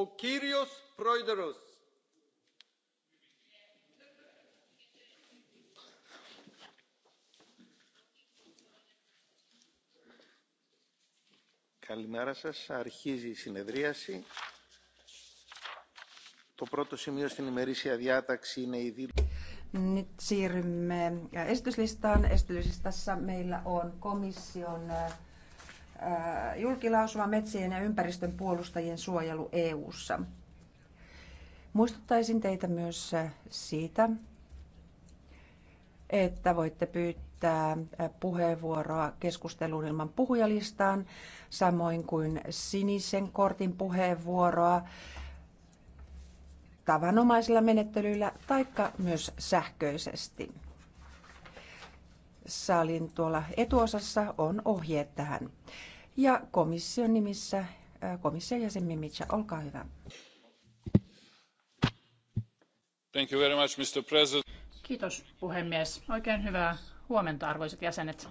ο κύριος πρόεδρος. Καλημέρα σας. Αρχίζει η συνεδρίαση. Το πρώτο σημείο στην ημερήσια διάταξη είναι η δήλωση. Nyt siirrymme esityslistaan. Esityslistassa meillä on komission Äh, julkilausuma metsien ja ympäristön puolustajien suojelu EU:ssa. Muistuttaisin teitä myös äh, siitä, että voitte pyytää äh, puheenvuoroa keskusteluun ilman puhujalistaan, samoin kuin sinisen kortin puheenvuoroa tavanomaisilla menettelyillä taikka myös sähköisesti salin tuolla etuosassa on ohjeet tähän. Ja komission nimissä komission jäsen Mimica, olkaa hyvä. Thank you very much, Mr. President. Kiitos puhemies. Oikein hyvää huomenta arvoisat jäsenet.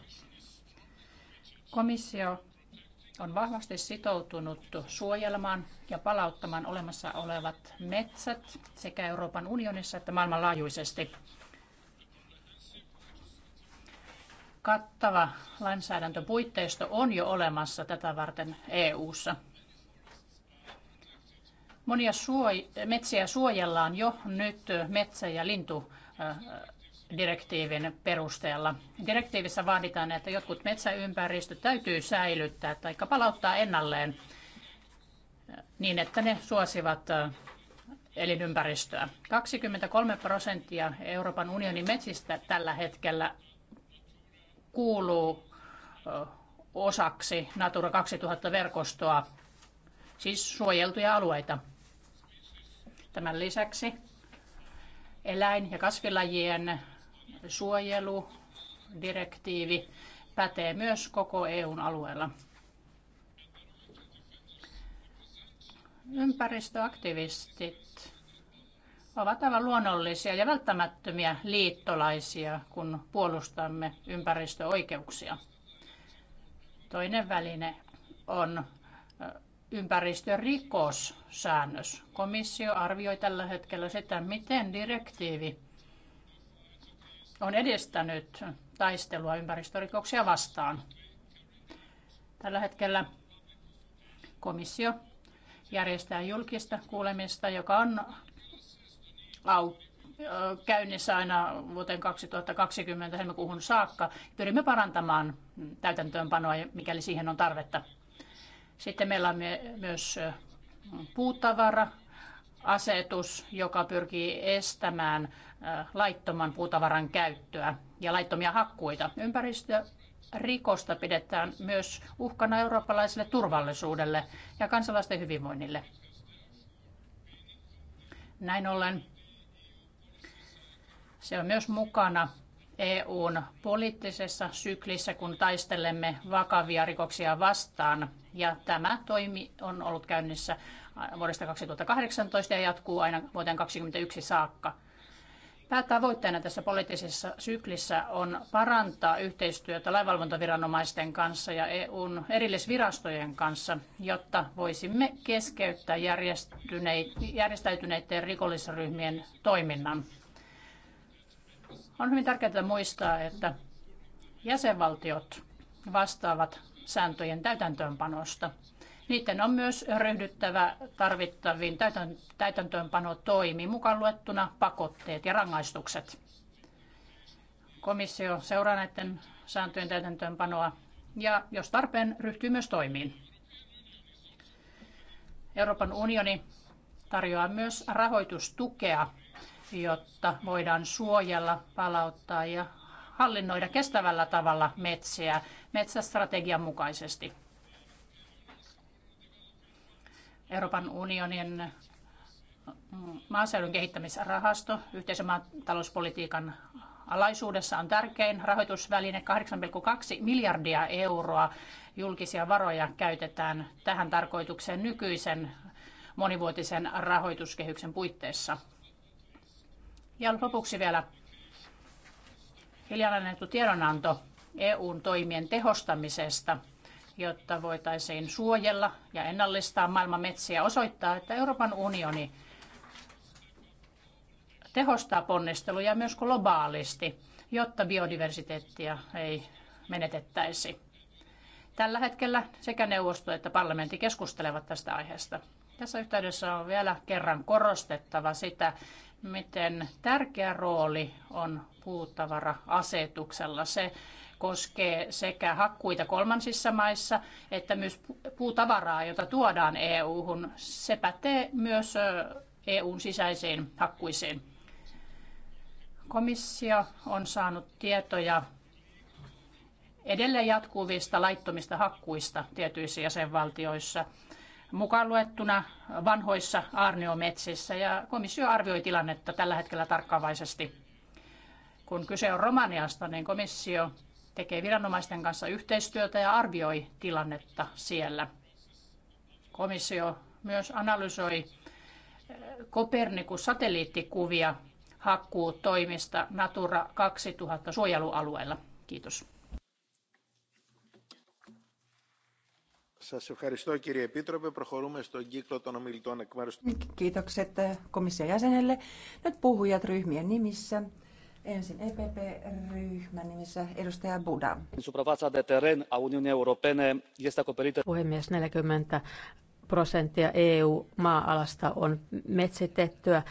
Komissio on vahvasti sitoutunut suojelemaan ja palauttamaan olemassa olevat metsät sekä Euroopan unionissa että maailmanlaajuisesti. kattava lainsäädäntöpuitteisto on jo olemassa tätä varten EU:ssa. Monia suoj- metsiä suojellaan jo nyt metsä- ja lintudirektiivin perusteella. Direktiivissä vaaditaan, että jotkut metsäympäristöt täytyy säilyttää tai palauttaa ennalleen niin, että ne suosivat elinympäristöä. 23 prosenttia Euroopan unionin metsistä tällä hetkellä kuuluu osaksi Natura 2000-verkostoa, siis suojeltuja alueita. Tämän lisäksi eläin- ja kasvilajien suojeludirektiivi pätee myös koko EUn alueella. Ympäristöaktivistit ovat aivan luonnollisia ja välttämättömiä liittolaisia, kun puolustamme ympäristöoikeuksia. Toinen väline on ympäristörikossäännös. Komissio arvioi tällä hetkellä sitä, miten direktiivi on edistänyt taistelua ympäristörikoksia vastaan. Tällä hetkellä komissio järjestää julkista kuulemista, joka on käynnissä aina vuoteen 2020 helmikuuhun saakka. Pyrimme parantamaan täytäntöönpanoa, mikäli siihen on tarvetta. Sitten meillä on myös puutavara, asetus, joka pyrkii estämään laittoman puutavaran käyttöä ja laittomia hakkuita. Ympäristörikosta pidetään myös uhkana eurooppalaiselle turvallisuudelle ja kansalaisten hyvinvoinnille. Näin ollen se on myös mukana EUn poliittisessa syklissä, kun taistelemme vakavia rikoksia vastaan. Ja tämä toimi on ollut käynnissä vuodesta 2018 ja jatkuu aina vuoteen 2021 saakka. Päätavoitteena tässä poliittisessa syklissä on parantaa yhteistyötä lainvalvontaviranomaisten kanssa ja EUn erillisvirastojen kanssa, jotta voisimme keskeyttää järjestäytyneiden rikollisryhmien toiminnan. On hyvin tärkeää muistaa, että jäsenvaltiot vastaavat sääntöjen täytäntöönpanosta. Niiden on myös ryhdyttävä tarvittaviin täytäntöönpanotoimiin, mukaan luettuna pakotteet ja rangaistukset. Komissio seuraa näiden sääntöjen täytäntöönpanoa ja jos tarpeen ryhtyy myös toimiin. Euroopan unioni tarjoaa myös rahoitustukea jotta voidaan suojella, palauttaa ja hallinnoida kestävällä tavalla metsiä metsästrategian mukaisesti. Euroopan unionin maaseudun kehittämisrahasto yhteisen maatalouspolitiikan alaisuudessa on tärkein rahoitusväline 8,2 miljardia euroa. Julkisia varoja käytetään tähän tarkoitukseen nykyisen monivuotisen rahoituskehyksen puitteissa. Ja lopuksi vielä hiljan annettu tiedonanto EUn toimien tehostamisesta, jotta voitaisiin suojella ja ennallistaa maailman metsiä, osoittaa, että Euroopan unioni tehostaa ponnisteluja myös globaalisti, jotta biodiversiteettia ei menetettäisi. Tällä hetkellä sekä neuvosto että parlamentti keskustelevat tästä aiheesta. Tässä yhteydessä on vielä kerran korostettava sitä, miten tärkeä rooli on puutavara-asetuksella. Se koskee sekä hakkuita kolmansissa maissa että myös puutavaraa, jota tuodaan EU-hun. Se pätee myös EUn sisäisiin hakkuisiin. Komissio on saanut tietoja edelleen jatkuvista laittomista hakkuista tietyissä jäsenvaltioissa – mukaan luettuna vanhoissa aarniometsissä ja komissio arvioi tilannetta tällä hetkellä tarkkaavaisesti. Kun kyse on Romaniasta, niin komissio tekee viranomaisten kanssa yhteistyötä ja arvioi tilannetta siellä. Komissio myös analysoi eh, Kopernikus-satelliittikuvia hakkuutoimista Natura 2000 suojelualueella. Kiitos. Σας ευχαριστώ κύριε Επίτροπε. Προχωρούμε στον κύκλο των ομιλητών εκ μέρους... Kiitokset komission jäsenelle. Nyt puhujat ryhmien nimissä. Ensin EPP-ryhmän nimissä edustaja Buda. Supravața de teren a Uniunii Europene este acoperită... Puhemies 40 prosenttia EU-maa-alasta on metsitettyä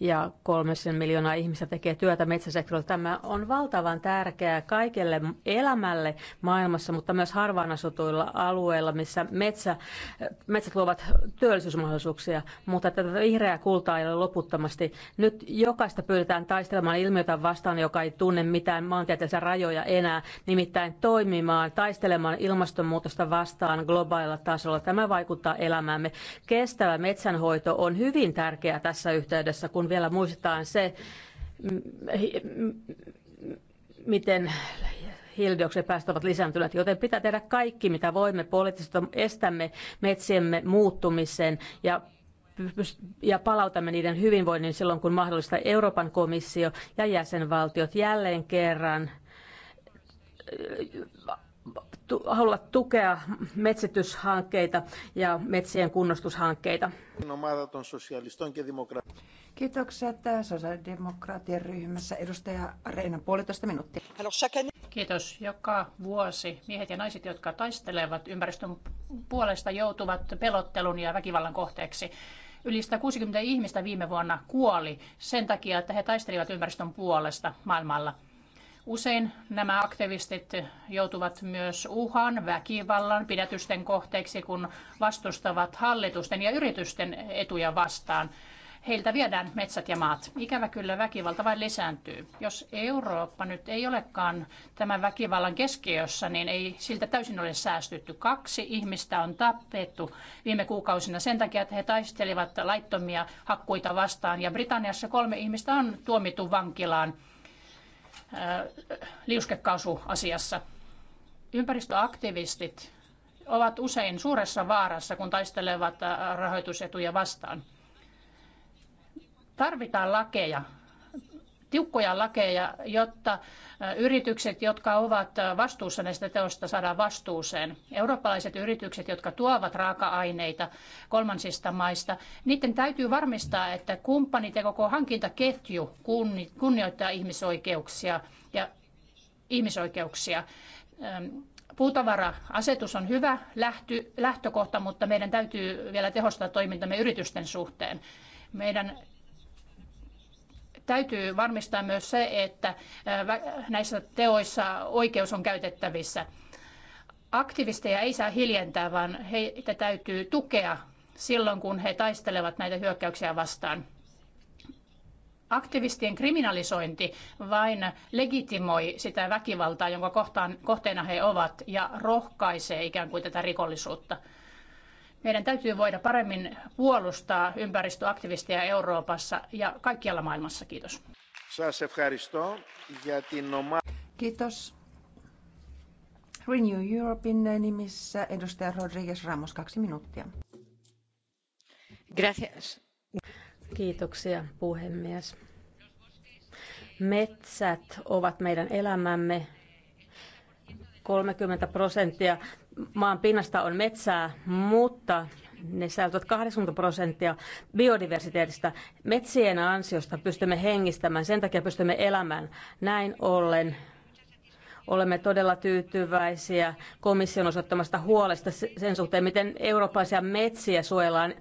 ja 3 miljoonaa ihmistä tekee työtä metsäsektorilla. Tämä on valtavan tärkeää kaikelle elämälle maailmassa, mutta myös harvaan asutuilla alueilla, missä metsä, metsät luovat työllisyysmahdollisuuksia, mutta tätä vihreää kultaa ei ole loputtomasti. Nyt jokaista pyydetään taistelemaan ilmiötä vastaan, joka ei tunne mitään maantieteellisiä rajoja enää, nimittäin toimimaan, taistelemaan ilmastonmuutosta vastaan globaalilla tasolla. Tämä vaikuttaa elämäämme. Kestävä metsänhoito on hyvin tärkeää tässä yhteydessä, kun kun vielä muistetaan se, miten hiilidioksidipäästöt ovat lisääntyneet, joten pitää tehdä kaikki, mitä voimme poliittisesti, estämme metsiemme muuttumisen ja ja palautamme niiden hyvinvoinnin silloin, kun mahdollista Euroopan komissio ja jäsenvaltiot jälleen kerran tu- haluavat tukea metsityshankkeita ja metsien kunnostushankkeita. Kiitokset äh, sosiaalidemokraattien ryhmässä. Edustaja Reina, puolitoista minuuttia. Kiitos. Joka vuosi miehet ja naiset, jotka taistelevat ympäristön puolesta, joutuvat pelottelun ja väkivallan kohteeksi. Yli 160 ihmistä viime vuonna kuoli sen takia, että he taistelivat ympäristön puolesta maailmalla. Usein nämä aktivistit joutuvat myös uhan, väkivallan, pidätysten kohteeksi, kun vastustavat hallitusten ja yritysten etuja vastaan. Heiltä viedään metsät ja maat. Ikävä kyllä väkivalta vain lisääntyy. Jos Eurooppa nyt ei olekaan tämän väkivallan keskiössä, niin ei siltä täysin ole säästytty. Kaksi ihmistä on tapettu viime kuukausina sen takia, että he taistelivat laittomia hakkuita vastaan. Ja Britanniassa kolme ihmistä on tuomittu vankilaan liuskekaasuasiassa. Ympäristöaktivistit ovat usein suuressa vaarassa, kun taistelevat rahoitusetuja vastaan. Tarvitaan lakeja, tiukkoja lakeja, jotta yritykset, jotka ovat vastuussa näistä teosta, saadaan vastuuseen. Eurooppalaiset yritykset, jotka tuovat raaka-aineita kolmansista maista, niiden täytyy varmistaa, että kumppanit ja koko hankintaketju kunnioittaa ihmisoikeuksia ja ihmisoikeuksia. Puutavara-asetus on hyvä lähty, lähtökohta, mutta meidän täytyy vielä tehostaa toimintamme yritysten suhteen. Meidän Täytyy varmistaa myös se, että näissä teoissa oikeus on käytettävissä. Aktivisteja ei saa hiljentää, vaan heitä täytyy tukea silloin, kun he taistelevat näitä hyökkäyksiä vastaan. Aktivistien kriminalisointi vain legitimoi sitä väkivaltaa, jonka kohtaan, kohteena he ovat, ja rohkaisee ikään kuin tätä rikollisuutta. Meidän täytyy voida paremmin puolustaa ympäristöaktivisteja Euroopassa ja kaikkialla maailmassa. Kiitos. Kiitos. Renew Europein nimissä edustaja Rodriguez Ramos, kaksi minuuttia. Gracias. Kiitoksia puhemies. Metsät ovat meidän elämämme. 30 prosenttia maan pinnasta on metsää, mutta ne säilyvät 80 prosenttia biodiversiteetistä. Metsien ansiosta pystymme hengistämään, sen takia pystymme elämään. Näin ollen olemme todella tyytyväisiä komission osoittamasta huolesta sen suhteen, miten eurooppalaisia metsiä suojellaan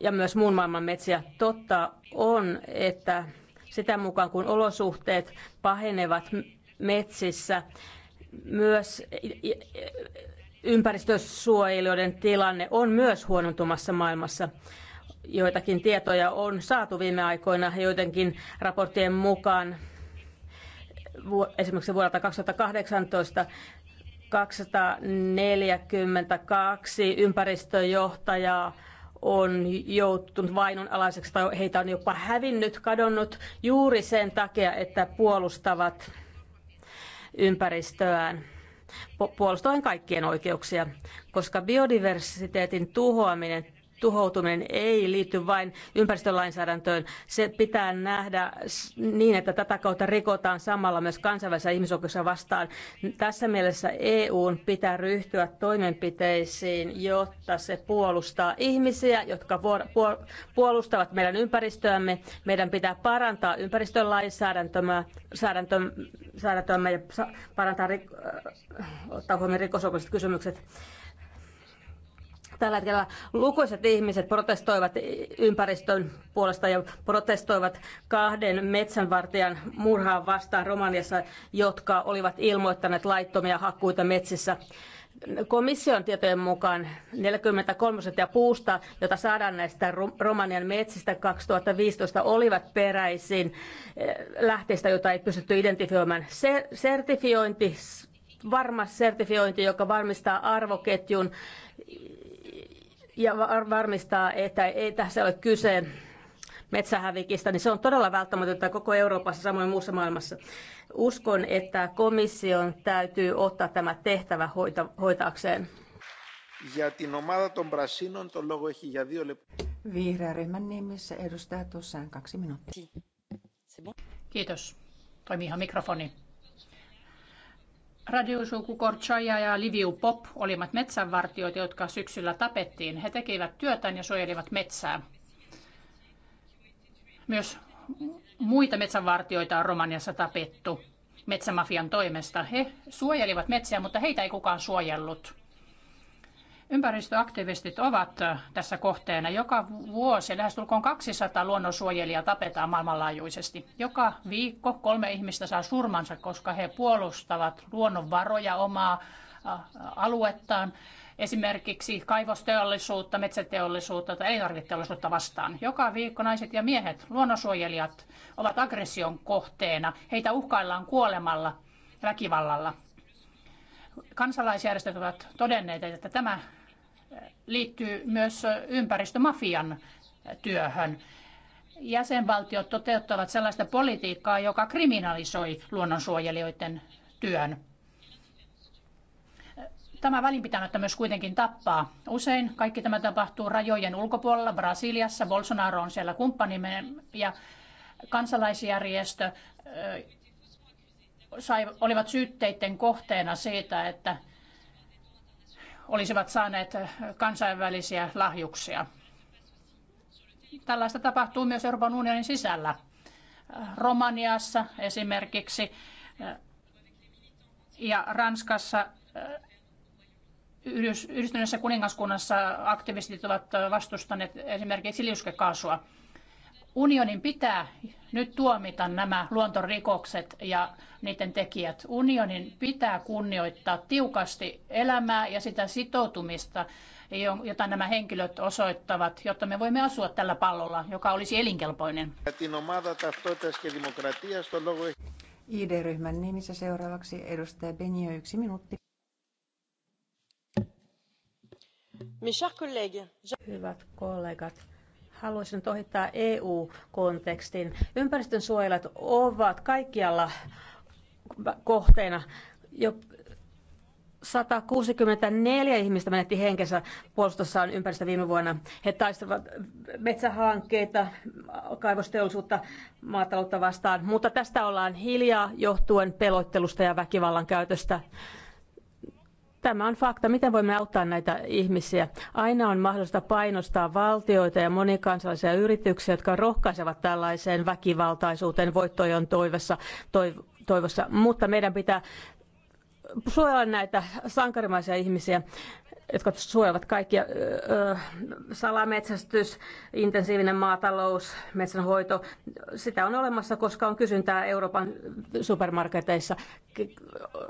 ja myös muun maailman metsiä. Totta on, että sitä mukaan kun olosuhteet pahenevat metsissä, myös ympäristösuojelijoiden tilanne on myös huonontumassa maailmassa. Joitakin tietoja on saatu viime aikoina joidenkin raporttien mukaan esimerkiksi vuodelta 2018 242 ympäristöjohtajaa on joutunut vainon alaiseksi tai heitä on jopa hävinnyt, kadonnut juuri sen takia, että puolustavat ympäristöään puolustaen kaikkien oikeuksia, koska biodiversiteetin tuhoaminen tuhoutuminen ei liity vain ympäristölainsäädäntöön. Se pitää nähdä niin, että tätä kautta rikotaan samalla myös kansainvälisiä ihmisoikeuksia vastaan. Tässä mielessä EUn pitää ryhtyä toimenpiteisiin, jotta se puolustaa ihmisiä, jotka puolustavat meidän ympäristöämme. Meidän pitää parantaa ympäristölainsäädäntöä ja parantaa, ottaa huomioon rikosoikeudelliset kysymykset Tällä hetkellä lukuisat ihmiset protestoivat ympäristön puolesta ja protestoivat kahden metsänvartijan murhaa vastaan Romaniassa, jotka olivat ilmoittaneet laittomia hakkuita metsissä. Komission tietojen mukaan 43 ja puusta, jota saadaan näistä Romanian metsistä 2015, olivat peräisin eh, lähteistä, joita ei pystytty identifioimaan. sertifiointi, varma sertifiointi, joka varmistaa arvoketjun ja varmistaa, että ei tässä ole kyse metsähävikistä, niin se on todella välttämätöntä koko Euroopassa, samoin muussa maailmassa. Uskon, että komission täytyy ottaa tämä tehtävä hoita, hoitaakseen. Για ryhmän nimissä edustaa tuossaan kaksi minuuttia. Kiitos. ihan mikrofoni. Radiosuku Korchaja ja Liviu Pop olivat metsänvartijoita, jotka syksyllä tapettiin. He tekivät työtään ja suojelivat metsää. Myös muita metsänvartijoita on Romaniassa tapettu metsämafian toimesta. He suojelivat metsiä, mutta heitä ei kukaan suojellut. Ympäristöaktivistit ovat äh, tässä kohteena. Joka vuosi lähestulkoon 200 luonnonsuojelijaa tapetaan maailmanlaajuisesti. Joka viikko kolme ihmistä saa surmansa, koska he puolustavat luonnonvaroja omaa äh, aluettaan. Esimerkiksi kaivosteollisuutta, metsäteollisuutta tai elintarviketeollisuutta vastaan. Joka viikko naiset ja miehet, luonnonsuojelijat, ovat aggression kohteena. Heitä uhkaillaan kuolemalla, väkivallalla kansalaisjärjestöt ovat todenneet, että tämä liittyy myös ympäristömafian työhön. Jäsenvaltiot toteuttavat sellaista politiikkaa, joka kriminalisoi luonnonsuojelijoiden työn. Tämä välinpitämättä myös kuitenkin tappaa. Usein kaikki tämä tapahtuu rajojen ulkopuolella. Brasiliassa Bolsonaro on siellä kumppanimme ja kansalaisjärjestö sai, olivat syytteiden kohteena siitä, että olisivat saaneet kansainvälisiä lahjuksia. Tällaista tapahtuu myös Euroopan unionin sisällä. Romaniassa esimerkiksi ja Ranskassa Yhdistyneessä kuningaskunnassa aktivistit ovat vastustaneet esimerkiksi liuskekaasua. Unionin pitää nyt tuomita nämä luontorikokset ja niiden tekijät. Unionin pitää kunnioittaa tiukasti elämää ja sitä sitoutumista, jota nämä henkilöt osoittavat, jotta me voimme asua tällä pallolla, joka olisi elinkelpoinen. ID-ryhmän nimissä seuraavaksi edustaja Benio, yksi minuutti. Hyvät kollegat, haluaisin nyt ohittaa EU-kontekstin. Ympäristön ovat kaikkialla kohteena. Jo 164 ihmistä menetti henkensä puolustossaan ympäristö viime vuonna. He taistelivat metsähankkeita, kaivosteollisuutta, maataloutta vastaan, mutta tästä ollaan hiljaa johtuen pelottelusta ja väkivallan käytöstä. Tämä on fakta. Miten voimme auttaa näitä ihmisiä? Aina on mahdollista painostaa valtioita ja monikansallisia yrityksiä, jotka rohkaisevat tällaiseen väkivaltaisuuteen voittojen toivossa, toiv- toivossa. mutta meidän pitää suojella näitä sankarimaisia ihmisiä jotka suojelevat kaikkia salametsästys, intensiivinen maatalous, metsänhoito. Sitä on olemassa, koska on kysyntää Euroopan supermarketeissa.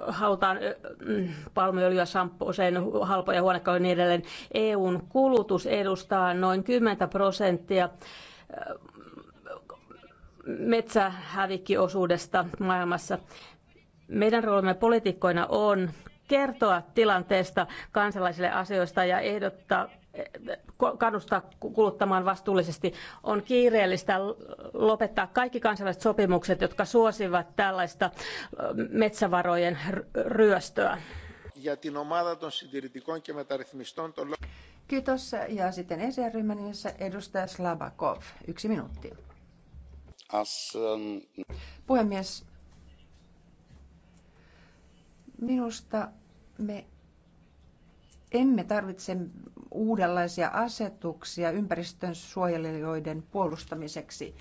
Halutaan mm, palmuöljyä, samppu, usein halpoja huonekaluja ja niin edelleen. EUn kulutus edustaa noin 10 prosenttia metsähävikkiosuudesta maailmassa. Meidän roolimme poliitikkoina on kertoa tilanteesta kansalaisille asioista ja ehdottaa kannustaa kuluttamaan vastuullisesti. On kiireellistä lopettaa kaikki kansainväliset sopimukset, jotka suosivat tällaista metsävarojen ryöstöä. Kiitos. Ja sitten ESR-ryhmän edustaja Slabakov. Yksi minuutti. Um, Puhemies, Minusta me emme tarvitse uudenlaisia asetuksia ympäristön suojelijoiden puolustamiseksi.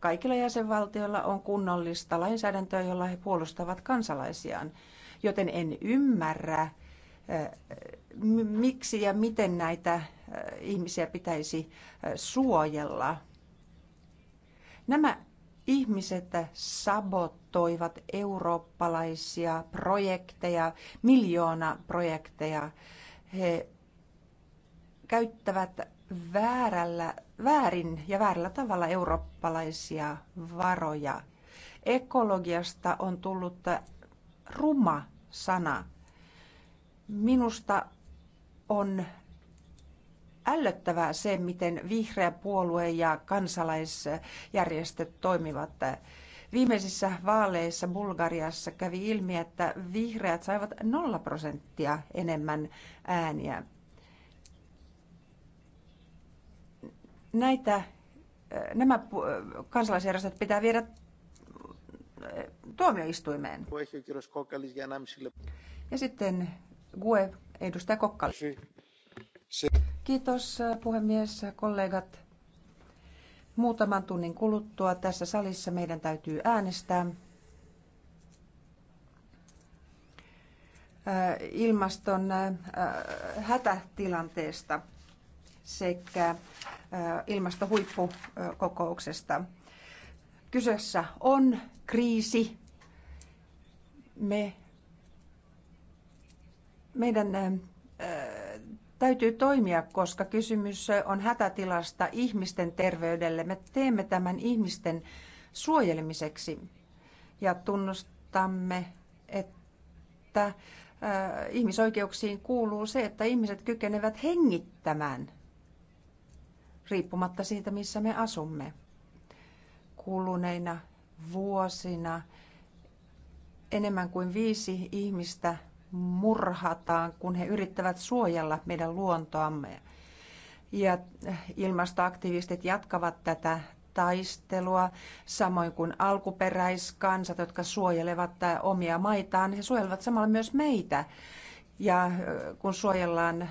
Kaikilla jäsenvaltioilla on kunnollista lainsäädäntöä, jolla he puolustavat kansalaisiaan, joten en ymmärrä, eh, miksi ja miten näitä eh, ihmisiä pitäisi eh, suojella. Nämä ihmiset sabotoivat eurooppalaisia projekteja, miljoona projekteja. He käyttävät väärällä, väärin ja väärällä tavalla eurooppalaisia varoja. Ekologiasta on tullut ruma sana. Minusta on ällöttävää se, miten vihreä puolue ja kansalaisjärjestöt toimivat. Viimeisissä vaaleissa Bulgariassa kävi ilmi, että vihreät saivat nolla prosenttia enemmän ääniä. Näitä, nämä kansalaisjärjestöt pitää viedä tuomioistuimeen. Ja sitten GUE, edustaja Kokkala. Kiitos äh, puhemies, kollegat. Muutaman tunnin kuluttua tässä salissa meidän täytyy äänestää äh, ilmaston äh, hätätilanteesta sekä ilmastohuippukokouksesta. Kyseessä on kriisi. Me, meidän täytyy toimia, koska kysymys on hätätilasta ihmisten terveydelle. Me teemme tämän ihmisten suojelemiseksi ja tunnustamme, että äh, ihmisoikeuksiin kuuluu se, että ihmiset kykenevät hengittämään riippumatta siitä, missä me asumme. Kuluneina vuosina enemmän kuin viisi ihmistä murhataan, kun he yrittävät suojella meidän luontoamme. Ja ilmastoaktivistit jatkavat tätä taistelua, samoin kuin alkuperäiskansat, jotka suojelevat omia maitaan, niin he suojelevat samalla myös meitä. Ja äh, kun suojellaan äh,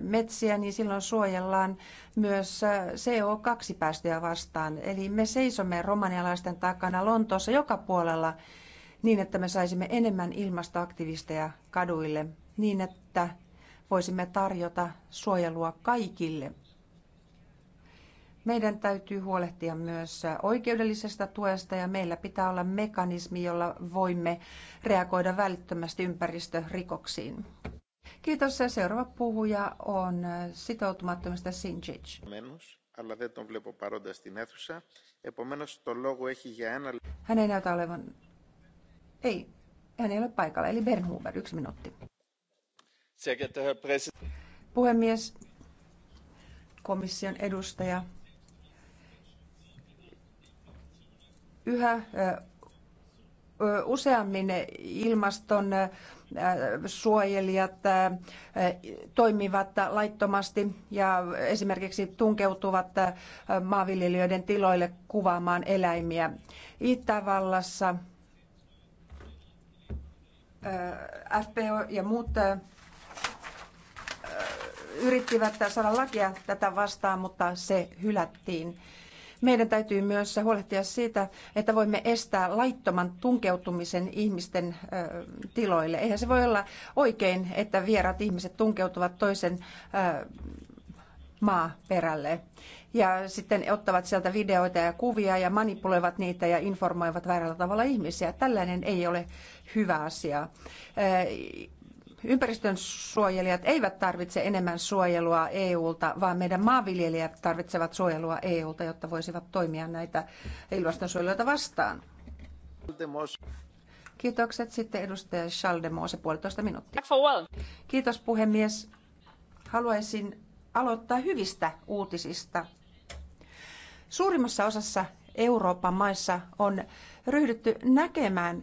metsiä, niin silloin suojellaan myös äh, CO2-päästöjä vastaan. Eli me seisomme romanialaisten takana Lontoossa joka puolella niin, että me saisimme enemmän ilmastoaktivisteja kaduille, niin että voisimme tarjota suojelua kaikille. Meidän täytyy huolehtia myös oikeudellisesta tuesta ja meillä pitää olla mekanismi, jolla voimme reagoida välittömästi ympäristörikoksiin. Kiitos. Seuraava puhuja on sitoutumattomista Sinjic. Hän ei näytä olevan ei, hän ei ole paikalla, eli Bernhuber, yksi minuutti. Puhemies, komission edustaja, yhä useammin ilmaston suojelijat toimivat laittomasti ja esimerkiksi tunkeutuvat maanviljelijöiden tiloille kuvaamaan eläimiä. Itävallassa FPO ja muut yrittivät saada lakia tätä vastaan, mutta se hylättiin. Meidän täytyy myös huolehtia siitä, että voimme estää laittoman tunkeutumisen ihmisten tiloille. Eihän se voi olla oikein, että vieraat ihmiset tunkeutuvat toisen maaperälle ja sitten ottavat sieltä videoita ja kuvia ja manipuloivat niitä ja informoivat väärällä tavalla ihmisiä. Tällainen ei ole hyvä asia. Eh, ympäristön suojelijat eivät tarvitse enemmän suojelua EUlta, vaan meidän maanviljelijät tarvitsevat suojelua EUlta, jotta voisivat toimia näitä ilmastonsuojelijoita vastaan. Kiitokset sitten edustaja Schaldemose puolitoista minuuttia. Kiitos puhemies. Haluaisin aloittaa hyvistä uutisista. Suurimmassa osassa Euroopan maissa on ryhdytty näkemään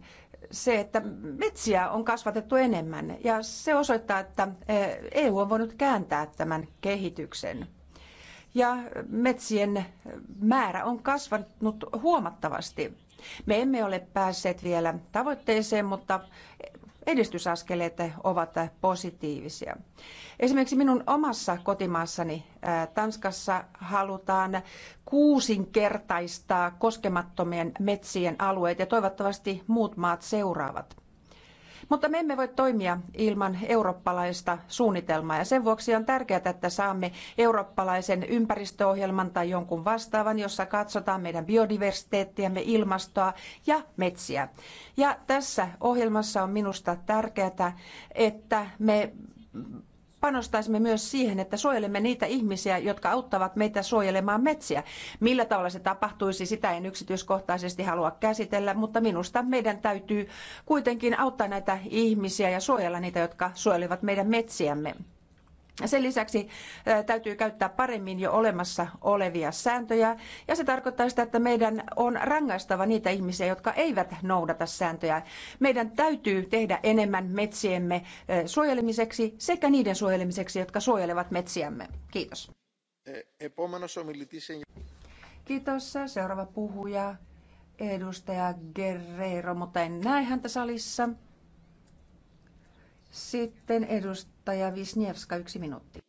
se, että metsiä on kasvatettu enemmän ja se osoittaa, että EU eh, e on voinut kääntää tämän kehityksen. Ja metsien määrä on kasvanut huomattavasti. Me emme ole päässeet vielä tavoitteeseen, mutta edistysaskeleet ovat positiivisia. Esimerkiksi minun omassa kotimaassani Tanskassa halutaan kuusinkertaistaa koskemattomien metsien alueet ja toivottavasti muut maat seuraavat. Mutta me emme voi toimia ilman eurooppalaista suunnitelmaa ja sen vuoksi on tärkeää, että saamme eurooppalaisen ympäristöohjelman tai jonkun vastaavan, jossa katsotaan meidän biodiversiteettiämme, ilmastoa ja metsiä. Ja tässä ohjelmassa on minusta tärkeää, että me panostaisimme myös siihen, että suojelemme niitä ihmisiä, jotka auttavat meitä suojelemaan metsiä. Millä tavalla se tapahtuisi, sitä en yksityiskohtaisesti halua käsitellä, mutta minusta meidän täytyy kuitenkin auttaa näitä ihmisiä ja suojella niitä, jotka suojelevat meidän metsiämme. Sen lisäksi täytyy käyttää paremmin jo olemassa olevia sääntöjä ja se tarkoittaa sitä, että meidän on rangaistava niitä ihmisiä, jotka eivät noudata sääntöjä. Meidän täytyy tehdä enemmän metsiemme suojelemiseksi sekä niiden suojelemiseksi, jotka suojelevat metsiämme. Kiitos. Kiitos. Seuraava puhuja, edustaja Guerrero, mutta en näe häntä salissa. Sitten edustaja Wisniewska, yksi minuutti.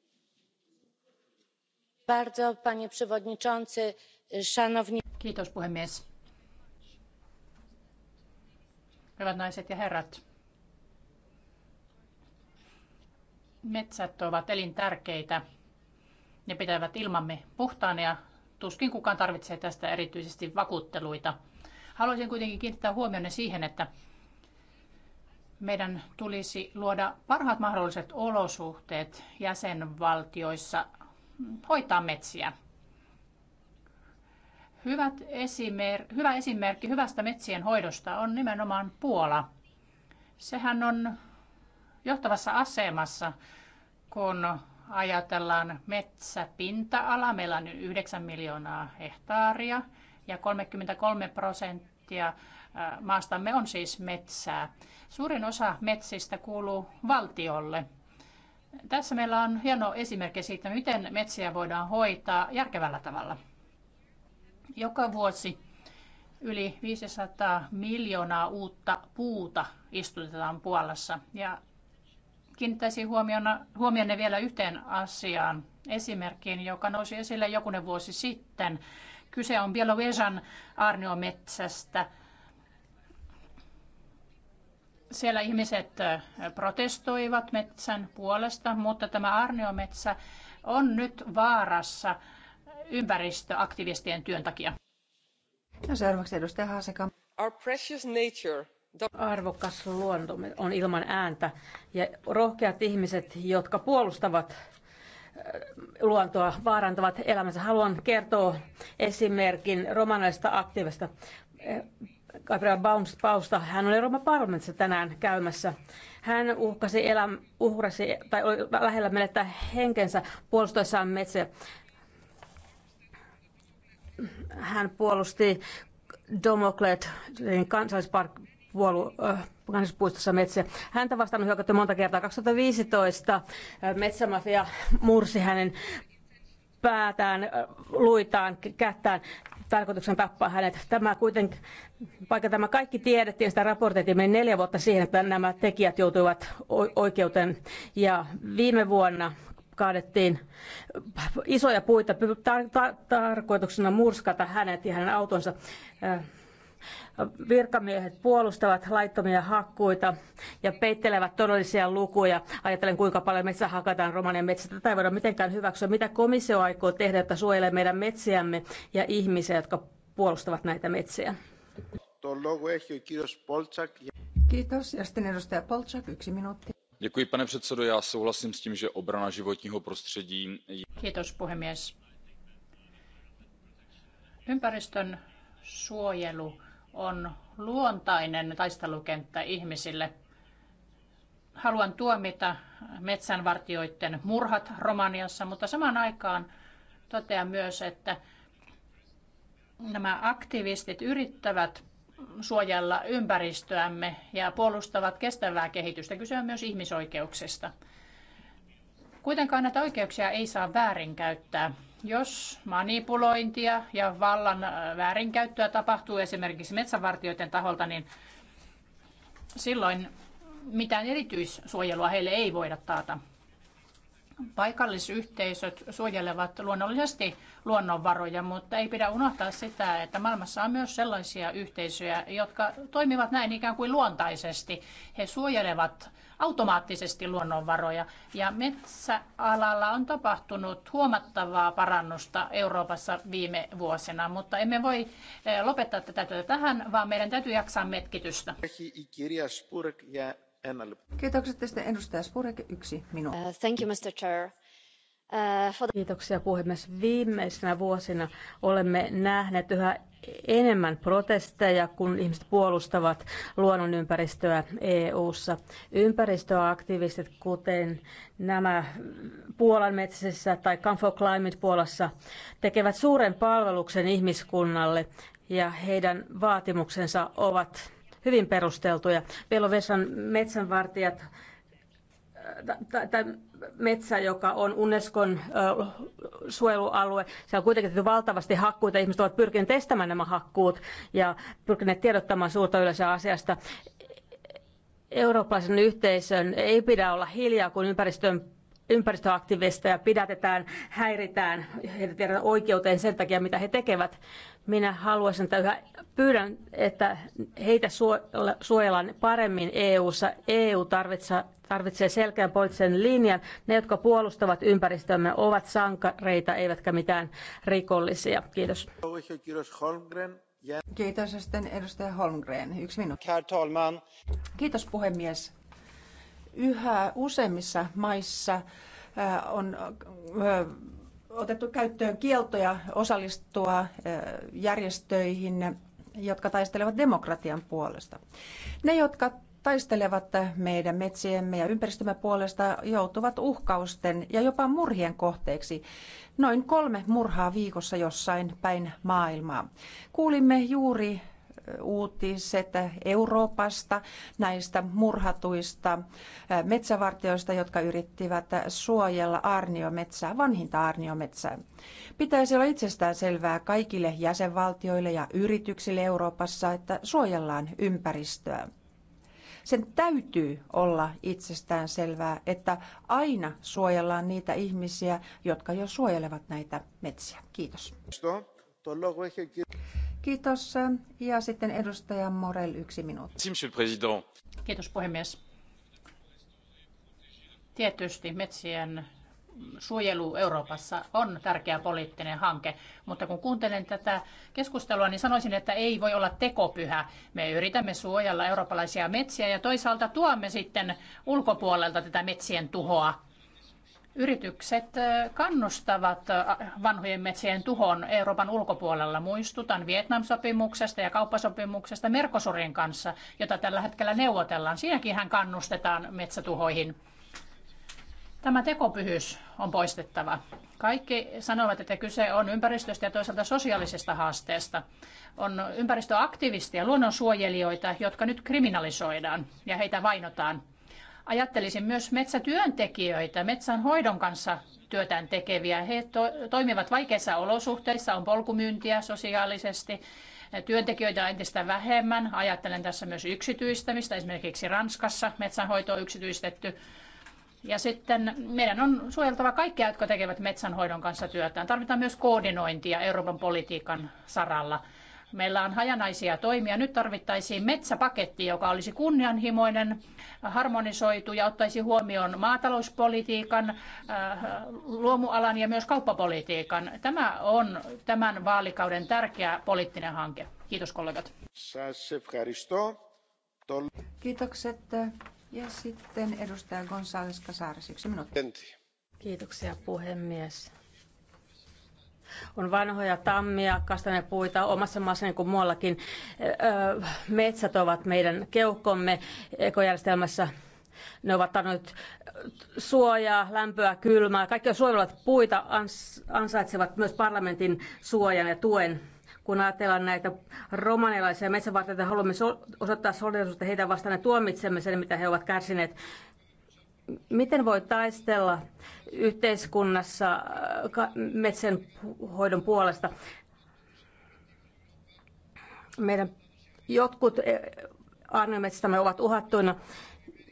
Kiitos puhemies. Hyvät naiset ja herrat. Metsät ovat elintärkeitä. Ne pitävät ilmamme puhtaana ja tuskin kukaan tarvitsee tästä erityisesti vakuutteluita. Haluaisin kuitenkin kiinnittää huomionne siihen, että meidän tulisi luoda parhaat mahdolliset olosuhteet jäsenvaltioissa hoitaa metsiä. Hyvät esimer- hyvä esimerkki hyvästä metsien hoidosta on nimenomaan Puola. Sehän on johtavassa asemassa, kun ajatellaan metsäpinta-ala. Meillä on 9 miljoonaa hehtaaria ja 33 prosenttia maastamme on siis metsää. Suurin osa metsistä kuuluu valtiolle. Tässä meillä on hieno esimerkki siitä, miten metsiä voidaan hoitaa järkevällä tavalla. Joka vuosi yli 500 miljoonaa uutta puuta istutetaan Puolassa. Ja kiinnittäisin huomionne vielä yhteen asiaan, esimerkkiin, joka nousi esille jokunen vuosi sitten. Kyse on Bielovesan aarniometsästä. metsästä siellä ihmiset protestoivat metsän puolesta, mutta tämä Arneometsä on nyt vaarassa ympäristöaktivistien työn takia. Ja seuraavaksi edustaja Haaseka. Our precious nature Arvokas luonto on ilman ääntä ja rohkeat ihmiset, jotka puolustavat luontoa, vaarantavat elämänsä. Haluan kertoa esimerkin romanaisesta aktiivista Gabriel Pausta. Hän oli Euroopan parlamentissa tänään käymässä. Hän uhkasi eläm, uhrasi, tai oli lähellä menettää henkensä puolustoissaan metsä. Hän puolusti Domoklet äh, kansallispuistossa metsä. Häntä vastaan hyökätty monta kertaa. 2015 äh, metsämafia mursi hänen päätään, äh, luitaan, kättään tarkoituksen tappaa hänet. Tämä kuitenkin vaikka tämä kaikki tiedettiin, sitä raportoitiin niin meni neljä vuotta siihen, että nämä tekijät joutuivat oikeuteen. Ja viime vuonna kaadettiin isoja puita tar- tar- tarkoituksena murskata hänet ja hänen autonsa. Äh, Virkamiehet puolustavat laittomia hakkuita ja peittelevät todellisia lukuja. Ajattelen, kuinka paljon metsä hakataan romanian metsä. Tätä ei voida mitenkään hyväksyä. Mitä komissio aikoo tehdä, että suojelee meidän metsiämme ja ihmisiä, jotka puolustavat näitä metsiä? Kiitos. Ja sitten edustaja Polčak, yksi minuutti pane předsedající já souhlasím s tím že obrana životního prostředí ympäristön suojelu on luontainen taistelukenttä ihmisille. Haluan tuomita metsänvartijoiden murhat Romaniassa, mutta samaan aikaan totean myös, että nämä aktivistit yrittävät suojella ympäristöämme ja puolustavat kestävää kehitystä. Kyse on myös ihmisoikeuksista. Kuitenkaan näitä oikeuksia ei saa väärinkäyttää. Jos manipulointia ja vallan äh, väärinkäyttöä tapahtuu esimerkiksi metsävartijoiden taholta, niin silloin mitään erityissuojelua heille ei voida taata paikallisyhteisöt suojelevat luonnollisesti luonnonvaroja, mutta ei pidä unohtaa sitä, että maailmassa on myös sellaisia yhteisöjä, jotka toimivat näin ikään kuin luontaisesti. He suojelevat automaattisesti luonnonvaroja ja metsäalalla on tapahtunut huomattavaa parannusta Euroopassa viime vuosina, mutta emme voi eh, lopettaa tätä työtä tähän, vaan meidän täytyy jaksaa metkitystä. Uh, uh, Kiitoksia puhemies. Viimeisinä vuosina olemme nähneet yhä enemmän protesteja, kun ihmiset puolustavat luonnonympäristöä EU-ssa. Ympäristöaktivistit, kuten nämä Puolan metsissä tai for Climate Puolassa, tekevät suuren palveluksen ihmiskunnalle ja heidän vaatimuksensa ovat hyvin perusteltuja. Pelovesan metsänvartijat tai metsä, joka on Unescon suojelualue. Siellä on kuitenkin tehty valtavasti hakkuita. Ihmiset ovat pyrkineet estämään nämä hakkuut ja pyrkineet tiedottamaan suurta yleisöä asiasta. Eurooppalaisen yhteisön ei pidä olla hiljaa, kun ympäristön ympäristöaktivisteja pidätetään, häiritään, heitä tiedetään oikeuteen sen takia, mitä he tekevät. Minä haluaisin, että yhä pyydän, että heitä suojellaan paremmin EU-ssa. EU tarvitsee, tarvitsee selkeän poliittisen linjan. Ne, jotka puolustavat ympäristöämme, ovat sankareita eivätkä mitään rikollisia. Kiitos. Kiitos. Sitten edustaja Holmgren, yksi minuutti. Kiitos puhemies. Yhä useimmissa maissa äh, on äh, otettu käyttöön kieltoja osallistua järjestöihin, jotka taistelevat demokratian puolesta. Ne, jotka taistelevat meidän metsiemme ja ympäristömme puolesta, joutuvat uhkausten ja jopa murhien kohteeksi. Noin kolme murhaa viikossa jossain päin maailmaa. Kuulimme juuri uutiset Euroopasta näistä murhatuista metsävartijoista, jotka yrittivät suojella aarniometsää, vanhinta aarniometsää. Pitäisi olla itsestään selvää kaikille jäsenvaltioille ja yrityksille Euroopassa, että suojellaan ympäristöä. Sen täytyy olla itsestään selvää, että aina suojellaan niitä ihmisiä, jotka jo suojelevat näitä metsiä. Kiitos. Kiitos. Ja sitten edustaja Morel, yksi minuutti. Kiitos puhemies. Tietysti metsien suojelu Euroopassa on tärkeä poliittinen hanke, mutta kun kuuntelen tätä keskustelua, niin sanoisin, että ei voi olla tekopyhä. Me yritämme suojella eurooppalaisia metsiä ja toisaalta tuomme sitten ulkopuolelta tätä metsien tuhoa Yritykset kannustavat vanhojen metsien tuhon Euroopan ulkopuolella. Muistutan Vietnam-sopimuksesta ja kauppasopimuksesta Mercosurin kanssa, jota tällä hetkellä neuvotellaan. Siinäkin hän kannustetaan metsätuhoihin. Tämä tekopyhyys on poistettava. Kaikki sanovat, että kyse on ympäristöstä ja toisaalta sosiaalisesta haasteesta. On ympäristöaktivisteja, luonnonsuojelijoita, jotka nyt kriminalisoidaan ja heitä vainotaan. Ajattelisin myös metsätyöntekijöitä, metsänhoidon kanssa työtään tekeviä. He to- toimivat vaikeissa olosuhteissa, on polkumyyntiä sosiaalisesti, työntekijöitä on entistä vähemmän. Ajattelen tässä myös yksityistämistä, esimerkiksi Ranskassa metsänhoito on yksityistetty. Ja sitten meidän on suojeltava kaikkia, jotka tekevät metsänhoidon kanssa työtään. Tarvitaan myös koordinointia Euroopan politiikan saralla. Meillä on hajanaisia toimia. Nyt tarvittaisiin metsäpaketti, joka olisi kunnianhimoinen, harmonisoitu ja ottaisi huomioon maatalouspolitiikan, äh, luomualan ja myös kauppapolitiikan. Tämä on tämän vaalikauden tärkeä poliittinen hanke. Kiitos kollegat. Kiitokset. Ja sitten edustaja González Casares, yksi minuutti. Kiitoksia puhemies. On vanhoja tammia, kastanepuita omassa maassa niin kuin muuallakin. Metsät ovat meidän keuhkomme ekojärjestelmässä ne ovat tannut suojaa, lämpöä, kylmää. Kaikki suojelevat puita ansaitsevat myös parlamentin suojan ja tuen. Kun ajatellaan näitä romanilaisia metsävartijoita, haluamme osoittaa solidarisuutta heitä vastaan ja tuomitsemme sen, mitä he ovat kärsineet miten voi taistella yhteiskunnassa äh, hoidon puolesta? Meidän jotkut e, arniometsistämme ovat uhattuina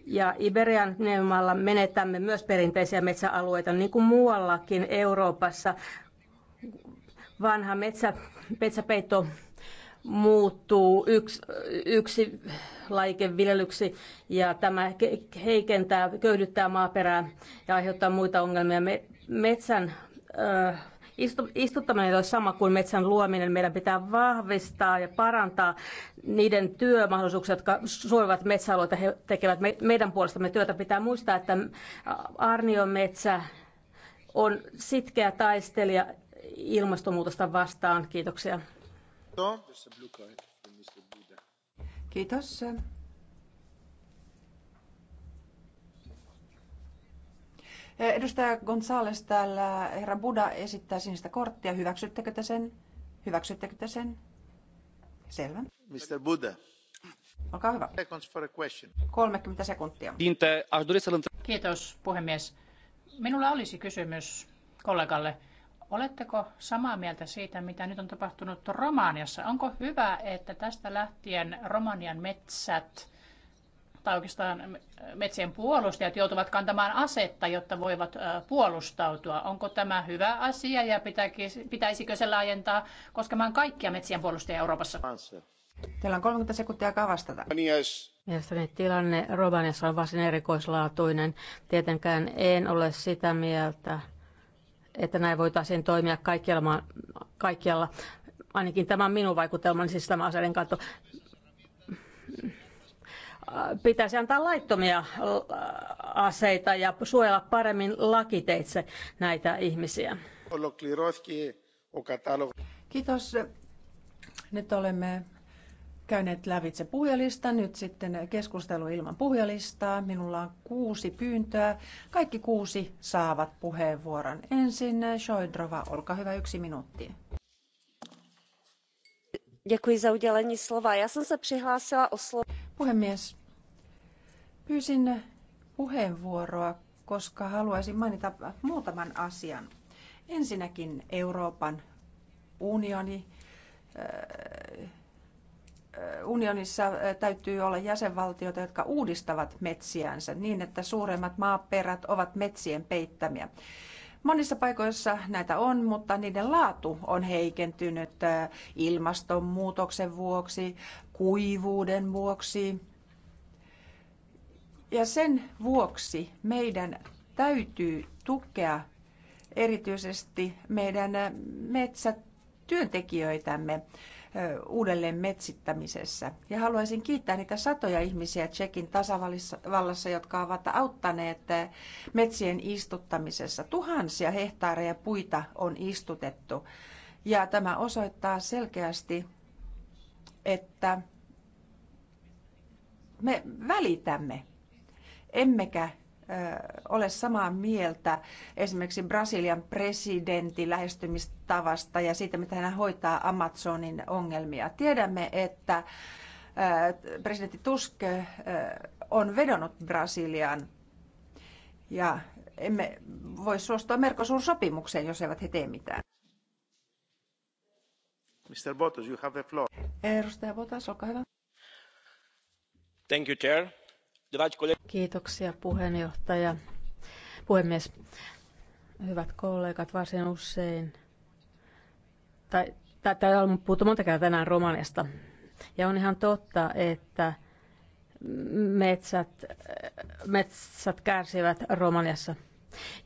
ja Iberian neumalla menetämme myös perinteisiä metsäalueita, niin kuin muuallakin Euroopassa. Vanha metsä, metsäpeitto muuttuu yksi, yksi laikeviljelyksi ja tämä heikentää, köyhdyttää maaperää ja aiheuttaa muita ongelmia. Me, metsän äh, istuttaminen ei ole sama kuin metsän luominen. Meidän pitää vahvistaa ja parantaa niiden työmahdollisuuksia, jotka suojelevat metsäalueita. He tekevät me, meidän puolestamme työtä. Pitää muistaa, että Arnion metsä on sitkeä taistelija ilmastonmuutosta vastaan. Kiitoksia. Kiitos. Edustaja González täällä, herra Buda esittää sinistä korttia. Hyväksyttekö te sen? Hyväksyttekö te sen? Selvä. Mr. Buda. Olkaa hyvä. 30 sekuntia. Kiitos puhemies. Minulla olisi kysymys kollegalle. Oletteko samaa mieltä siitä, mitä nyt on tapahtunut Romaniassa? Onko hyvä, että tästä lähtien Romanian metsät tai oikeastaan metsien puolustajat joutuvat kantamaan asetta, jotta voivat puolustautua? Onko tämä hyvä asia ja pitäisikö se laajentaa koskemaan kaikkia metsien puolustajia Euroopassa? Teillä on 30 sekuntia aikaa vastata. Mielestäni tilanne Romaniassa on varsin erikoislaatuinen. Tietenkään en ole sitä mieltä, että näin voitaisiin toimia kaikkialla, kaikkialla. Ainakin tämä on minun vaikutelmani, siis tämä aseiden kanto. Pitäisi antaa laittomia aseita ja suojella paremmin lakiteitse näitä ihmisiä. Kiitos. Nyt olemme käyneet lävitse puhujalistan. Nyt sitten keskustelu ilman puhujalistaa. Minulla on kuusi pyyntöä. Kaikki kuusi saavat puheenvuoron. Ensin Shoidrova, olkaa hyvä, yksi minuutti. Děkuji za udělení slova. Já jsem se přihlásila o slovo. Puhemies, pyysin puheenvuoroa, koska haluaisin mainita muutaman asian. Ensinnäkin Euroopan unioni äh, unionissa täytyy olla jäsenvaltioita, jotka uudistavat metsiänsä niin, että suuremmat maaperät ovat metsien peittämiä. Monissa paikoissa näitä on, mutta niiden laatu on heikentynyt ilmastonmuutoksen vuoksi, kuivuuden vuoksi. Ja sen vuoksi meidän täytyy tukea erityisesti meidän metsätyöntekijöitämme uudelleen metsittämisessä. Ja haluaisin kiittää niitä satoja ihmisiä Tsekin tasavallassa, jotka ovat auttaneet metsien istuttamisessa. Tuhansia hehtaareja puita on istutettu. Ja tämä osoittaa selkeästi, että me välitämme, emmekä ole samaa mieltä esimerkiksi Brasilian presidentin lähestymistavasta ja siitä, miten hän hoitaa Amazonin ongelmia. Tiedämme, että presidentti Tusk on vedonnut Brasiliaan ja emme voi suostua Mercosur-sopimukseen, jos eivät he tee mitään. Mr. Botos, you have the floor. Edustaja Botas, olkaa hyvä. Thank you, Chair. Kiitoksia puheenjohtaja. Puhemies, hyvät kollegat, varsin usein, tai täällä on puhuttu monta kertaa tänään romanesta, ja on ihan totta, että metsät, metsät kärsivät Romaniassa –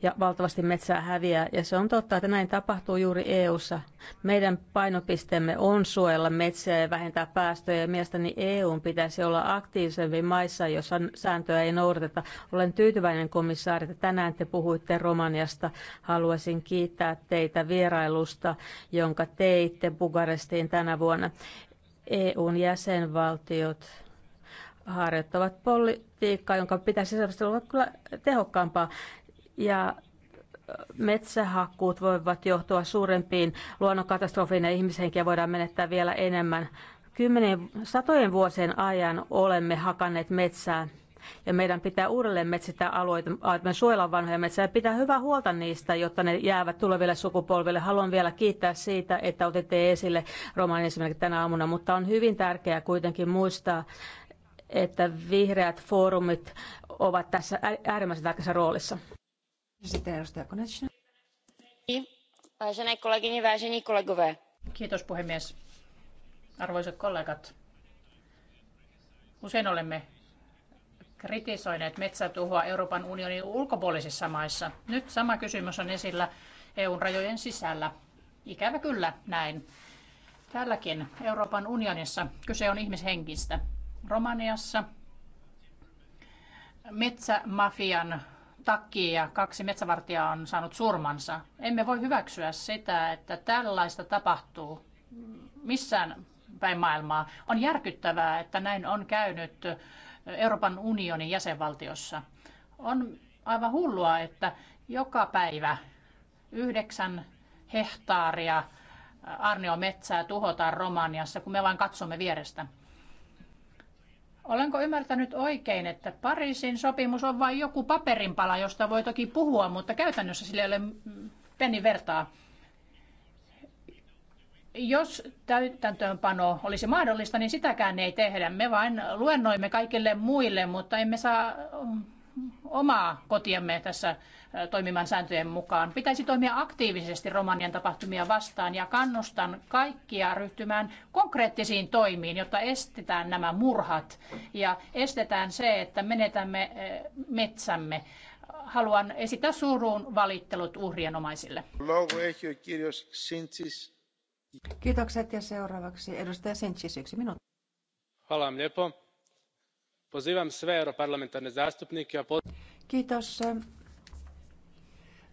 ja valtavasti metsää häviää. Ja se on totta, että näin tapahtuu juuri EU:ssa. Meidän painopisteemme on suojella metsää ja vähentää päästöjä. Ja mielestäni EUn pitäisi olla aktiivisempi maissa, jossa sääntöä ei noudateta. Olen tyytyväinen komissaari, että tänään te puhuitte Romaniasta. Haluaisin kiittää teitä vierailusta, jonka teitte Bugarestiin tänä vuonna. EUn jäsenvaltiot harjoittavat politiikkaa, jonka pitäisi selvästi olla kyllä tehokkaampaa ja metsähakkuut voivat johtua suurempiin luonnonkatastrofiin ja ihmishenkiä voidaan menettää vielä enemmän. Kymmenen, satojen vuosien ajan olemme hakanneet metsää ja meidän pitää uudelleen metsittää alueita, että me suojella vanhoja metsää ja pitää hyvää huolta niistä, jotta ne jäävät tuleville sukupolville. Haluan vielä kiittää siitä, että otitte esille romanin esimerkiksi tänä aamuna, mutta on hyvin tärkeää kuitenkin muistaa, että vihreät foorumit ovat tässä äärimmäisen tärkeässä roolissa. Sitten Vážené kolegyně, vážení kolegové. Kiitos puhemies. Arvoisat kollegat, usein olemme kritisoineet metsätuhoa Euroopan unionin ulkopuolisissa maissa. Nyt sama kysymys on esillä EUn rajojen sisällä. Ikävä kyllä näin. Täälläkin Euroopan unionissa kyse on ihmishenkistä. Romaniassa metsämafian takia kaksi metsävartijaa on saanut surmansa. Emme voi hyväksyä sitä, että tällaista tapahtuu missään päin maailmaa. On järkyttävää, että näin on käynyt Euroopan unionin jäsenvaltiossa. On aivan hullua, että joka päivä yhdeksän hehtaaria Arnio metsää tuhotaan Romaniassa, kun me vain katsomme vierestä. Olenko ymmärtänyt oikein, että Pariisin sopimus on vain joku paperinpala, josta voi toki puhua, mutta käytännössä sillä ei ole pennin vertaa? Jos täytäntöönpano olisi mahdollista, niin sitäkään ei tehdä. Me vain luennoimme kaikille muille, mutta emme saa omaa kotiamme tässä toimimaan sääntöjen mukaan. Pitäisi toimia aktiivisesti Romanian tapahtumia vastaan ja kannustan kaikkia ryhtymään konkreettisiin toimiin, jotta estetään nämä murhat ja estetään se, että menetämme metsämme. Haluan esittää suruun valittelut uhrien omaisille. Kiitokset ja seuraavaksi edustaja Sinchis, yksi minuutti. Hvala lijepo. Pozivam sve europarlamentarne zastupnike. Kiitos.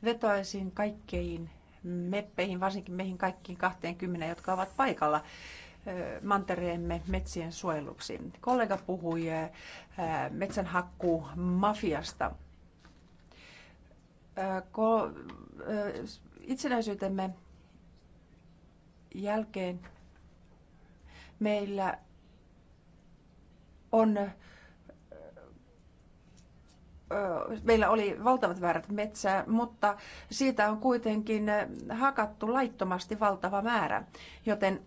Vetoaisin kaikkein meppeihin, varsinkin meihin kaikkiin 20, jotka ovat paikalla mantereemme metsien suojeluksi. Kollega puhui metsänhakkuu mafiasta. Itsenäisyytemme jälkeen meillä on meillä oli valtavat määrät metsää, mutta siitä on kuitenkin hakattu laittomasti valtava määrä. Joten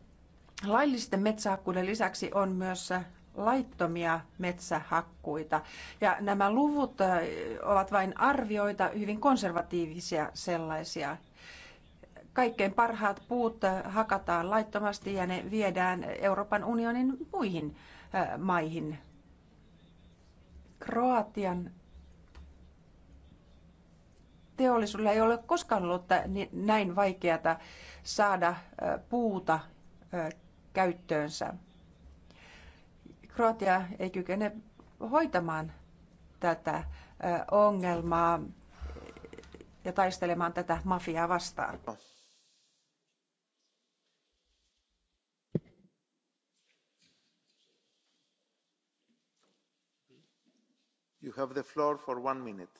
laillisten metsähakkuiden lisäksi on myös laittomia metsähakkuita. Ja nämä luvut ovat vain arvioita, hyvin konservatiivisia sellaisia. Kaikkein parhaat puut hakataan laittomasti ja ne viedään Euroopan unionin muihin maihin. Kroatian teollisuudella ei ole koskaan ollut näin vaikeata saada puuta käyttöönsä. Kroatia ei kykene hoitamaan tätä ongelmaa ja taistelemaan tätä mafiaa vastaan. You have the floor for one minute.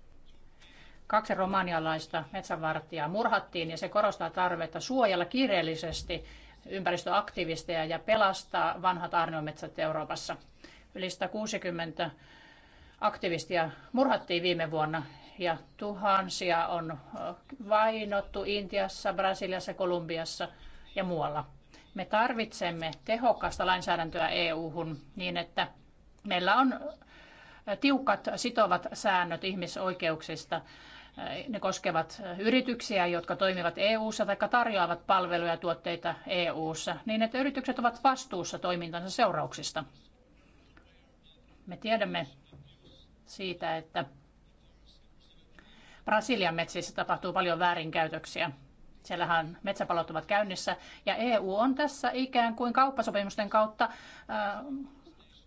Kaksi romanialaista metsänvartijaa murhattiin ja se korostaa tarvetta suojella kiireellisesti ympäristöaktivisteja ja pelastaa vanhat aarniometsät Euroopassa. Yli 160 aktivistia murhattiin viime vuonna ja tuhansia on vainottu Intiassa, Brasiliassa, Kolumbiassa ja muualla. Me tarvitsemme tehokasta lainsäädäntöä EU-hun niin, että meillä on tiukat sitovat säännöt ihmisoikeuksista ne koskevat yrityksiä, jotka toimivat EU-ssa tai tarjoavat palveluja ja tuotteita EU-ssa, niin että yritykset ovat vastuussa toimintansa seurauksista. Me tiedämme siitä, että Brasilian metsissä tapahtuu paljon väärinkäytöksiä. Siellähän metsäpalot ovat käynnissä ja EU on tässä ikään kuin kauppasopimusten kautta äh,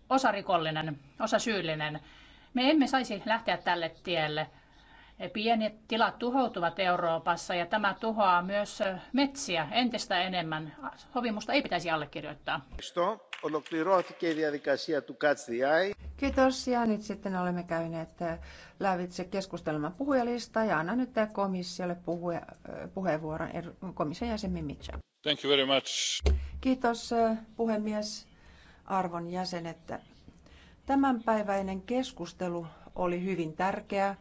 osarikollinen, osasyyllinen. Me emme saisi lähteä tälle tielle. Pienet tilat tuhoutuvat Euroopassa ja tämä tuhoaa myös metsiä entistä enemmän. Sopimusta ei pitäisi allekirjoittaa. Kiitos. Ja nyt sitten olemme käyneet lävitse keskustelman puhujalista ja annan nyt komissiolle puhue, puheenvuoron komission jäsen Mimicha. Thank you very much. Kiitos puhemies, arvon jäsenet. Tämänpäiväinen keskustelu oli hyvin tärkeä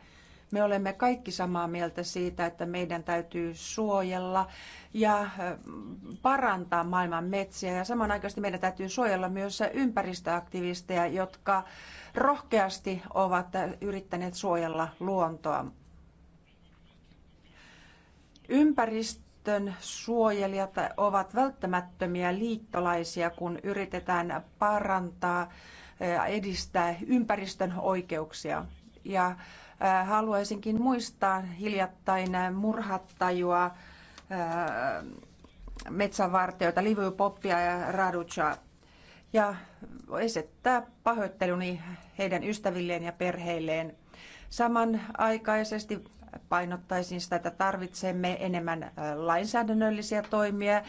me olemme kaikki samaa mieltä siitä, että meidän täytyy suojella ja parantaa maailman metsiä ja samanaikaisesti meidän täytyy suojella myös ympäristöaktivisteja, jotka rohkeasti ovat yrittäneet suojella luontoa. Ympäristön suojelijat ovat välttämättömiä liittolaisia, kun yritetään parantaa ja edistää ympäristön oikeuksia. Ja Haluaisinkin muistaa hiljattain murhattajua metsänvartijoita Livy Poppia ja Raducha ja esittää pahoitteluni heidän ystävilleen ja perheilleen. Samanaikaisesti painottaisin sitä, että tarvitsemme enemmän lainsäädännöllisiä toimia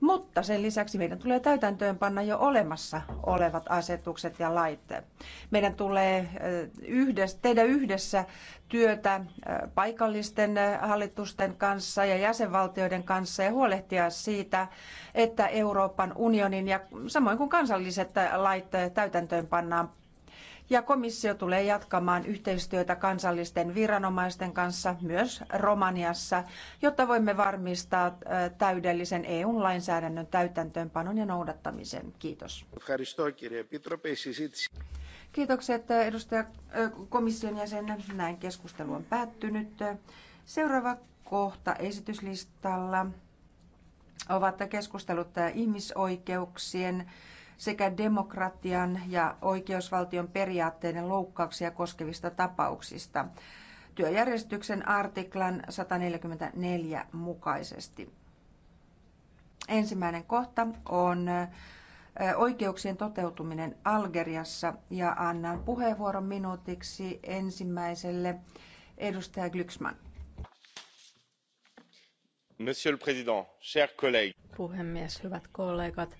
mutta sen lisäksi meidän tulee täytäntöönpanna jo olemassa olevat asetukset ja lait. Meidän tulee yhdessä, tehdä yhdessä työtä paikallisten hallitusten kanssa ja jäsenvaltioiden kanssa ja huolehtia siitä, että Euroopan unionin ja samoin kuin kansalliset lait täytäntöönpannaan ja komissio tulee jatkamaan yhteistyötä kansallisten viranomaisten kanssa myös Romaniassa, jotta voimme varmistaa äh, täydellisen EU-lainsäädännön täytäntöönpanon ja noudattamisen. Kiitos. Kiitokset äh, edustaja äh, komission jäsen. Näin keskustelu on päättynyt. Seuraava kohta esityslistalla ovat keskustelut ihmisoikeuksien sekä demokratian ja oikeusvaltion periaatteiden loukkauksia koskevista tapauksista työjärjestyksen artiklan 144 mukaisesti. Ensimmäinen kohta on oikeuksien toteutuminen Algeriassa ja annan puheenvuoron minuutiksi ensimmäiselle edustaja Glyksman. Monsieur le Président, chers collègues. Puhemies, hyvät kollegat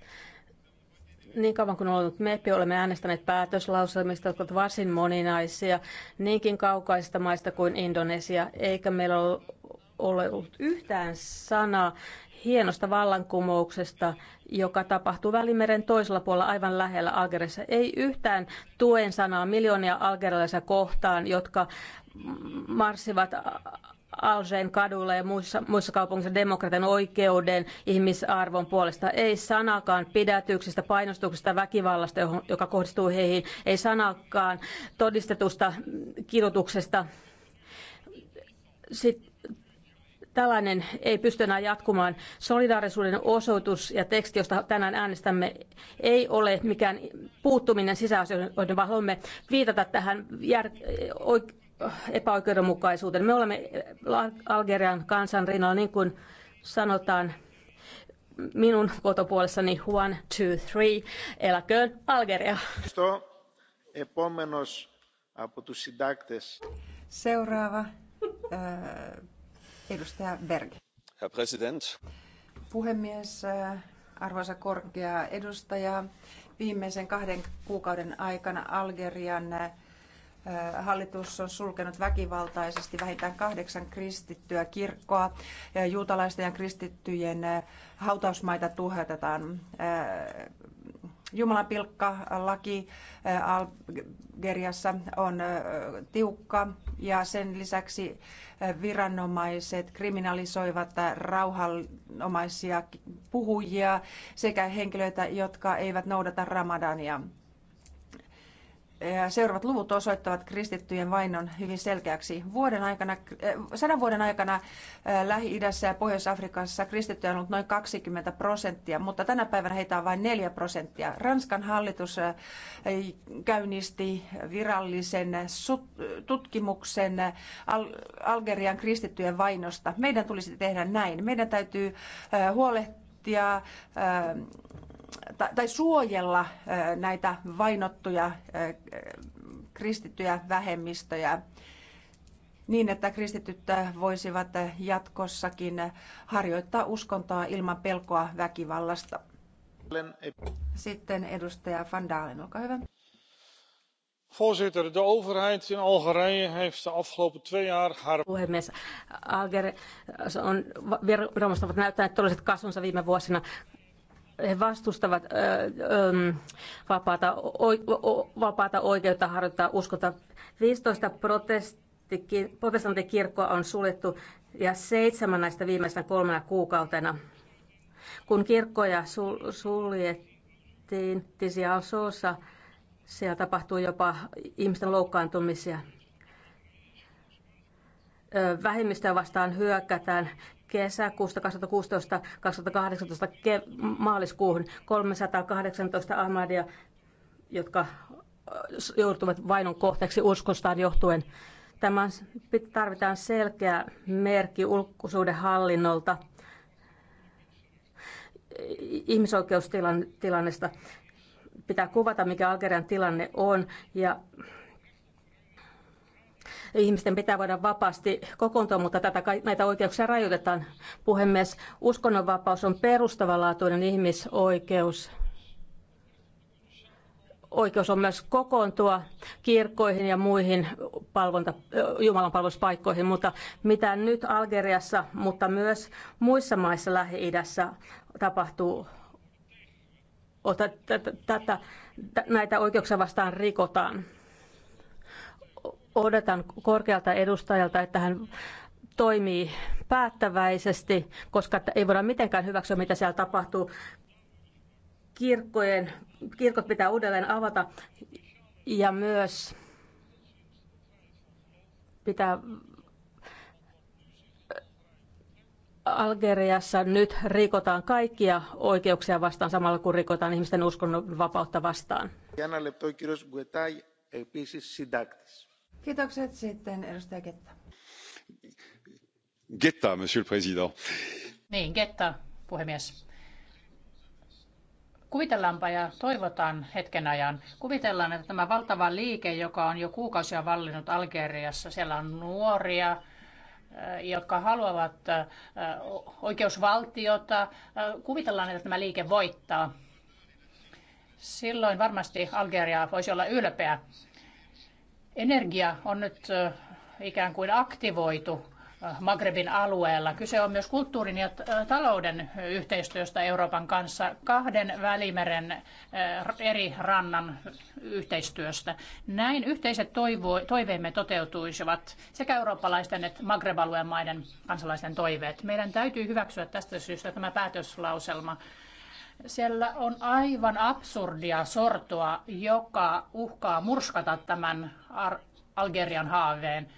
niin kauan kuin olemme ollut MEPI, olemme äänestäneet päätöslauselmista, jotka ovat varsin moninaisia, niinkin kaukaisista maista kuin Indonesia, eikä meillä ole ollut yhtään sanaa hienosta vallankumouksesta, joka tapahtuu Välimeren toisella puolella aivan lähellä Algerissa. Ei yhtään tuen sanaa miljoonia algerilaisia kohtaan, jotka marssivat Algeen kadulla ja muissa, muissa kaupungeissa demokratian oikeuden ihmisarvon puolesta. Ei sanakaan pidätyksestä, painostuksesta väkivallasta, johon, joka kohdistuu heihin. Ei sanakaan todistetusta kidutuksesta. tällainen ei pysty enää jatkumaan. Solidaarisuuden osoitus ja teksti, josta tänään äänestämme, ei ole mikään puuttuminen sisäasioiden vaan haluamme viitata tähän jär- epäoikeudenmukaisuuteen. Me olemme Algerian kansan rinnalla, niin kuin sanotaan minun kotopuolessani, one, two, three, eläköön Algeria. Seuraava, äh, edustaja Berg. Herr President. Puhemies, arvoisa korkea edustaja, viimeisen kahden kuukauden aikana Algerian äh, Hallitus on sulkenut väkivaltaisesti vähintään kahdeksan kristittyä kirkkoa. Juutalaisten ja kristittyjen hautausmaita tuhotetaan. Jumalan pilkkalaki Algeriassa on tiukka ja sen lisäksi viranomaiset kriminalisoivat rauhanomaisia puhujia sekä henkilöitä, jotka eivät noudata ramadania. Seuraavat luvut osoittavat kristittyjen vainon hyvin selkeäksi. Vuoden aikana, eh, sadan vuoden aikana eh, Lähi-idässä ja Pohjois-Afrikassa kristittyjä on ollut noin 20 prosenttia, mutta tänä päivänä heitä on vain 4 prosenttia. Ranskan hallitus eh, käynnisti virallisen tutkimuksen Algerian kristittyjen vainosta. Meidän tulisi tehdä näin. Meidän täytyy huolehtia huolehtia tai suojella näitä vainottuja kristittyjä vähemmistöjä niin, että kristityt voisivat jatkossakin harjoittaa uskontoa ilman pelkoa väkivallasta. Sitten edustaja Van Dalen, olkaa hyvä. Voorzitter, de overheid in Algerije heeft de afgelopen twee jaar haar... Puhemies, Alger on, viranomaiset näyttäneet todelliset kasvonsa viime vuosina he vastustavat ö, ö, vapaata, o, o, vapaata oikeutta harjoittaa uskota. 15 protestantikirkkoa on suljettu ja seitsemän näistä viimeisenä kolmena kuukautena. Kun kirkkoja sul, suljettiin Tisialsoossa, siellä tapahtui jopa ihmisten loukkaantumisia. Vähemmistöä vastaan hyökätään kesäkuusta 2016 2018 ke- maaliskuuhun 318 Ahmadia, jotka joutuvat vainon kohteeksi uskostaan johtuen. Tämä tarvitaan selkeä merkki hallinnolta ihmisoikeustilannesta. Pitää kuvata, mikä Algerian tilanne on ja ihmisten pitää voida vapaasti kokoontua, mutta tätä, näitä oikeuksia rajoitetaan. Puhemies, uskonnonvapaus on perustavanlaatuinen ihmisoikeus. Oikeus on myös kokoontua kirkkoihin ja muihin palvonta, palveluspaikkoihin, mutta mitä nyt Algeriassa, mutta myös muissa maissa Lähi-idässä tapahtuu, tätä, näitä oikeuksia vastaan rikotaan odotan korkealta edustajalta, että hän toimii päättäväisesti, koska ei voida mitenkään hyväksyä, mitä siellä tapahtuu. Kirkkojen, kirkot pitää uudelleen avata ja myös pitää äh, Algeriassa nyt rikotaan kaikkia oikeuksia vastaan samalla kun rikotaan ihmisten uskonnonvapautta vastaan. Ja Kiitokset sitten edustaja Ketta. Getta, monsieur le président. Niin, Getta, puhemies. Kuvitellaanpa ja toivotaan hetken ajan. Kuvitellaan, että tämä valtava liike, joka on jo kuukausia vallinnut Algeriassa, siellä on nuoria, eh, jotka haluavat eh, oikeusvaltiota. Eh, kuvitellaan, että tämä liike voittaa. Silloin varmasti Algeria voisi olla ylpeä. Energia on nyt ikään kuin aktivoitu Magrebin alueella. Kyse on myös kulttuurin ja talouden yhteistyöstä Euroopan kanssa, kahden välimeren eri rannan yhteistyöstä. Näin yhteiset toivo, toiveemme toteutuisivat sekä eurooppalaisten että magreb alueen maiden kansalaisten toiveet. Meidän täytyy hyväksyä tästä syystä tämä päätöslauselma. Siellä on aivan absurdia sortoa, joka uhkaa murskata tämän Algerian haaveen.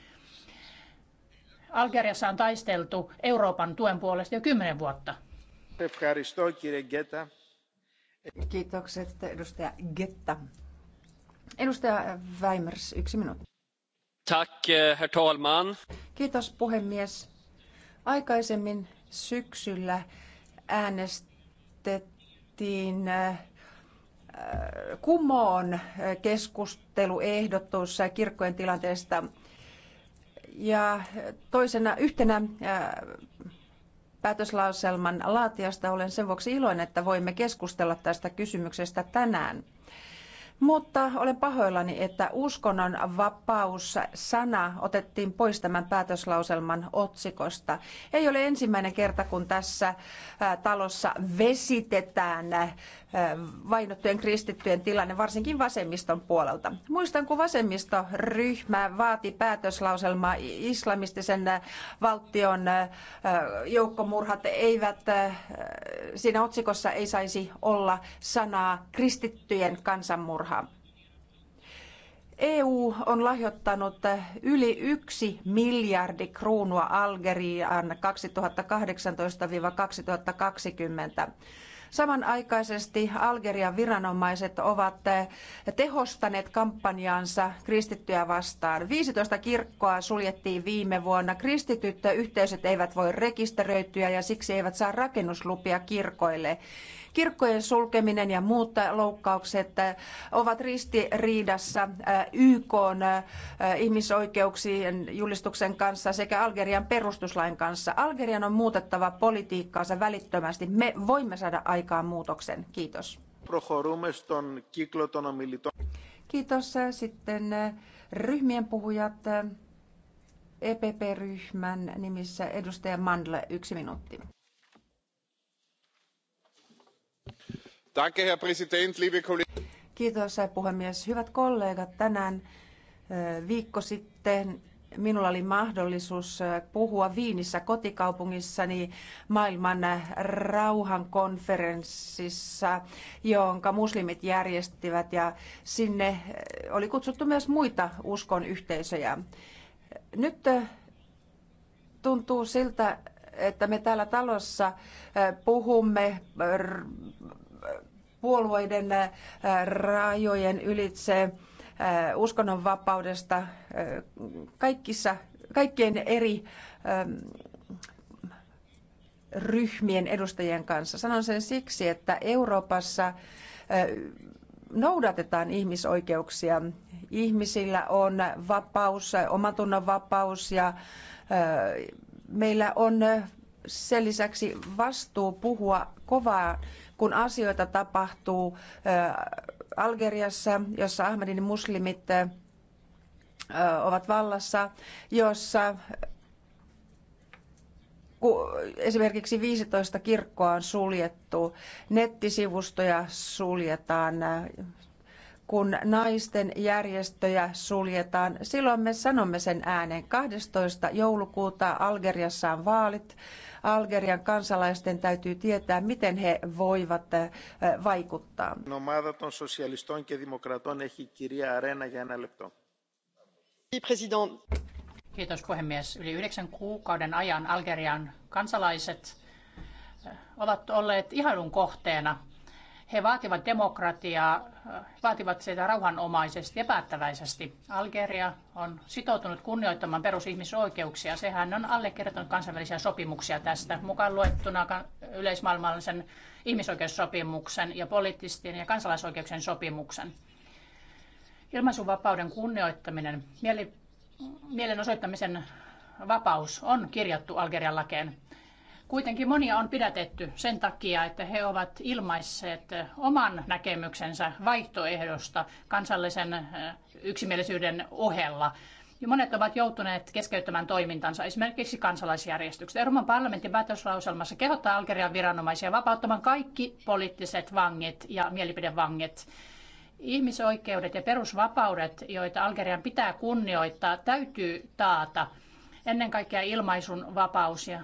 Algeriassa on taisteltu Euroopan tuen puolesta jo kymmenen vuotta. Kiitokset, edustaja Getta. Edustaja Väimers, yksi minuutti. Tack, eh, herr talman. Kiitos, puhemies. Aikaisemmin syksyllä äänestettiin tehtiin äh, kumoon keskusteluehdotus kirkkojen tilanteesta. Ja toisena yhtenä äh, päätöslauselman laatiasta olen sen vuoksi iloinen, että voimme keskustella tästä kysymyksestä tänään. Mutta olen pahoillani, että uskonnon vapaus sana otettiin pois tämän päätöslauselman otsikosta. Ei ole ensimmäinen kerta, kun tässä talossa vesitetään vainottujen kristittyjen tilanne, varsinkin vasemmiston puolelta. Muistan, kun vasemmistoryhmä vaati päätöslauselmaa islamistisen valtion joukkomurhat eivät, siinä otsikossa ei saisi olla sanaa kristittyjen kansanmurha. EU on lahjoittanut yli yksi miljardi kruunua Algeriaan 2018-2020. Samanaikaisesti Algerian viranomaiset ovat eh, tehostaneet kampanjaansa kristittyjä vastaan. 15 kirkkoa suljettiin viime vuonna. Kristityt yhteisöt eivät voi rekisteröityä ja siksi eivät saa rakennuslupia kirkoille. Kirkkojen sulkeminen ja muut loukkaukset äh, ovat ristiriidassa äh, YK äh, ihmisoikeuksien julistuksen kanssa sekä Algerian perustuslain kanssa. Algerian on muutettava politiikkaansa välittömästi. Me voimme saada aikaan muutoksen. Kiitos. Kiitos. Sitten ryhmien puhujat. EPP-ryhmän nimissä edustaja Mandle, yksi minuutti arvoisa Kiitos puhemies. Hyvät kollegat, tänään viikko sitten minulla oli mahdollisuus puhua Viinissä kotikaupungissani maailman rauhankonferenssissa, jonka muslimit järjestivät ja sinne oli kutsuttu myös muita uskon yhteisöjä. Nyt tuntuu siltä, että me täällä talossa puhumme puolueiden rajojen ylitse uskonnonvapaudesta kaikissa, kaikkien eri ryhmien edustajien kanssa. Sanon sen siksi, että Euroopassa noudatetaan ihmisoikeuksia. Ihmisillä on vapaus, omatunnon vapaus ja meillä on sen lisäksi vastuu puhua kovaa, kun asioita tapahtuu Algeriassa, jossa Ahmadin muslimit ovat vallassa, jossa esimerkiksi 15 kirkkoa on suljettu, nettisivustoja suljetaan, kun naisten järjestöjä suljetaan, silloin me sanomme sen ääneen. 12. joulukuuta Algeriassa on vaalit. Algerian kansalaisten täytyy tietää, miten he voivat eh, vaikuttaa. Nomada ton sosialiston ja demokraton ehkä kirja Arena ja Kiitos puhemies. Yli yhdeksän kuukauden ajan Algerian kansalaiset eh, ovat olleet ihailun kohteena he vaativat demokratiaa, äh, vaativat sitä rauhanomaisesti ja päättäväisesti. Algeria on sitoutunut kunnioittamaan perusihmisoikeuksia. Sehän on allekirjoittanut kansainvälisiä sopimuksia tästä, mukaan luettuna yleismaailmallisen ihmisoikeussopimuksen ja poliittisten ja kansalaisoikeuksien sopimuksen. Ilmaisuvapauden kunnioittaminen, mielenosoittamisen vapaus on kirjattu Algerian lakeen. Kuitenkin monia on pidätetty sen takia, että he ovat ilmaisseet oman näkemyksensä vaihtoehdosta kansallisen yksimielisyyden ohella. Ja monet ovat joutuneet keskeyttämään toimintansa esimerkiksi kansalaisjärjestykset. Euroopan parlamentin päätöslauselmassa kehottaa Algerian viranomaisia vapauttamaan kaikki poliittiset vangit ja mielipidevangit. Ihmisoikeudet ja perusvapaudet, joita Algerian pitää kunnioittaa, täytyy taata. Ennen kaikkea ilmaisun vapaus ja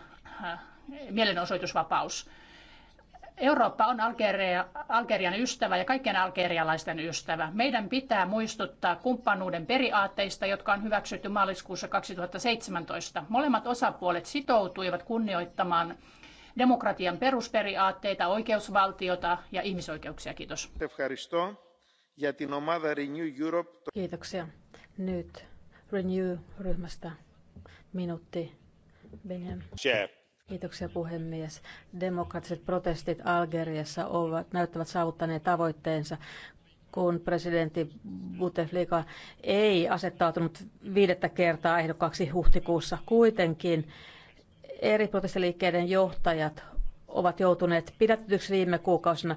mielenosoitusvapaus. Eurooppa on Algeria, Algerian ystävä ja kaikkien algerialaisten ystävä. Meidän pitää muistuttaa kumppanuuden periaatteista, jotka on hyväksytty maaliskuussa 2017. Molemmat osapuolet sitoutuivat kunnioittamaan demokratian perusperiaatteita, oikeusvaltiota ja ihmisoikeuksia. Kiitos. Kiitoksia. Nyt Renew-ryhmästä minuutti. Benjamin. Kiitoksia puhemies. Demokraattiset protestit Algeriassa ovat, näyttävät saavuttaneet tavoitteensa kun presidentti Bouteflika ei asettautunut viidettä kertaa ehdokkaaksi huhtikuussa. Kuitenkin eri protestiliikkeiden johtajat ovat joutuneet pidätetyksi viime kuukausina.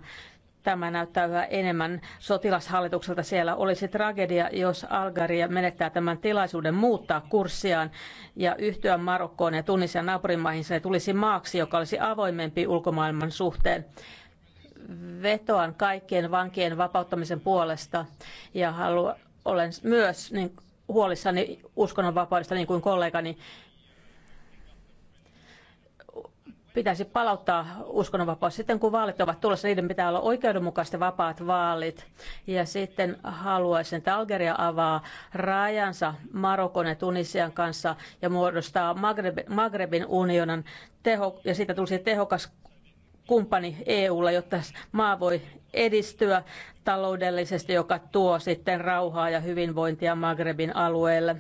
Tämä näyttää yhä enemmän sotilashallitukselta siellä. Olisi tragedia, jos Algaria menettää tämän tilaisuuden muuttaa kurssiaan ja yhtyä Marokkoon ja Tunisian naapurimaihin. Se tulisi maaksi, joka olisi avoimempi ulkomaailman suhteen vetoan kaikkien vankien vapauttamisen puolesta ja haluan, olen myös niin, huolissani uskonnonvapaudesta niin kuin kollegani pitäisi palauttaa uskonnonvapaus. Sitten kun vaalit ovat tulossa, niiden pitää olla oikeudenmukaiset vapaat vaalit. Ja sitten haluaisin, että Algeria avaa rajansa Marokon ja Tunisian kanssa ja muodostaa Magreb, Magrebin unionin teho, ja siitä tulisi tehokas kumppani EUlla, jotta maa voi edistyä taloudellisesti, joka tuo sitten rauhaa ja hyvinvointia Magrebin alueelle.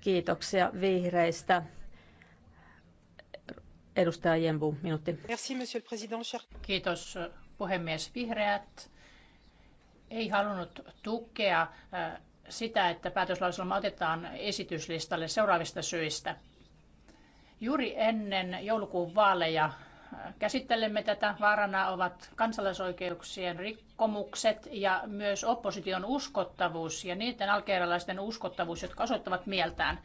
Kiitoksia vihreistä. Edustaja Jembu, minuutti. Merci, monsieur le président. Kiitos puhemies. Vihreät ei halunnut tukea äh, sitä, että päätöslauselma otetaan esityslistalle seuraavista syistä. Juuri ennen joulukuun vaaleja äh, käsittelemme tätä. Vaarana ovat kansalaisoikeuksien rikkomukset ja myös opposition uskottavuus ja niiden alkeeralaisten uskottavuus, jotka osoittavat mieltään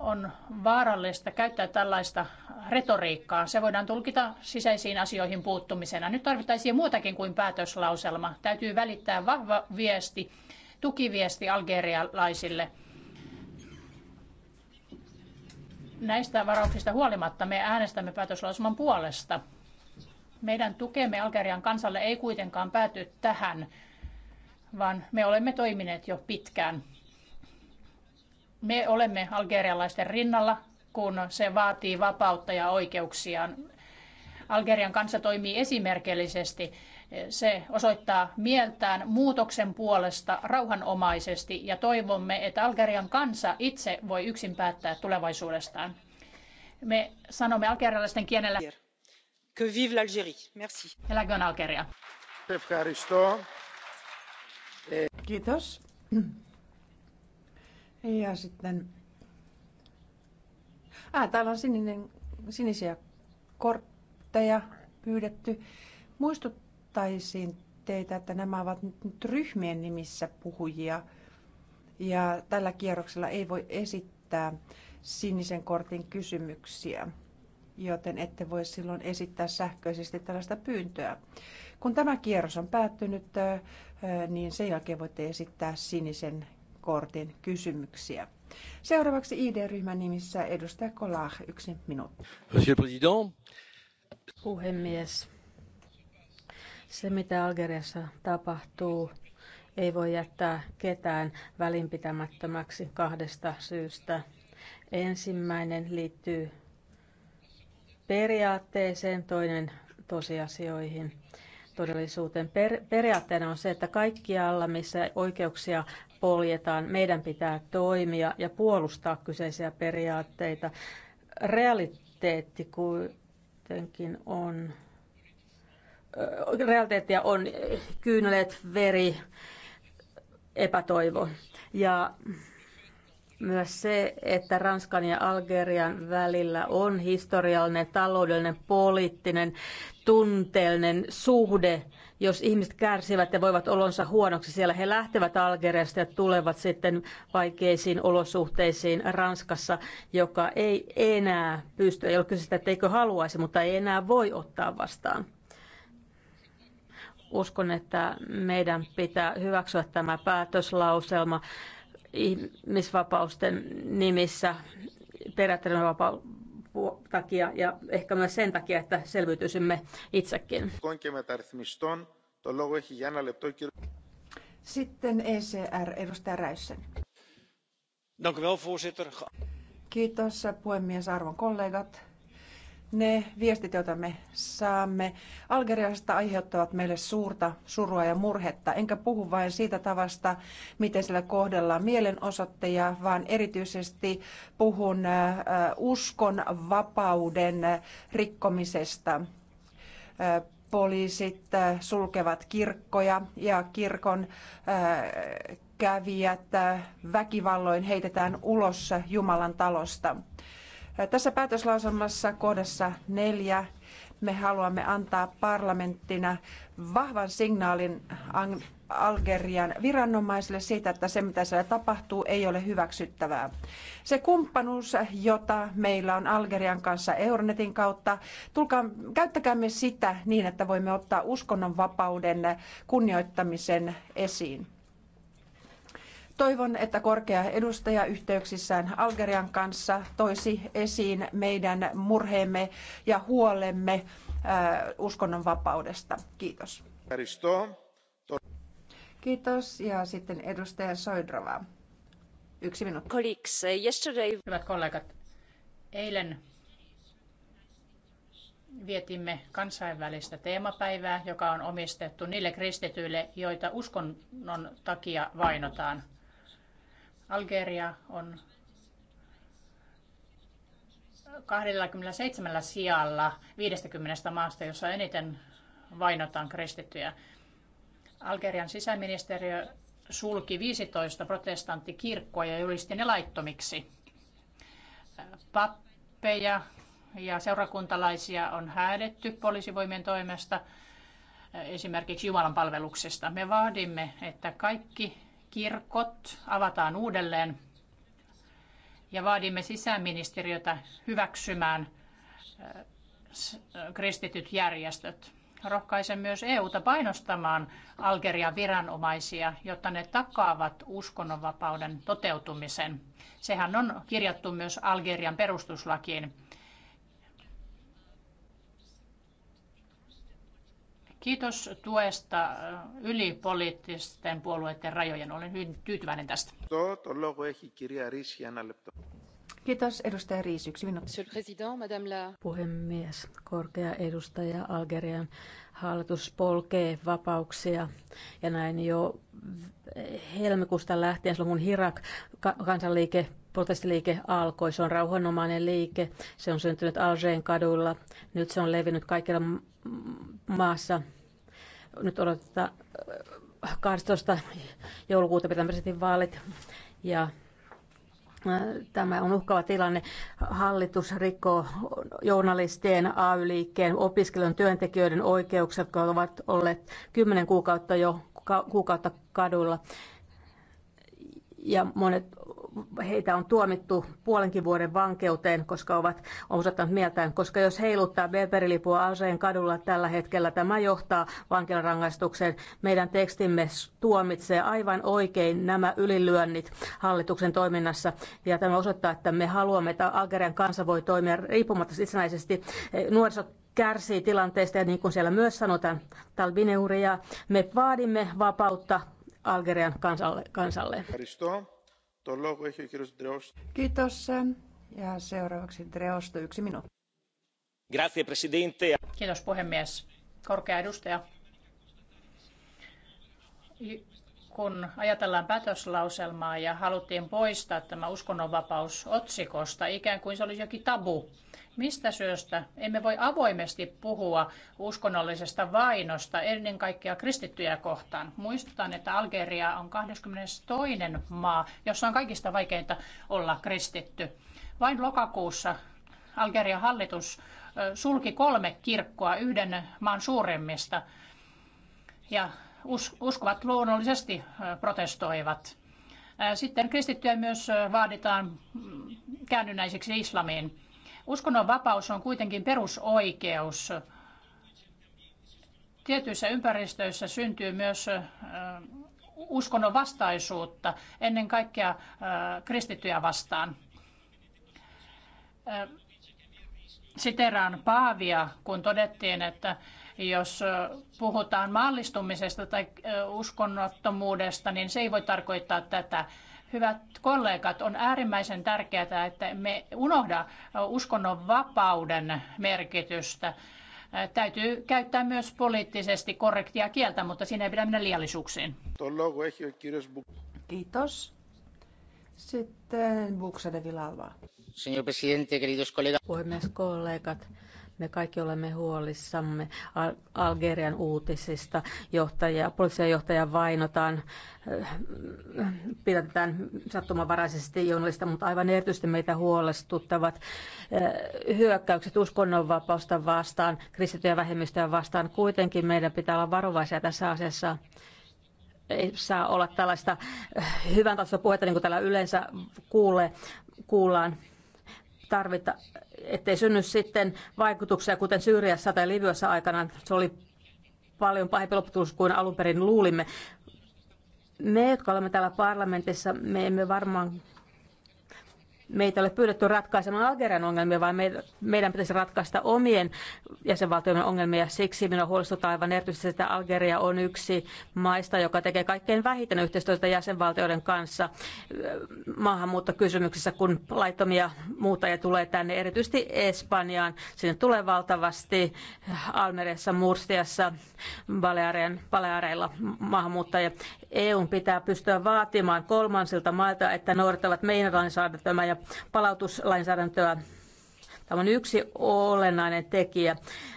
on vaarallista käyttää tällaista retoriikkaa. Se voidaan tulkita sisäisiin asioihin puuttumisena. Nyt tarvittaisiin muutakin kuin päätöslauselma. Täytyy välittää vahva viesti, tukiviesti algerialaisille. Näistä varauksista huolimatta me äänestämme päätöslauselman puolesta. Meidän tukemme Algerian kansalle ei kuitenkaan pääty tähän, vaan me olemme toimineet jo pitkään. Me olemme algerialaisten rinnalla, kun se vaatii vapautta ja oikeuksiaan. Algerian kanssa toimii esimerkillisesti. Se osoittaa mieltään muutoksen puolesta rauhanomaisesti ja toivomme, että Algerian kansa itse voi yksin päättää tulevaisuudestaan. Me sanomme algerialaisten kielellä. Que vive l'Algérie. Merci. Eläköön Algeria. Kiitos. Ja sitten... Ah, täällä on sininen, sinisiä kortteja pyydetty. Muistuttaisin teitä, että nämä ovat nyt ryhmien nimissä puhujia. Ja tällä kierroksella ei voi esittää sinisen kortin kysymyksiä, joten ette voi silloin esittää sähköisesti tällaista pyyntöä. Kun tämä kierros on päättynyt, niin sen jälkeen voitte esittää sinisen kortin kysymyksiä. Seuraavaksi ID-ryhmän nimissä edustaja Kolah, yksi minuutti. Monsieur President. Puhemies. Se, mitä Algeriassa tapahtuu, ei voi jättää ketään välinpitämättömäksi kahdesta syystä. Ensimmäinen liittyy periaatteeseen, toinen tosiasioihin todellisuuteen. Per, periaatteena on se, että kaikkialla, missä oikeuksia poljetaan. Meidän pitää toimia ja puolustaa kyseisiä periaatteita. Realiteetti kuitenkin on, realiteettia on kyynelet, veri, epätoivo. Ja myös se, että Ranskan ja Algerian välillä on historiallinen, taloudellinen, poliittinen, tunteellinen suhde, jos ihmiset kärsivät ja voivat olonsa huonoksi siellä, he lähtevät Algeriasta ja tulevat sitten vaikeisiin olosuhteisiin Ranskassa, joka ei enää pysty, ei ole kyse sitä, etteikö haluaisi, mutta ei enää voi ottaa vastaan uskon, että meidän pitää hyväksyä tämä päätöslauselma ihmisvapausten nimissä, periaatteiden takia ja ehkä myös sen takia, että selviytyisimme itsekin. Sitten ECR, edustaja Räyssen. Kiitos puhemies, arvon kollegat. Ne viestit, joita me saamme Algeriasta, aiheuttavat meille suurta surua ja murhetta. Enkä puhu vain siitä tavasta, miten siellä kohdellaan mielenosoittajia, vaan erityisesti puhun äh, äh, uskon vapauden äh, rikkomisesta. Poliisit sulkevat kirkkoja ja kirkon kävijät väkivalloin heitetään ulos Jumalan talosta tässä päätöslauselmassa kohdassa neljä me haluamme antaa parlamenttina vahvan signaalin Algerian viranomaisille siitä, että se mitä siellä tapahtuu ei ole hyväksyttävää. Se kumppanuus, jota meillä on Algerian kanssa Euronetin kautta, tulkaa, käyttäkäämme sitä niin, että voimme ottaa uskonnonvapauden kunnioittamisen esiin. Toivon, että korkea edustaja yhteyksissään Algerian kanssa toisi esiin meidän murheemme ja huolemme äh, uskonnonvapaudesta. Kiitos. Kiitos. Ja sitten edustaja Soidrova. Yksi minuutti. Uh, Hyvät kollegat, eilen vietimme kansainvälistä teemapäivää, joka on omistettu niille kristityille, joita uskonnon takia vainotaan. Algeria on 27 sijalla 50 maasta, jossa eniten vainotaan kristittyjä. Algerian sisäministeriö sulki 15 protestanttikirkkoa ja julisti ne laittomiksi. Pappeja ja seurakuntalaisia on häädetty poliisivoimien toimesta esimerkiksi Jumalan palveluksesta. Me vaadimme, että kaikki kirkot avataan uudelleen ja vaadimme sisäministeriötä hyväksymään äh, kristityt järjestöt. Rohkaisen myös EUta painostamaan Algerian viranomaisia, jotta ne takaavat uskonnonvapauden toteutumisen. Sehän on kirjattu myös Algerian perustuslakiin. Kiitos tuesta yli poliittisten puolueiden rajojen. Olen hyvin tyytyväinen tästä. Kiitos edustaja Riis, yksi minuutti. Puhemies, korkea edustaja Algerian hallitus polkee vapauksia ja näin jo helmikuusta lähtien, silloin kun Hirak kansanliike protestiliike alkoi. Se on rauhanomainen liike. Se on syntynyt Algeen kadulla. Nyt se on levinnyt kaikilla maassa. Nyt odotetaan äh, 12. joulukuuta pitää presidentin vaalit. Ja äh, Tämä on uhkava tilanne. Hallitus rikkoo journalistien, AY-liikkeen, opiskelun työntekijöiden oikeuksia, jotka ovat olleet kymmenen kuukautta jo kuukautta kadulla. Ja monet heitä on tuomittu puolenkin vuoden vankeuteen, koska ovat osoittaneet mieltään. Koska jos heiluttaa Beberilipua aseen kadulla tällä hetkellä, tämä johtaa vankilarangaistukseen. Meidän tekstimme tuomitsee aivan oikein nämä ylilyönnit hallituksen toiminnassa. Ja tämä osoittaa, että me haluamme, että Algerian kansa voi toimia riippumatta itsenäisesti. Nuorisot kärsii tilanteesta ja niin kuin siellä myös sanotaan, talvineuria, me vaadimme vapautta Algerian kansalle. kansalle. Το λόγο έχει ο κύριος Ντρεός. Kiitos. Ja seuraavaksi Dreosto yksi minuutti. Grazie, presidente. Kiitos puhemies. Korkea edustaja. Kun ajatellaan päätöslauselmaa ja haluttiin poistaa tämä uskonnonvapaus otsikosta, ikään kuin se olisi jokin tabu, Mistä syystä emme voi avoimesti puhua uskonnollisesta vainosta ennen kaikkea kristittyjä kohtaan? Muistutan, että Algeria on 22. maa, jossa on kaikista vaikeinta olla kristitty. Vain lokakuussa Algerian hallitus sulki kolme kirkkoa yhden maan suuremmista ja uskovat luonnollisesti protestoivat. Sitten kristittyjä myös vaaditaan mm, käännynnäisiksi islamiin. Uskonnonvapaus on kuitenkin perusoikeus. Tietyissä ympäristöissä syntyy myös uskonnon vastaisuutta, ennen kaikkea kristittyjä vastaan. Siteraan Paavia, kun todettiin, että jos puhutaan maallistumisesta tai uskonnottomuudesta, niin se ei voi tarkoittaa tätä. Hyvät kollegat, on äärimmäisen tärkeää, että me unohda uskonnon vapauden merkitystä. Täytyy käyttää myös poliittisesti korrektia kieltä, mutta siinä ei pidä mennä liiallisuuksiin. Kiitos. Sitten Buxade Vilalva. Señor presidente, queridos colegas. Puhemies, kollegat me kaikki olemme huolissamme Algerian uutisista. Johtaja, poliisijohtaja vainotaan, äh, pidätetään sattumanvaraisesti journalista, mutta aivan erityisesti meitä huolestuttavat äh, hyökkäykset uskonnonvapausta vastaan, kristittyjä vähemmistöjä vastaan. Kuitenkin meidän pitää olla varovaisia tässä asiassa ei saa olla tällaista äh, hyvän tasoista puhetta, niin kuin täällä yleensä kuulee, kuullaan tarvita, ettei synny sitten vaikutuksia, kuten Syyriassa tai Libyassa aikana. Se oli paljon pahempi lopputulos kuin alun perin luulimme. Me, jotka olemme täällä parlamentissa, me emme varmaan meitä ole pyydetty ratkaisemaan Algerian ongelmia, vaan meidän pitäisi ratkaista omien jäsenvaltioiden ongelmia. Siksi minua huolestuttaa aivan erityisesti, että Algeria on yksi maista, joka tekee kaikkein vähiten yhteistyötä jäsenvaltioiden kanssa äh, maahanmuuttokysymyksissä, kun laittomia muuttajia tulee tänne, erityisesti Espanjaan. Sinne tulee valtavasti Almeriassa, Murstiassa, Baleareilla maahanmuuttajia. EUn pitää pystyä vaatimaan kolmansilta mailta, että noudattavat meidän lainsäädäntöä ja palautuslainsäädäntöä. Tämä on yksi olennainen tekijä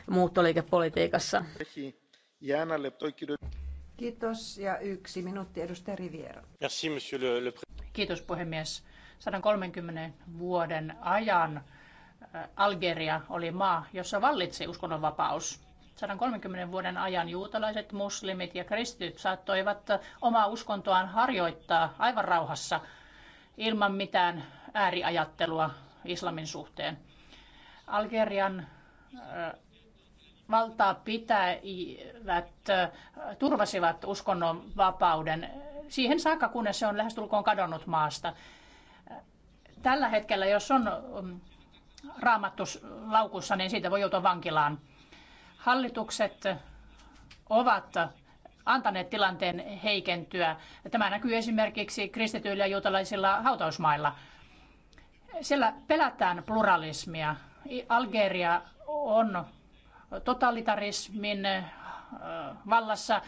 muuttoliikepolitiikassa. Kiitos ja yksi minuutti edustaja Riviera. Kiitos puhemies. 130 vuoden ajan Algeria oli maa, jossa vallitsi uskonnonvapaus. 130 vuoden ajan juutalaiset, muslimit ja kristityt saattoivat omaa uskontoaan harjoittaa aivan rauhassa ilman mitään ääriajattelua islamin suhteen. Algerian valtaa pitävät turvasivat uskonnon vapauden siihen saakka, kunnes se on lähestulkoon kadonnut maasta. Tällä hetkellä, jos on mm, raamattu laukussa, niin siitä voi joutua vankilaan. Hallitukset ovat antaneet tilanteen heikentyä. Tämä näkyy esimerkiksi kristityillä ja juutalaisilla hautausmailla. Siellä pelätään pluralismia. Algeria on totalitarismin vallassa,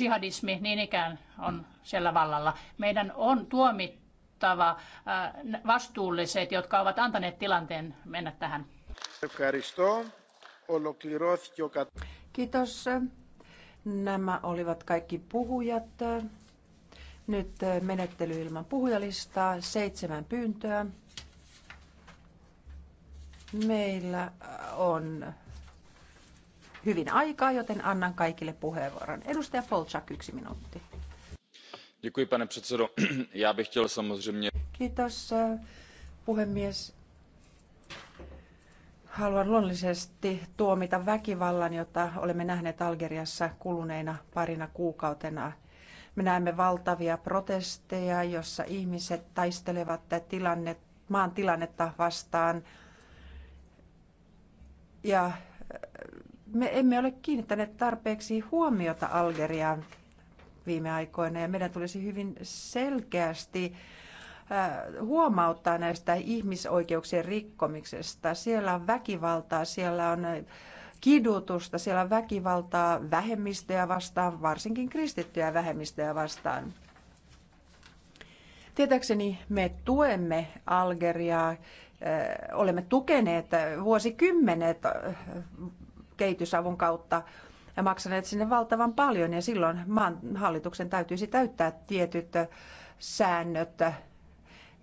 jihadismi niin ikään on siellä vallalla. Meidän on tuomittava vastuulliset, jotka ovat antaneet tilanteen mennä tähän. Kiitos. Kiitos. Nämä olivat kaikki puhujat. Nyt menettely ilman puhujalistaa. Seitsemän pyyntöä. Meillä on hyvin aikaa, joten annan kaikille puheenvuoron. Edustaja Polchak, yksi minuutti. Děkuji, pane předsedo. Já bych chtěl samozřejmě... Kiitos, puhemies. Haluan luonnollisesti tuomita väkivallan, jota olemme nähneet Algeriassa kuluneina parina kuukautena. Me näemme valtavia protesteja, jossa ihmiset taistelevat tilanne maan tilannetta vastaan. Ja äh, me emme ole kiinnittäneet tarpeeksi huomiota Algeriaan viime aikoina ja meidän tulisi hyvin selkeästi huomauttaa näistä ihmisoikeuksien rikkomisesta. Siellä on väkivaltaa, siellä on kidutusta, siellä on väkivaltaa vähemmistöjä vastaan, varsinkin kristittyjä vähemmistöjä vastaan. Tietääkseni me tuemme Algeriaa, olemme tukeneet vuosikymmenet kehitysavun kautta ja maksaneet sinne valtavan paljon ja silloin maan hallituksen täytyisi täyttää tietyt säännöt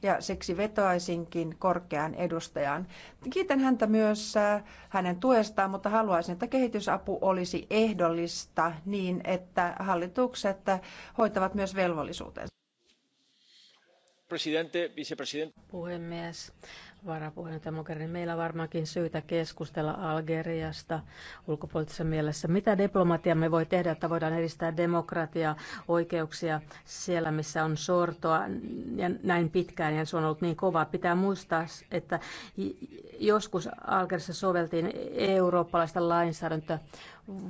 ja siksi vetoaisinkin korkeaan edustajaan. Kiitän häntä myös äh, hänen tuestaan, mutta haluaisin, että kehitysapu olisi ehdollista niin, että hallitukset äh, hoitavat myös velvollisuutensa. Puhemies, varapuheenjohtaja Mogherini, meillä on varmaankin syytä keskustella Algeriasta ulkopoliittisessa mielessä. Mitä diplomatia me voi tehdä, että voidaan edistää demokratiaa, oikeuksia siellä, missä on sortoa ja näin pitkään, ja se on ollut niin kova. Pitää muistaa, että joskus Algerissa soveltiin eurooppalaista lainsäädäntöä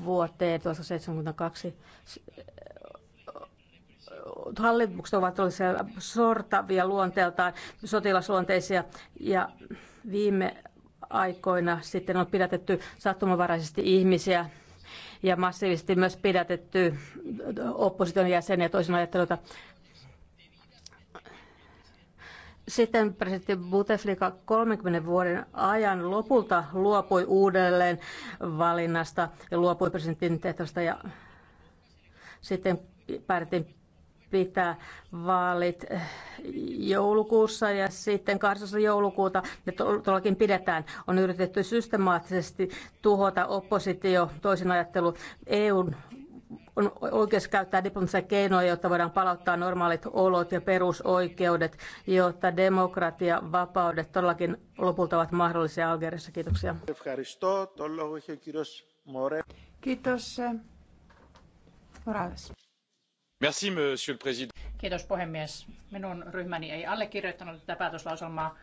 vuoteen 1972 hallitukset ovat tällaisia sortavia luonteeltaan, sotilasluonteisia ja viime aikoina sitten on pidätetty sattumanvaraisesti ihmisiä ja massiivisesti myös pidätetty opposition jäseniä toisin ajattelijoita. Sitten presidentti Bouteflika 30 vuoden ajan lopulta luopui uudelleen valinnasta ja luopui presidentin tehtävästä ja sitten päätettiin pitää vaalit eh, joulukuussa ja sitten 8. joulukuuta ne todellakin pidetään. On yritetty systemaattisesti tuhota oppositio, toisin ajattelu, EUn on oikeus käyttää diplomatisia keinoja, jotta voidaan palauttaa normaalit olot ja perusoikeudet, jotta demokratia, vapaudet todellakin lopulta ovat mahdollisia Algeriassa. Kiitoksia. Kiitos. Morales monsieur Kiitos puhemies. Minun ryhmäni ei allekirjoittanut tätä päätöslauselmaa,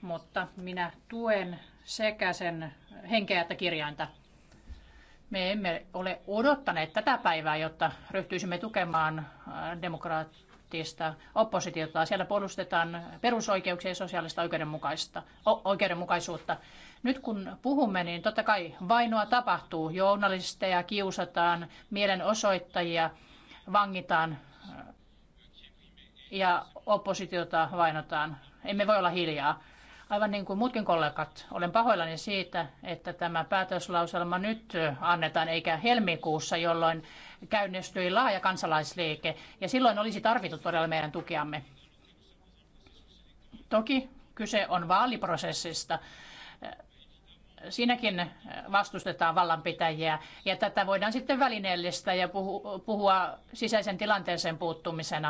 mutta minä tuen sekä sen henkeä että kirjainta. Me emme ole odottaneet tätä päivää, jotta ryhtyisimme tukemaan äh, demokraattista oppositiota. Siellä puolustetaan perusoikeuksia ja sosiaalista oikeudenmukaista, oikeudenmukaisuutta. Nyt kun puhumme, niin totta kai vainoa tapahtuu. Journalisteja kiusataan, mielenosoittajia vangitaan ja oppositiota vainotaan. Emme voi olla hiljaa. Aivan niin kuin muutkin kollegat, olen pahoillani siitä, että tämä päätöslauselma nyt annetaan eikä helmikuussa, jolloin käynnistyi laaja kansalaisliike ja silloin olisi tarvittu todella meidän tukeamme. Toki kyse on vaaliprosessista siinäkin vastustetaan vallanpitäjiä. Ja tätä voidaan sitten välineellistää ja puhua sisäisen tilanteeseen puuttumisena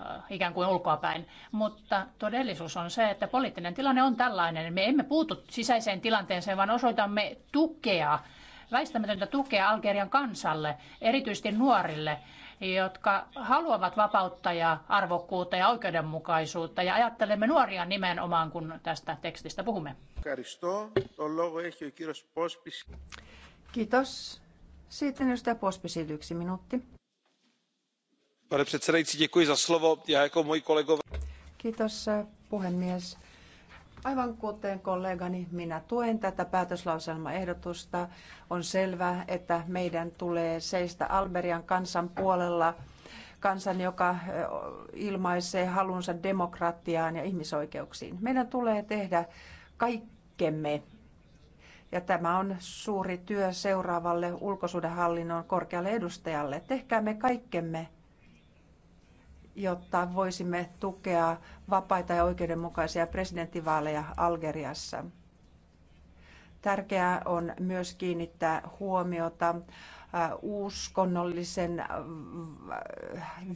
äh, ikään kuin ulkoapäin. Mutta todellisuus on se, että poliittinen tilanne on tällainen. Me emme puutu sisäiseen tilanteeseen, vaan osoitamme tukea, väistämätöntä tukea Algerian kansalle, erityisesti nuorille jotka haluavat vapautta ja arvokkuutta ja oikeudenmukaisuutta. Ja ajattelemme nuoria nimenomaan, kun tästä tekstistä puhumme. Kiitos. Sitten edustaja Pospisil yksi minuutti. Pane předsedající, děkuji za slovo. Já jako moji kolegové... Kiitos eh, puhemies. Aivan kuten kollegani, minä tuen tätä päätöslauselmaehdotusta. On selvää, että meidän tulee seistä Alberian kansan puolella kansan, joka ilmaisee halunsa demokratiaan ja ihmisoikeuksiin. Meidän tulee tehdä kaikkemme. Ja tämä on suuri työ seuraavalle ulkosuhdehallinnon korkealle edustajalle. Tehkäämme kaikkemme, jotta voisimme tukea vapaita ja oikeudenmukaisia presidentinvaaleja Algeriassa. Tärkeää on myös kiinnittää huomiota äh, uskonnollisen äh,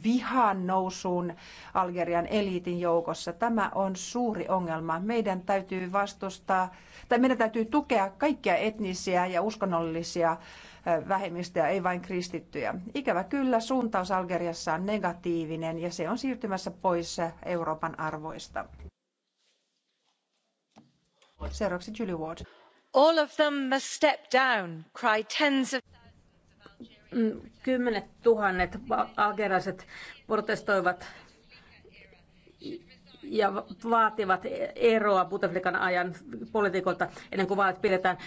vihan nousuun Algerian eliitin joukossa. Tämä on suuri ongelma. Meidän täytyy vastustaa tai meidän täytyy tukea kaikkia etnisiä ja uskonnollisia vähemmistöjä, ei vain kristittyjä. Ikävä kyllä suuntaus Algeriassa on negatiivinen ja se on siirtymässä pois Euroopan arvoista. Seuraavaksi Julie Ward. All of them must step down, cry tens of mm, Kymmenet tuhannet algerilaiset protestoivat ja vaativat eroa Buteflikan ajan poliitikolta ennen kuin vaalit pidetään.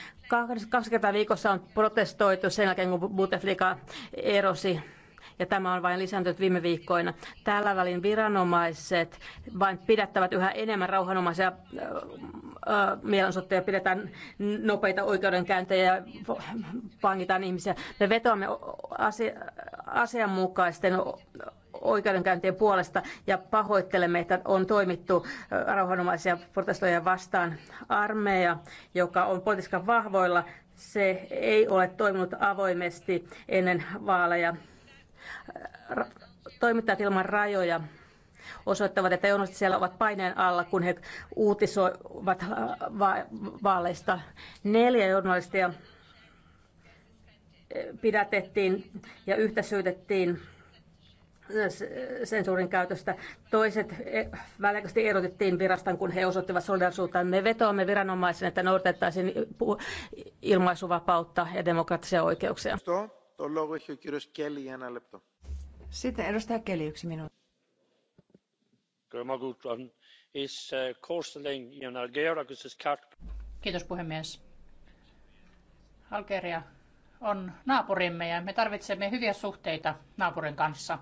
Kaksi kertaa viikossa on protestoitu sen jälkeen, kun Buteflika erosi ja tämä on vain lisääntynyt viime viikkoina. Tällä välin viranomaiset vain pidättävät yhä enemmän rauhanomaisia mielenosoittajia, pidetään nopeita oikeudenkäyntejä ja vangitaan ihmisiä. Me vetoamme asia, asianmukaisten oikeudenkäyntien puolesta ja pahoittelemme, että on toimittu rauhanomaisia protestoja vastaan. Armeija, joka on politiikan vahvoilla, se ei ole toiminut avoimesti ennen vaaleja toimittajat ilman rajoja osoittavat, että journalistit siellä ovat paineen alla, kun he uutisoivat äh, vaaleista. Neljä journalistia eh, pidätettiin ja yhtä syytettiin äh, sensuurin käytöstä. Toiset eh, väliaikaisesti erotettiin virastan, kun he osoittivat solidarisuutta. Me vetoamme viranomaisen, että noudatettaisiin ilmaisuvapautta ja demokraattisia oikeuksia. Sitten edustaja Keli, yksi minuutti. Kiitos puhemies. Algeria on naapurimme ja me tarvitsemme hyviä suhteita naapurin kanssa.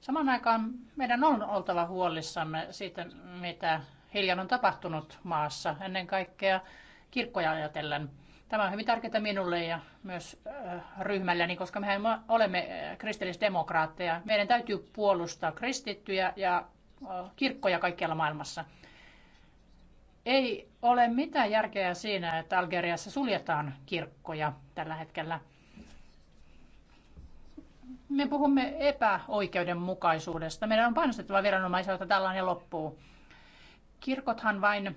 Samaan aikaan meidän on oltava huolissamme siitä, mitä hiljan on tapahtunut maassa, ennen kaikkea kirkkoja ajatellen – Tämä on hyvin tärkeää minulle ja myös äh, ryhmälläni, koska mehän olemme äh, kristillisdemokraatteja. Meidän täytyy puolustaa kristittyjä ja äh, kirkkoja kaikkialla maailmassa. Ei ole mitään järkeä siinä, että Algeriassa suljetaan kirkkoja tällä hetkellä. Me puhumme epäoikeudenmukaisuudesta. Meidän on painostettava viranomaisia, että tällainen loppuu. Kirkothan vain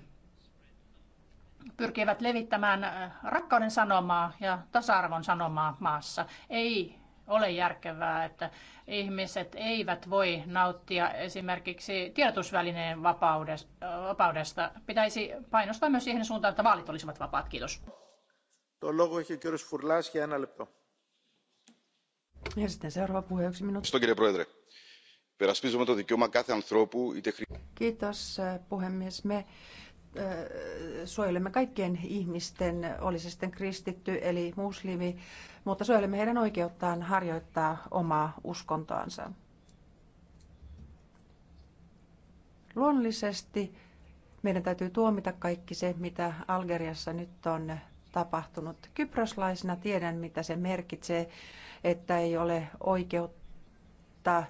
pyrkivät levittämään äh, rakkauden sanomaa ja tasa-arvon sanomaa maassa. Ei ole järkevää, että ihmiset eivät voi nauttia esimerkiksi tiedotusvälineen vapaudesta. Pitäisi painostaa myös siihen suuntaan, että vaalit olisivat vapaat. Kiitos. Ja Sitten seuraava puhe yksi minuutti. Kiitos puhemies. Me suojelemme kaikkien ihmisten, oli se sitten kristitty eli muslimi, mutta suojelemme heidän oikeuttaan harjoittaa omaa uskontoansa. Luonnollisesti meidän täytyy tuomita kaikki se, mitä Algeriassa nyt on tapahtunut. Kyproslaisena tiedän, mitä se merkitsee, että ei ole oikeutta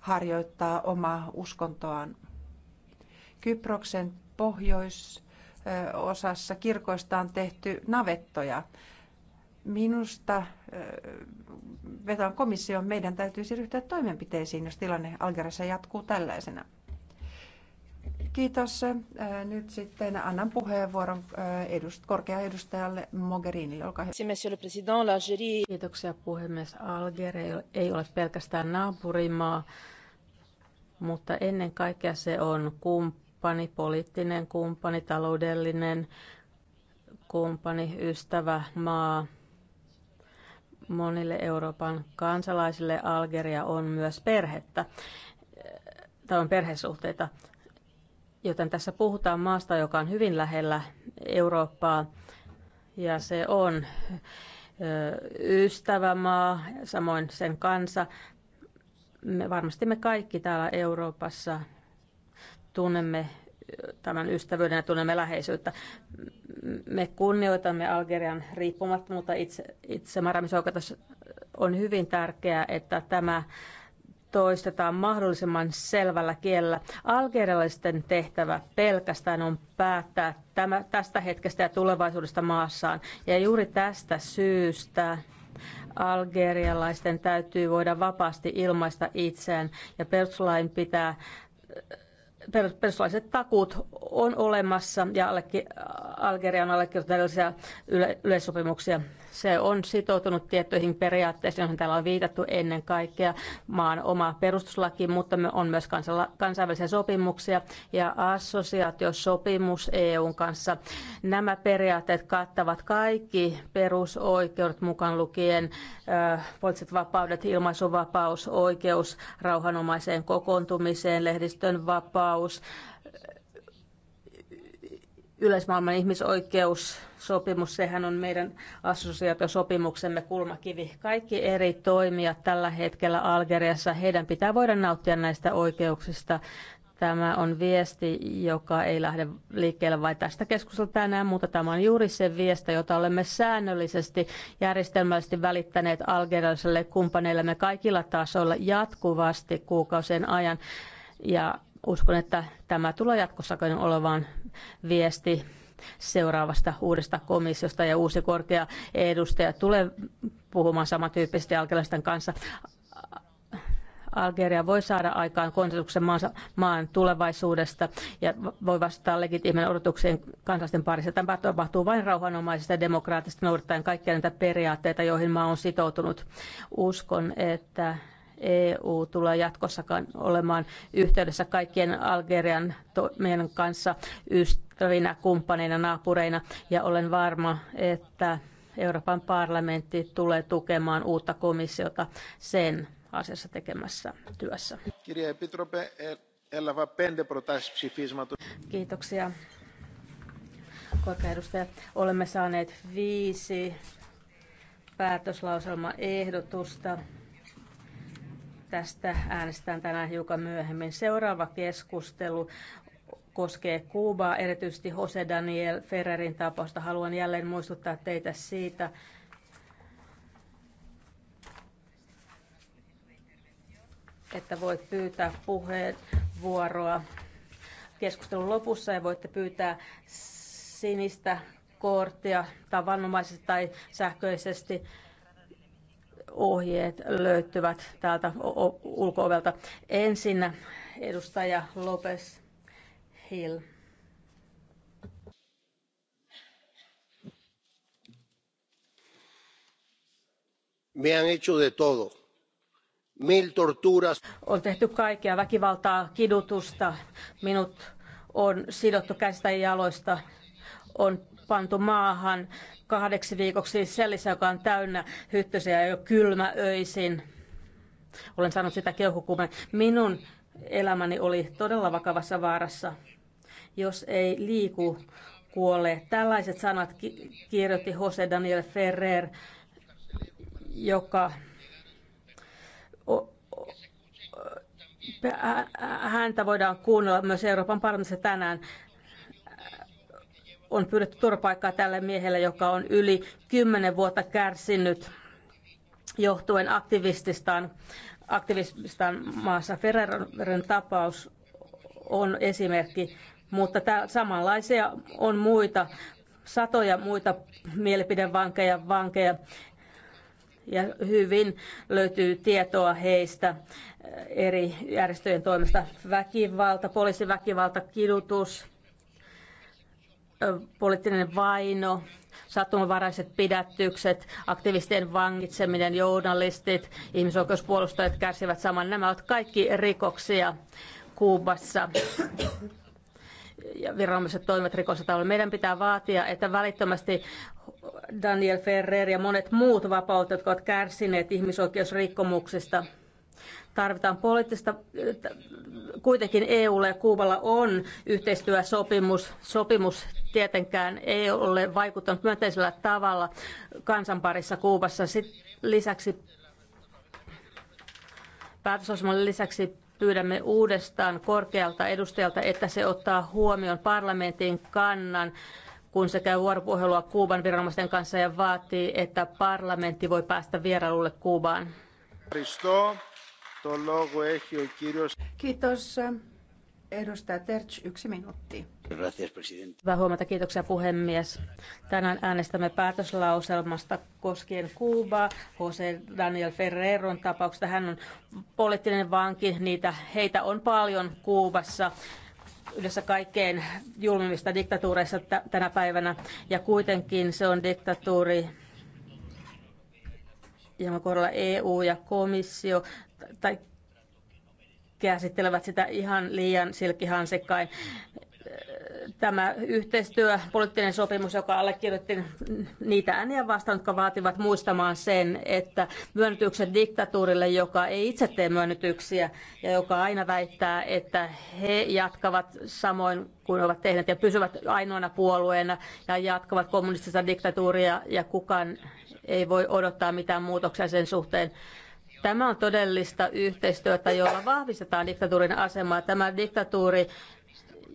harjoittaa omaa uskontoaan. Kyproksen pohjoisosassa kirkoista on tehty navettoja. Minusta vetoan komission, meidän täytyisi ryhtyä toimenpiteisiin, jos tilanne Algerissa jatkuu tällaisena. Kiitos. Nyt sitten annan puheenvuoron edust- korkea edustajalle Mogherini. Olkaa hyvä. Kiitoksia puhemies. Alger ei ole pelkästään naapurimaa, mutta ennen kaikkea se on kumppani kumppani, poliittinen kumppani, taloudellinen kumppani, ystävä, maa. Monille Euroopan kansalaisille Algeria on myös perhettä, tai on perhesuhteita. Joten tässä puhutaan maasta, joka on hyvin lähellä Eurooppaa, ja se on ystävämaa, samoin sen kansa. Me varmasti me kaikki täällä Euroopassa tunnemme tämän ystävyyden ja tunnemme läheisyyttä. Me kunnioitamme Algerian riippumattomuutta itse, itsemääräämisoikeutta. On hyvin tärkeää, että tämä toistetaan mahdollisimman selvällä kielellä. Algerialaisten tehtävä pelkästään on päättää tämä, tästä hetkestä ja tulevaisuudesta maassaan. Ja juuri tästä syystä algerialaisten täytyy voida vapaasti ilmaista itseään ja perustuslain pitää perustuslailliset takuut on olemassa ja Algeria on allekirjoittanut tällaisia yleissopimuksia. Se on sitoutunut tiettyihin periaatteisiin, joihin täällä on viitattu ennen kaikkea maan oma perustuslaki, mutta on myös kansainvälisiä sopimuksia ja assosiaatiosopimus EUn kanssa. Nämä periaatteet kattavat kaikki perusoikeudet mukaan lukien äh, poliittiset vapaudet, ilmaisuvapaus, oikeus rauhanomaiseen kokoontumiseen, lehdistön vapaus, sananvapaus, yleismaailman sopimus, sehän on meidän assosiaatiosopimuksemme kulmakivi. Kaikki eri toimijat tällä hetkellä Algeriassa, heidän pitää voida nauttia näistä oikeuksista. Tämä on viesti, joka ei lähde liikkeelle vain tästä keskustelusta tänään, mutta tämä on juuri se viesti, jota olemme säännöllisesti järjestelmällisesti välittäneet algerialaisille kumppaneillemme kaikilla tasoilla jatkuvasti kuukausien ajan. Ja uskon, että tämä tulee jatkossakin olevaan viesti seuraavasta uudesta komissiosta ja uusi korkea edustaja tulee puhumaan samantyyppisesti algerilaisten kanssa. Algeria voi saada aikaan konsensuksen maansa, maan tulevaisuudesta ja voi vastata legitiimien odotuksiin kansallisten parissa. Tämä tapahtuu vain rauhanomaisesti ja demokraattisesti noudattaen kaikkia näitä periaatteita, joihin maa on sitoutunut. Uskon, että EU tulee jatkossakaan olemaan yhteydessä kaikkien Algerian to- meidän kanssa ystävinä, kumppaneina, naapureina ja olen varma, että Euroopan parlamentti tulee tukemaan uutta komissiota sen asiassa tekemässä työssä. Kiitoksia. Korkea olemme saaneet viisi päätöslauselmaehdotusta. Tästä äänestetään tänään hiukan myöhemmin. Seuraava keskustelu koskee Kuubaa, erityisesti Jose Daniel Ferrerin tapausta. Haluan jälleen muistuttaa teitä siitä, että voit pyytää puheenvuoroa keskustelun lopussa ja voitte pyytää sinistä korttia tavanomaisesti tai sähköisesti ohjeet löytyvät täältä ulkoovelta. Ensin edustaja Lopes Hill. Me han hecho de todo. Mil torturas. On tehty kaikkea väkivaltaa, kidutusta. Minut on sidottu käsistä ja jaloista. On pantu maahan kahdeksi viikoksi siis sellissä, joka on täynnä hyttysiä ja jo kylmä öisin. Olen saanut sitä keuhkokuumen. Minun elämäni oli todella vakavassa vaarassa. Jos ei liiku, kuolee. Tällaiset sanat ki- kirjoitti Jose Daniel Ferrer, joka häntä voidaan kuunnella myös Euroopan parlamentissa tänään on pyydetty turvapaikkaa tälle miehelle, joka on yli kymmenen vuotta kärsinyt johtuen aktivististaan, aktivististaan maassa. Ferrerin tapaus on esimerkki, mutta tää, samanlaisia on muita, satoja muita mielipidevankeja, vankeja, ja hyvin löytyy tietoa heistä eri järjestöjen toimesta. Väkivalta, poliisiväkivalta, kidutus, poliittinen vaino, sattumanvaraiset pidätykset, aktivistien vangitseminen, journalistit, ihmisoikeuspuolustajat kärsivät saman. Nämä ovat kaikki rikoksia Kuubassa. Ja viranomaiset toimivat rikostatalla. Meidän pitää vaatia, että välittömästi Daniel Ferrer ja monet muut vapautet, jotka ovat kärsineet ihmisoikeusrikkomuksista, tarvitaan poliittista, kuitenkin EUlla ja Kuuballa on yhteistyösopimus sopimus tietenkään ei ole vaikuttanut myönteisellä tavalla kansanparissa Kuubassa. Sitten lisäksi päätösosman lisäksi pyydämme uudestaan korkealta edustajalta, että se ottaa huomioon parlamentin kannan, kun se käy vuoropuhelua Kuuban viranomaisten kanssa ja vaatii, että parlamentti voi päästä vierailulle Kuubaan. Kiitos. Edustaja Terch, yksi minuutti. Hyvää huomenta, kiitoksia puhemies. Tänään äänestämme päätöslauselmasta koskien Kuubaa, Jose Daniel Ferreron tapauksesta. Hän on poliittinen vanki, niitä, heitä on paljon Kuubassa yhdessä kaikkein julmimmista diktatuureista tänä päivänä, ja kuitenkin se on diktatuuri, jonka kohdalla EU ja komissio tai käsittelevät sitä ihan liian silkihansikkain. Tämä yhteistyö, poliittinen sopimus, joka allekirjoitettiin niitä ääniä vastaan, jotka vaativat muistamaan sen, että myönnytykset diktatuurille, joka ei itse tee myönnytyksiä ja joka aina väittää, että he jatkavat samoin kuin ovat tehneet ja pysyvät ainoana puolueena ja jatkavat kommunistista diktatuuria ja kukaan ei voi odottaa mitään muutoksia sen suhteen. Tämä on todellista yhteistyötä, jolla vahvistetaan diktatuurin asemaa. Tämä diktatuuri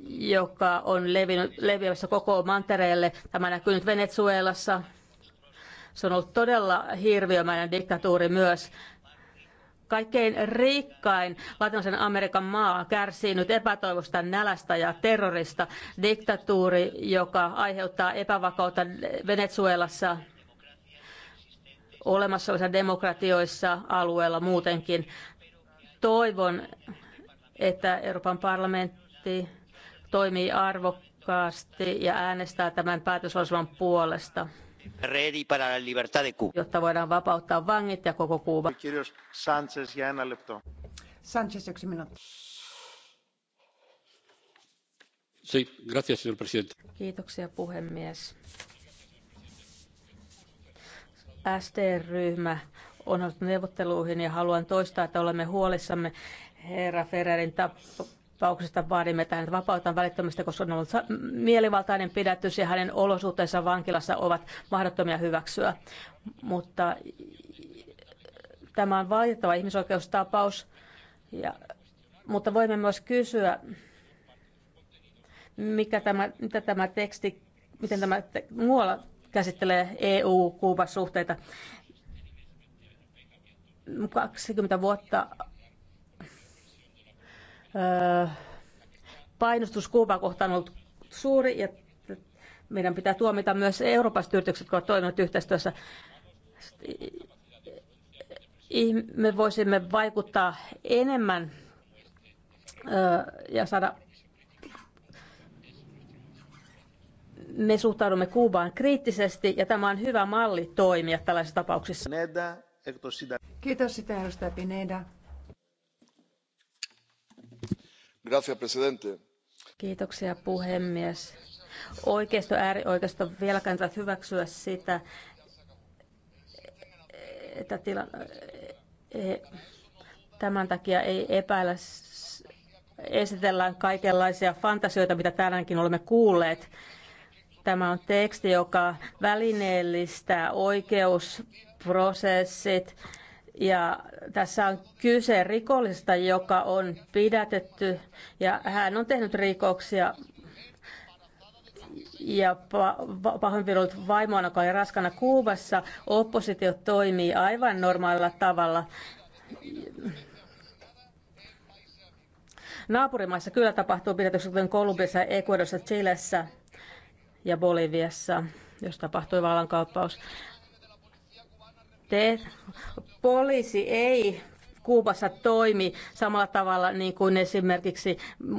joka on levinnyt, leviämässä koko mantereelle. Tämä näkyy nyt Venezuelassa. Se on ollut todella hirviömäinen diktatuuri myös. Kaikkein rikkain Latinalaisen Amerikan maa kärsii nyt epätoivosta nälästä ja terrorista. Diktatuuri, joka aiheuttaa epävakautta Venezuelassa, olemassa olevissa demokratioissa alueella muutenkin. Toivon, että Euroopan parlamentti toimii arvokkaasti ja äänestää tämän päätöslauselman puolesta, jotta voidaan vapauttaa vangit ja koko Kuuba. Sanchez, ja Sanchez, yksi minuutti. Kiitoksia puhemies. SD-ryhmä on ollut neuvotteluihin ja haluan toistaa, että olemme huolissamme herra Ferrerin tap- tapauksesta vaadimme, tämän vapautan vapautetaan välittömästi, koska on ollut mielivaltainen pidätys ja hänen olosuhteensa vankilassa ovat mahdottomia hyväksyä. Mutta tämä on valitettava ihmisoikeustapaus, ja, mutta voimme myös kysyä, mikä tämä, mitä tämä teksti, miten tämä te, muualla käsittelee eu kuuba suhteita. 20 vuotta painostus Kuubaa kohtaan on ollut suuri ja meidän pitää tuomita myös Euroopan yritykset, jotka ovat toimineet yhteistyössä. Me voisimme vaikuttaa enemmän ja saada me suhtaudumme Kuubaan kriittisesti ja tämä on hyvä malli toimia tällaisissa tapauksissa. Kiitos sitä edustaja Pineda. Kiitoksia puhemies. Oikeisto, äärioikeisto vielä kannattavat hyväksyä sitä, että tila, e, tämän takia ei epäillä esitellään kaikenlaisia fantasioita, mitä tänäänkin olemme kuulleet. Tämä on teksti, joka välineellistää oikeusprosessit ja tässä on kyse rikollisesta, joka on pidätetty ja hän on tehnyt rikoksia ja pahoinpidellyt vaimoana, joka oli raskana Kuubassa. Oppositio toimii aivan normaalilla tavalla. Naapurimaissa kyllä tapahtuu pidätykset, kuten Kolumbiassa, Ecuadorissa, Chilessä ja Boliviassa, jos tapahtui vallankauppaus ter- poliisi ei Kuubassa toimi samalla tavalla niin kuin esimerkiksi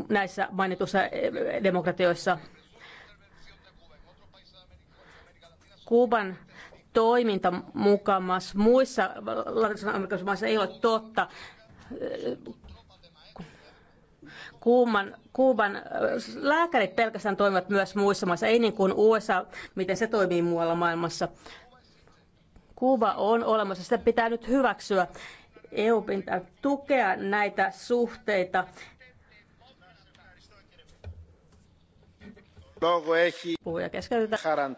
näissä mainituissa eh, demokratioissa. Kuuban toiminta mukamas muissa latinalaisissa maissa ei ole totta. Kuuman, Kuuban eh, lääkärit pelkästään toimivat myös muissa maissa, ei niin kuin USA, miten se toimii muualla maailmassa. Kuva on olemassa, sitä pitää nyt hyväksyä. EU pitää tukea näitä suhteita. Puhuja keskeytetään.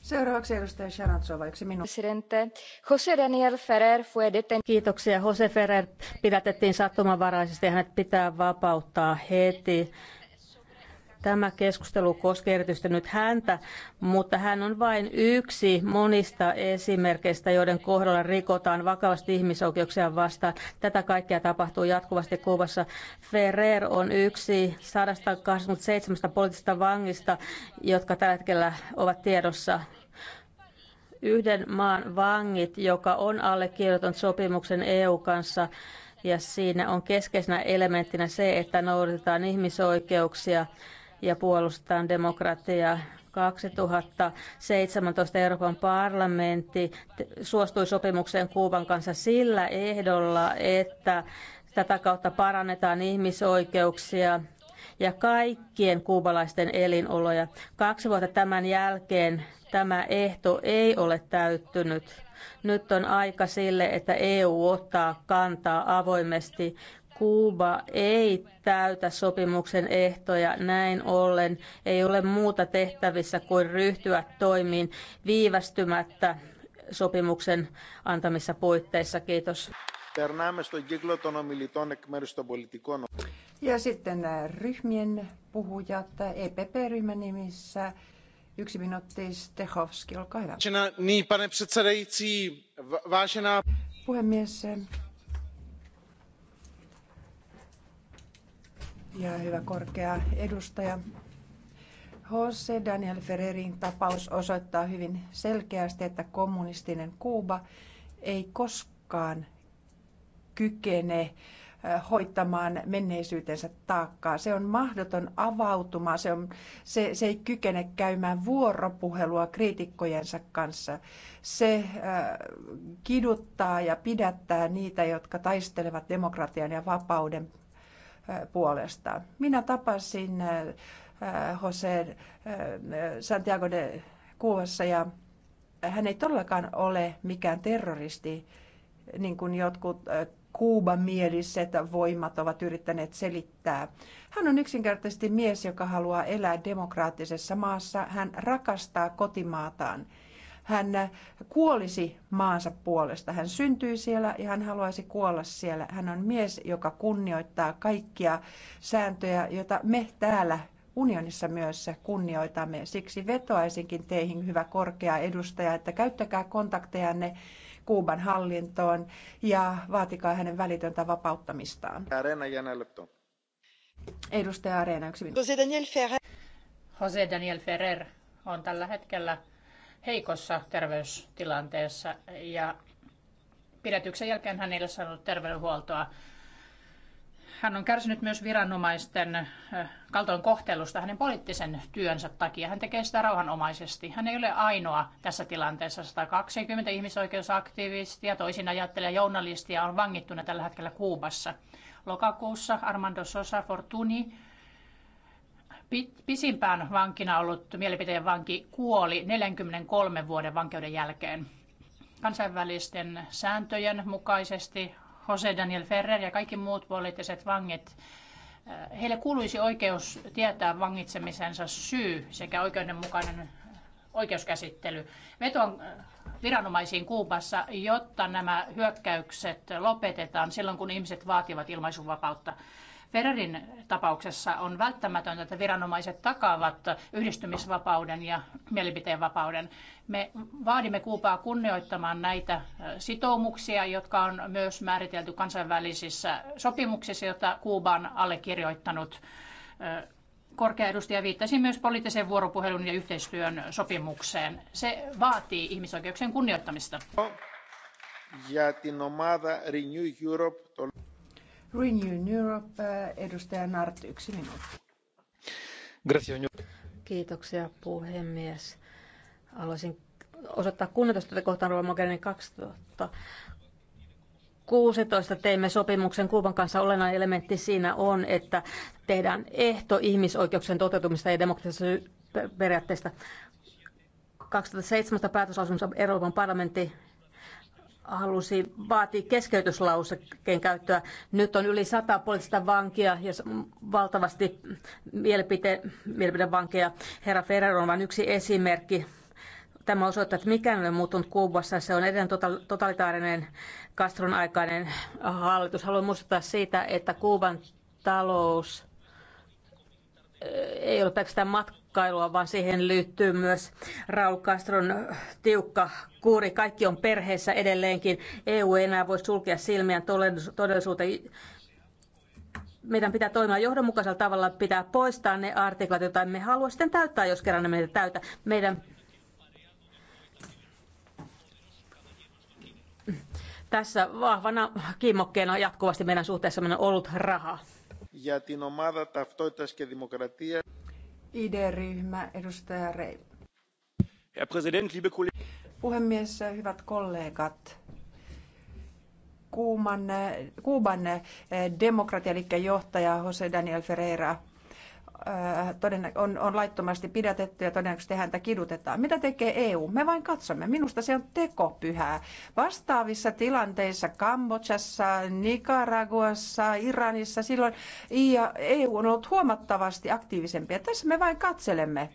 Seuraavaksi edustaja Sharantsova, yksi minuutti. Jose Daniel Ferrer fue deten... Kiitoksia. Jose Ferrer pidätettiin sattumanvaraisesti ja hänet pitää vapauttaa heti. Tämä keskustelu koskee erityisesti nyt häntä, mutta hän on vain yksi monista esimerkkeistä, joiden kohdalla rikotaan vakavasti ihmisoikeuksia vastaan. Tätä kaikkea tapahtuu jatkuvasti Kuubassa. Ferrer on yksi 127 poliittisesta vangista, jotka tällä hetkellä ovat tiedossa yhden maan vangit, joka on allekirjoittanut sopimuksen EU kanssa ja siinä on keskeisenä elementtinä se, että noudatetaan ihmisoikeuksia ja puolustetaan demokratiaa. 2017 Euroopan parlamentti suostui sopimukseen Kuuban kanssa sillä ehdolla, että tätä kautta parannetaan ihmisoikeuksia ja kaikkien kuubalaisten elinoloja. Kaksi vuotta tämän jälkeen tämä ehto ei ole täyttynyt. Nyt on aika sille, että EU ottaa kantaa avoimesti. Kuuba ei täytä sopimuksen ehtoja, näin ollen ei ole muuta tehtävissä kuin ryhtyä toimiin viivästymättä sopimuksen antamissa puitteissa. Kiitos. Ja sitten ryhmien puhujat EPP-ryhmän nimissä. Yksi minuutti Stehovski, olkaa hyvä. niin, pane předsedající, vážená... Puhemies, ja hyvä korkea edustaja. Jose Daniel Ferrerin tapaus osoittaa hyvin selkeästi, että kommunistinen Kuuba ei koskaan kykene hoitamaan menneisyytensä taakkaa. Se on mahdoton avautuma, se, on, se, se ei kykene käymään vuoropuhelua kriitikkojensa kanssa. Se äh, kiduttaa ja pidättää niitä, jotka taistelevat demokratian ja vapauden puolesta. Minä tapasin Jose Santiago de Cuvassa ja hän ei todellakaan ole mikään terroristi, niin kuin jotkut mieliset voimat ovat yrittäneet selittää. Hän on yksinkertaisesti mies, joka haluaa elää demokraattisessa maassa. Hän rakastaa kotimaataan hän kuolisi maansa puolesta. Hän syntyi siellä ja hän haluaisi kuolla siellä. Hän on mies, joka kunnioittaa kaikkia sääntöjä, joita me täällä unionissa myös kunnioitamme. Siksi vetoaisinkin teihin, hyvä korkea edustaja, että käyttäkää kontaktejanne Kuuban hallintoon ja vaatikaa hänen välitöntä vapauttamistaan. Areena Edustaja Areena, yksi minuutti. Jose Daniel Ferrer on tällä hetkellä heikossa terveystilanteessa ja pidätyksen jälkeen hän ei ole saanut terveydenhuoltoa. Hän on kärsinyt myös viranomaisten kaltoinkohtelusta hänen poliittisen työnsä takia. Hän tekee sitä rauhanomaisesti. Hän ei ole ainoa tässä tilanteessa. 120 ihmisoikeusaktivistia, toisin ajattelee journalistia on vangittuna tällä hetkellä Kuubassa. Lokakuussa Armando Sosa Fortuni pisimpään vankina ollut mielipiteen vanki kuoli 43 vuoden vankeuden jälkeen. Kansainvälisten sääntöjen mukaisesti Jose Daniel Ferrer ja kaikki muut poliittiset vangit, äh, heille kuuluisi oikeus tietää vangitsemisensa syy sekä oikeudenmukainen oikeuskäsittely. Veton äh, viranomaisiin Kuubassa, jotta nämä hyökkäykset lopetetaan silloin, kun ihmiset vaativat ilmaisuvapautta. Ferrerin tapauksessa on välttämätöntä, että viranomaiset takaavat yhdistymisvapauden ja mielipiteenvapauden. Me vaadimme Kuubaa kunnioittamaan näitä sitoumuksia, jotka on myös määritelty kansainvälisissä sopimuksissa, joita Kuuba on allekirjoittanut korkea edustaja viittasi myös poliittisen vuoropuhelun ja yhteistyön sopimukseen. Se vaatii ihmisoikeuksien kunnioittamista. Ja την ομάδα Renew Europe. Renew Europe, eh, edustaja Nart, yksi minuutti. Kiitoksia puhemies. Haluaisin osoittaa kunnioitusta kohtaan Rova 2000. 16 teimme sopimuksen Kuuban kanssa. Olennainen elementti siinä on, että tehdään ehto ihmisoikeuksien toteutumista ja demokratisesta periaatteesta. 2017 päätöslausunnossa Euroopan parlamentti halusi vaatia keskeytyslausekkeen käyttöä. Nyt on yli sata poliittista vankia ja valtavasti mielipite, mielipidevankeja. Herra Ferrer on vain yksi esimerkki. Tämä osoittaa, että mikään ei ole muuttunut Kuubassa. Se on edelleen tota-, totalitaarinen Castron aikainen hallitus. Haluan muistuttaa siitä, että Kuuban talous ei ole pelkästään matkailua, vaan siihen liittyy myös Raul Castron tiukka kuuri. Kaikki on perheessä edelleenkin. EU ei enää voi sulkea silmiään todellisuuteen. Meidän pitää toimia johdonmukaisella tavalla, pitää poistaa ne artiklat, joita me haluamme. sitten täyttää, jos kerran ne meitä täytä. Meidän tässä vahvana kimmokkeena jatkuvasti meidän suhteessamme on ollut rahaa για την ομάδα ταυτότητας και δημοκρατίας. ID-ryhmä, edustaja Reil. Herr Präsident, liebe Kollegen. Puhemies, hyvät kollegat. Kuuman, Kuuban demokratia, eli johtaja Jose Daniel Ferreira Äh, on, on laittomasti pidätetty ja todennäköisesti häntä kidutetaan. Mitä tekee EU? Me vain katsomme. Minusta se on tekopyhää. Vastaavissa tilanteissa Kambodžassa, Nicaraguassa, Iranissa silloin EU on ollut huomattavasti aktiivisempi Tässä me vain katselemme.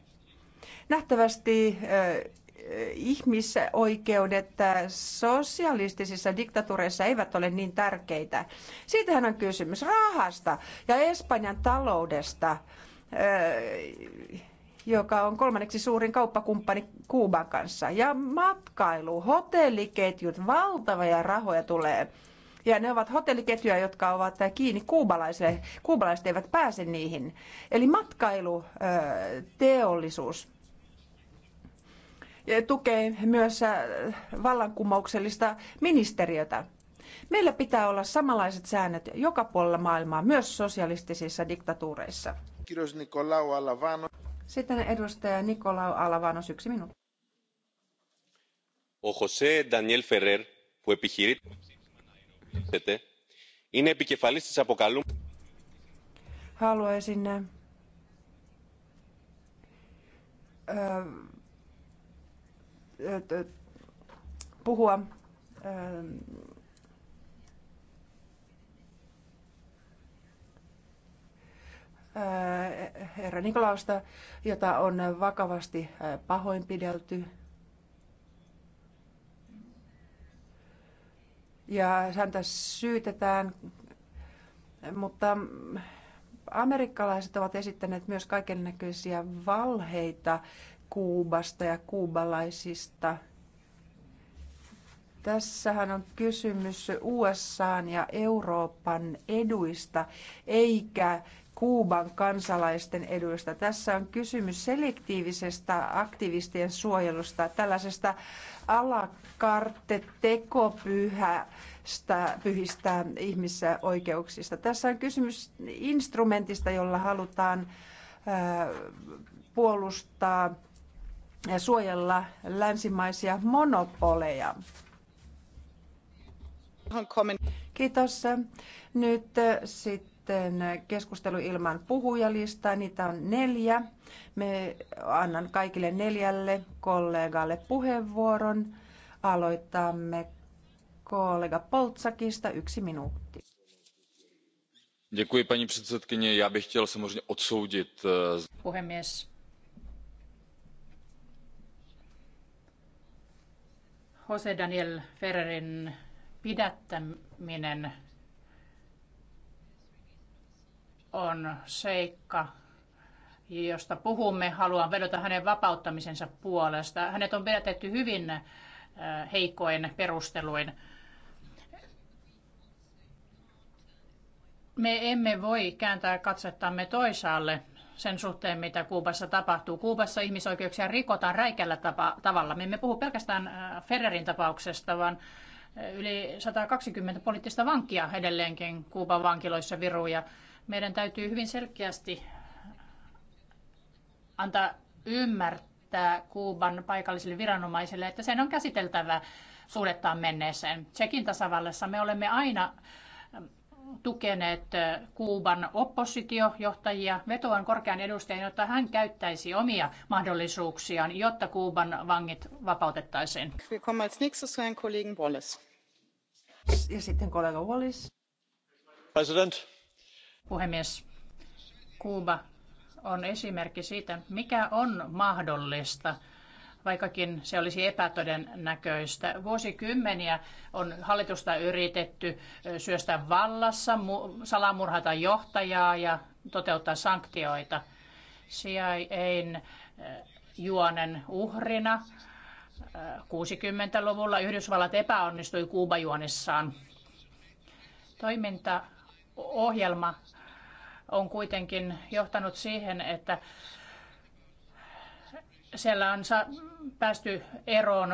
Nähtävästi äh, ihmisoikeudet äh, sosialistisissa diktatuureissa eivät ole niin tärkeitä. Siitähän on kysymys rahasta ja Espanjan taloudesta joka on kolmanneksi suurin kauppakumppani Kuuban kanssa. Ja matkailu, hotelliketjut, valtavia rahoja tulee. Ja ne ovat hotelliketjuja, jotka ovat kiinni kuubalaisille. Kuubalaiset eivät pääse niihin. Eli matkailuteollisuus tukee myös vallankumouksellista ministeriötä. Meillä pitää olla samanlaiset säännöt joka puolella maailmaa, myös sosialistisissa diktatuureissa. Kiitos Nikolau Alavanos. Sitten edustaja Nikolau Alavanos, yksi minuutti. O José Daniel Ferrer, που επιχειρεί είναι επικεφαλής της αποκαλούμε. Haluaisin puhua Äh, herra Nikolausta, jota on vakavasti äh, pahoinpidelty. Ja häntä syytetään, mutta amerikkalaiset ovat esittäneet myös kaiken näköisiä valheita Kuubasta ja kuubalaisista. Tässähän on kysymys USA ja Euroopan eduista, eikä Kuuban kansalaisten eduista. Tässä on kysymys selektiivisestä aktivistien suojelusta, tällaisesta alakartte tekopyhästä pyhistä ihmisoikeuksista. Tässä on kysymys instrumentista, jolla halutaan puolustaa ja suojella länsimaisia monopoleja. Kiitos. Nyt sitten sitten keskustelu ilman puhujalista Niitä on neljä. Me annan kaikille neljälle kollegalle puheenvuoron. Aloitamme kollega Poltsakista yksi minuutti. Děkuji, paní předsedkyně. Já bych chtěl samozřejmě odsoudit... Eh, Puhemies. Jose Daniel Ferrerin pidättäminen on seikka, josta puhumme. Haluan vedota hänen vapauttamisensa puolesta. Hänet on vedätetty hyvin äh, heikoin perusteluin. Me emme voi kääntää katsettamme toisaalle sen suhteen, mitä Kuubassa tapahtuu. Kuubassa ihmisoikeuksia rikotaan räikällä tapa- tavalla. Me emme puhu pelkästään äh, Ferrerin tapauksesta, vaan äh, yli 120 poliittista vankia edelleenkin Kuuban vankiloissa viruja. Meidän täytyy hyvin selkeästi antaa ymmärtää Kuuban paikallisille viranomaisille, että sen on käsiteltävä suhdettaan menneeseen. Tsekin tasavallassa me olemme aina tukeneet Kuuban oppositiojohtajia. Vetoan korkean edustajan, jotta hän käyttäisi omia mahdollisuuksiaan, jotta Kuuban vangit vapautettaisiin. Ja sitten kollega Wallis. President. Puhemies, Kuuba on esimerkki siitä, mikä on mahdollista vaikkakin se olisi epätodennäköistä. Vuosikymmeniä on hallitusta yritetty syöstä vallassa, salamurhata johtajaa ja toteuttaa sanktioita. CIAn juonen uhrina 60-luvulla Yhdysvallat epäonnistui juonessaan. Toimintaohjelma on kuitenkin johtanut siihen, että siellä on päästy eroon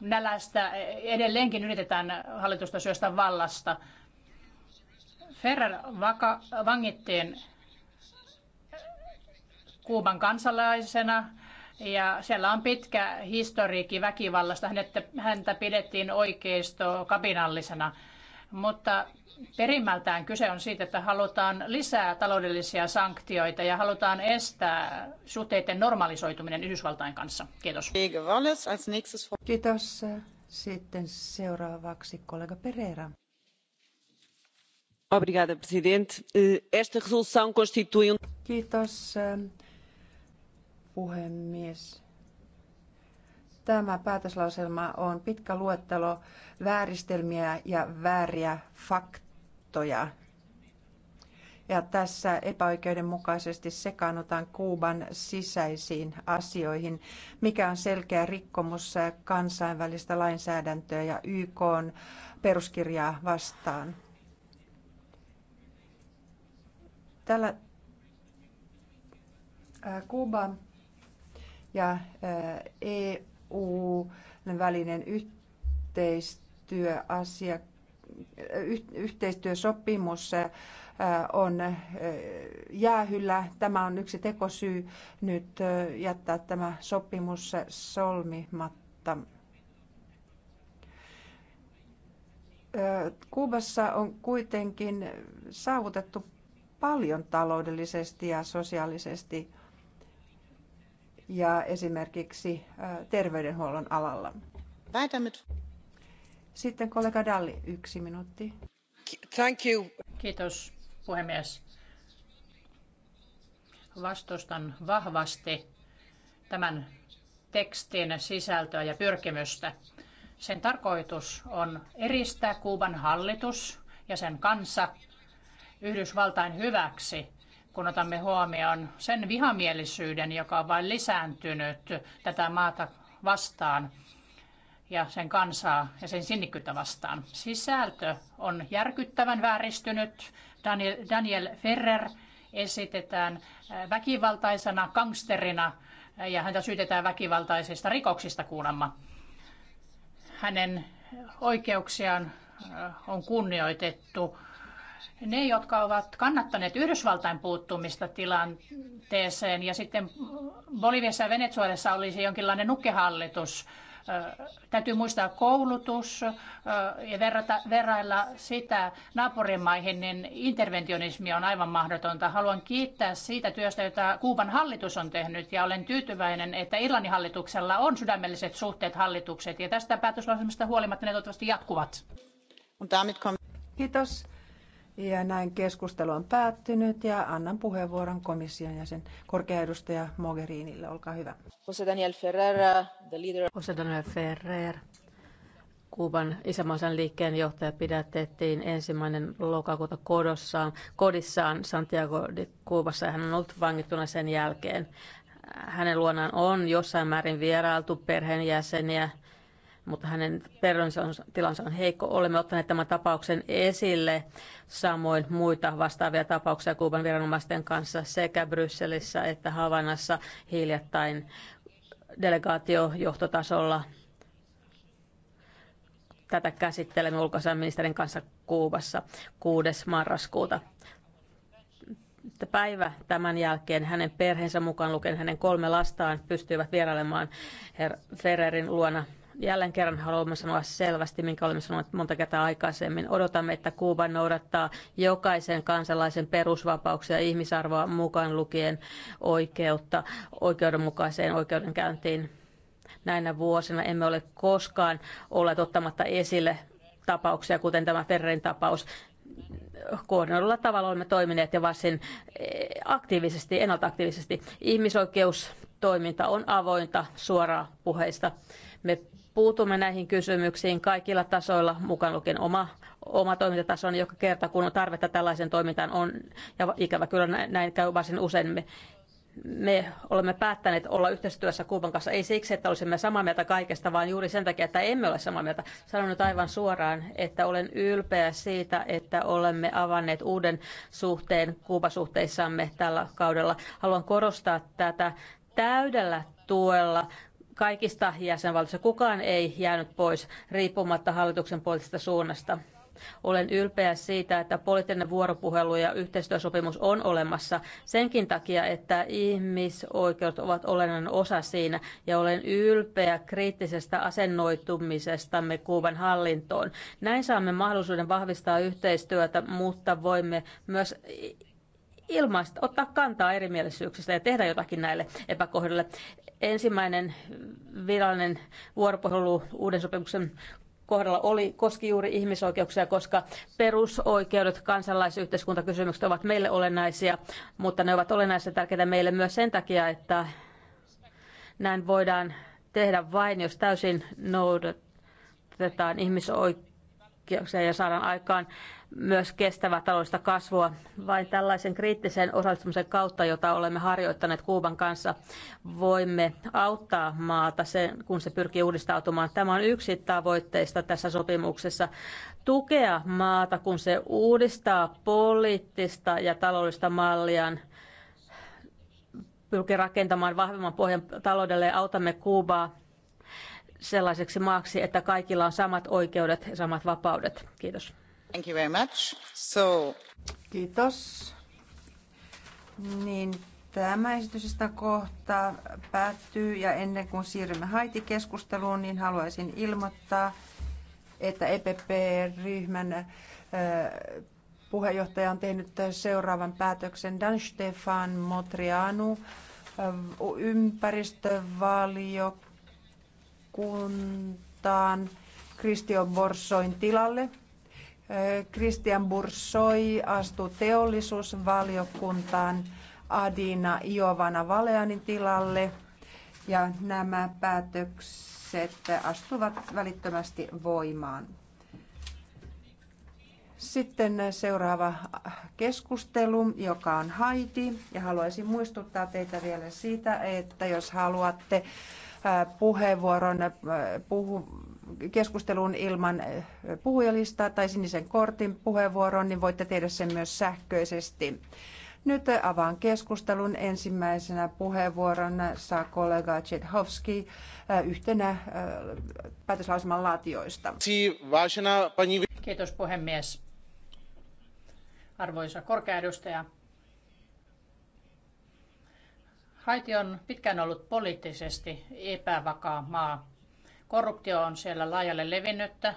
nälästä. Edelleenkin yritetään hallitusta syöstä vallasta. Ferrer vaka- vangittiin Kuuban kansalaisena ja siellä on pitkä historiikki väkivallasta. Hänet, häntä pidettiin oikeisto kapinallisena mutta perimmältään kyse on siitä, että halutaan lisää taloudellisia sanktioita ja halutaan estää suhteiden normalisoituminen Yhdysvaltain kanssa. Kiitos. Kiitos. Sitten seuraavaksi kollega Pereira. Obrigada, presidente. Esta resolução constitui um- Kiitos, eh, puhemies. Tämä päätöslauselma on pitkä luettelo vääristelmiä ja vääriä faktoja. Ja tässä epäoikeudenmukaisesti sekaannutaan Kuuban sisäisiin asioihin, mikä on selkeä rikkomus kansainvälistä lainsäädäntöä ja YK peruskirjaa vastaan. Tällä Kuuba ja EU EU-välinen yhteistyöasia, yhteistyösopimus äh, on äh, jäähyllä. Tämä on yksi tekosyy nyt äh, jättää tämä sopimus solmimatta. Kuubassa on kuitenkin saavutettu paljon taloudellisesti ja sosiaalisesti – ja esimerkiksi terveydenhuollon alalla. Sitten kollega Dalli, yksi minuutti. Thank you. Kiitos puhemies. Vastustan vahvasti tämän tekstin sisältöä ja pyrkimystä. Sen tarkoitus on eristää Kuuban hallitus ja sen kansa Yhdysvaltain hyväksi kun otamme huomioon sen vihamielisyyden, joka on vain lisääntynyt tätä maata vastaan ja sen kansaa ja sen sinnikkyyttä vastaan. Sisältö on järkyttävän vääristynyt. Daniel, Daniel Ferrer esitetään äh, väkivaltaisena gangsterina äh, ja häntä syytetään väkivaltaisista rikoksista kuulemma. Hänen oikeuksiaan äh, on kunnioitettu ne, jotka ovat kannattaneet Yhdysvaltain puuttumista tilanteeseen ja sitten Boliviassa ja Venezuelassa olisi jonkinlainen nukkehallitus. Täytyy muistaa koulutus ja verrata, verrailla sitä naapurimaihin, niin interventionismi on aivan mahdotonta. Haluan kiittää siitä työstä, jota Kuuban hallitus on tehnyt ja olen tyytyväinen, että Irlannin hallituksella on sydämelliset suhteet hallitukset ja tästä päätöslauselmasta huolimatta ne toivottavasti jatkuvat. Kiitos. Ja näin keskustelu on päättynyt ja annan puheenvuoron komission jäsen korkea edustaja Mogherinille. Olkaa hyvä. José Daniel Ferrer, the leader... José Daniel Ferrer, Kuuban isämaisen liikkeen johtaja pidätettiin ensimmäinen lokakuuta kodossaan, kodissaan Santiago de Kuubassa. Hän on ollut vangittuna sen jälkeen. Hänen luonaan on jossain määrin vierailtu perheenjäseniä, mutta hänen terveydentilansa on heikko. Olemme ottaneet tämän tapauksen esille, samoin muita vastaavia tapauksia Kuuban viranomaisten kanssa sekä Brysselissä että Havannassa hiljattain delegaatiojohtotasolla. Tätä käsittelemme ulkoasiainministerin kanssa Kuubassa 6. marraskuuta päivä tämän jälkeen hänen perheensä mukaan lukien hänen kolme lastaan pystyivät vierailemaan Herr Ferrerin luona Jälleen kerran haluamme sanoa selvästi, minkä olemme sanoneet monta kertaa aikaisemmin. Odotamme, että Kuuba noudattaa jokaisen kansalaisen perusvapauksia, ihmisarvoa mukaan lukien oikeutta oikeudenmukaiseen oikeudenkäyntiin. Näinä vuosina emme ole koskaan olleet ottamatta esille tapauksia, kuten tämä Ferrerin tapaus koordinoidulla tavalla olemme toimineet ja varsin eh, aktiivisesti, ennalta aktiivisesti. Ihmisoikeustoiminta on avointa, suoraa puheista. Me puutumme näihin kysymyksiin kaikilla tasoilla, mukaan lukien oma, oma toimintatasoni, joka kerta kun on tarvetta tällaisen toimintaan on, ja ikävä kyllä näin käy varsin usein. Me, me olemme päättäneet olla yhteistyössä Kuuban kanssa ei siksi, että olisimme samaa mieltä kaikesta, vaan juuri sen takia, että emme ole samaa mieltä. Sanon nyt aivan suoraan, että olen ylpeä siitä, että olemme avanneet uuden suhteen Kuuba Kuuba-suhteissamme tällä kaudella. Haluan korostaa tätä täydellä tuella kaikista jäsenvaltioista. Kukaan ei jäänyt pois riippumatta hallituksen poliittisesta suunnasta. Olen ylpeä siitä, että poliittinen vuoropuhelu ja yhteistyösopimus on olemassa senkin takia, että ihmisoikeudet ovat olennainen osa siinä ja olen ylpeä kriittisestä asennoitumisestamme Kuuban hallintoon. Näin saamme mahdollisuuden vahvistaa yhteistyötä, mutta voimme myös ilmaista, ottaa kantaa erimielisyyksistä ja tehdä jotakin näille epäkohdille ensimmäinen virallinen vuoropuhelu uuden sopimuksen kohdalla oli, koski juuri ihmisoikeuksia, koska perusoikeudet, kansalaisyhteiskuntakysymykset ovat meille olennaisia, mutta ne ovat olennaisia tärkeitä meille myös sen takia, että näin voidaan tehdä vain, jos täysin noudatetaan ihmisoikeuksia ja saadaan aikaan myös kestävää taloudellista kasvua. Vain tällaisen kriittisen osallistumisen kautta, jota olemme harjoittaneet Kuuban kanssa, voimme auttaa maata, sen, kun se pyrkii uudistautumaan. Tämä on yksi tavoitteista tässä sopimuksessa. Tukea maata, kun se uudistaa poliittista ja taloudellista malliaan pyrkii rakentamaan vahvemman pohjan taloudelle ja autamme Kuubaa sellaiseksi maaksi, että kaikilla on samat oikeudet ja samat vapaudet. Kiitos. Kiitos. Niin, tämä esitystä kohta päättyy ja ennen kuin siirrymme Haiti-keskusteluun, niin haluaisin ilmoittaa, että EPP-ryhmän puheenjohtaja on tehnyt seuraavan päätöksen. Dan Stefan Motrianu, ympäristövaliokuntaan Christian Borsoin tilalle. Christian Bursoi astuu teollisuusvaliokuntaan Adina Jovana Valeanin tilalle ja nämä päätökset astuvat välittömästi voimaan. Sitten seuraava keskustelu, joka on Haiti. Ja haluaisin muistuttaa teitä vielä siitä, että jos haluatte puheenvuoron puhua, keskusteluun ilman eh, puhujalistaa tai sinisen kortin puheenvuoron, niin voitte tehdä sen myös sähköisesti. Nyt avaan keskustelun. Ensimmäisenä puheenvuoron saa kollega Chethovski eh, yhtenä eh, päätöslauselman laatioista. Kiitos puhemies. Arvoisa korkeaedustaja, Haiti on pitkään ollut poliittisesti epävakaa maa. Korruptio on siellä laajalle levinnyttä.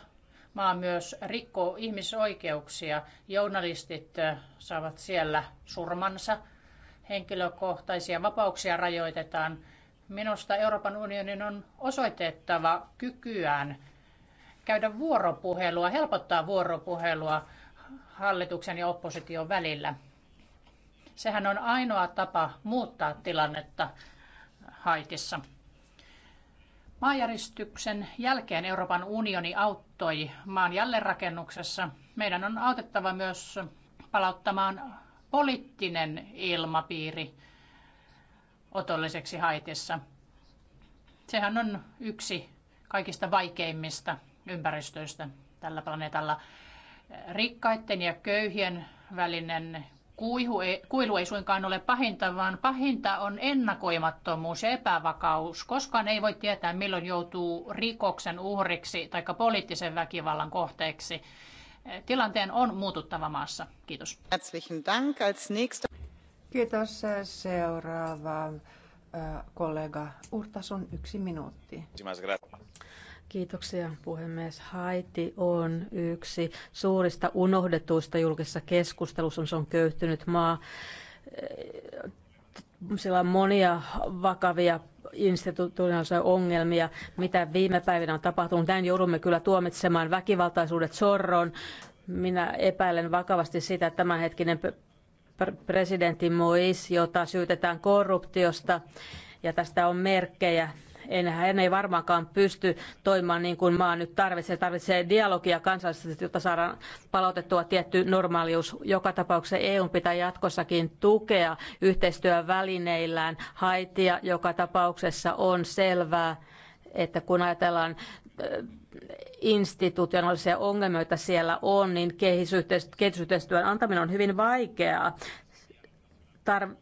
Maa myös rikkoo ihmisoikeuksia. Journalistit saavat siellä surmansa. Henkilökohtaisia vapauksia rajoitetaan. Minusta Euroopan unionin on osoitettava kykyään käydä vuoropuhelua, helpottaa vuoropuhelua hallituksen ja opposition välillä. Sehän on ainoa tapa muuttaa tilannetta Haitissa. Maanjäristyksen jälkeen Euroopan unioni auttoi maan jälleenrakennuksessa. Meidän on autettava myös palauttamaan poliittinen ilmapiiri otolliseksi haitissa. Sehän on yksi kaikista vaikeimmista ympäristöistä tällä planeetalla. Rikkaiden ja köyhien välinen kuihu ei, kuilu ei suinkaan ole pahinta, vaan pahinta on ennakoimattomuus ja epävakaus. Koskaan ei voi tietää, milloin joutuu rikoksen uhriksi tai poliittisen väkivallan kohteeksi. E, tilanteen on muututtava maassa. Kiitos. Kiitos. Seuraava kollega Urtasun yksi minuutti. Kiitoksia puhemies. Haiti on yksi suurista unohdetuista julkisessa keskustelussa. Se on köyhtynyt maa. Sillä on monia vakavia institutionaalisia ongelmia, mitä viime päivinä on tapahtunut. Näin joudumme kyllä tuomitsemaan väkivaltaisuudet sorron. Minä epäilen vakavasti sitä, että tämänhetkinen presidentti Mois, jota syytetään korruptiosta, ja tästä on merkkejä hän ei varmaankaan pysty toimimaan niin kuin maa nyt tarvitsee. Tarvitsee dialogia kansallisesti, jotta saadaan palautettua tietty normaalius. Joka tapauksessa EU pitää jatkossakin tukea yhteistyövälineillään Haitia. Joka tapauksessa on selvää, että kun ajatellaan äh, institutionaalisia ongelmia, joita siellä on, niin kehitysyhteistyön antaminen on hyvin vaikeaa. Tar-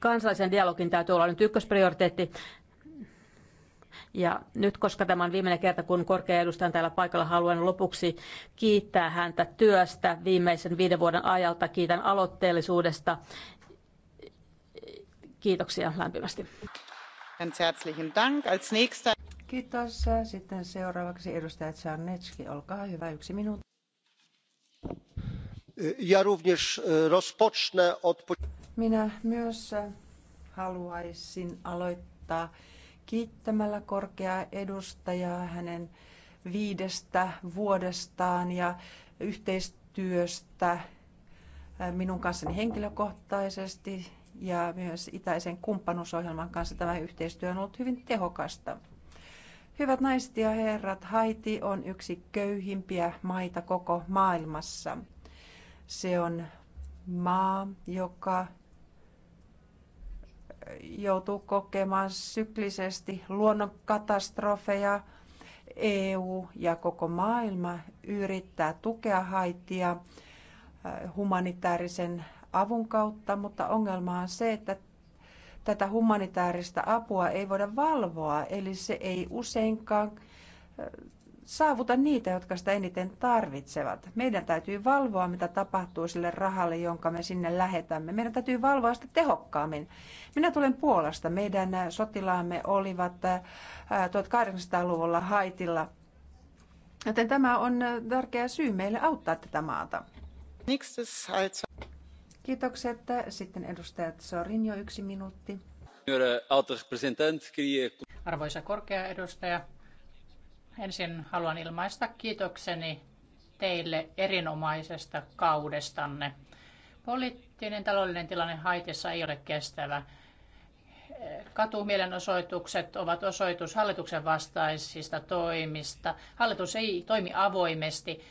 Kansallisen dialogin täytyy olla nyt ykkösprioriteetti. Ja nyt, koska tämä on viimeinen kerta, kun korkea edustajan täällä paikalla, haluan lopuksi kiittää häntä työstä viimeisen viiden vuoden ajalta. Kiitän aloitteellisuudesta. Kiitoksia lämpimästi. Kiitos. Sitten seuraavaksi edustaja Czarnecki, olkaa hyvä, yksi minuutti. Ja również e, rozpocznę od... Minä myös äh, haluaisin aloittaa kiittämällä korkeaa edustajaa hänen viidestä vuodestaan ja yhteistyöstä äh, minun kanssani henkilökohtaisesti ja myös itäisen kumppanuusohjelman kanssa tämä yhteistyö on ollut hyvin tehokasta. Hyvät naiset ja herrat, Haiti on yksi köyhimpiä maita koko maailmassa. Se on maa, joka joutuu kokemaan syklisesti luonnonkatastrofeja. EU ja koko maailma yrittää tukea Haitia äh, humanitaarisen avun kautta, mutta ongelma on se, että tätä humanitaarista apua ei voida valvoa, eli se ei useinkaan äh, saavuta niitä, jotka sitä eniten tarvitsevat. Meidän täytyy valvoa, mitä tapahtuu sille rahalle, jonka me sinne lähetämme. Meidän täytyy valvoa sitä tehokkaammin. Minä tulen Puolasta. Meidän sotilaamme olivat 1800-luvulla äh, Haitilla. Joten tämä on tärkeä syy meille auttaa tätä maata. Kiitokset. Sitten edustajat Sorin jo yksi minuutti. Arvoisa korkea edustaja, Ensin haluan ilmaista kiitokseni teille erinomaisesta kaudestanne. Poliittinen taloudellinen tilanne Haitissa ei ole kestävä. Katumielenosoitukset ovat osoitus hallituksen vastaisista toimista. Hallitus ei toimi avoimesti.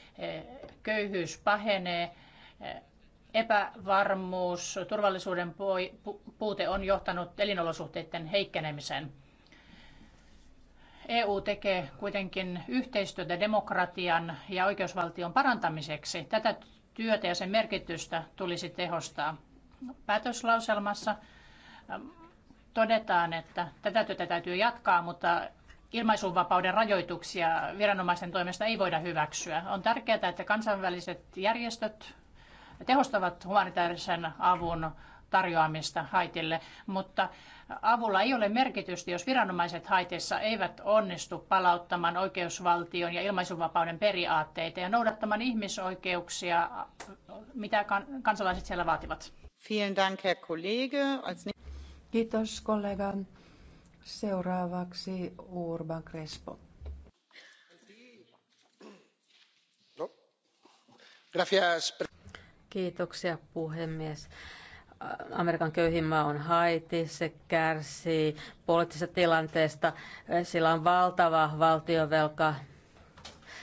Köyhyys pahenee. Epävarmuus, turvallisuuden puute on johtanut elinolosuhteiden heikkenemiseen. EU tekee kuitenkin yhteistyötä demokratian ja oikeusvaltion parantamiseksi. Tätä työtä ja sen merkitystä tulisi tehostaa. Päätöslauselmassa ähm, todetaan, että tätä työtä täytyy jatkaa, mutta ilmaisunvapauden rajoituksia viranomaisten toimesta ei voida hyväksyä. On tärkeää, että kansainväliset järjestöt tehostavat humanitaarisen avun tarjoamista Haitille, mutta avulla ei ole merkitystä, jos viranomaiset Haitissa eivät onnistu palauttamaan oikeusvaltion ja ilmaisuvapauden periaatteita ja noudattamaan ihmisoikeuksia, mitä kansalaiset siellä vaativat. Kiitos kollega. Seuraavaksi Urban Crespo. No. Kiitoksia puhemies. Amerikan köyhin maa on Haiti, se kärsii poliittisesta tilanteesta, sillä on valtava valtiovelka,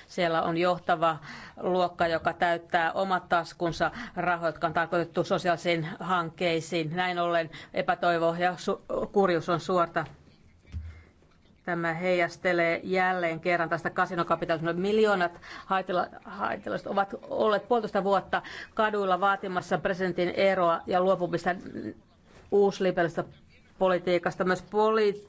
siellä on johtava luokka, joka täyttää omat taskunsa rahoja, jotka on tarkoitettu sosiaalisiin hankkeisiin. Näin ollen epätoivo ja kurjuus on suorta Tämä heijastelee jälleen kerran tästä kasinokapitalismista. Miljoonat haitilaiset ovat olleet puolitoista vuotta kaduilla vaatimassa presidentin eroa ja luopumista uusliberalista politiikasta. Myös poli-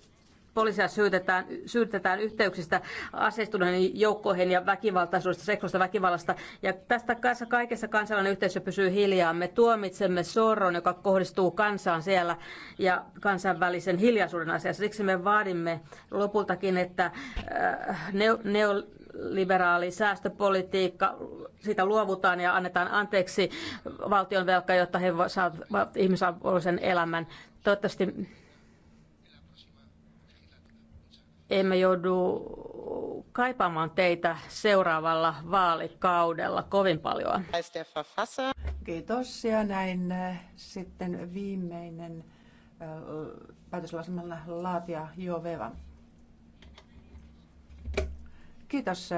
poliisia syytetään, syytetään yhteyksistä aseistuneiden joukkoihin ja väkivaltaisuudesta, seksuaalista väkivallasta. Ja tästä kanssa kaikessa kansalainen yhteisö pysyy hiljaa. Me tuomitsemme sorron, joka kohdistuu kansaan siellä ja kansainvälisen hiljaisuuden asiassa. Siksi me vaadimme lopultakin, että äh, neo, neo, liberaali säästöpolitiikka, siitä luovutaan ja annetaan anteeksi valtion velka, jotta he saavat ihmisarvoisen elämän. Toivottavasti emme joudu kaipaamaan teitä seuraavalla vaalikaudella kovin paljon. Kiitos. Ja näin äh, sitten viimeinen äh, päätöslauselman jo Veva. Kiitos.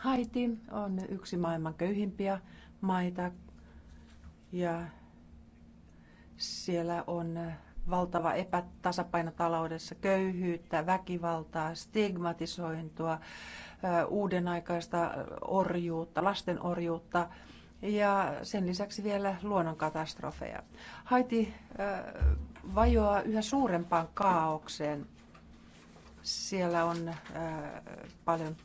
Haiti on yksi maailman köyhimpiä maita ja siellä on äh, valtava epätasapaino taloudessa, köyhyyttä, väkivaltaa, stigmatisointua, uuden aikaista orjuutta, lasten orjuutta ja sen lisäksi vielä luonnonkatastrofeja. Haiti vajoaa yhä suurempaan kaaukseen. Siellä on paljon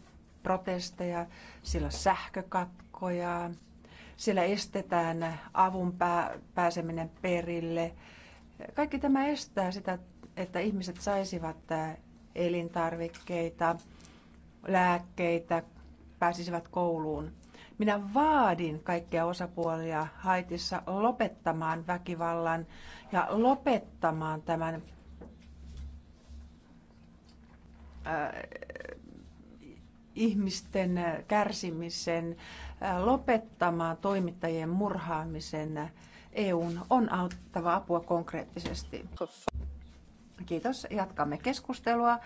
protesteja, siellä on sähkökatkoja, siellä estetään avun pääseminen perille – kaikki tämä estää sitä, että ihmiset saisivat elintarvikkeita, lääkkeitä, pääsisivät kouluun. Minä vaadin kaikkia osapuolia Haitissa lopettamaan väkivallan ja lopettamaan tämän ihmisten kärsimisen, lopettamaan toimittajien murhaamisen EUn on auttava apua konkreettisesti. Kiitos. Jatkamme keskustelua.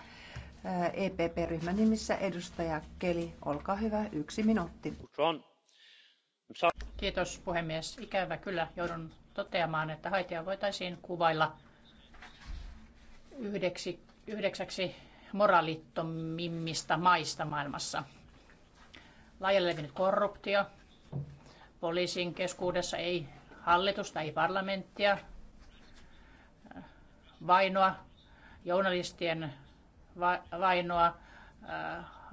EPP-ryhmän nimissä edustaja Keli, olkaa hyvä, yksi minuutti. Kiitos puhemies. Ikävä kyllä joudun toteamaan, että Haitia voitaisiin kuvailla yhdeksi, yhdeksäksi moraalittomimmista maista maailmassa. Laajalle levinnyt korruptio, poliisin keskuudessa ei hallitusta, ei parlamenttia, vainoa, journalistien vainoa, äh,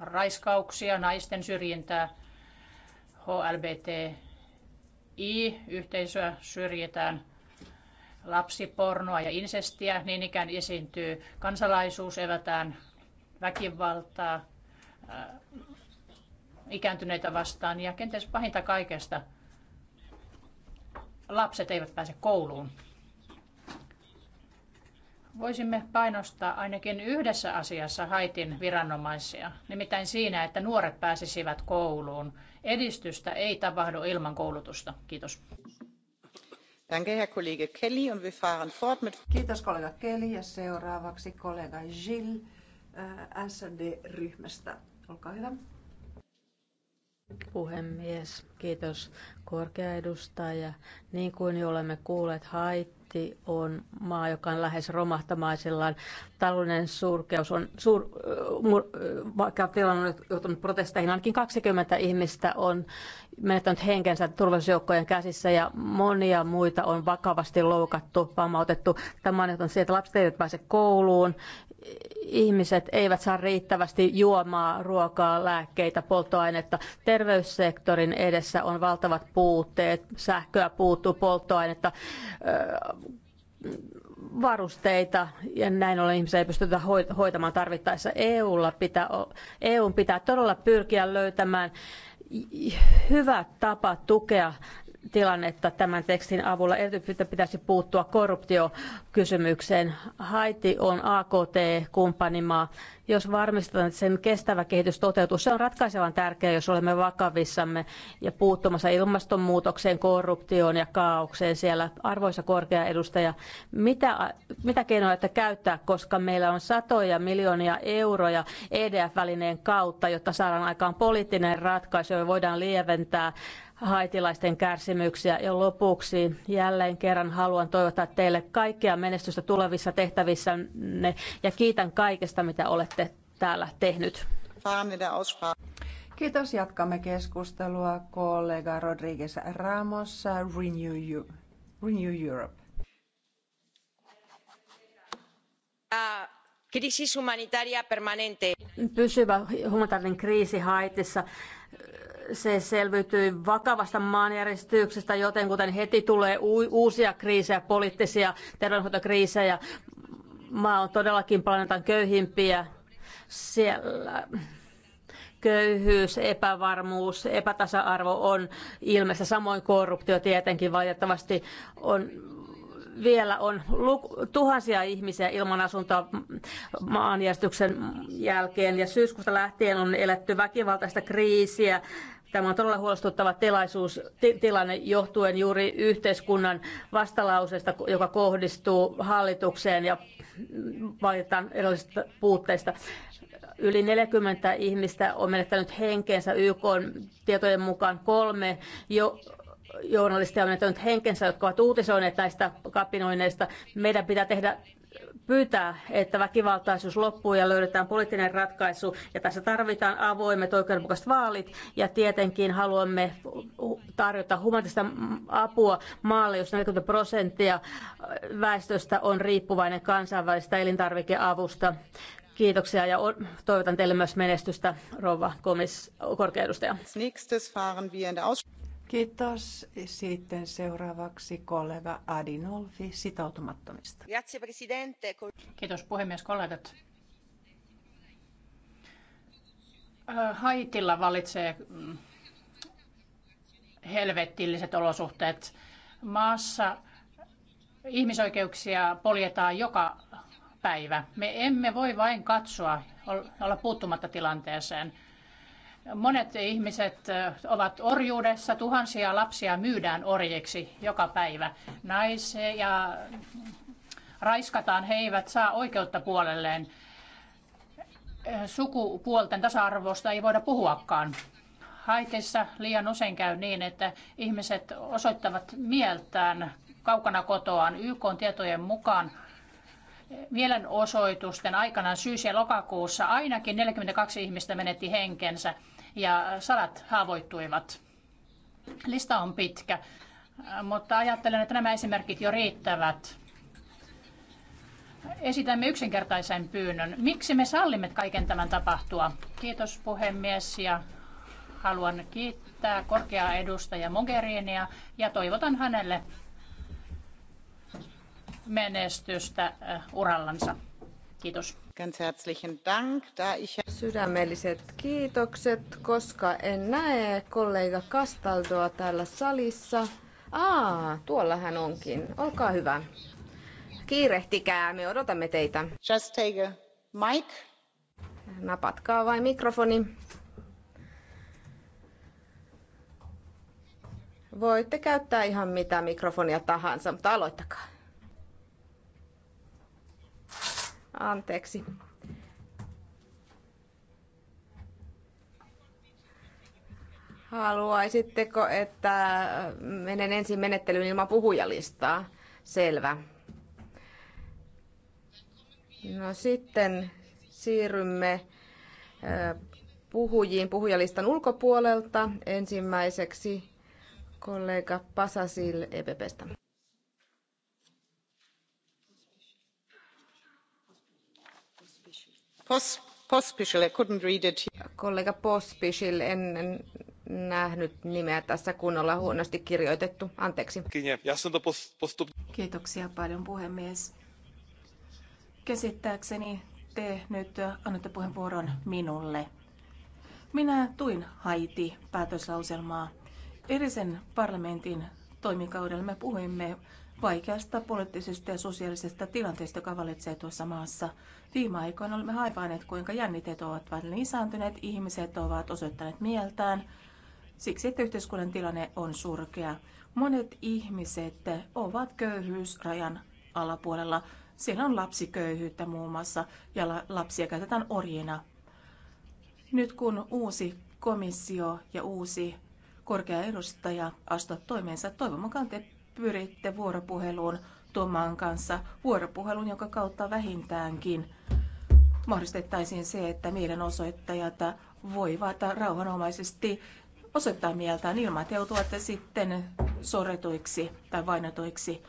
raiskauksia, naisten syrjintää, HLBTI-yhteisöä syrjitään, lapsipornoa ja insestiä, niin ikään esiintyy kansalaisuus, evätään väkivaltaa, äh, ikääntyneitä vastaan ja kenties pahinta kaikesta – lapset eivät pääse kouluun. Voisimme painostaa ainakin yhdessä asiassa Haitin viranomaisia, nimittäin siinä, että nuoret pääsisivät kouluun. Edistystä ei tapahdu ilman koulutusta. Kiitos. Kiitos kollega Kelly ja seuraavaksi kollega Gilles äh, SD-ryhmästä. Olkaa hyvä. Puhemies, kiitos korkea edustaja. Niin kuin jo olemme kuulleet, Haitti on maa, joka on lähes romahtamaisillaan. talouden surkeus on suur, vaikka tilanne on joutunut protesteihin. Ainakin 20 ihmistä on menettänyt henkensä turvallisuusjoukkojen käsissä ja monia muita on vakavasti loukattu, vammautettu. Tämä on että lapset eivät pääse kouluun, ihmiset eivät saa riittävästi juomaa, ruokaa, lääkkeitä, polttoainetta. Terveyssektorin edessä on valtavat puutteet. Sähköä puuttuu, polttoainetta, varusteita ja näin ollen ihmisiä ei pystytä hoitamaan tarvittaessa. EUlla pitää, EUn pitää todella pyrkiä löytämään hyvä tapa tukea tilannetta tämän tekstin avulla. Erityisesti pitäisi puuttua korruptiokysymykseen. Haiti on AKT-kumppanimaa. Jos varmistetaan, että sen kestävä kehitys toteutuu, se on ratkaisevan tärkeää, jos olemme vakavissamme ja puuttumassa ilmastonmuutokseen, korruptioon ja kaaukseen siellä. Arvoisa korkea edustaja, mitä, mitä keinoja että käyttää, koska meillä on satoja miljoonia euroja EDF-välineen kautta, jotta saadaan aikaan poliittinen ratkaisu ja voidaan lieventää haitilaisten kärsimyksiä. Ja lopuksi jälleen kerran haluan toivottaa teille kaikkea menestystä tulevissa tehtävissänne ja kiitän kaikesta, mitä olette täällä tehnyt. Kiitos. Jatkamme keskustelua kollega Rodriguez Ramos Renew, Renew Europe. Pysyvä humanitaarinen kriisi Haitissa se selviytyi vakavasta maanjäristyksestä, joten kuten heti tulee uusia kriisejä, poliittisia terveydenhoitokriisejä, maa on todellakin planeetan köyhimpiä. Siellä köyhyys, epävarmuus, epätasa-arvo on ilmeistä, samoin korruptio tietenkin valitettavasti on vielä on tuhansia ihmisiä ilman asuntoa maanjärjestyksen jälkeen ja syyskuusta lähtien on eletty väkivaltaista kriisiä Tämä on todella huolestuttava tilaisuus, tilanne johtuen juuri yhteiskunnan vastalausesta, joka kohdistuu hallitukseen ja valitetaan erilaisista puutteista. Yli 40 ihmistä on menettänyt henkeensä YK tietojen mukaan kolme jo journalistia on menettänyt henkensä, jotka ovat uutisoineet näistä kapinoineista. Meidän pitää tehdä pyytää, että väkivaltaisuus loppuu ja löydetään poliittinen ratkaisu. Ja tässä tarvitaan avoimet oikeudenmukaiset vaalit ja tietenkin haluamme tarjota humanitaista apua maalle, jos 40 prosenttia väestöstä on riippuvainen kansainvälistä elintarvikeavusta. Kiitoksia ja toivotan teille myös menestystä, rouva komis- korkeudustaja. Kiitos. Sitten seuraavaksi kollega Adinolfi sitoutumattomista. Kiitos puhemies, kollegat. Haitilla valitsee mm, helvettilliset olosuhteet. Maassa ihmisoikeuksia poljetaan joka päivä. Me emme voi vain katsoa, olla puuttumatta tilanteeseen – Monet ihmiset ovat orjuudessa, tuhansia lapsia myydään orjiksi joka päivä. Naisia ja raiskataan, he eivät saa oikeutta puolelleen. Sukupuolten tasa-arvosta ei voida puhuakaan. Haitissa liian usein käy niin, että ihmiset osoittavat mieltään kaukana kotoaan. YK tietojen mukaan mielenosoitusten aikana syys- ja lokakuussa ainakin 42 ihmistä menetti henkensä ja sadat haavoittuivat. Lista on pitkä, mutta ajattelen, että nämä esimerkit jo riittävät. Esitämme yksinkertaisen pyynnön. Miksi me sallimme kaiken tämän tapahtua? Kiitos puhemies ja haluan kiittää korkeaa edustaja Mogherinia ja toivotan hänelle menestystä eh, urallansa. Kiitos. Sydämelliset kiitokset, koska en näe kollega Castaldoa täällä salissa. Aa, tuolla hän onkin. Olkaa hyvä. Kiirehtikää, me odotamme teitä. Just take a mic. Napatkaa vain mikrofoni. Voitte käyttää ihan mitä mikrofonia tahansa, mutta aloittakaa. Anteeksi. Haluaisitteko, että menen ensin menettelyyn ilman puhujalistaa? Selvä. No sitten siirrymme puhujiin puhujalistan ulkopuolelta. Ensimmäiseksi kollega Pasasil EPPstä. Kollega pospil en nähnyt nimeä tässä kunnolla huonosti kirjoitettu. Anteeksi. Kiitoksia paljon puhemies. Käsittääkseni te nyt annatte puheenvuoron minulle. Minä tuin Haiti-päätöslauselmaa. Erisen parlamentin toimikaudella me puhuimme vaikeasta poliittisesta ja sosiaalisesta tilanteesta, joka valitsee tuossa maassa. Viime aikoina olemme haipaaneet, kuinka jännitteet ovat vain lisääntyneet, ihmiset ovat osoittaneet mieltään siksi, että yhteiskunnan tilanne on surkea. Monet ihmiset ovat köyhyysrajan alapuolella. Siellä on lapsiköyhyyttä muun muassa ja lapsia käytetään orjina. Nyt kun uusi komissio ja uusi korkea edustaja astuvat toimeensa, toivon mukaan te pyritte vuoropuheluun tuon maan kanssa, vuoropuhelun, jonka kautta vähintäänkin mahdollistettaisiin se, että mielenosoittajat voivat rauhanomaisesti osoittaa mieltään ilman, että joutuvat sitten sorretuiksi tai vainotuiksi.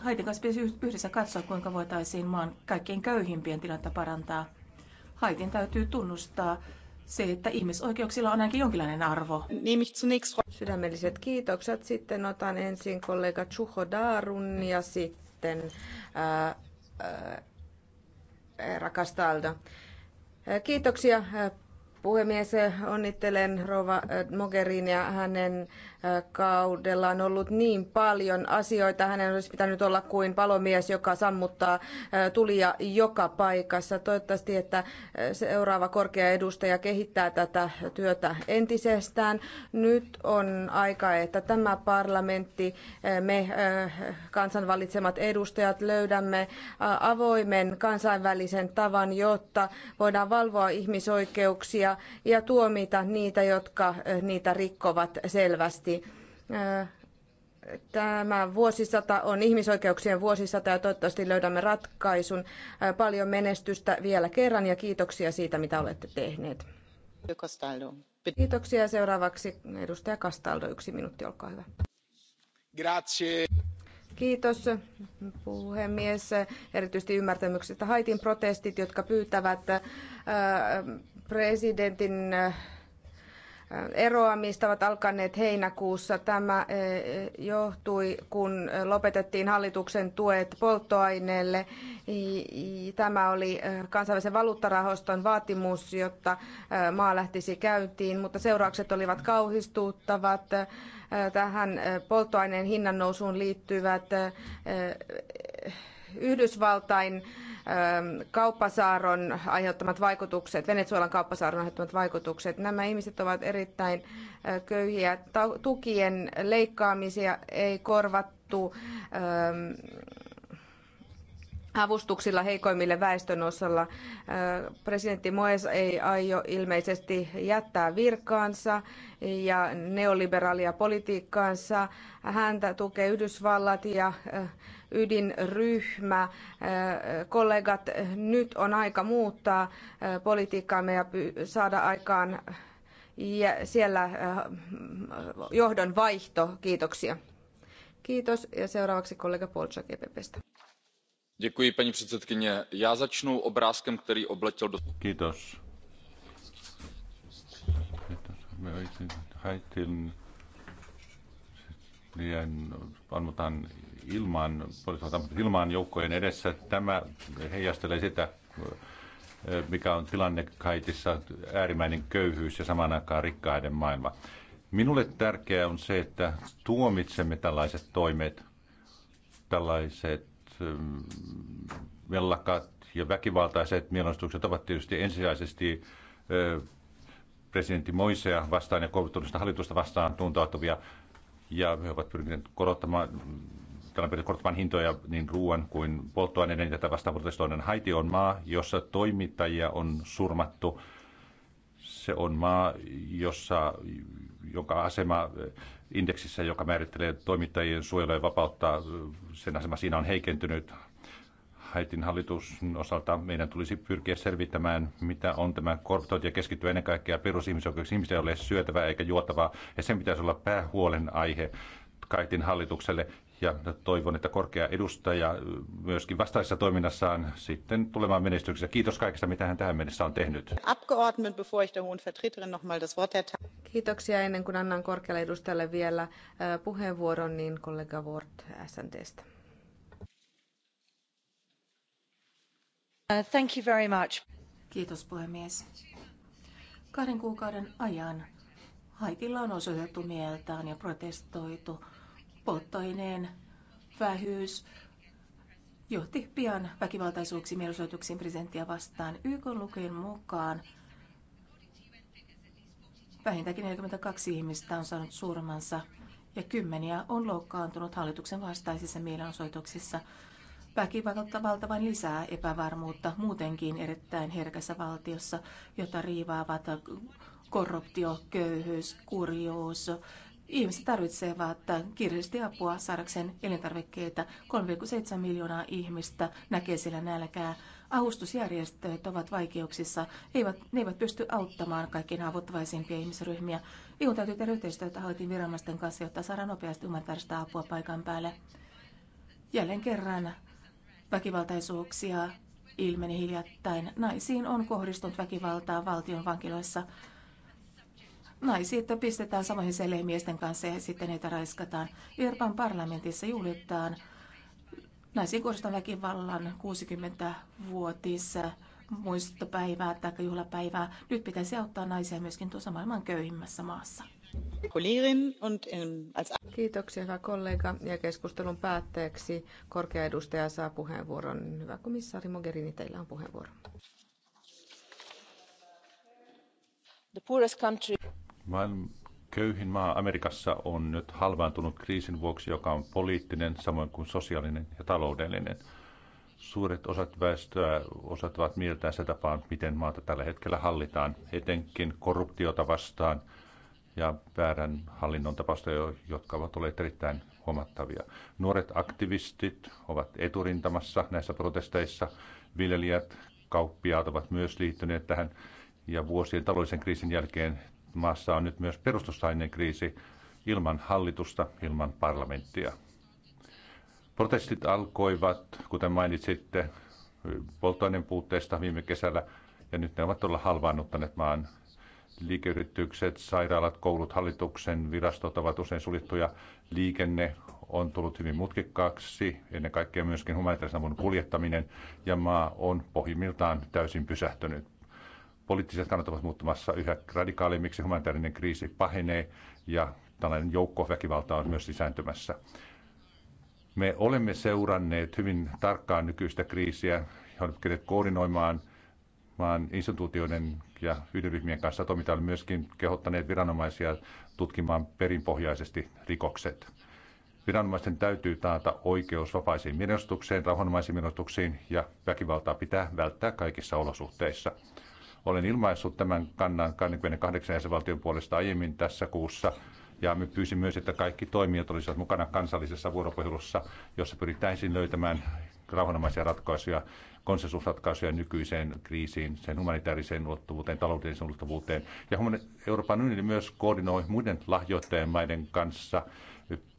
Haitin kanssa pitäisi yhdessä katsoa, kuinka voitaisiin maan kaikkein köyhimpien tilannetta parantaa. Haitin täytyy tunnustaa se, että ihmisoikeuksilla on ainakin jonkinlainen arvo. Niin, Sydämelliset kiitokset. Sitten otan ensin kollega Chuho Darun ja sitten ää, ää, rakastalda. Kiitoksia puhemies. Onnittelen Rova ja hänen kaudella on ollut niin paljon asioita. Hänen olisi pitänyt olla kuin palomies, joka sammuttaa tulia joka paikassa. Toivottavasti, että seuraava korkea edustaja kehittää tätä työtä entisestään. Nyt on aika, että tämä parlamentti, me kansanvalitsemat edustajat löydämme avoimen kansainvälisen tavan, jotta voidaan valvoa ihmisoikeuksia ja tuomita niitä, jotka niitä rikkovat selvästi Siksi tämä vuosisata on ihmisoikeuksien vuosisata ja toivottavasti löydämme ratkaisun. Paljon menestystä vielä kerran ja kiitoksia siitä, mitä olette tehneet. Kiitoksia. Seuraavaksi edustaja Castaldo, yksi minuutti, olkaa hyvä. Grazie. Kiitos puhemies. Erityisesti ymmärtämyksestä Haitin protestit, jotka pyytävät presidentin eroamista ovat alkaneet heinäkuussa. Tämä eh, johtui, kun lopetettiin hallituksen tuet polttoaineelle. Tämä oli eh, kansainvälisen valuuttarahaston vaatimus, jotta eh, maa lähtisi käyntiin, mutta seuraukset olivat kauhistuttavat. Tähän polttoaineen hinnan liittyvät Yhdysvaltain kauppasaaron aiheuttamat vaikutukset, Venezuelan kauppasaaron aiheuttamat vaikutukset. Nämä ihmiset ovat erittäin köyhiä. Tukien leikkaamisia ei korvattu avustuksilla heikoimmille väestönosalla. Presidentti Moes ei aio ilmeisesti jättää virkaansa ja neoliberaalia politiikkaansa. Häntä tukee Yhdysvallat ja ydinryhmä. Kollegat, nyt on aika muuttaa politiikkaamme ja saada aikaan siellä johdon vaihto. Kiitoksia. Kiitos ja seuraavaksi kollega Polczak EPPstä. Děkuji, paní předsedkyně. Já začnu obrázkem, který obletěl do... Kiitos. Haitin liian, annetaan ilmaan, ilmaan joukkojen edessä. Tämä heijastelee sitä, mikä on tilanne kaikissa äärimmäinen köyhyys ja saman aikaan rikkaiden maailma. Minulle tärkeää on se, että tuomitsemme tällaiset toimet, tällaiset mellakat mm, ja väkivaltaiset mielenostukset ovat tietysti ensisijaisesti presidentti Moisea vastaan ja korruptoidusta hallitusta vastaan tuntautuvia. Ja he ovat pyrkineet korottamaan täällä hintoja niin ruoan kuin polttoaineiden ja tätä protestoinen. Haiti on maa, jossa toimittajia on surmattu. Se on maa, jossa, joka asema indeksissä, joka määrittelee toimittajien suojelua ja vapautta, sen asema siinä on heikentynyt. Haitin hallitus osalta meidän tulisi pyrkiä selvittämään, mitä on tämä korruptointi ja keskittyä ennen kaikkea perusihmisoikeuksiin. Ihmisillä ei ole syötävää eikä juotavaa, ja sen pitäisi olla päähuolen aihe Kaitin hallitukselle ja toivon, että korkea edustaja myöskin vastaisessa toiminnassaan sitten tulemaan menestyksessä. Kiitos kaikesta, mitä hän tähän mennessä on tehnyt. Kiitoksia ennen kuin annan korkealle edustajalle vielä äh, puheenvuoron, niin kollega Ward SNTstä. Uh, thank you very much. Kiitos puhemies. Kahden kuukauden ajan Haitilla on osoitettu mieltään ja protestoitu polttoaineen vähyys johti pian väkivaltaisuuksiin mielenosoituksiin presidenttiä vastaan. YK lukujen mukaan vähintäänkin 42 ihmistä on saanut surmansa ja kymmeniä on loukkaantunut hallituksen vastaisissa mielenosoituksissa. Väkivalta vain lisää epävarmuutta muutenkin erittäin herkässä valtiossa, jota riivaavat korruptio, köyhyys, kurjuus Ihmiset tarvitsevat kiireellisesti apua saadakseen elintarvikkeita. 3,7 miljoonaa ihmistä näkee siellä nälkää. Avustusjärjestöt ovat vaikeuksissa. eivät, ne eivät pysty auttamaan kaikkein avuttavaisimpia ihmisryhmiä. EU täytyy tehdä yhteistyötä Haitin viranomaisten kanssa, jotta saadaan nopeasti ymmärtäistä apua paikan päälle. Jälleen kerran väkivaltaisuuksia ilmeni hiljattain. Naisiin on kohdistunut väkivaltaa valtion vankiloissa naiset pistetään samoihin seleihin miesten kanssa ja sitten heitä raiskataan. Irpan parlamentissa juhlitaan naisiin kohdistuvan väkivallan 60-vuotissa muistopäivää tai juhlapäivää. Nyt pitäisi auttaa naisia myöskin tuossa maailman köyhimmässä maassa. Kiitoksia, hyvä kollega. Ja keskustelun päätteeksi korkea edustaja saa puheenvuoron. Hyvä komissaari Mogherini, teillä on puheenvuoro. The poorest country. Maailman köyhin maa Amerikassa on nyt halvaantunut kriisin vuoksi, joka on poliittinen, samoin kuin sosiaalinen ja taloudellinen. Suuret osat väestöä osoittavat mieltään sitä tapaan, miten maata tällä hetkellä hallitaan, etenkin korruptiota vastaan ja väärän hallinnon tapausta, jotka ovat olleet erittäin huomattavia. Nuoret aktivistit ovat eturintamassa näissä protesteissa. Viljelijät, kauppiaat ovat myös liittyneet tähän ja vuosien taloudellisen kriisin jälkeen maassa on nyt myös perustuslainen kriisi ilman hallitusta, ilman parlamenttia. Protestit alkoivat, kuten mainitsitte, polttoaineen puutteesta viime kesällä, ja nyt ne ovat todella halvaannuttaneet maan liikeyritykset, sairaalat, koulut, hallituksen virastot ovat usein suljettuja. Liikenne on tullut hyvin mutkikkaaksi, ennen kaikkea myöskin humanitaarisen avun kuljettaminen, ja maa on pohjimmiltaan täysin pysähtynyt poliittiset kannat ovat muuttumassa yhä radikaalimmiksi, humanitaarinen kriisi pahenee ja tällainen joukkoväkivalta on myös lisääntymässä. Me olemme seuranneet hyvin tarkkaan nykyistä kriisiä ja olemme koordinoimaan maan instituutioiden ja yhdenryhmien kanssa toimitaan myöskin kehottaneet viranomaisia tutkimaan perinpohjaisesti rikokset. Viranomaisten täytyy taata oikeus vapaisiin mielestukseen, rauhanomaisiin mielenostuksiin ja väkivaltaa pitää välttää kaikissa olosuhteissa. Olen ilmaissut tämän kannan 28 jäsenvaltion puolesta aiemmin tässä kuussa. Ja me pyysin myös, että kaikki toimijat olisivat mukana kansallisessa vuoropuhelussa, jossa pyrittäisiin löytämään rauhanomaisia ratkaisuja, konsensusratkaisuja nykyiseen kriisiin, sen humanitaariseen ulottuvuuteen, taloudelliseen ulottuvuuteen. Ja Euroopan unioni myös koordinoi muiden lahjoittajamaiden kanssa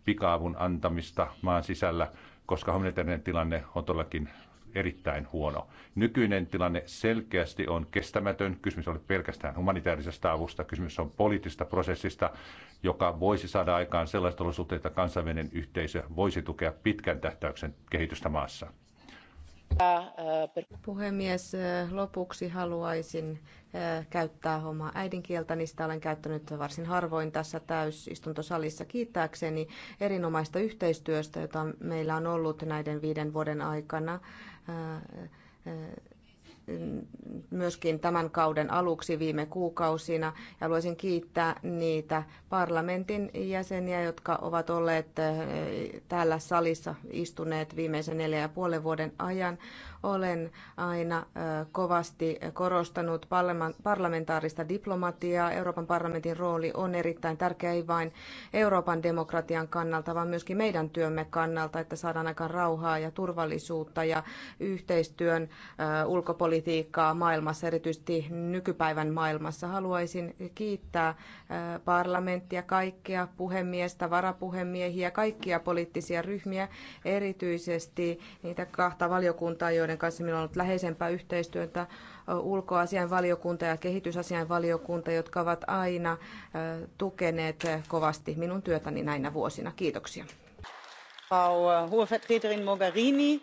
pikaavun antamista maan sisällä, koska humanitaarinen tilanne on todellakin erittäin huono. Nykyinen tilanne selkeästi on kestämätön. Kysymys oli pelkästään humanitaarisesta avusta. Kysymys on poliittisesta prosessista, joka voisi saada aikaan sellaista olosuhteita, että kansainvälinen yhteisö voisi tukea pitkän tähtäyksen kehitystä maassa. Puhemies, lopuksi haluaisin eh, käyttää omaa äidinkieltäni. Sitä olen käyttänyt varsin harvoin tässä täysistuntosalissa kiittääkseni erinomaista yhteistyöstä, jota meillä on ollut näiden viiden vuoden aikana myöskin tämän kauden aluksi viime kuukausina. Haluaisin kiittää niitä parlamentin jäseniä, jotka ovat olleet eh, täällä salissa istuneet viimeisen neljän ja puolen vuoden ajan. Olen aina kovasti korostanut parlamentaarista diplomatiaa. Euroopan parlamentin rooli on erittäin tärkeä ei vain Euroopan demokratian kannalta, vaan myöskin meidän työmme kannalta, että saadaan aikaan rauhaa ja turvallisuutta ja yhteistyön ulkopolitiikkaa maailmassa, erityisesti nykypäivän maailmassa. Haluaisin kiittää parlamenttia, kaikkea puhemiestä, varapuhemiehiä, kaikkia poliittisia ryhmiä, erityisesti niitä kahta valiokuntaa, joiden joiden kanssa minulla on ollut läheisempää yhteistyötä, ulkoasianvaliokunta ja kehitysasianvaliokunta, jotka ovat aina tukeneet kovasti minun työtäni näinä vuosina. Kiitoksia. Frau äh, Hohe Vertreterin Mogherini,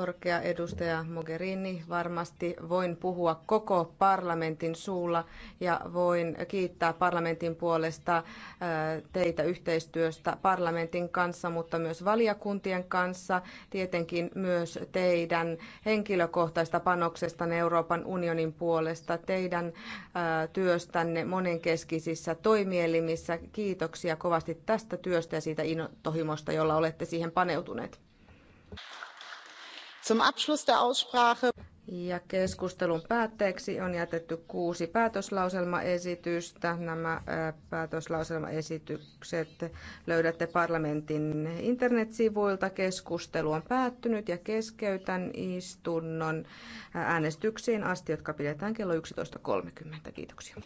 Korkea edustaja Mogherini, varmasti voin puhua koko parlamentin suulla ja voin kiittää parlamentin puolesta äh, teitä yhteistyöstä parlamentin kanssa, mutta myös valiokuntien kanssa, tietenkin myös teidän henkilökohtaista panoksestanne Euroopan unionin puolesta, teidän äh, työstänne monenkeskisissä toimielimissä. Kiitoksia kovasti tästä työstä ja siitä intohimosta, jolla olette siihen paneutuneet. Ja keskustelun päätteeksi on jätetty kuusi päätöslauselmaesitystä. Nämä äh, päätöslauselmaesitykset löydätte parlamentin internetsivuilta. Keskustelu on päättynyt ja keskeytän istunnon äänestyksiin asti, jotka pidetään kello 11.30. Kiitoksia.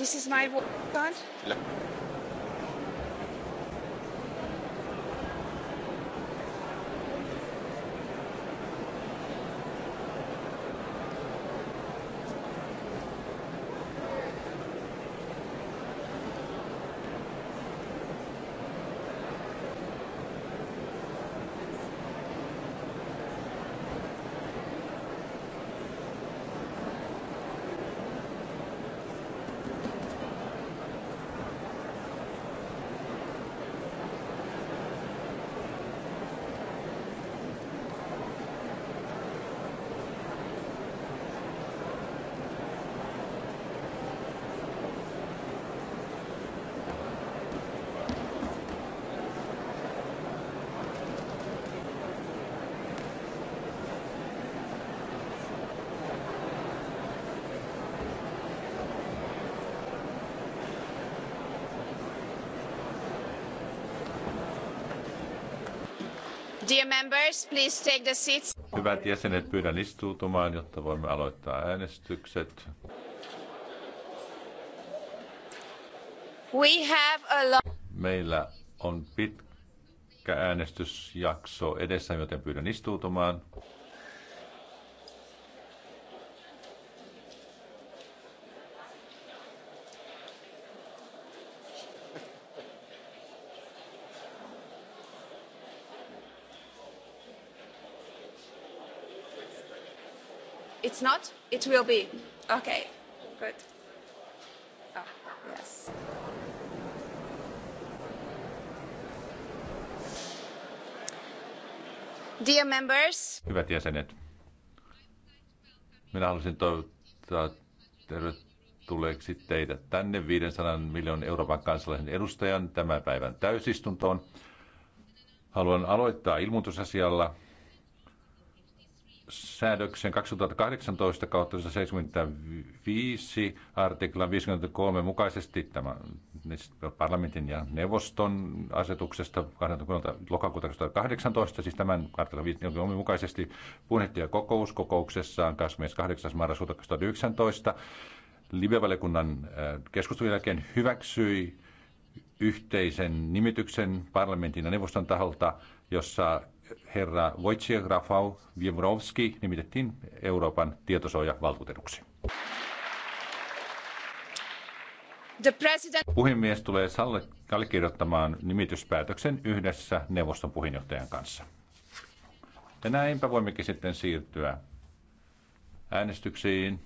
this is my card. members, please take the seats. Hyvät jäsenet, pyydän istuutumaan, jotta voimme aloittaa äänestykset. We have a Meillä on pitkä äänestysjakso edessä, joten pyydän istuutumaan. it's not it will be okay good ah, yes Dear members. Hyvät jäsenet, minä haluaisin toivottaa tervetulleeksi teidät tänne 500 miljoonan Euroopan kansalaisen edustajan tämän päivän täysistuntoon. Haluan aloittaa ilmoitusasialla säädöksen 2018 kautta 75 artiklan 53 mukaisesti tämä parlamentin ja neuvoston asetuksesta 20. lokakuuta 2018, siis tämän artiklan 53 mukaisesti kokous kokouksessaan 28. marraskuuta 2019 Libevaliokunnan äh, keskustelun jälkeen hyväksyi yhteisen nimityksen parlamentin ja neuvoston taholta, jossa herra Wojciech Rafał Wiemrowski nimitettiin Euroopan tietosuojavaltuutetuksi. Puhemies tulee allekirjoittamaan nimityspäätöksen yhdessä neuvoston puheenjohtajan kanssa. Ja näinpä voimmekin sitten siirtyä äänestyksiin.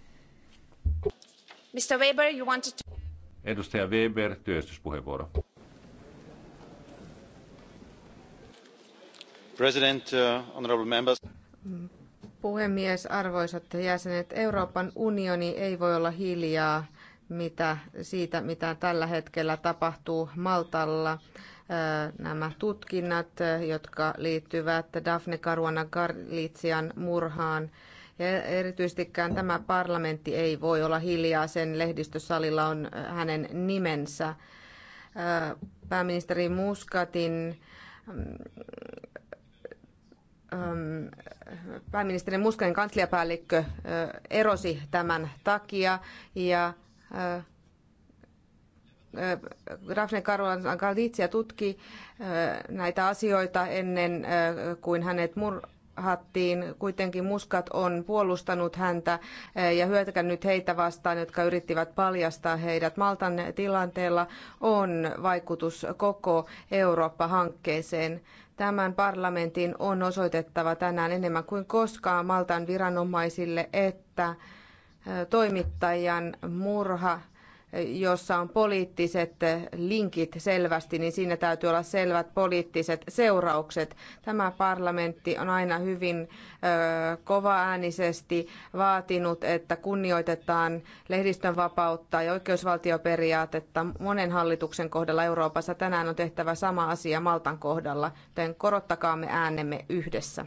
Mr. Weber, you wanted to... Edustaja Weber, työstyspuheenvuoro. President, uh, Puhemies, arvoisat jäsenet, Euroopan unioni ei voi olla hiljaa mitä, siitä, mitä tällä hetkellä tapahtuu Maltalla. Nämä tutkinnat, jotka liittyvät Daphne Caruana Galizian murhaan. Ja erityistikään tämä parlamentti ei voi olla hiljaa, sen lehdistösalilla on hänen nimensä. Pääministeri Muskatin mm, Ähm, pääministeri Muscatin kansliapäällikkö äh, erosi tämän takia ja Daphne äh, äh, Caruana Galizia tutki näitä asioita ennen kuin hänet murhattiin. Kuitenkin Muscat on puolustanut häntä ja hyökännyt heitä vastaan, jotka yrittivät paljastaa heidät. Maltan tilanteella on vaikutus koko Eurooppa-hankkeeseen. Tämän parlamentin on osoitettava tänään enemmän kuin koskaan Maltan viranomaisille, että toimittajan murha jossa on poliittiset linkit selvästi, niin siinä täytyy olla selvät poliittiset seuraukset. Tämä parlamentti on aina hyvin kovaäänisesti vaatinut, että kunnioitetaan lehdistön vapautta ja oikeusvaltioperiaatetta monen hallituksen kohdalla Euroopassa. Tänään on tehtävä sama asia Maltan kohdalla, joten korottakaamme äänemme yhdessä.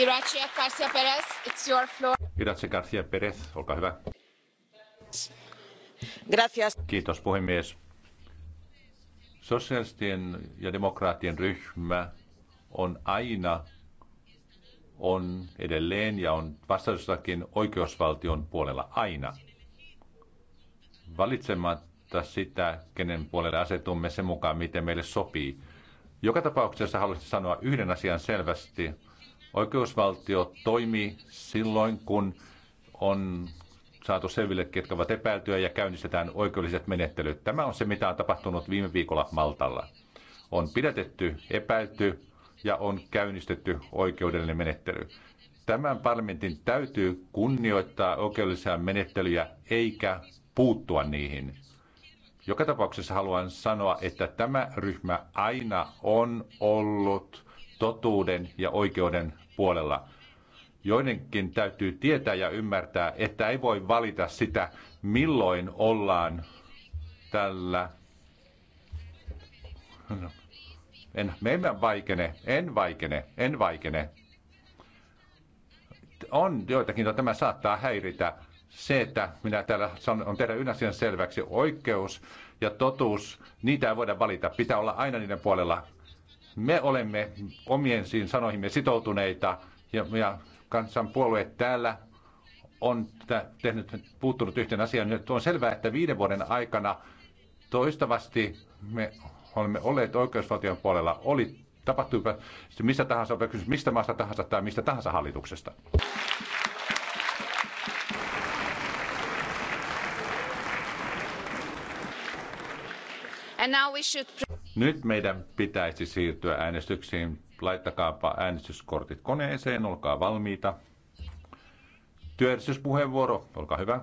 Iracia García Pérez, it's your floor. Iracia García Pérez, olkaa hyvä. Gracias. Kiitos puhemies. Sosialistien ja demokraattien ryhmä on aina, on edelleen ja on vastaisuudessakin oikeusvaltion puolella aina. Valitsematta sitä, kenen puolelle asetumme sen mukaan, miten meille sopii. Joka tapauksessa haluaisin sanoa yhden asian selvästi Oikeusvaltio toimii silloin, kun on saatu selville, ketkä ovat epäiltyjä ja käynnistetään oikeudelliset menettelyt. Tämä on se, mitä on tapahtunut viime viikolla Maltalla. On pidätetty, epäilty ja on käynnistetty oikeudellinen menettely. Tämän parlamentin täytyy kunnioittaa oikeudellisia menettelyjä eikä puuttua niihin. Joka tapauksessa haluan sanoa, että tämä ryhmä aina on ollut totuuden ja oikeuden puolella. Joidenkin täytyy tietää ja ymmärtää, että ei voi valita sitä, milloin ollaan tällä. En, me emme vaikene, en vaikene, en vaikene. On joitakin, että tämä saattaa häiritä. Se, että minä täällä sanon, on tehdä yhden selväksi. Oikeus ja totuus, niitä ei voida valita. Pitää olla aina niiden puolella. Me olemme omien sanoihimme sitoutuneita ja, ja kansanpuolue täällä on tehnyt, puuttunut yhteen asiaan. Nyt on selvää, että viiden vuoden aikana toistavasti me olemme olleet oikeusvaltion puolella. Oli tapahtuipa mistä tahansa, mistä maasta tahansa tai mistä tahansa hallituksesta. Nyt meidän pitäisi siirtyä äänestyksiin. Laittakaapa äänestyskortit koneeseen, olkaa valmiita. Työllisyyspuheenvuoro, olkaa hyvä.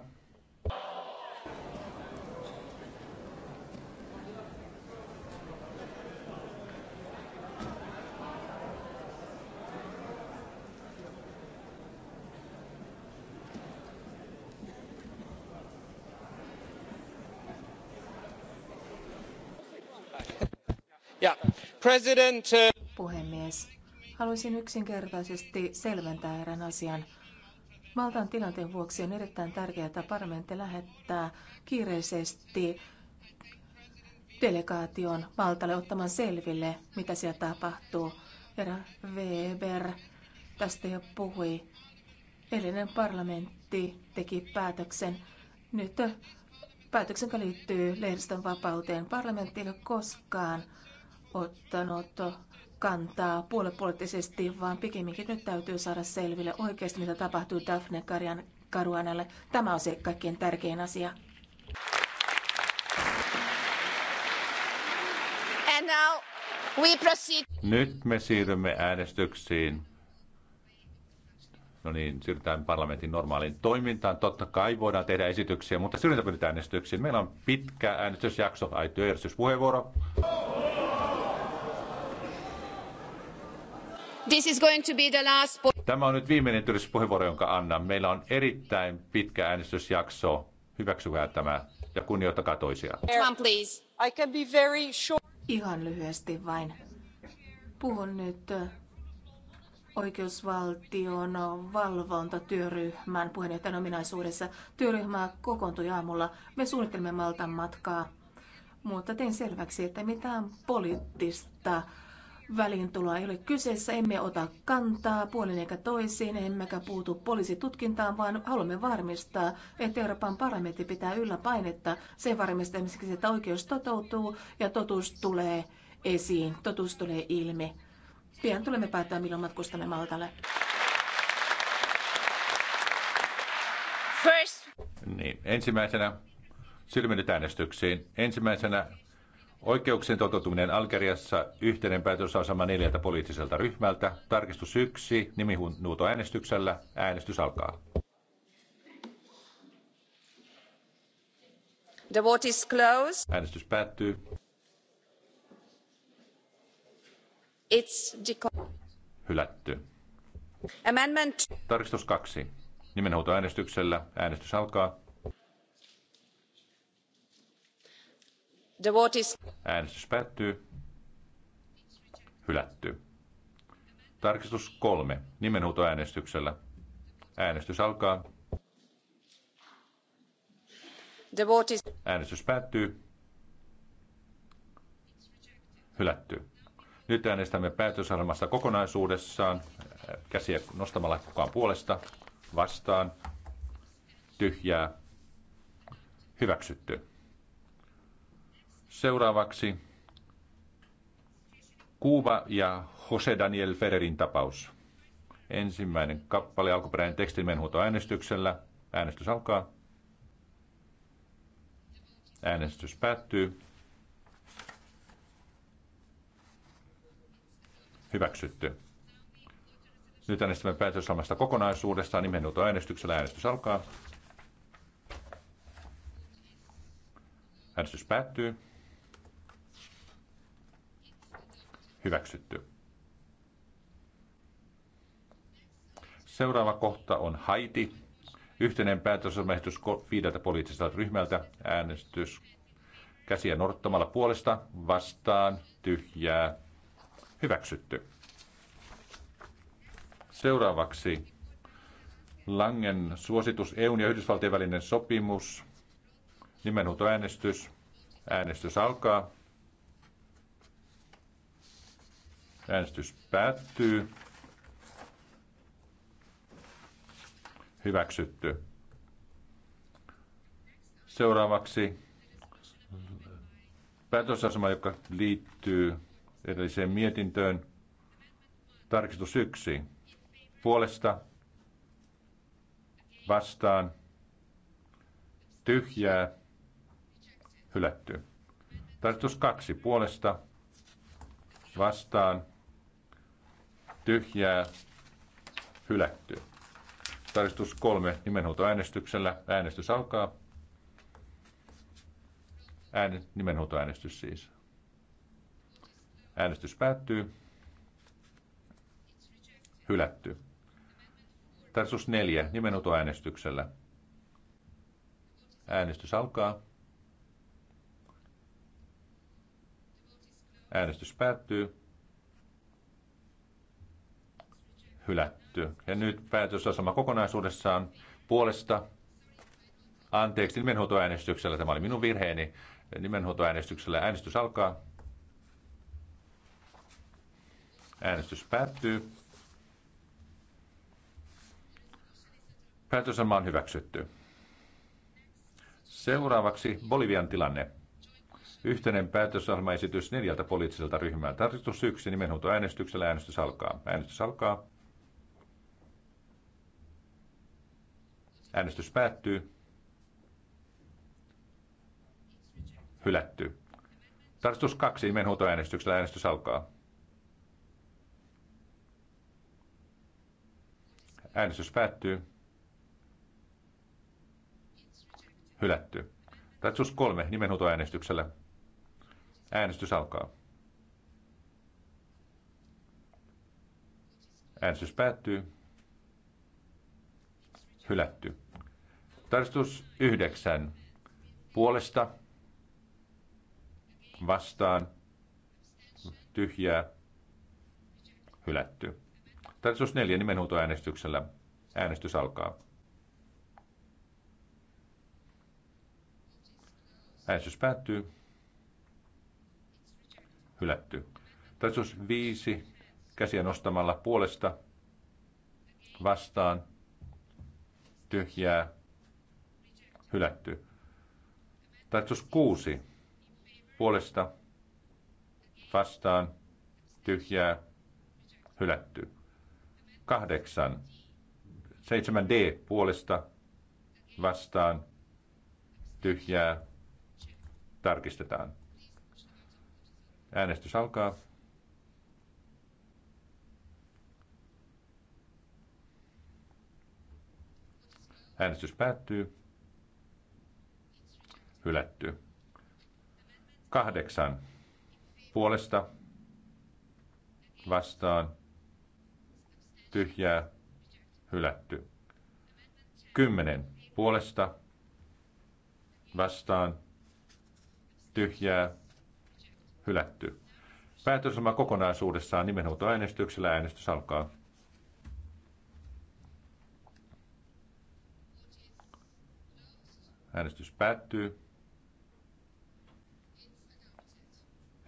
Uh, Puhemies, haluaisin yksinkertaisesti selventää erään asian. Maltan tilanteen vuoksi on erittäin tärkeää, että parlamentti lähettää kiireisesti delegaation Maltalle ottamaan selville, mitä siellä tapahtuu. Herra Weber tästä jo puhui. Edellinen parlamentti teki päätöksen. Nyt päätöksen, joka liittyy lehdistön vapauteen. Parlamentti ei ole koskaan ottanut kantaa puoluepoliittisesti, vaan pikemminkin nyt täytyy saada selville oikeasti, mitä tapahtuu Daphne Karjan Karuanalle. Tämä on se kaikkein tärkein asia. And now we proceed. Nyt me siirrymme äänestyksiin. No niin, siirrytään parlamentin normaaliin toimintaan. Totta kai voidaan tehdä esityksiä, mutta siirrytään äänestyksiin. Meillä on pitkä äänestysjakso. aito työjärjestyspuheenvuoro. Oh. Tämä on nyt viimeinen työllisyyspuheenvuoro, jonka annan. Meillä on erittäin pitkä äänestysjakso. Hyväksykää tämä ja kunnioittakaa toisia. Ihan lyhyesti vain. Puhun nyt äh, oikeusvaltion valvontatyöryhmän puheenjohtajan ominaisuudessa. Työryhmä kokoontui aamulla. Me suunnittelemme Maltan matkaa, mutta tein selväksi, että mitään poliittista väliintuloa ei ole kyseessä, emme ota kantaa puolin eikä toisiin, emmekä puutu poliisitutkintaan, vaan haluamme varmistaa, että Euroopan parlamentti pitää yllä painetta sen varmistamiseksi, että oikeus toteutuu ja totuus tulee esiin, totuus tulee ilmi. Pian tulemme päättää, milloin matkustamme Maltalle. First. Niin, ensimmäisenä silmennyt äänestyksiin. Ensimmäisenä Oikeuksien toteutuminen Algeriassa yhteinen päätösasema neljältä poliittiselta ryhmältä. Tarkistus yksi, 1 äänestyksellä Äänestys alkaa. The vote is closed. Äänestys päättyy. It's Hylätty. Amendment. Tarkistus kaksi. 2. äänestyksellä. Äänestys alkaa. The vote is... Äänestys päättyy. Hylätty. Tarkistus kolme. Nimenhuutoäänestyksellä. Äänestys alkaa. The vote is... Äänestys päättyy. Hylätty. Nyt äänestämme päätösarmasta kokonaisuudessaan. Äh, käsiä nostamalla kukaan puolesta. Vastaan. Tyhjää. Hyväksytty. Seuraavaksi Kuuba ja Jose Daniel Ferrerin tapaus. Ensimmäinen kappale alkuperäinen tekstin menhuuto äänestyksellä. Äänestys alkaa. Äänestys päättyy. Hyväksytty. Nyt äänestämme päätöslamasta kokonaisuudesta. Nimenhuuto äänestyksellä. Äänestys alkaa. Äänestys päättyy. Hyväksytty. Seuraava kohta on Haiti. Yhteinen päätösomehtus viideltä poliittiselta ryhmältä. Äänestys käsiä norttamalla puolesta vastaan tyhjää. Hyväksytty. Seuraavaksi Langen suositus EUn ja Yhdysvaltojen välinen sopimus. Nimenhuutoäänestys. Äänestys alkaa. Äänestys päättyy. Hyväksytty. Seuraavaksi päätösasema, joka liittyy edelliseen mietintöön. Tarkistus 1. Puolesta vastaan tyhjää hylätty. Tarkistus 2. Puolesta vastaan tyhjää, hylätty. Tarkistus kolme nimenhuutoäänestyksellä. Äänestys alkaa. ään nimenhuutoäänestys siis. Äänestys päättyy. Hylätty. Tarkistus neljä nimenhuutoäänestyksellä. Äänestys alkaa. Äänestys päättyy. hylätty. Ja nyt päätösasema kokonaisuudessaan puolesta. Anteeksi, nimenhuutoäänestyksellä. Tämä oli minun virheeni. Nimenhuutoäänestyksellä äänestys alkaa. Äänestys päättyy. Päätösasema on hyväksytty. Seuraavaksi Bolivian tilanne. Yhteinen päätösasemaesitys neljältä poliittiselta ryhmältä. Tarkistus yksi nimenhuutoäänestyksellä. Äänestys alkaa. Äänestys alkaa. Äänestys päättyy. Hylätty. Tarkistus kaksi nimenhuutoäänestyksellä äänestys alkaa. Äänestys päättyy. Hylätty. Tarkistus kolme nimenhuutoäänestyksellä. Äänestys alkaa. Äänestys päättyy hylätty. Tarkistus 9 puolesta vastaan tyhjää hylätty. Tarkistus 4 nimenhuutoäänestyksellä. Äänestys alkaa. Äänestys päättyy. Hylätty. Tarkistus 5 käsiä nostamalla puolesta vastaan tyhjää, hylätty. Tarkoitus kuusi puolesta vastaan tyhjää hylätty. Kahdeksan. seitsemän d puolesta vastaan tyhjää tarkistetaan. Äänestys alkaa. Äänestys päättyy. Hylätty. Kahdeksan. Puolesta. Vastaan. Tyhjää. Hylätty. Kymmenen. Puolesta. Vastaan. Tyhjää. Hylätty. Päätösoma kokonaisuudessaan nimenhuutoäänestyksellä äänestys alkaa. Äänestys päättyy.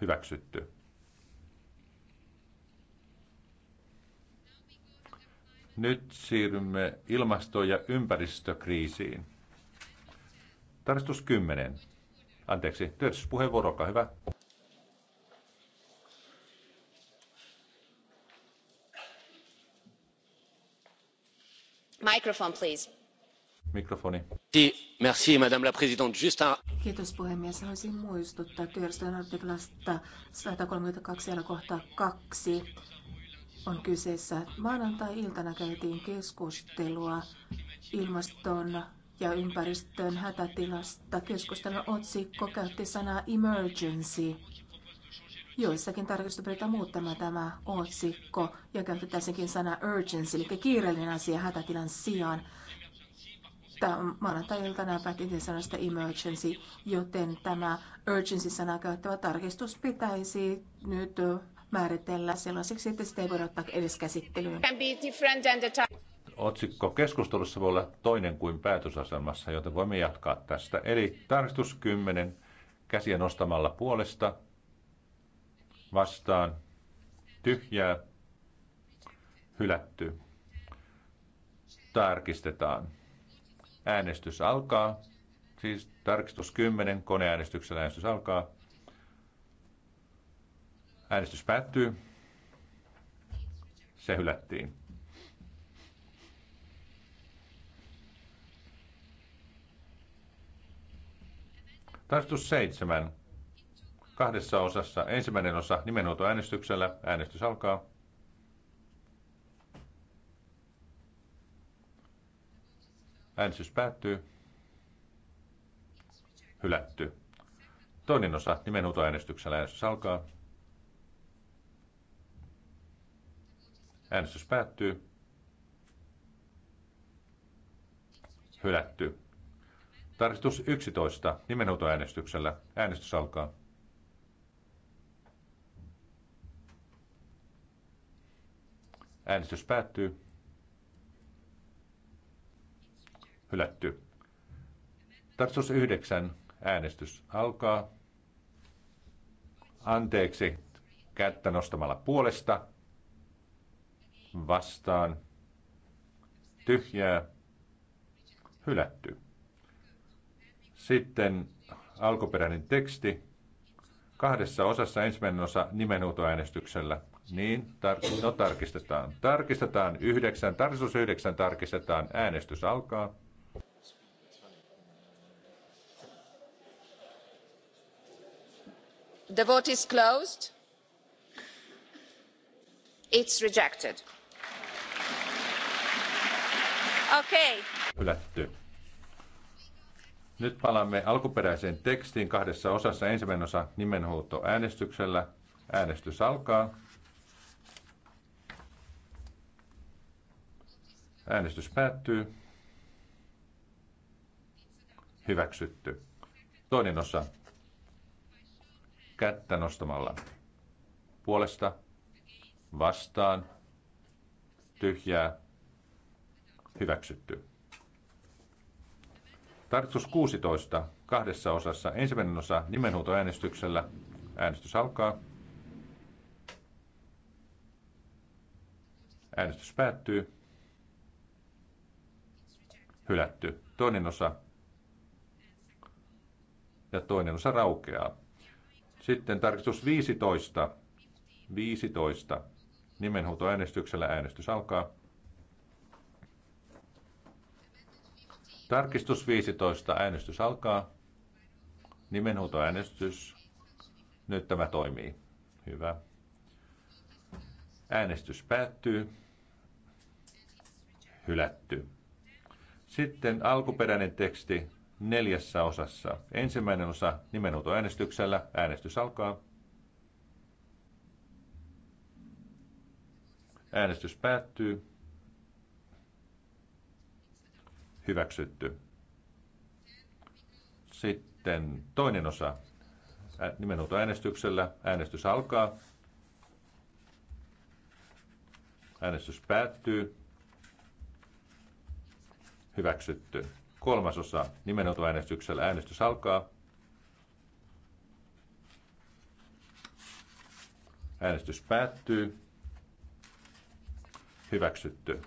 Hyväksytty. Nyt siirrymme ilmasto- ja ympäristökriisiin. Tarkistus 10. Anteeksi, työllisyyspuheenvuoro, olkaa hyvä. Microphone, please madame la présidente. Just a... Kiitos puhemies. Haluaisin muistuttaa työjärjestön artiklasta satakolmekymmentäkaksi alakohta kaksi on kyseessä. Maanantai-iltana käytiin keskustelua ilmaston ja ympäristön hätätilasta. Keskustelun otsikko käytti sanaa emergency. Joissakin tarkistuksissa pyritään muuttamaan tämä otsikko ja käytettäisiinkin sana urgency, eli kiireellinen asia hätätilan sijaan maanantai-iltana päätin sanasta emergency, joten tämä urgency-sana käyttävä tarkistus pitäisi nyt määritellä sellaiseksi, että sitä ei voida ottaa edes käsittelyyn. Otsikko keskustelussa voi olla toinen kuin päätösasemassa, joten voimme jatkaa tästä. Eli tarkistus 10 käsiä nostamalla puolesta vastaan tyhjää hylätty. Tarkistetaan. Äänestys alkaa. Siis tarkistus 10, koneäänestyksellä äänestys alkaa. Äänestys päättyy. Se hylättiin. Tarkistus 7. Kahdessa osassa. Ensimmäinen osa nimenhuoltoäänestyksellä. Äänestys alkaa. Äänestys päättyy. Hylätty. Toinen osa nimenhuutoäänestyksellä. Äänestys alkaa. Äänestys päättyy. Hylätty. Tarkistus 11. Nimenhuutoäänestyksellä. Äänestys alkaa. Äänestys päättyy. hylätty. Tartus 9. Äänestys alkaa. Anteeksi. Kättä nostamalla puolesta. Vastaan. Tyhjää. Hylätty. Sitten alkuperäinen teksti. Kahdessa osassa ensimmäinen osa nimenhuutoäänestyksellä. Niin, tar- no tarkistetaan. Tarkistetaan yhdeksän, tarkistus yhdeksän tarkistetaan, äänestys alkaa. the vote is closed it's rejected okay hylätty nyt palaamme alkuperäiseen tekstiin kahdessa osassa. Ensimmäinen osa nimenhuuto äänestyksellä. Äänestys alkaa. Äänestys päättyy. Hyväksytty. Toinen osa kättä nostamalla. Puolesta, vastaan, tyhjää, hyväksytty. Tarkoitus 16 kahdessa osassa. Ensimmäinen osa nimenhuutoäänestyksellä. Äänestys alkaa. Äänestys päättyy. Hylätty. Toinen osa. Ja toinen osa raukeaa. Sitten tarkistus 15. 15. Nimenhuutoäänestyksellä äänestys alkaa. Tarkistus 15. Äänestys alkaa. Nimenhuutoäänestys. Nyt tämä toimii. Hyvä. Äänestys päättyy. Hylätty. Sitten alkuperäinen teksti neljässä osassa. Ensimmäinen osa nimenhuutoäänestyksellä. Äänestys alkaa. Äänestys päättyy. Hyväksytty. Sitten toinen osa nimenhuutoäänestyksellä. Äänestys alkaa. Äänestys päättyy. Hyväksytty kolmasosa nimenoutoäänestyksellä. Äänestys alkaa. Äänestys päättyy. Hyväksytty.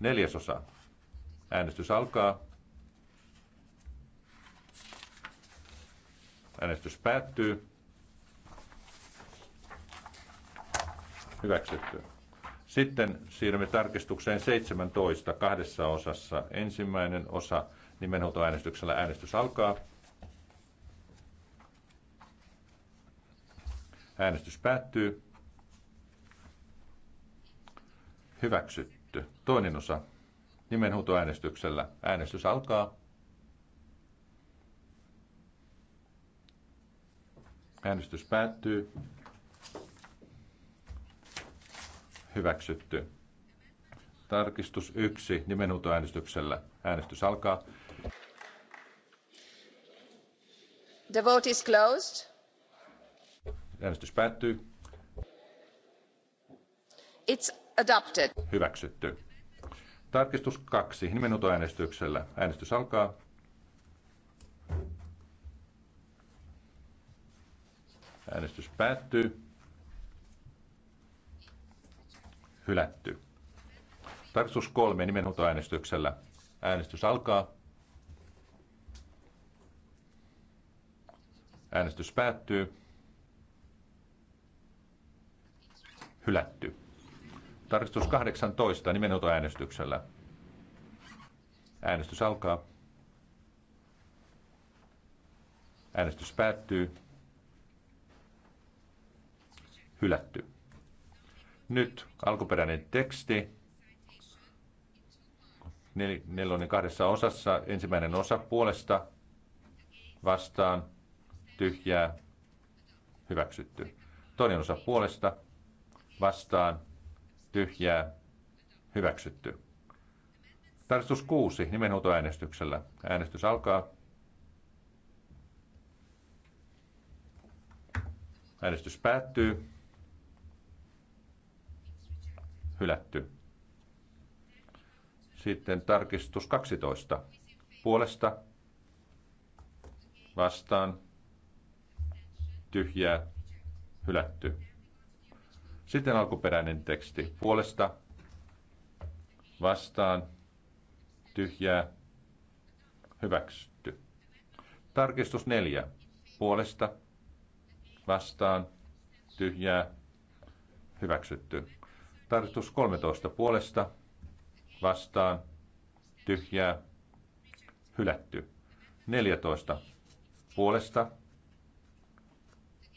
Neljäsosa. Äänestys alkaa. Äänestys päättyy. Hyväksytty. Sitten siirrymme tarkistukseen 17 kahdessa osassa. Ensimmäinen osa Nimenhuutoäänestyksellä äänestys alkaa. Äänestys päättyy. Hyväksytty. Toinen osa. Nimenhuutoäänestyksellä äänestys alkaa. Äänestys päättyy. Hyväksytty. Tarkistus 1 nimenhuutoäänestyksellä. Äänestys alkaa. The vote is closed. Äänestys päättyy. It's adopted. Hyväksytty. Tarkistus kaksi nimenhuutoäänestyksellä. Äänestys alkaa. Äänestys päättyy. Hylätty. Tarkistus kolme nimenhuutoäänestyksellä. Äänestys alkaa. Äänestys päättyy. Hylätty. Tarkistus 18 nimenhuutoäänestyksellä. Äänestys alkaa. Äänestys päättyy. Hylätty. Nyt alkuperäinen teksti. Nel- nelonen kahdessa osassa. Ensimmäinen osa puolesta vastaan tyhjää, hyväksytty. Toinen osa puolesta, vastaan, tyhjää, hyväksytty. Tarkistus kuusi, nimenhuutoäänestyksellä. Äänestys alkaa. Äänestys päättyy. Hylätty. Sitten tarkistus 12. Puolesta. Vastaan tyhjää, hylätty. Sitten alkuperäinen teksti puolesta, vastaan, tyhjää, hyväksytty. Tarkistus neljä. Puolesta, vastaan, tyhjää, hyväksytty. Tarkistus 13. Puolesta, vastaan, tyhjää, hylätty. 14. Puolesta,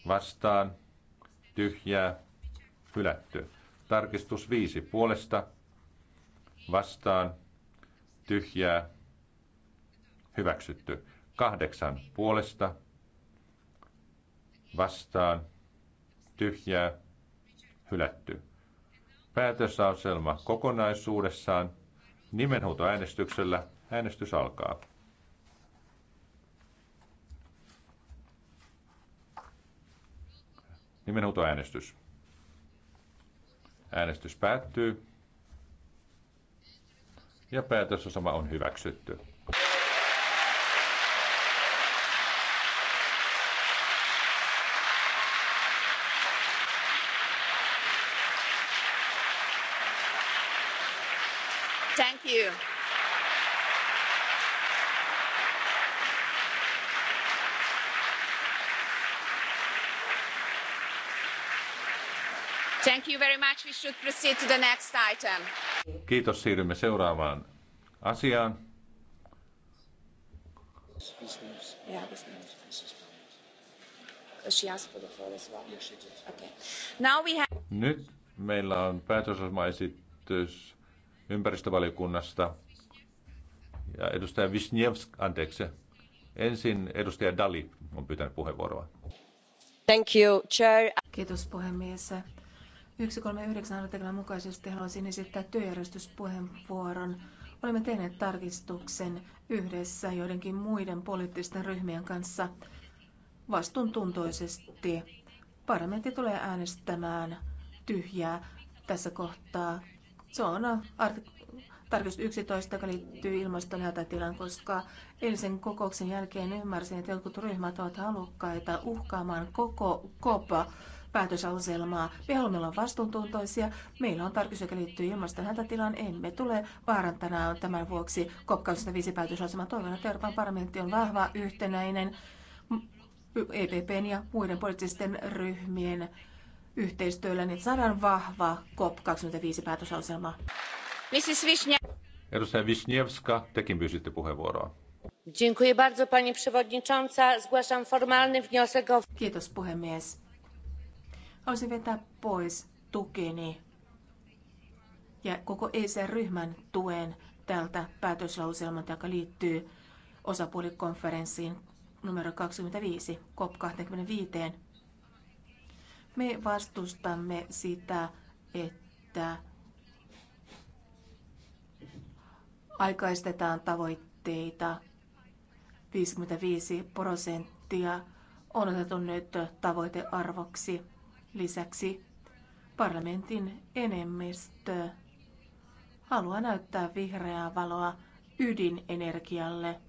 vastaan, tyhjää, hylätty. Tarkistus 5 puolesta, vastaan, tyhjää, hyväksytty. Kahdeksan puolesta, vastaan, tyhjää, hylätty. Päätöslauselma kokonaisuudessaan nimenhuutoäänestyksellä. Äänestys alkaa. Nimenhuutoäänestys. Äänestys päättyy. Ja päätösosama on hyväksytty. very much. We should proceed to the next item. Kiitos, siirrymme seuraavaan asiaan. Nyt meillä on päätösosmaesitys ympäristövaliokunnasta. Ja edustaja Wisniewski, anteeksi. Ensin edustaja Dali on pyytänyt puheenvuoroa. Thank you, chair. Kiitos puhemies. 139 artiklan mukaisesti haluaisin esittää työjärjestyspuheenvuoron. Olemme tehneet tarkistuksen yhdessä joidenkin muiden poliittisten ryhmien kanssa vastuuntuntoisesti. Parlamentti tulee äänestämään tyhjää tässä kohtaa. Se on tarkistus 11, joka liittyy ilmaston hätätilaan, koska eilisen kokouksen jälkeen ymmärsin, että jotkut ryhmät ovat halukkaita uhkaamaan koko kopa päätösauselmaa. Me haluamme olla vastuuntuntoisia. Meillä on tarkoitus, joka liittyy ilmaston hätätilaan. Emme tule vaarantanaan tämän vuoksi COP25 päätösauselmaa. Toivon, että Euroopan parlamentti on vahva, yhtenäinen EPPn ja muiden poliittisten ryhmien yhteistyöllä, niin saadaan vahva COP25 päätösauselma. Edustaja Wisniewska, tekin pyysitte puheenvuoroa. Dziękuję bardzo, pani przewodnicząca. Zgłaszam formalny wniosek o... Kiitos, puhemies. Haluaisin vetää pois tukeni ja koko ECR-ryhmän tuen tältä päätöslauselmalta, joka liittyy osapuolikonferenssiin numero 25, COP25. Me vastustamme sitä, että aikaistetaan tavoitteita. 55 prosenttia on otettu nyt tavoitearvoksi. Lisäksi parlamentin enemmistö haluaa näyttää vihreää valoa ydinenergialle.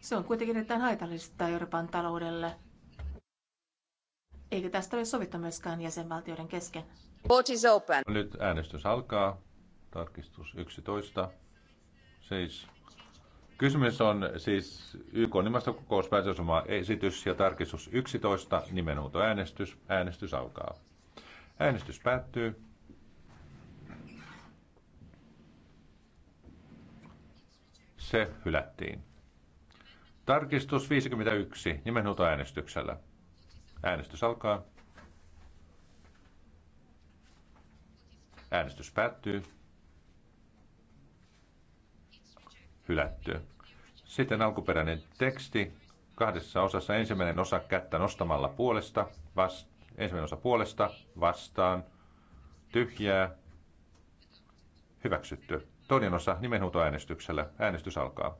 Se on kuitenkin erittäin haitallista Euroopan taloudelle. Eikä tästä ole sovittu myöskään jäsenvaltioiden kesken. Vote is open. Nyt äänestys alkaa. Tarkistus 11. Seis Kysymys on siis YK päätösoma esitys ja tarkistus 11, nimenhuuto äänestys. Äänestys alkaa. Äänestys päättyy. Se hylättiin. Tarkistus 51 nimenhuuto äänestyksellä. Äänestys alkaa. Äänestys päättyy. hylätty. Sitten alkuperäinen teksti kahdessa osassa. Ensimmäinen osa kättä nostamalla puolesta, vast, ensimmäinen osa puolesta, vastaan, tyhjää, hyväksytty. Toinen osa nimenhuutoäänestyksellä. Äänestys alkaa.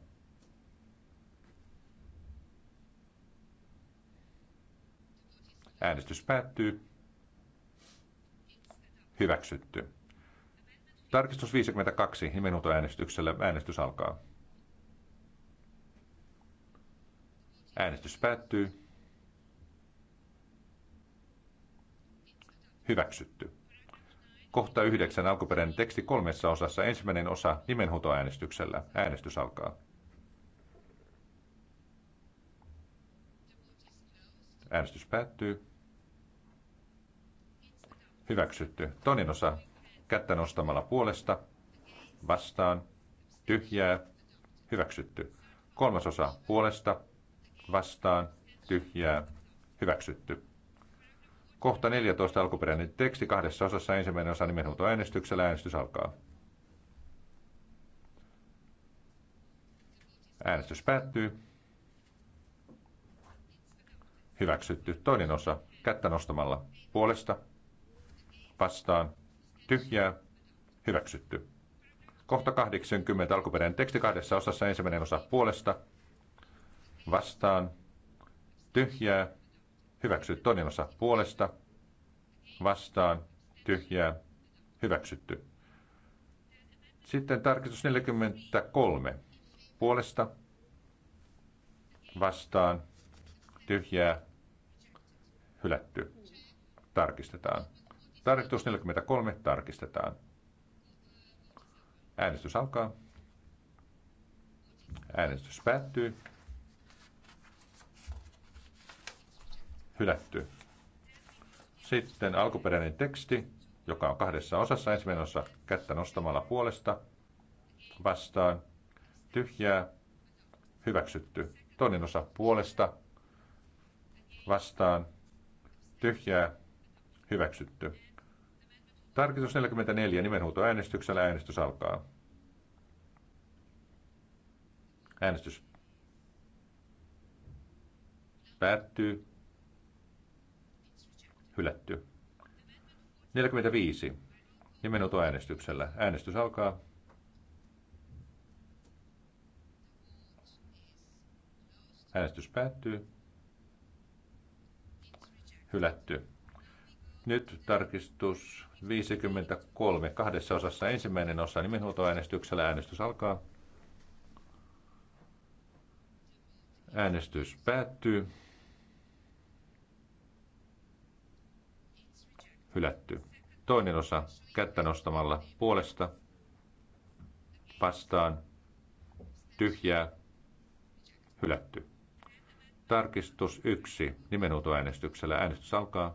Äänestys päättyy. Hyväksytty. Tarkistus 52 nimenhuutoäänestyksellä. Äänestys alkaa. Äänestys päättyy. Hyväksytty. Kohta yhdeksän alkuperäinen teksti kolmessa osassa. Ensimmäinen osa nimenhuutoäänestyksellä. Äänestys alkaa. Äänestys päättyy. Hyväksytty. Toinen osa kättä nostamalla puolesta. Vastaan. Tyhjää. Hyväksytty. Kolmas osa puolesta vastaan, tyhjää, hyväksytty. Kohta 14 alkuperäinen teksti kahdessa osassa ensimmäinen osa äänestyksellä Äänestys alkaa. Äänestys päättyy. Hyväksytty. Toinen osa. Kättä nostamalla. Puolesta. Vastaan. Tyhjää. Hyväksytty. Kohta 80. Alkuperäinen teksti kahdessa osassa. Ensimmäinen osa puolesta vastaan, tyhjää, hyväksytty. Toinen osa puolesta, vastaan, tyhjää, hyväksytty. Sitten tarkistus 43. Puolesta, vastaan, tyhjää, hylätty. Tarkistetaan. Tarkistus 43 tarkistetaan. Äänestys alkaa. Äänestys päättyy. hylätty. Sitten alkuperäinen teksti, joka on kahdessa osassa. Ensimmäinen osa kättä nostamalla puolesta vastaan. Tyhjää. Hyväksytty. Toinen osa puolesta vastaan. Tyhjää. Hyväksytty. Tarkistus 44 äänestyksellä, äänestys alkaa. Äänestys päättyy hylätty. 45. Nimenhuuto äänestyksellä. Äänestys alkaa. Äänestys päättyy. Hylätty. Nyt tarkistus 53 kahdessa osassa. Ensimmäinen osa nimenhuoltoäänestyksellä. Äänestys alkaa. Äänestys päättyy. hylätty. Toinen osa kättä nostamalla puolesta vastaan tyhjää hylätty. Tarkistus 1 nimenhuutoäänestyksellä. Äänestys alkaa.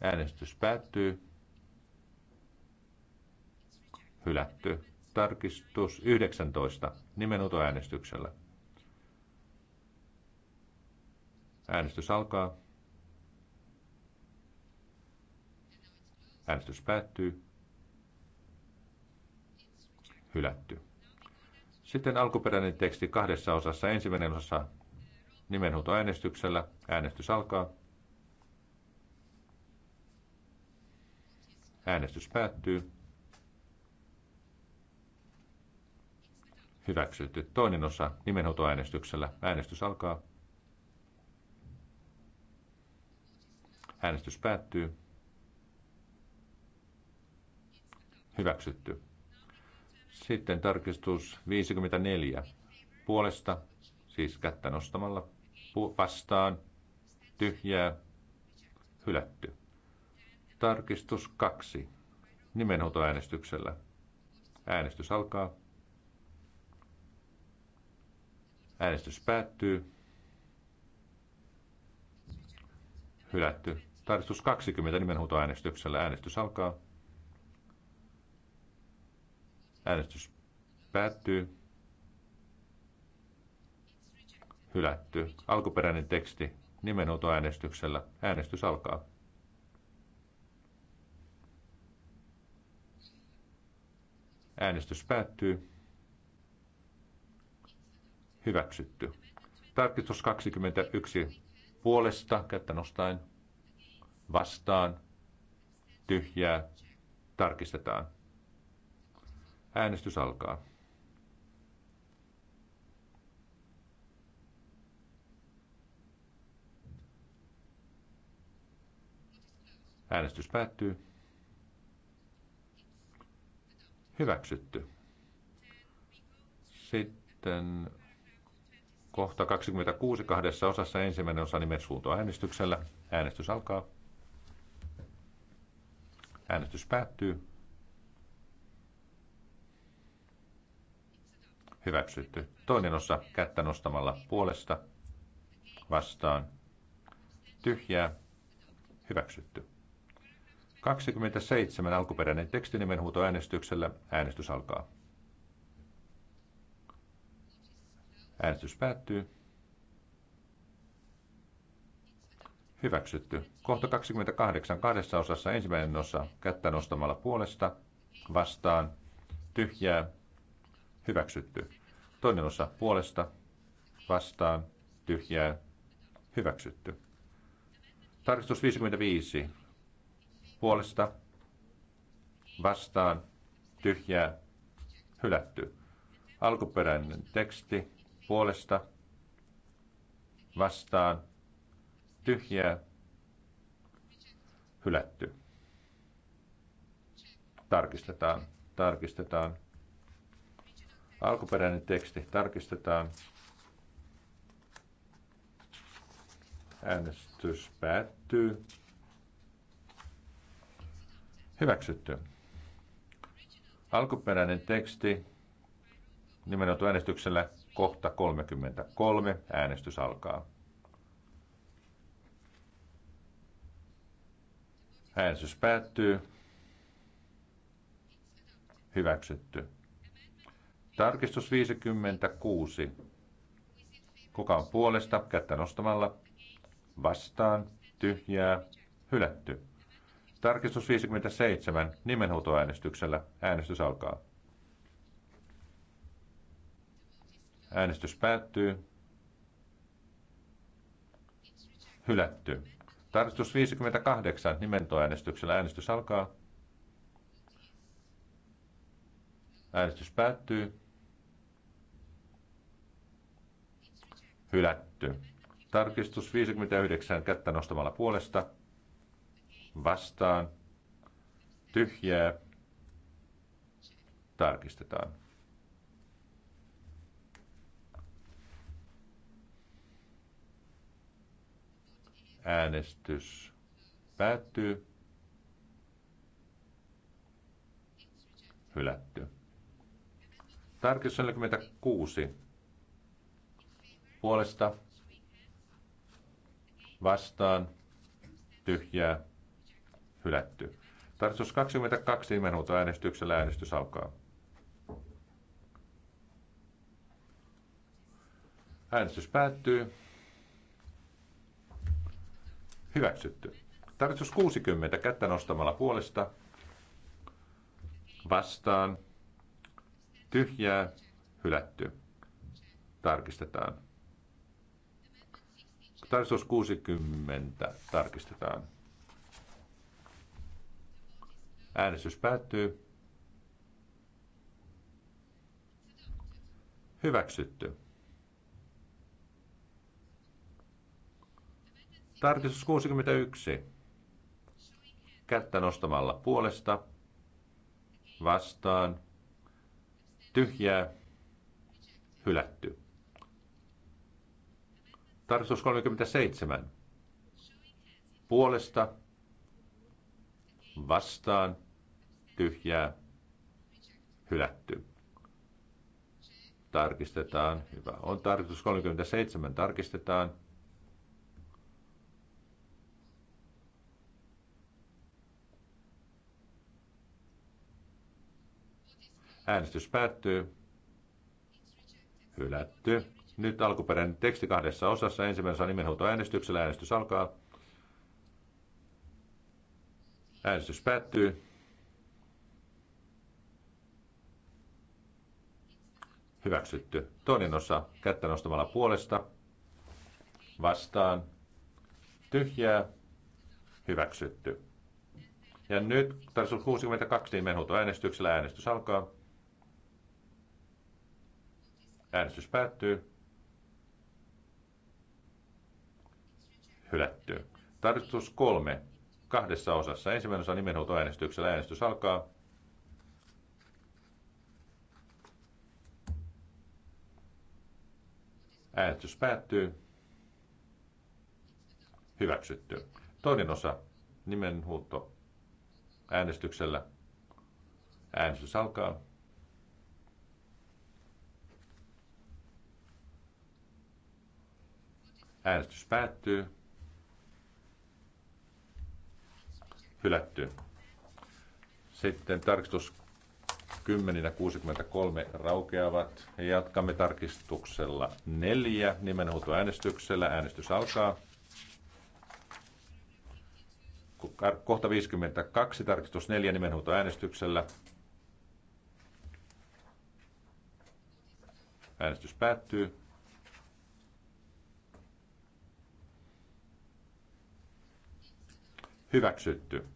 Äänestys päättyy. Hylätty. Tarkistus 19 nimenhuutoäänestyksellä. Äänestys alkaa. Äänestys päättyy. Hylätty. Sitten alkuperäinen teksti kahdessa osassa. Ensimmäinen osa nimenhuutoäänestyksellä. Äänestys alkaa. Äänestys päättyy. Hyväksytty. Toinen osa nimenhuutoäänestyksellä. Äänestys alkaa. Äänestys päättyy. Hyväksytty. Sitten tarkistus 54. Puolesta, siis kättä nostamalla, vastaan, tyhjää, hylätty. Tarkistus 2. Nimenhuutoäänestyksellä. Äänestys alkaa. Äänestys päättyy. Hylätty. Tarkistus 20 nimenhuutoäänestyksellä. Äänestys alkaa. Äänestys päättyy. Hylätty. Alkuperäinen teksti nimenhuutoäänestyksellä. Äänestys alkaa. Äänestys päättyy. Hyväksytty. Tarkistus 21 puolesta, kättä nostain, vastaan, tyhjää, tarkistetaan. Äänestys alkaa. Äänestys päättyy. Hyväksytty. Sitten kohta 26 kahdessa osassa ensimmäinen osa nimet äänestyksellä. Äänestys alkaa. Äänestys päättyy. hyväksytty. Toinen osa kättä nostamalla puolesta vastaan tyhjää hyväksytty. 27 alkuperäinen tekstinimenhuuto äänestyksellä. Äänestys alkaa. Äänestys päättyy. Hyväksytty. Kohta 28 kahdessa osassa ensimmäinen osa kättä nostamalla puolesta vastaan tyhjää hyväksytty. Toinen osa puolesta, vastaan, tyhjää, hyväksytty. Tarkistus 55. Puolesta, vastaan, tyhjää, hylätty. Alkuperäinen teksti puolesta, vastaan, tyhjää, hylätty. Tarkistetaan, tarkistetaan. Alkuperäinen teksti tarkistetaan. Äänestys päättyy. Hyväksytty. Alkuperäinen teksti nimenomaan äänestyksellä kohta 33. Äänestys alkaa. Äänestys päättyy. Hyväksytty. Tarkistus 56. Kuka on puolesta? Kättä nostamalla. Vastaan. Tyhjää. Hylätty. Tarkistus 57. Nimenhuutoäänestyksellä. Äänestys alkaa. Äänestys päättyy. Hylätty. Tarkistus 58. Nimentoäänestyksellä. Äänestys alkaa. Äänestys päättyy. Hylätty. Tarkistus 59 kättä nostamalla puolesta. Vastaan. Tyhjää. Tarkistetaan. Äänestys päättyy. Hylätty. Tarkistus 46. Puolesta vastaan tyhjää hylätty. Tarkistus 22 nimenhuuto äänestyksellä äänestys alkaa. Äänestys päättyy. Hyväksytty. Tarkistus 60 kättä nostamalla puolesta vastaan tyhjää, hylätty. Tarkistetaan. Tarkistus 60 tarkistetaan. Äänestys päättyy. Hyväksytty. Tarkistus 61. Kättä nostamalla puolesta. Vastaan tyhjää, hylätty. Tarkistus 37. Puolesta, vastaan, tyhjää, hylätty. Tarkistetaan. Hyvä. On tarkistus 37. Tarkistetaan. Äänestys päättyy. Hylätty. Nyt alkuperäinen teksti kahdessa osassa. Ensimmäisessä äänestyksellä äänestys alkaa. Äänestys päättyy. Hyväksytty. Toinen osa kättä nostamalla puolesta. Vastaan. Tyhjää. Hyväksytty. Ja nyt tarkoitus 62 äänestyksellä äänestys alkaa. Äänestys päättyy. Hylätty. Tarkistus kolme kahdessa osassa. Ensimmäinen osa nimenhuutoäänestyksellä. Äänestys alkaa. Äänestys päättyy. Hyväksytty. Toinen osa nimenhuuto äänestyksellä. Äänestys alkaa. Äänestys päättyy. Hylätty. Sitten tarkistus 10 ja 63 raukeavat. Jatkamme tarkistuksella 4 äänestyksellä. Äänestys alkaa. Kohta 52, tarkistus 4 äänestyksellä. Äänestys päättyy. Hyväksytty.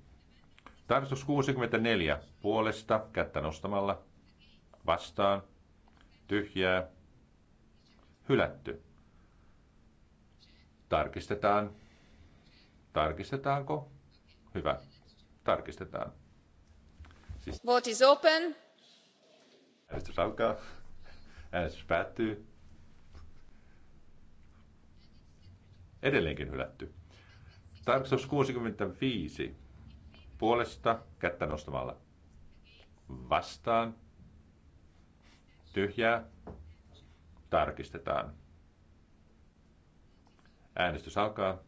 Tarkistus 64. Puolesta, kättä nostamalla. Vastaan. Tyhjää. Hylätty. Tarkistetaan. Tarkistetaanko? Hyvä. Tarkistetaan. Siis... Vote is open. Äänestys alkaa. Äänestys päättyy. Edelleenkin hylätty. Tarkistus 65. Puolesta kättä nostamalla. Vastaan. Tyhjää. Tarkistetaan. Äänestys alkaa.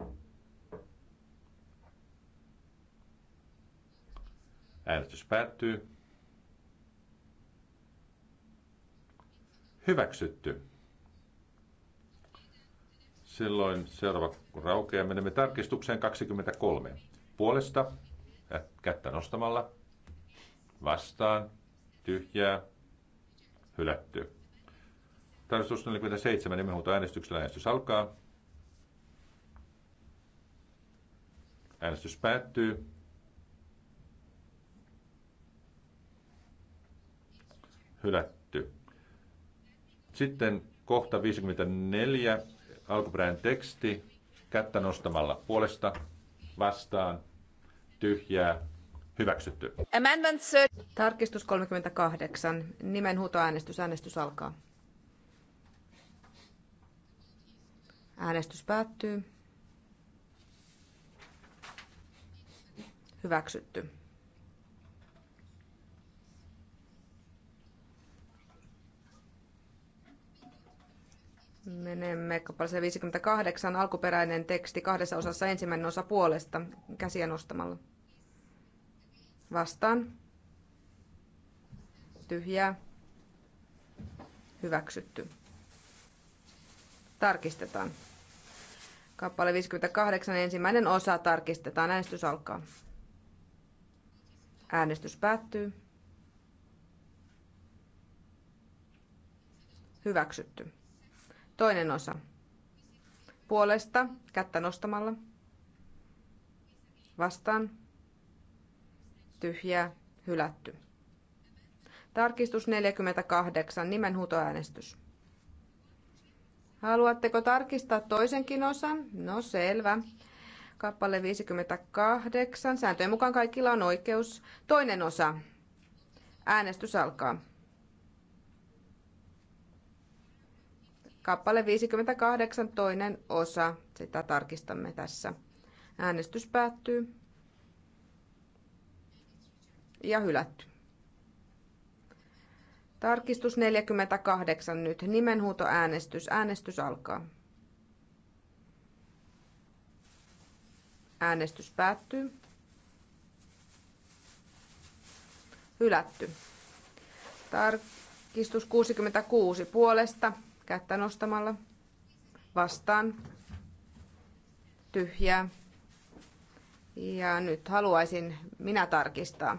Äänestys päättyy. Hyväksytty. Silloin seuraava raukea. Menemme tarkistukseen 23. Puolesta, kättä nostamalla, vastaan, tyhjää, hylätty. Tarkistus 47, nimenhuuto äänestyksellä äänestys alkaa. Äänestys päättyy. Hylätty. Sitten kohta 54 Alkuperäinen teksti kättä nostamalla puolesta vastaan tyhjää hyväksytty. Amendment Tarkistus 38. Nimenhuutoäänestys. Äänestys alkaa. Äänestys päättyy. Hyväksytty. Menemme kappaleeseen 58, alkuperäinen teksti kahdessa osassa ensimmäinen osa puolesta, käsiä nostamalla. Vastaan. Tyhjää. Hyväksytty. Tarkistetaan. Kappale 58, ensimmäinen osa tarkistetaan. Äänestys alkaa. Äänestys päättyy. Hyväksytty. Toinen osa. Puolesta, kättä nostamalla. Vastaan. Tyhjää, hylätty. Tarkistus 48, nimenhuutoäänestys. Haluatteko tarkistaa toisenkin osan? No selvä. Kappale 58. Sääntöjen mukaan kaikilla on oikeus. Toinen osa. Äänestys alkaa. Kappale 58, toinen osa. Sitä tarkistamme tässä. Äänestys päättyy. Ja hylätty. Tarkistus 48 nyt. Nimenhuutoäänestys. Äänestys alkaa. Äänestys päättyy. Hylätty. Tarkistus 66 puolesta kättä nostamalla. Vastaan. Tyhjää. Ja nyt haluaisin minä tarkistaa.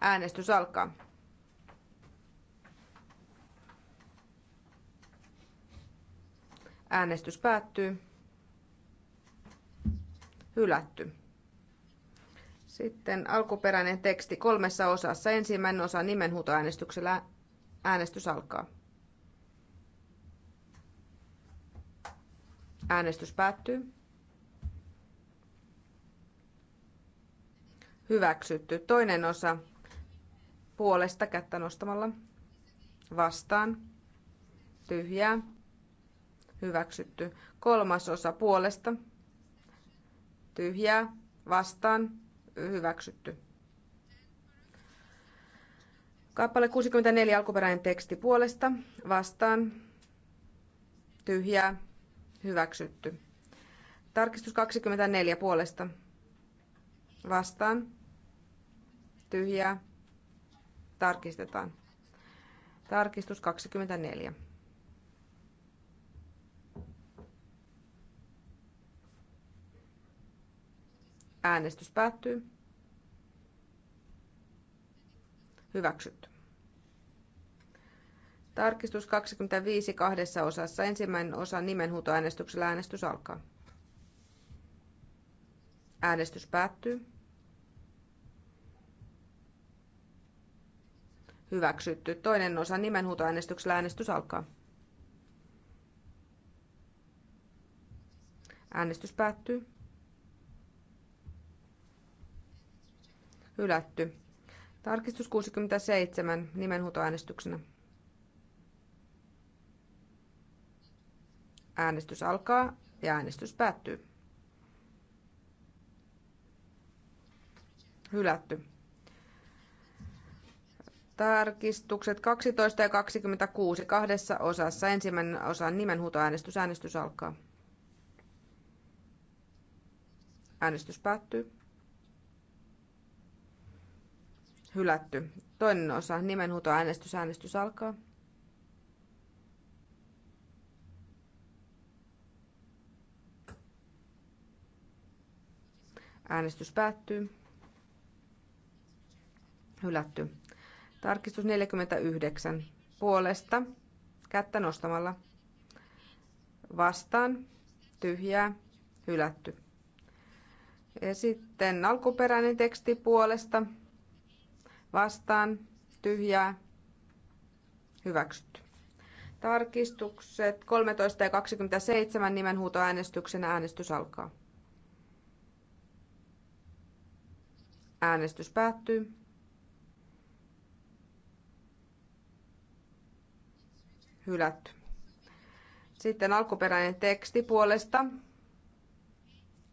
Äänestys alkaa. Äänestys päättyy. Hylätty. Sitten alkuperäinen teksti kolmessa osassa. Ensimmäinen osa nimenhuutoäänestyksellä äänestys alkaa. Äänestys päättyy. Hyväksytty. Toinen osa puolesta kättä nostamalla vastaan. Tyhjää. Hyväksytty. Kolmas osa puolesta. Tyhjää. Vastaan. Hyväksytty. Kappale 64 alkuperäinen teksti puolesta. Vastaan. Tyhjää Hyväksytty. Tarkistus 24 puolesta. Vastaan. Tyhjää. Tarkistetaan. Tarkistus 24. Äänestys päättyy. Hyväksytty. Tarkistus 25 kahdessa osassa. Ensimmäinen osa nimenhuutoäänestyksellä äänestys alkaa. Äänestys päättyy. Hyväksytty. Toinen osa nimenhuutoäänestyksellä äänestys alkaa. Äänestys päättyy. Hylätty. Tarkistus 67 nimenhuutoäänestyksenä. Äänestys alkaa ja äänestys päättyy. Hylätty. Tarkistukset 12 ja 26 kahdessa osassa. Ensimmäinen osa nimenhuutoäänestys. Äänestys alkaa. Äänestys päättyy. Hylätty. Toinen osa nimenhuutoäänestys. Äänestys alkaa. Äänestys päättyy. Hylätty. Tarkistus 49. Puolesta. Kättä nostamalla. Vastaan. Tyhjää. Hylätty. Ja sitten alkuperäinen teksti puolesta. Vastaan. Tyhjää. Hyväksytty. Tarkistukset 13 ja 27 nimenhuutoäänestyksenä äänestys alkaa. Äänestys päättyy. Hylätty. Sitten alkuperäinen teksti puolesta.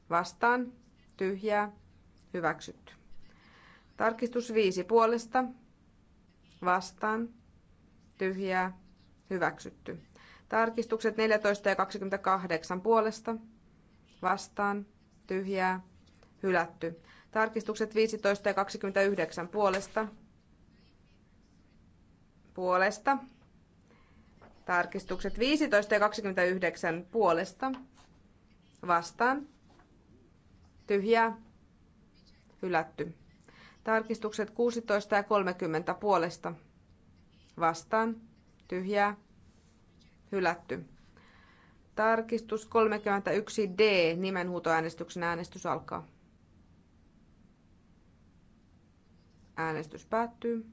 Vastaan. Tyhjää. Hyväksytty. Tarkistus 5 puolesta. Vastaan. Tyhjää. Hyväksytty. Tarkistukset 14 ja 28 puolesta. Vastaan. Tyhjää. Hylätty. Tarkistukset 15 ja 29 puolesta. Puolesta. Tarkistukset 15 ja 29 puolesta. Vastaan. Tyhjää. Hylätty. Tarkistukset 16 ja 30 puolesta. Vastaan. Tyhjää. Hylätty. Tarkistus 31D. Nimenhuutoäänestyksen äänestys alkaa. Äänestys päättyy.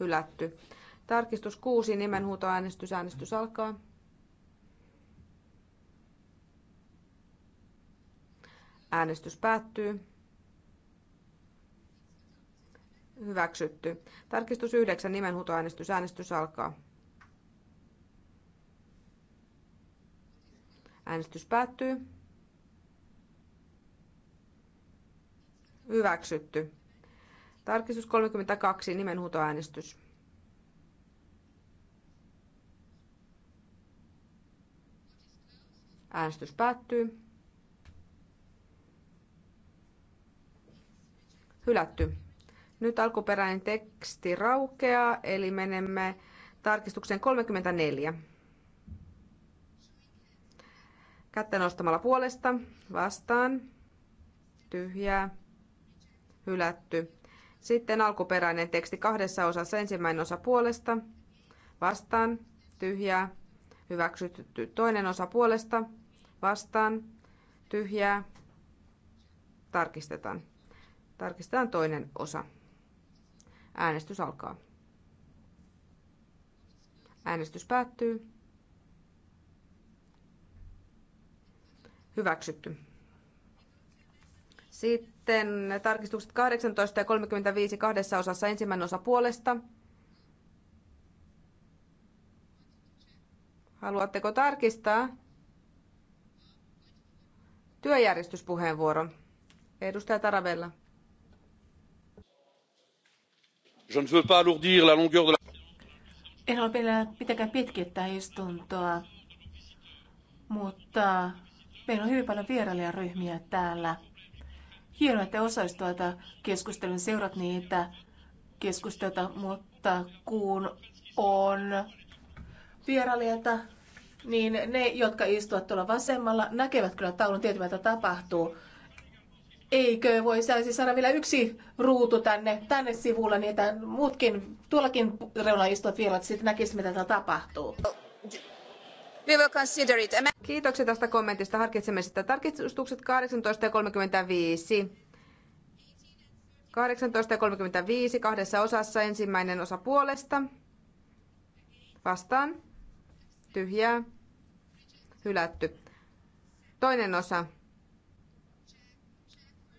Hylätty. Tarkistus 6, nimenhuutoäänestys. Äänestys alkaa. Äänestys päättyy. Hyväksytty. Tarkistus 9, nimenhuutoäänestys. Äänestys alkaa. Äänestys päättyy. Hyväksytty. Tarkistus 32, nimenhuutoäänestys. Äänestys päättyy. Hylätty. Nyt alkuperäinen teksti raukeaa, eli menemme tarkistukseen 34. Kättä nostamalla puolesta, vastaan, tyhjää, hylätty. Sitten alkuperäinen teksti kahdessa osassa ensimmäinen osa puolesta, vastaan, tyhjää, hyväksytty. Toinen osa puolesta, vastaan, tyhjää, tarkistetaan. Tarkistetaan toinen osa. Äänestys alkaa. Äänestys päättyy. Hyväksytty. Sitten sitten tarkistukset 18 ja 35 kahdessa osassa ensimmäinen osa puolesta. Haluatteko tarkistaa? Työjärjestyspuheenvuoro. Edustaja Taravella. Je ne veux pas alourdir la longueur de la... En ole vielä pitäkään pitkittää istuntoa, mutta meillä on hyvin paljon vierailijaryhmiä täällä. Hienoa, että osallistua tuota keskustelun seurat niitä keskustelta, mutta kun on vierailijoita, niin ne, jotka istuvat tuolla vasemmalla, näkevät kyllä taulun tietyllä, mitä tapahtuu. Eikö voisi saada vielä yksi ruutu tänne, tänne sivulla, niin että muutkin, tuollakin reunalla istuvat vielä, että sitten näkisivät, mitä täällä tapahtuu. We will consider it. Kiitoksia tästä kommentista. Harkitsemme sitä. Tarkistukset 18 ja 35. 18 ja 35 kahdessa osassa. Ensimmäinen osa puolesta. Vastaan. Tyhjää. Hylätty. Toinen osa.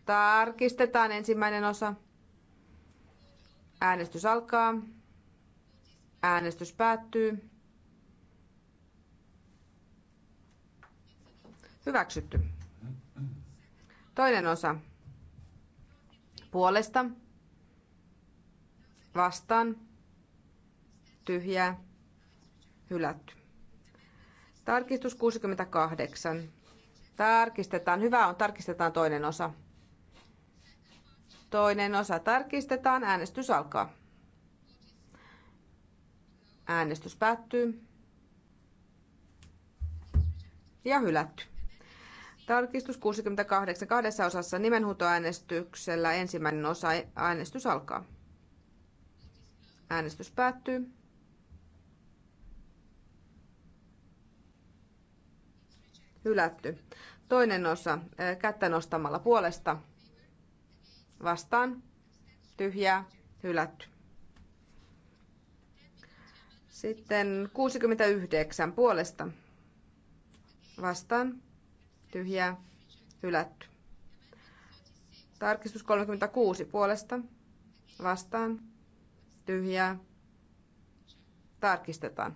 Tarkistetaan ensimmäinen osa. Äänestys alkaa. Äänestys päättyy. Hyväksytty. Toinen osa. Puolesta. Vastaan. Tyhjää. Hylätty. Tarkistus 68. Tarkistetaan. Hyvä on, tarkistetaan toinen osa. Toinen osa tarkistetaan. Äänestys alkaa. Äänestys päättyy. Ja hylätty. Tarkistus 68 kahdessa osassa nimenhuutoäänestyksellä. Ensimmäinen osa äänestys alkaa. Äänestys päättyy. Hylätty. Toinen osa eh, kättä nostamalla puolesta. Vastaan. Tyhjää. Hylätty. Sitten 69 puolesta. Vastaan tyhjää, hylätty. Tarkistus 36 puolesta, vastaan, tyhjää, tarkistetaan.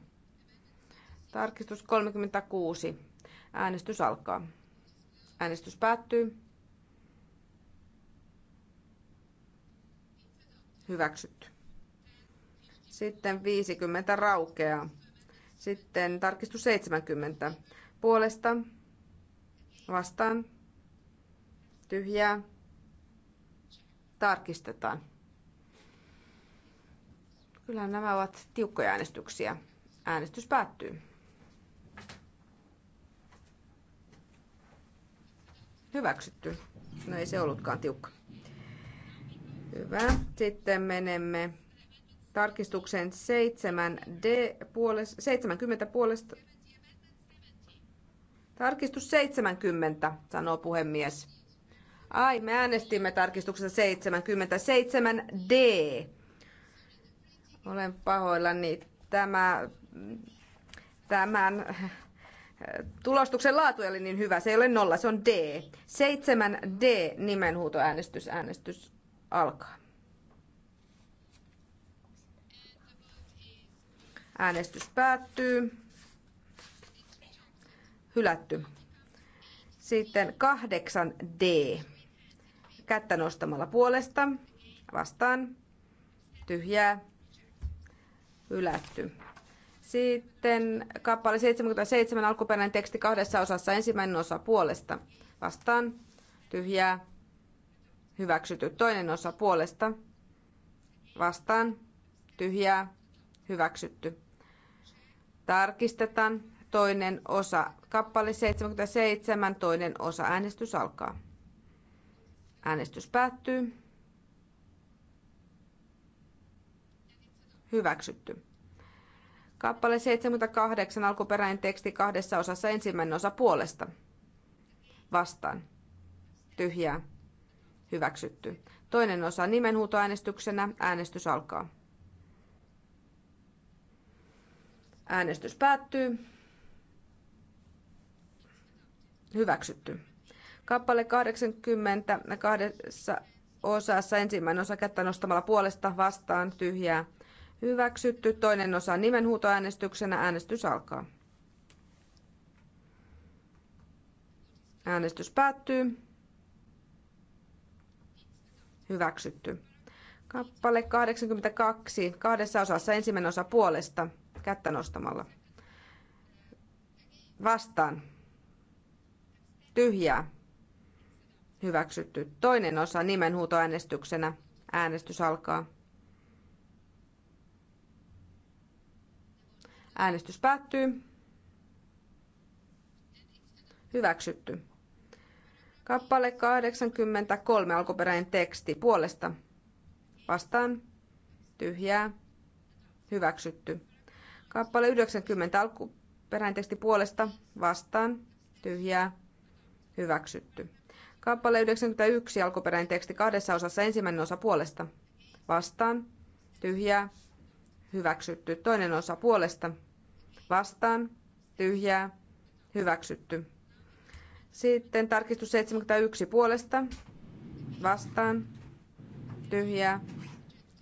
Tarkistus 36, äänestys alkaa. Äänestys päättyy. Hyväksytty. Sitten 50 raukeaa. Sitten tarkistus 70 puolesta vastaan, tyhjää, tarkistetaan. Kyllä nämä ovat tiukkoja äänestyksiä. Äänestys päättyy. Hyväksytty. No ei se ollutkaan tiukka. Hyvä. Sitten menemme tarkistuksen 7D puolesta, 70 puolesta Tarkistus 70, sanoo puhemies. Ai, me äänestimme tarkistuksesta 77 D. Olen pahoillani. Tämä, tämän äh, tulostuksen laatu oli niin hyvä. Se ei ole nolla, se on D. 7 D nimenhuutoäänestys. Äänestys alkaa. Äänestys päättyy hylätty. Sitten 8D. Kättä nostamalla puolesta. Vastaan. Tyhjää. Hylätty. Sitten kappale 77, alkuperäinen teksti kahdessa osassa, ensimmäinen osa puolesta. Vastaan. Tyhjää. Hyväksytty. Toinen osa puolesta. Vastaan. Tyhjää. Hyväksytty. Tarkistetaan toinen osa. Kappale 77, toinen osa. Äänestys alkaa. Äänestys päättyy. Hyväksytty. Kappale 78, alkuperäinen teksti kahdessa osassa, ensimmäinen osa puolesta. Vastaan. Tyhjää. Hyväksytty. Toinen osa nimenhuutoäänestyksenä. Äänestys alkaa. Äänestys päättyy. Hyväksytty. Kappale 80 kahdessa osassa ensimmäinen osa kättä nostamalla puolesta vastaan tyhjää. Hyväksytty. Toinen osa nimenhuutoäänestyksenä. Äänestys alkaa. Äänestys päättyy. Hyväksytty. Kappale 82. Kahdessa osassa ensimmäinen osa puolesta. Kättä nostamalla. Vastaan tyhjää. Hyväksytty. Toinen osa nimenhuutoäänestyksenä. Äänestys alkaa. Äänestys päättyy. Hyväksytty. Kappale 83 alkuperäinen teksti puolesta. Vastaan. Tyhjää. Hyväksytty. Kappale 90 alkuperäinen teksti puolesta. Vastaan. Tyhjää Hyväksytty. Kappale 91, alkuperäinen teksti kahdessa osassa, ensimmäinen osa puolesta. Vastaan. Tyhjää. Hyväksytty. Toinen osa puolesta. Vastaan. Tyhjää. Hyväksytty. Sitten tarkistus 71 puolesta. Vastaan. Tyhjää.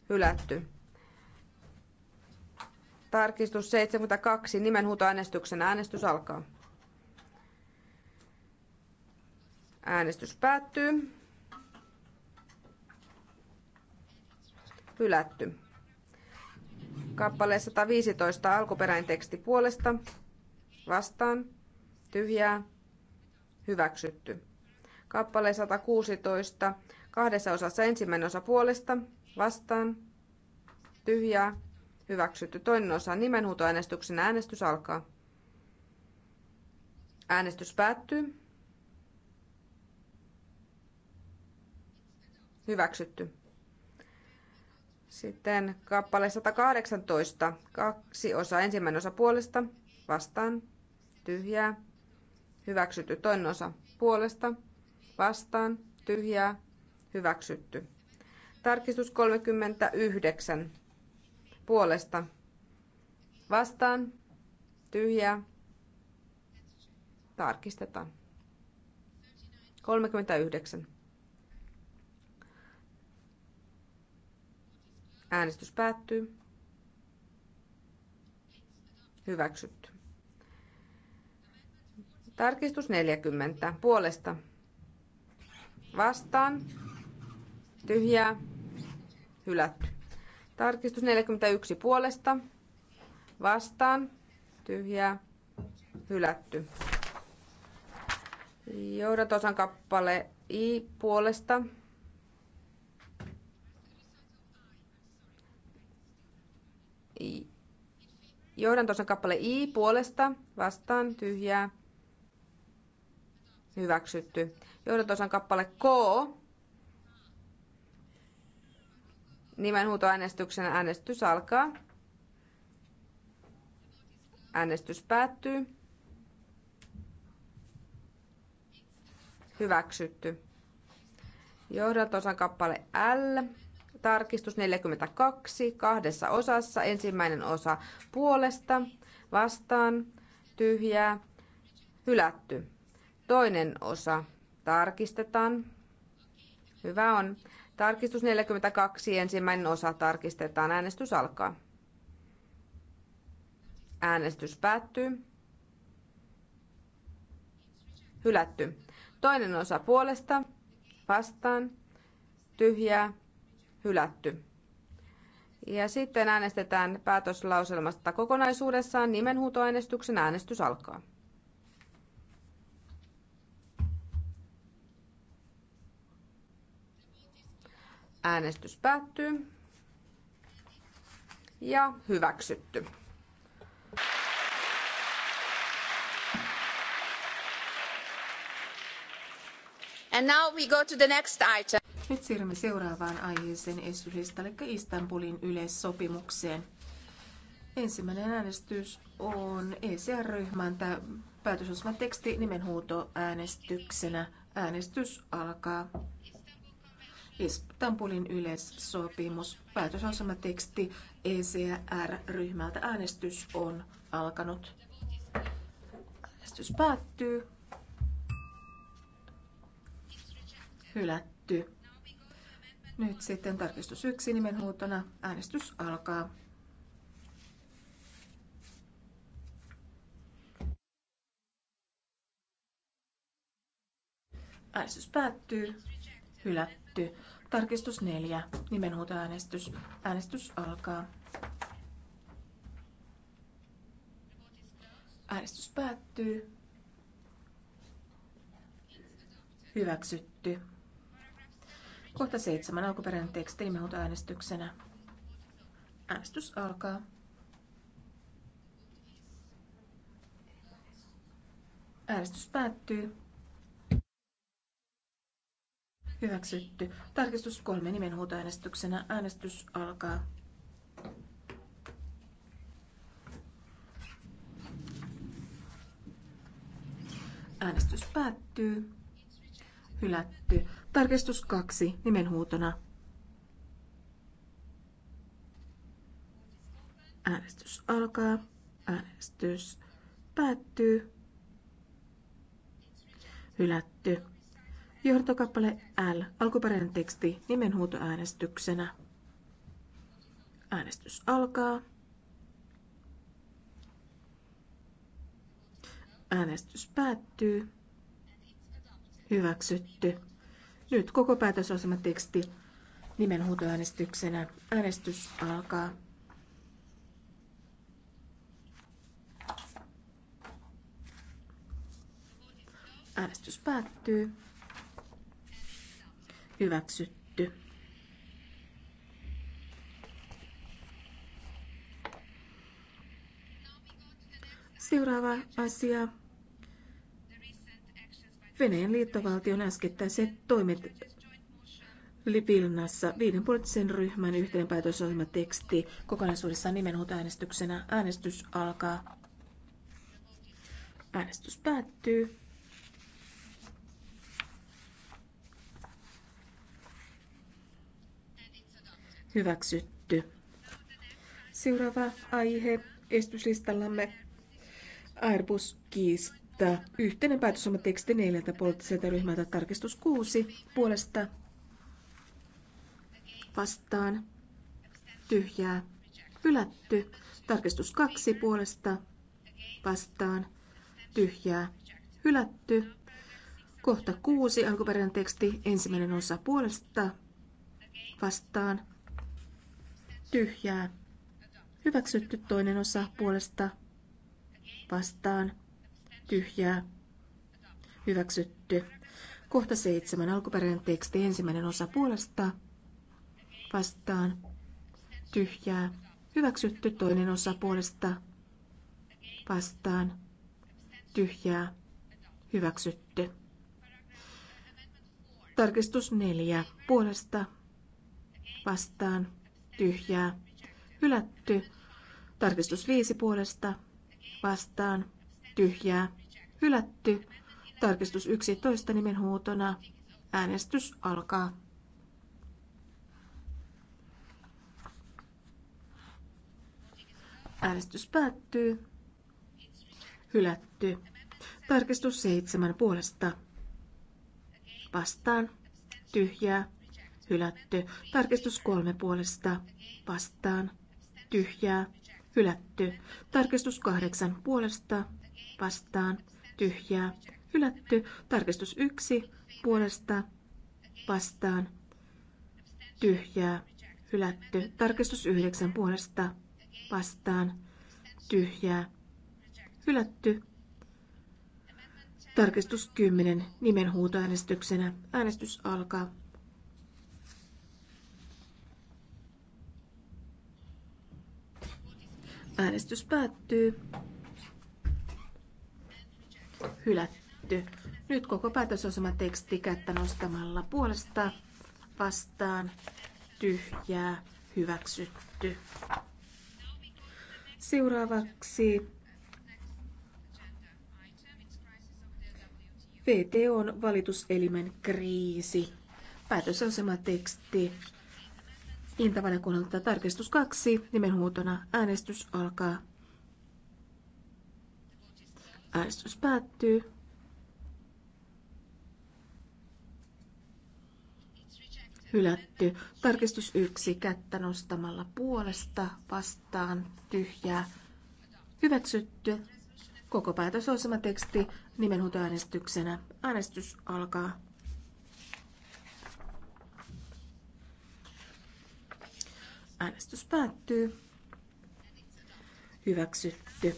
Hylätty. Tarkistus 72. Nimenhuutoäänestyksen äänestys alkaa. Äänestys päättyy. Hylätty. Kappale 115 alkuperäinen teksti puolesta. Vastaan. Tyhjää. Hyväksytty. Kappale 116 kahdessa osassa ensimmäinen osa puolesta. Vastaan. Tyhjää. Hyväksytty. Toinen osa nimenhuutoäänestyksen äänestys alkaa. Äänestys päättyy. Hyväksytty. Sitten kappale 118, kaksi osa, Ensimmäinen osa puolesta, vastaan, tyhjää, hyväksytty. Toinen osa puolesta, vastaan, tyhjää, hyväksytty. Tarkistus 39, puolesta, vastaan, tyhjää, tarkistetaan. 39. Äänestys päättyy. Hyväksytty. Tarkistus 40. Puolesta. Vastaan. Tyhjää. Hylätty. Tarkistus 41. Puolesta. Vastaan. Tyhjää. Hylätty. Johdatosan kappale I puolesta tuossa kappale I puolesta vastaan tyhjää hyväksytty. tuossa kappale K nimenhuutoäänestyksen äänestys alkaa. Äänestys päättyy. Hyväksytty. Johdantosan kappale L Tarkistus 42 kahdessa osassa. Ensimmäinen osa puolesta, vastaan, tyhjää, hylätty. Toinen osa tarkistetaan. Hyvä on. Tarkistus 42, ensimmäinen osa tarkistetaan. Äänestys alkaa. Äänestys päättyy. Hylätty. Toinen osa puolesta, vastaan, tyhjää, hylätty. Ja sitten äänestetään päätöslauselmasta kokonaisuudessaan nimenhuutoäänestyksen äänestys alkaa. Äänestys päättyy. Ja hyväksytty. And now we go to the next item. Nyt siirrymme seuraavaan aiheeseen esityslistalle, eli Istanbulin yleissopimukseen. Ensimmäinen äänestys on ECR-ryhmän päätösosman teksti nimenhuuto äänestyksenä. Äänestys alkaa. Istanbulin yleissopimus. Päätösosama teksti ECR-ryhmältä. Äänestys on alkanut. Äänestys päättyy. Hylätty. Nyt sitten tarkistus 1 nimenhuutona. Äänestys alkaa. Äänestys päättyy. Hylätty. Tarkistus 4. Nimenhuutoäänestys. Äänestys alkaa. Äänestys päättyy. Hyväksytty. Kohta seitsemän alkuperäinen teksti äänestyksenä. Äänestys alkaa. Äänestys päättyy. Hyväksytty. Tarkistus kolme nimenhuutoäänestyksenä. Äänestys alkaa. Äänestys päättyy. Hylätty. Tarkistus 2 nimenhuutona. Äänestys alkaa. Äänestys päättyy. Hylätty. Johtokappale L, alkuperäinen teksti nimenhuutoäänestyksenä. Äänestys alkaa. Äänestys päättyy. Hyväksytty. Nyt koko päätösasemateksti nimenhuutoäänestyksenä. Äänestys alkaa. Äänestys päättyy. Hyväksytty. Seuraava asia Venäjän liittovaltion äskettäiset toimet Vilnassa viiden poliittisen ryhmän yhteinen kokonaisuudessaan nimenhuuta äänestyksenä. Äänestys alkaa. Äänestys päättyy. Hyväksytty. Seuraava aihe esityslistallamme Airbus kiista että yhteinen päätösoma teksti neljältä poliittiselta ryhmältä tarkistus kuusi puolesta vastaan tyhjää hylätty. Tarkistus kaksi puolesta vastaan tyhjää hylätty. Kohta kuusi alkuperäinen teksti ensimmäinen osa puolesta vastaan tyhjää hyväksytty toinen osa puolesta vastaan tyhjää, hyväksytty. Kohta seitsemän, alkuperäinen teksti, ensimmäinen osa puolesta, vastaan, tyhjää, hyväksytty, toinen osa puolesta, vastaan, tyhjää, hyväksytty. Tarkistus neljä, puolesta, vastaan, tyhjää, hylätty. Tarkistus viisi puolesta, vastaan, tyhjää, hylätty. Tarkistus 11 nimen huutona. Äänestys alkaa. Äänestys päättyy. Hylätty. Tarkistus 7 puolesta. Vastaan. Tyhjää. Hylätty. Tarkistus 3 puolesta. Vastaan. Tyhjää. Hylätty. Tarkistus 8 puolesta vastaan, tyhjää, hylätty. Tarkistus 1 puolesta vastaan, tyhjää, hylätty. Tarkistus 9 puolesta vastaan, tyhjää, hylätty. Tarkistus 10 nimenhuutoäänestyksenä. Äänestys alkaa. Äänestys päättyy hylätty. Nyt koko päätösosaman teksti kättä nostamalla puolesta vastaan tyhjää hyväksytty. Seuraavaksi on valituselimen kriisi. Päätösasemateksti. Intavaliokunnalta tarkistus 2. Nimenhuutona äänestys alkaa. Äänestys päättyy. Hylätty. Tarkistus yksi kättä nostamalla puolesta vastaan tyhjää. Hyväksytty. Koko päätösosama teksti nimenhuutoäänestyksenä. Äänestys alkaa. Äänestys päättyy. Hyväksytty.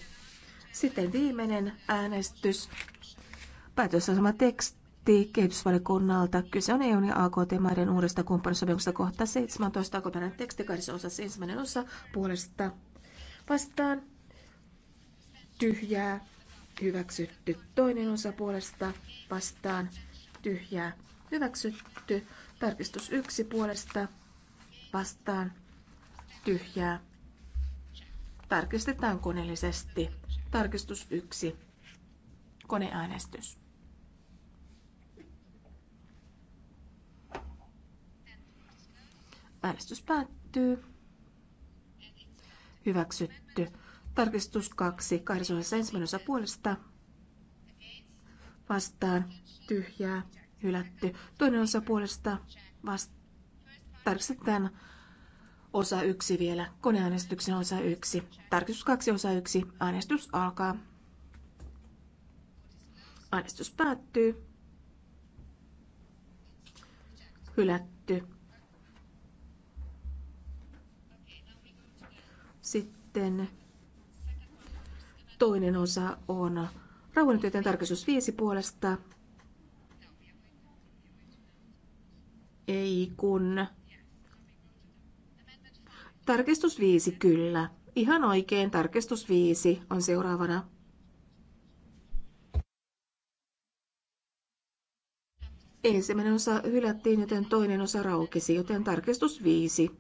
Sitten viimeinen äänestys. Päätösasema teksti kehitysvalikunnalta. Kyse on EUn ja AKT-maiden uudesta kumppanisopimuksesta kohta 17. Alkuperäinen teksti kahdessa osassa ensimmäinen osa puolesta vastaan. Tyhjää hyväksytty. Toinen osa puolesta vastaan. Tyhjää hyväksytty. Tarkistus yksi puolesta vastaan. Tyhjää. Tarkistetaan koneellisesti. Tarkistus 1. Koneäänestys. Äänestys päättyy. Hyväksytty. Tarkistus 2. Kahdessa osa puolesta. Vastaan. Tyhjää. Hylätty. Toinen osa puolesta. Vastaan. Tarkistetaan osa yksi vielä, koneäänestyksen osa yksi. Tarkistus kaksi osa yksi, äänestys alkaa. Äänestys päättyy. Hylätty. Sitten toinen osa on rauhanityöten tarkistus viisi puolesta. Ei kun Tarkistus 5 kyllä. Ihan oikein, tarkistus 5 on seuraavana. Ensimmäinen osa hylättiin, joten toinen osa raukesi, joten tarkistus 5.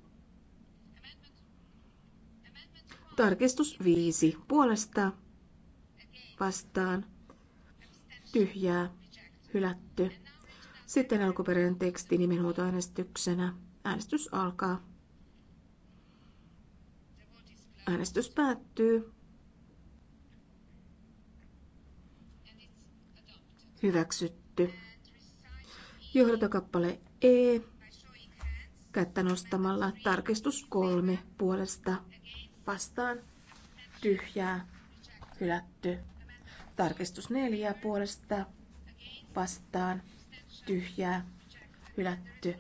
Tarkistus 5. Puolesta vastaan tyhjää hylätty. Sitten alkuperäinen teksti nimenhuutoäänestyksenä. Äänestys alkaa. Äänestys päättyy. Hyväksytty. Johdotokappale E. Kättä nostamalla tarkistus kolme puolesta vastaan tyhjää hylätty. Tarkistus neljä puolesta vastaan tyhjää hylätty.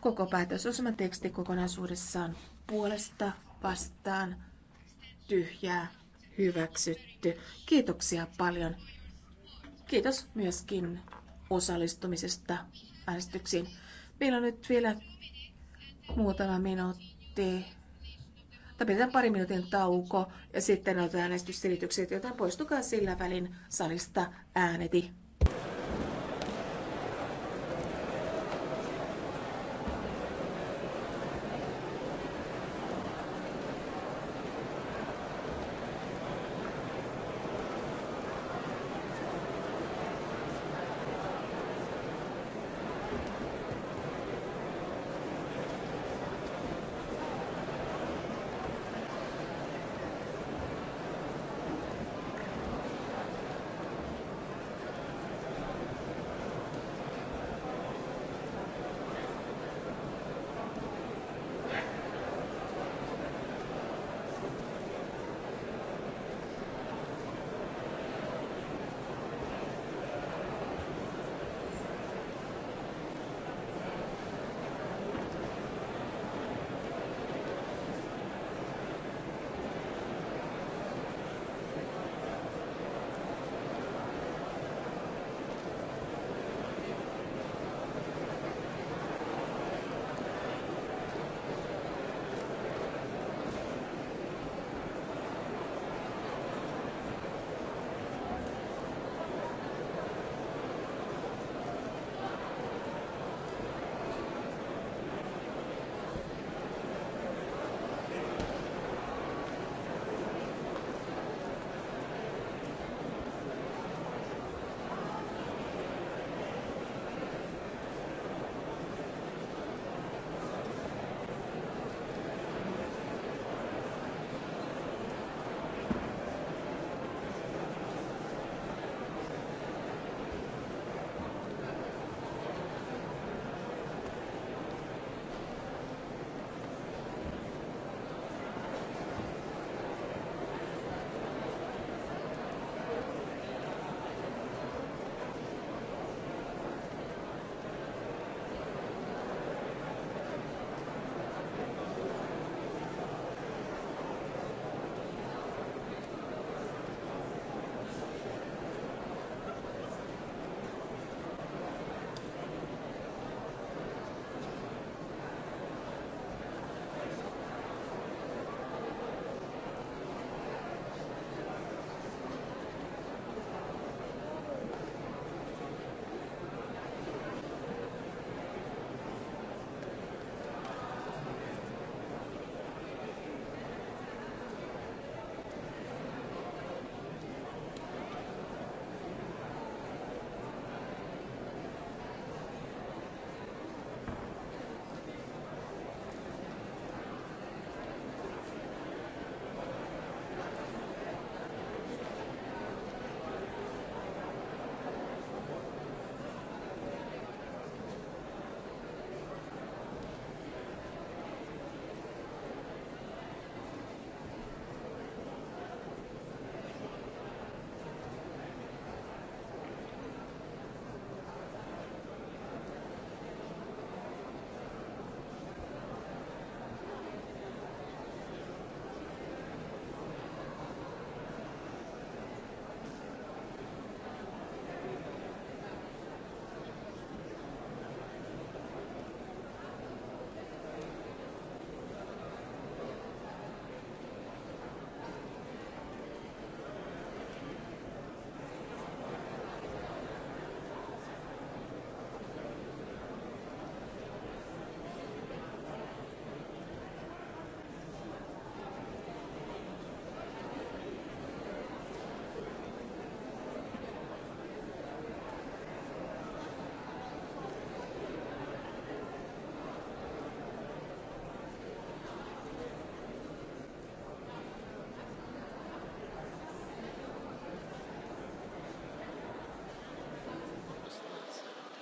Koko päätösosama teksti kokonaisuudessaan puolesta vastaan tyhjää hyväksytty. Kiitoksia paljon. Kiitos myöskin osallistumisesta äänestyksiin. Meillä on nyt vielä muutama minuutti. Tai pidetään pari minuutin tauko ja sitten otetaan äänestysselitykset, joten poistukaa sillä välin salista ääneti.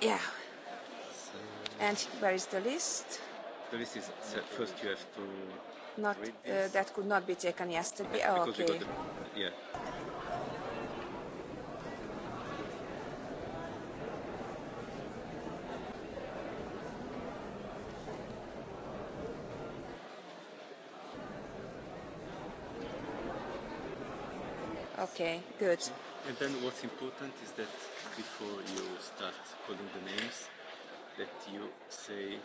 Yeah. And where is the list? The list is first you have to. Not Uh, that could not be taken yesterday. Yeah, oh, okay. the, yeah. Okay, good. And then what's important is that before you start calling the names that you say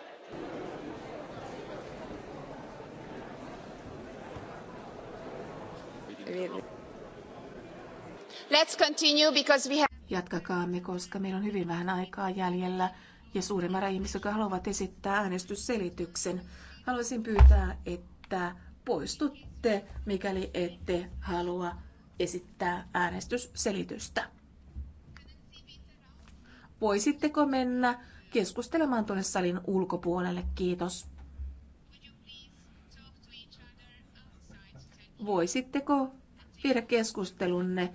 Let's continue because we have... Jatkakaamme, koska meillä on hyvin vähän aikaa jäljellä ja suuri määrä ihmisiä, jotka haluavat esittää äänestysselityksen. Haluaisin pyytää, että poistutte, mikäli ette halua esittää äänestysselitystä voisitteko mennä keskustelemaan tuonne salin ulkopuolelle? Kiitos. Voisitteko viedä keskustelunne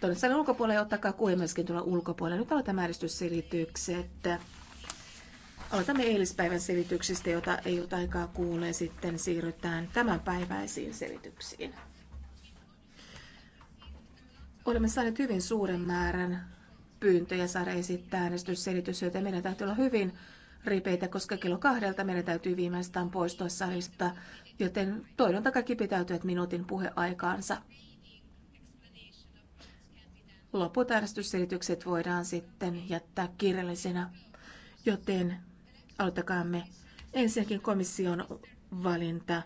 tuonne salin ulkopuolelle ja ottakaa kuin myöskin tuolla ulkopuolella? Nyt aloitamme äänestysselitykset. Aloitamme eilispäivän selityksistä, jota ei ole aikaa kuulla, ja sitten siirrytään tämänpäiväisiin selityksiin. Olemme saaneet hyvin suuren määrän pyyntöjä saada esittää äänestysselitys, joten meidän täytyy olla hyvin ripeitä, koska kello kahdelta meidän täytyy viimeistään poistua salista, joten toivon kaikki pitäytyä minuutin puheaikaansa. Loput äänestysselitykset voidaan sitten jättää kirjallisena, joten aloittakaamme ensinnäkin komission valinta.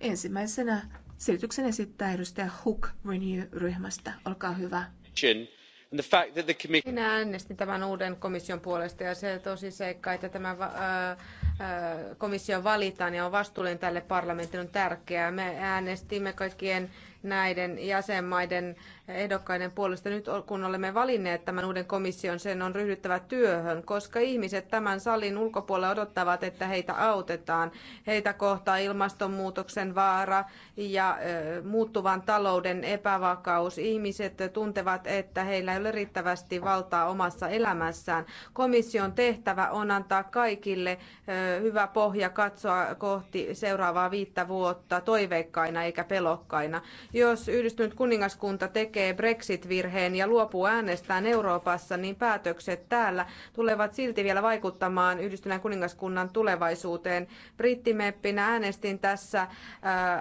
Ensimmäisenä selityksen esittää edustaja Hook Renew-ryhmästä. Olkaa hyvä. Minä äänestin tämän uuden komission puolesta ja se tosiseikka seikka, että tämä komissio valitaan ja on vastuullinen tälle parlamentille on tärkeää. Me äänestimme kaikkien näiden jäsenvaltioiden ehdokkaiden puolesta. Nyt kun olemme valinneet tämän uuden komission, sen on ryhdyttävä työhön, koska ihmiset tämän salin ulkopuolella odottavat, että heitä autetaan. Heitä kohtaa ilmastonmuutoksen vaara ja muuttuvan talouden epävakaus. Ihmiset tuntevat, että heillä ei ole riittävästi valtaa omassa elämässään. Komission tehtävä on antaa kaikille hyvä pohja katsoa kohti seuraavaa viittä vuotta toiveikkaina eikä pelokkaina. Jos yhdistynyt kuningaskunta tekee tekee Brexit-virheen ja luopuu äänestään Euroopassa, niin päätökset täällä tulevat silti vielä vaikuttamaan yhdistyneen kuningaskunnan tulevaisuuteen. Brittimeppinä äänestin tässä äh,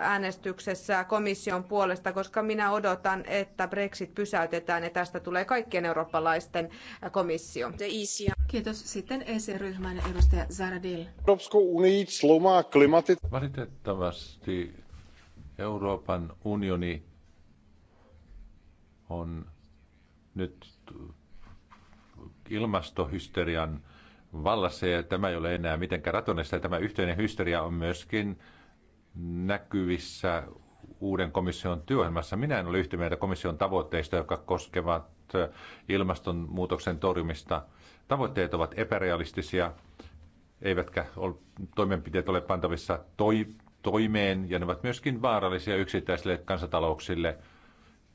äänestyksessä komission puolesta, koska minä odotan, että Brexit pysäytetään ja tästä tulee kaikkien eurooppalaisten äh, komissio. Kiitos. Sitten EC-ryhmän edustaja Zaradil. Valitettavasti Euroopan unioni on nyt ilmastohysterian vallassa ja tämä ei ole enää mitenkään ratonessa. Tämä yhteinen hysteria on myöskin näkyvissä uuden komission työohjelmassa. Minä en ole yhtä mieltä komission tavoitteista, jotka koskevat ilmastonmuutoksen torjumista. Tavoitteet ovat epärealistisia, eivätkä ole, toimenpiteet ole pantavissa toi, toimeen, ja ne ovat myöskin vaarallisia yksittäisille kansatalouksille.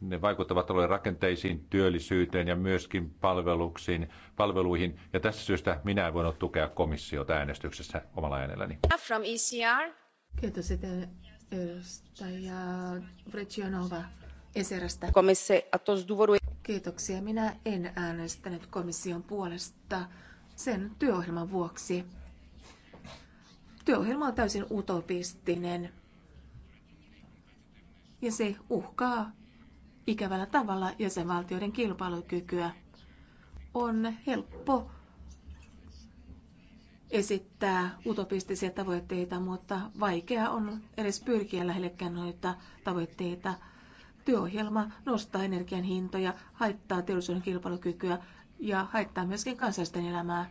Ne vaikuttavat talouden rakenteisiin, työllisyyteen ja myöskin palveluksiin, palveluihin. Ja tässä syystä minä en voinut tukea komissiota äänestyksessä omalla äänelläni. From ECR. Kiitos sitten edustaja Vrecionova Eserästä. Kiitoksia. Minä en äänestänyt komission puolesta sen työohjelman vuoksi. Työohjelma on täysin utopistinen ja se uhkaa ikävällä tavalla jäsenvaltioiden kilpailukykyä. On helppo esittää utopistisia tavoitteita, mutta vaikea on edes pyrkiä lähellekään noita tavoitteita. Työohjelma nostaa energian hintoja, haittaa teollisuuden kilpailukykyä ja haittaa myöskin kansalaisten elämää.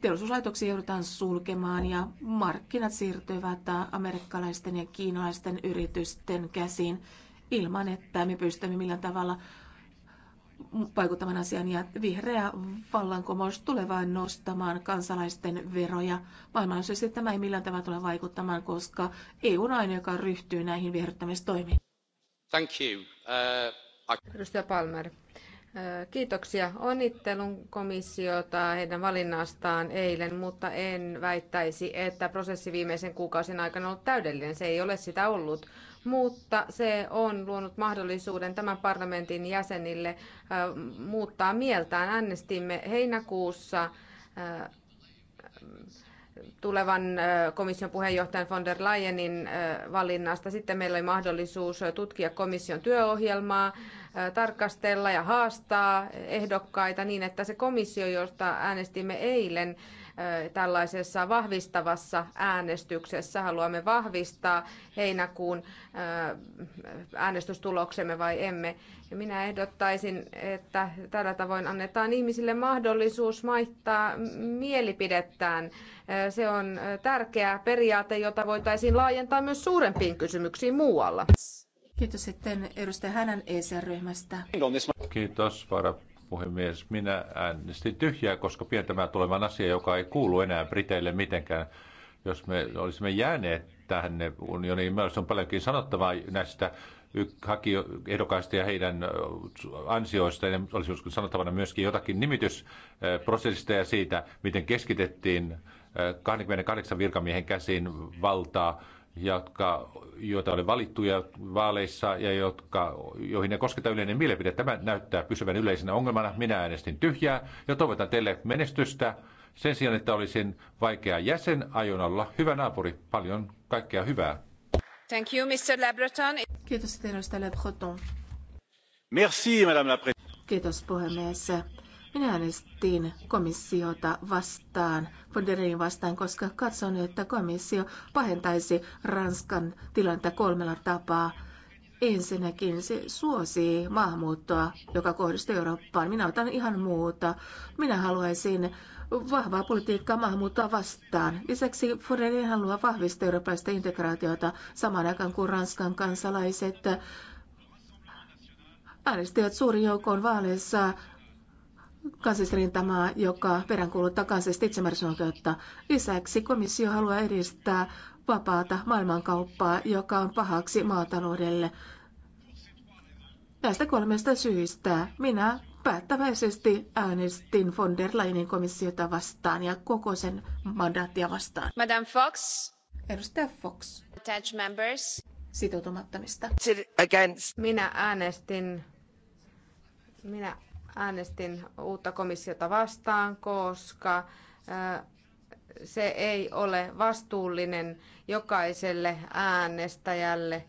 Teollisuuslaitoksia joudutaan sulkemaan ja markkinat siirtyvät amerikkalaisten ja kiinalaisten yritysten käsiin ilman, että me pystymme millään tavalla vaikuttamaan asiaan. Ja vihreä vallankumous tulee vain nostamaan kansalaisten veroja. että tämä ei millään tavalla tule vaikuttamaan, koska EU on aina, joka ryhtyy näihin viherryttämistoimiin. Thank you. Uh, I... Edustaja Palmer. Uh, kiitoksia onnittelun komissiota heidän valinnastaan eilen, mutta en väittäisi, että prosessi viimeisen kuukausien aikana on ollut täydellinen. Se ei ole sitä ollut mutta se on luonut mahdollisuuden tämän parlamentin jäsenille äh, muuttaa mieltään. Äänestimme heinäkuussa äh, tulevan äh, komission puheenjohtajan von der Leyenin valinnasta. Sitten meillä oli mahdollisuus tutkia komission työohjelmaa, tarkastella ja haastaa ehdokkaita niin, että se komissio, josta äänestimme eilen, tällaisessa vahvistavassa äänestyksessä. Haluamme vahvistaa heinäkuun äänestystuloksemme vai emme. Ja minä ehdottaisin, että tällä tavoin annetaan ihmisille mahdollisuus maittaa mielipidettään. Se on tärkeä periaate, jota voitaisiin laajentaa myös suurempiin kysymyksiin muualla. Kiitos sitten edustaja Hänän ESR-ryhmästä. Kiitos, vara puhemies. Minä äänestin tyhjää, koska pientämään tulevan asia, joka ei kuulu enää Briteille mitenkään. Jos me olisimme jääneet tähän unioniin, meillä on paljonkin sanottavaa näistä hakijoista ja heidän ansioistaan. Ja olisi sanottavana myöskin jotakin nimitysprosessista ja siitä, miten keskitettiin 28 virkamiehen käsiin valtaa jotka, joita oli valittuja vaaleissa ja jotka, joihin ne kosketa yleinen mielipide. Tämä näyttää pysyvän yleisenä ongelmana. Minä äänestin tyhjää ja toivotan teille menestystä. Sen sijaan, että olisin vaikea jäsen, aion olla hyvä naapuri. Paljon kaikkea hyvää. Thank you, Mr. Le Kiitos, Mr. Le Merci, madame la Kiitos, puhemies. Minä äänestin komissiota vastaan, Fonderin vastaan, koska katson, että komissio pahentaisi Ranskan tilannetta kolmella tapaa. Ensinnäkin se suosii maahanmuuttoa, joka kohdistuu Eurooppaan. Minä otan ihan muuta. Minä haluaisin vahvaa politiikkaa maahanmuuttoa vastaan. Lisäksi Fonderin haluaa vahvistaa eurooppalaista integraatiota samaan aikaan kuin Ranskan kansalaiset äänestivät suurin joukoon vaaleissa kansallisrintamaa, joka peräänkuuluttaa kansallista itsemääräisyysoikeutta. Lisäksi komissio haluaa edistää vapaata maailmankauppaa, joka on pahaksi maataloudelle. Näistä kolmesta syystä minä päättäväisesti äänestin von der Leyenin komissiota vastaan ja koko sen mandaattia vastaan. Madame Fox. Edustaja Fox. Attached members. Sitoutumattomista. Against. Minä äänestin minä äänestin uutta komissiota vastaan, koska se ei ole vastuullinen jokaiselle äänestäjälle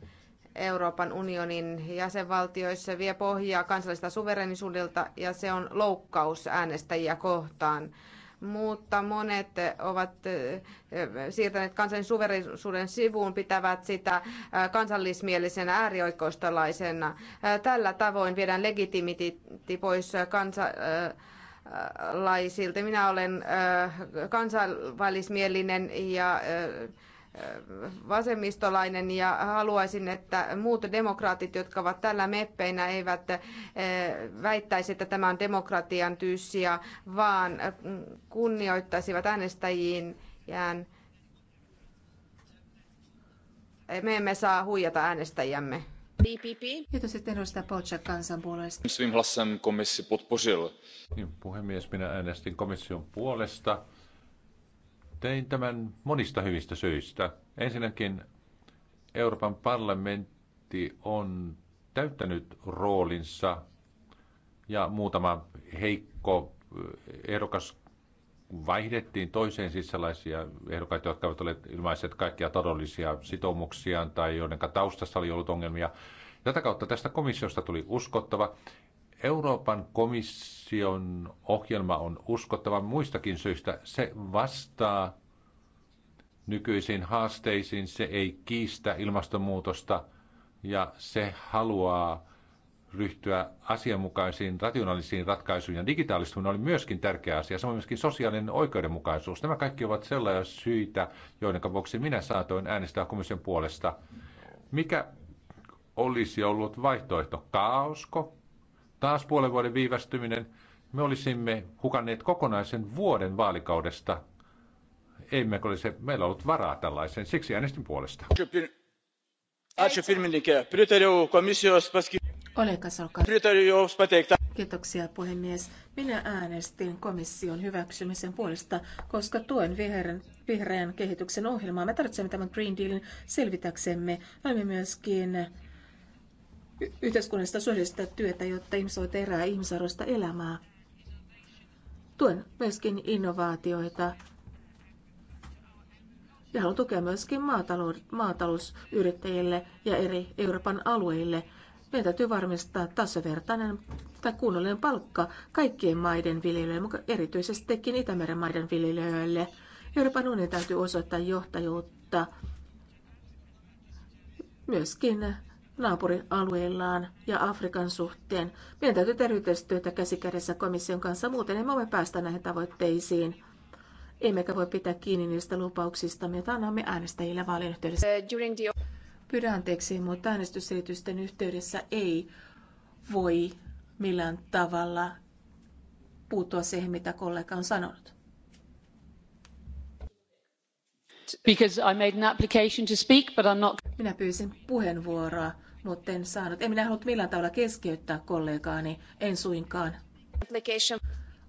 Euroopan unionin jäsenvaltioissa, vie pohjaa kansallista suverenisuudelta ja se on loukkaus äänestäjiä kohtaan mutta monet ovat siirtäneet kansan suverenisuuden sivuun, pitävät sitä kansallismielisenä äärioikeistolaisena. Tällä tavoin viedään legitimiteetti pois kansa, laisilta. Minä olen kansainvälismielinen ja vasemmistolainen ja haluaisin, että muut demokraatit, jotka ovat tällä meppeinä, eivät eh, väittäisi, että tämä on demokratian tyyssiä, vaan mm, kunnioittaisivat äänestäjiin jään. Me emme saa huijata äänestäjiämme. Kiitos, että edustaja Polchak kansanpuolesta. Svým hlasem komissi niin, Puhemies, minä äänestin komission puolesta Tein tämän monista hyvistä syistä. Ensinnäkin Euroopan parlamentti on täyttänyt roolinsa ja muutama heikko eh, ehdokas vaihdettiin toiseen siis sellaisia ehdokkaita, jotka ovat olleet ilmaiset kaikkia todellisia sitoumuksiaan tai joiden taustassa oli ollut ongelmia. Tätä kautta tästä komissiosta tuli uskottava Euroopan komission ohjelma on uskottava muistakin syistä. Se vastaa nykyisiin haasteisiin, se ei kiistä ilmastonmuutosta ja se haluaa ryhtyä asianmukaisiin, rationaalisiin ratkaisuihin. Ja digitaalistuminen oli myöskin tärkeä asia, samoin myöskin sosiaalinen oikeudenmukaisuus. Nämä kaikki ovat sellaisia syitä, joiden vuoksi minä saatoin äänestää komission puolesta. Mikä olisi ollut vaihtoehto? Kaosko? taas puolen vuoden viivästyminen, me olisimme hukanneet kokonaisen vuoden vaalikaudesta. Emme olisi, meillä ollut varaa tällaiseen, siksi äänestin puolesta. Kiitoksia puhemies. Minä äänestin komission hyväksymisen puolesta, koska tuen vihreän, vihreän kehityksen ohjelmaa. Me tarvitsemme tämän Green Dealin selvitäksemme. Olemme myöskin yhteiskunnallista sosiaalista työtä, jotta ihmiset voivat erää ihmisarvoista elämää. Tuen myöskin innovaatioita ja haluan tukea myöskin maatalousyrittäjille ja eri Euroopan alueille. Meidän täytyy varmistaa tasavertainen tai kunnollinen palkka kaikkien maiden viljelijöille, mutta erityisestikin Itämeren maiden viljelijöille. Euroopan unionin täytyy osoittaa johtajuutta myöskin naapurialueillaan ja Afrikan suhteen. Meidän täytyy tehdä yhteistyötä käsikädessä komission kanssa, muuten emme voi päästä näihin tavoitteisiin. Emmekä voi pitää kiinni niistä lupauksista, mitä annamme äänestäjille vaalien yhteydessä. Uh, Pyydän anteeksi, mutta äänestysselitysten yhteydessä ei voi millään tavalla puuttua siihen, mitä kollega on sanonut. Because I made an application to speak, but I'm not... Minä pyysin puheenvuoroa mutta en saanut. En minä halunnut millään tavalla keskeyttää kollegaani, en suinkaan.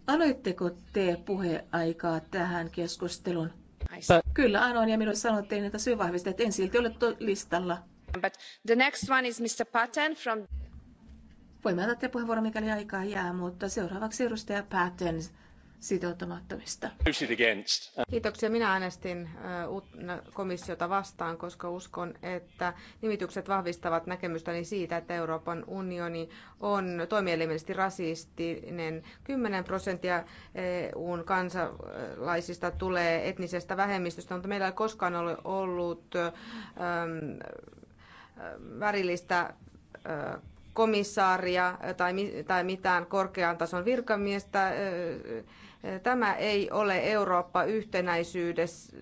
Aloitteko te puheaikaa tähän keskusteluun? Kyllä anoin ja minulle sanottiin, että syy vahvistaa, että en silti ole listalla. But the next one is Mr. Patten from... Voimme antaa puheenvuoron, mikäli aikaa jää, mutta seuraavaksi edustaja Patten sitoutumattomista. Kiitoksia. Minä äänestin komissiota vastaan, koska uskon, että nimitykset vahvistavat näkemystäni siitä, että Euroopan unioni on toimielimellisesti rasistinen. 10 prosenttia EUn kansalaisista tulee etnisestä vähemmistöstä, mutta meillä ei koskaan ole ollut värillistä komissaaria tai, tai mitään korkean tason virkamiestä Tämä ei ole Eurooppa yhtenäisyydessä,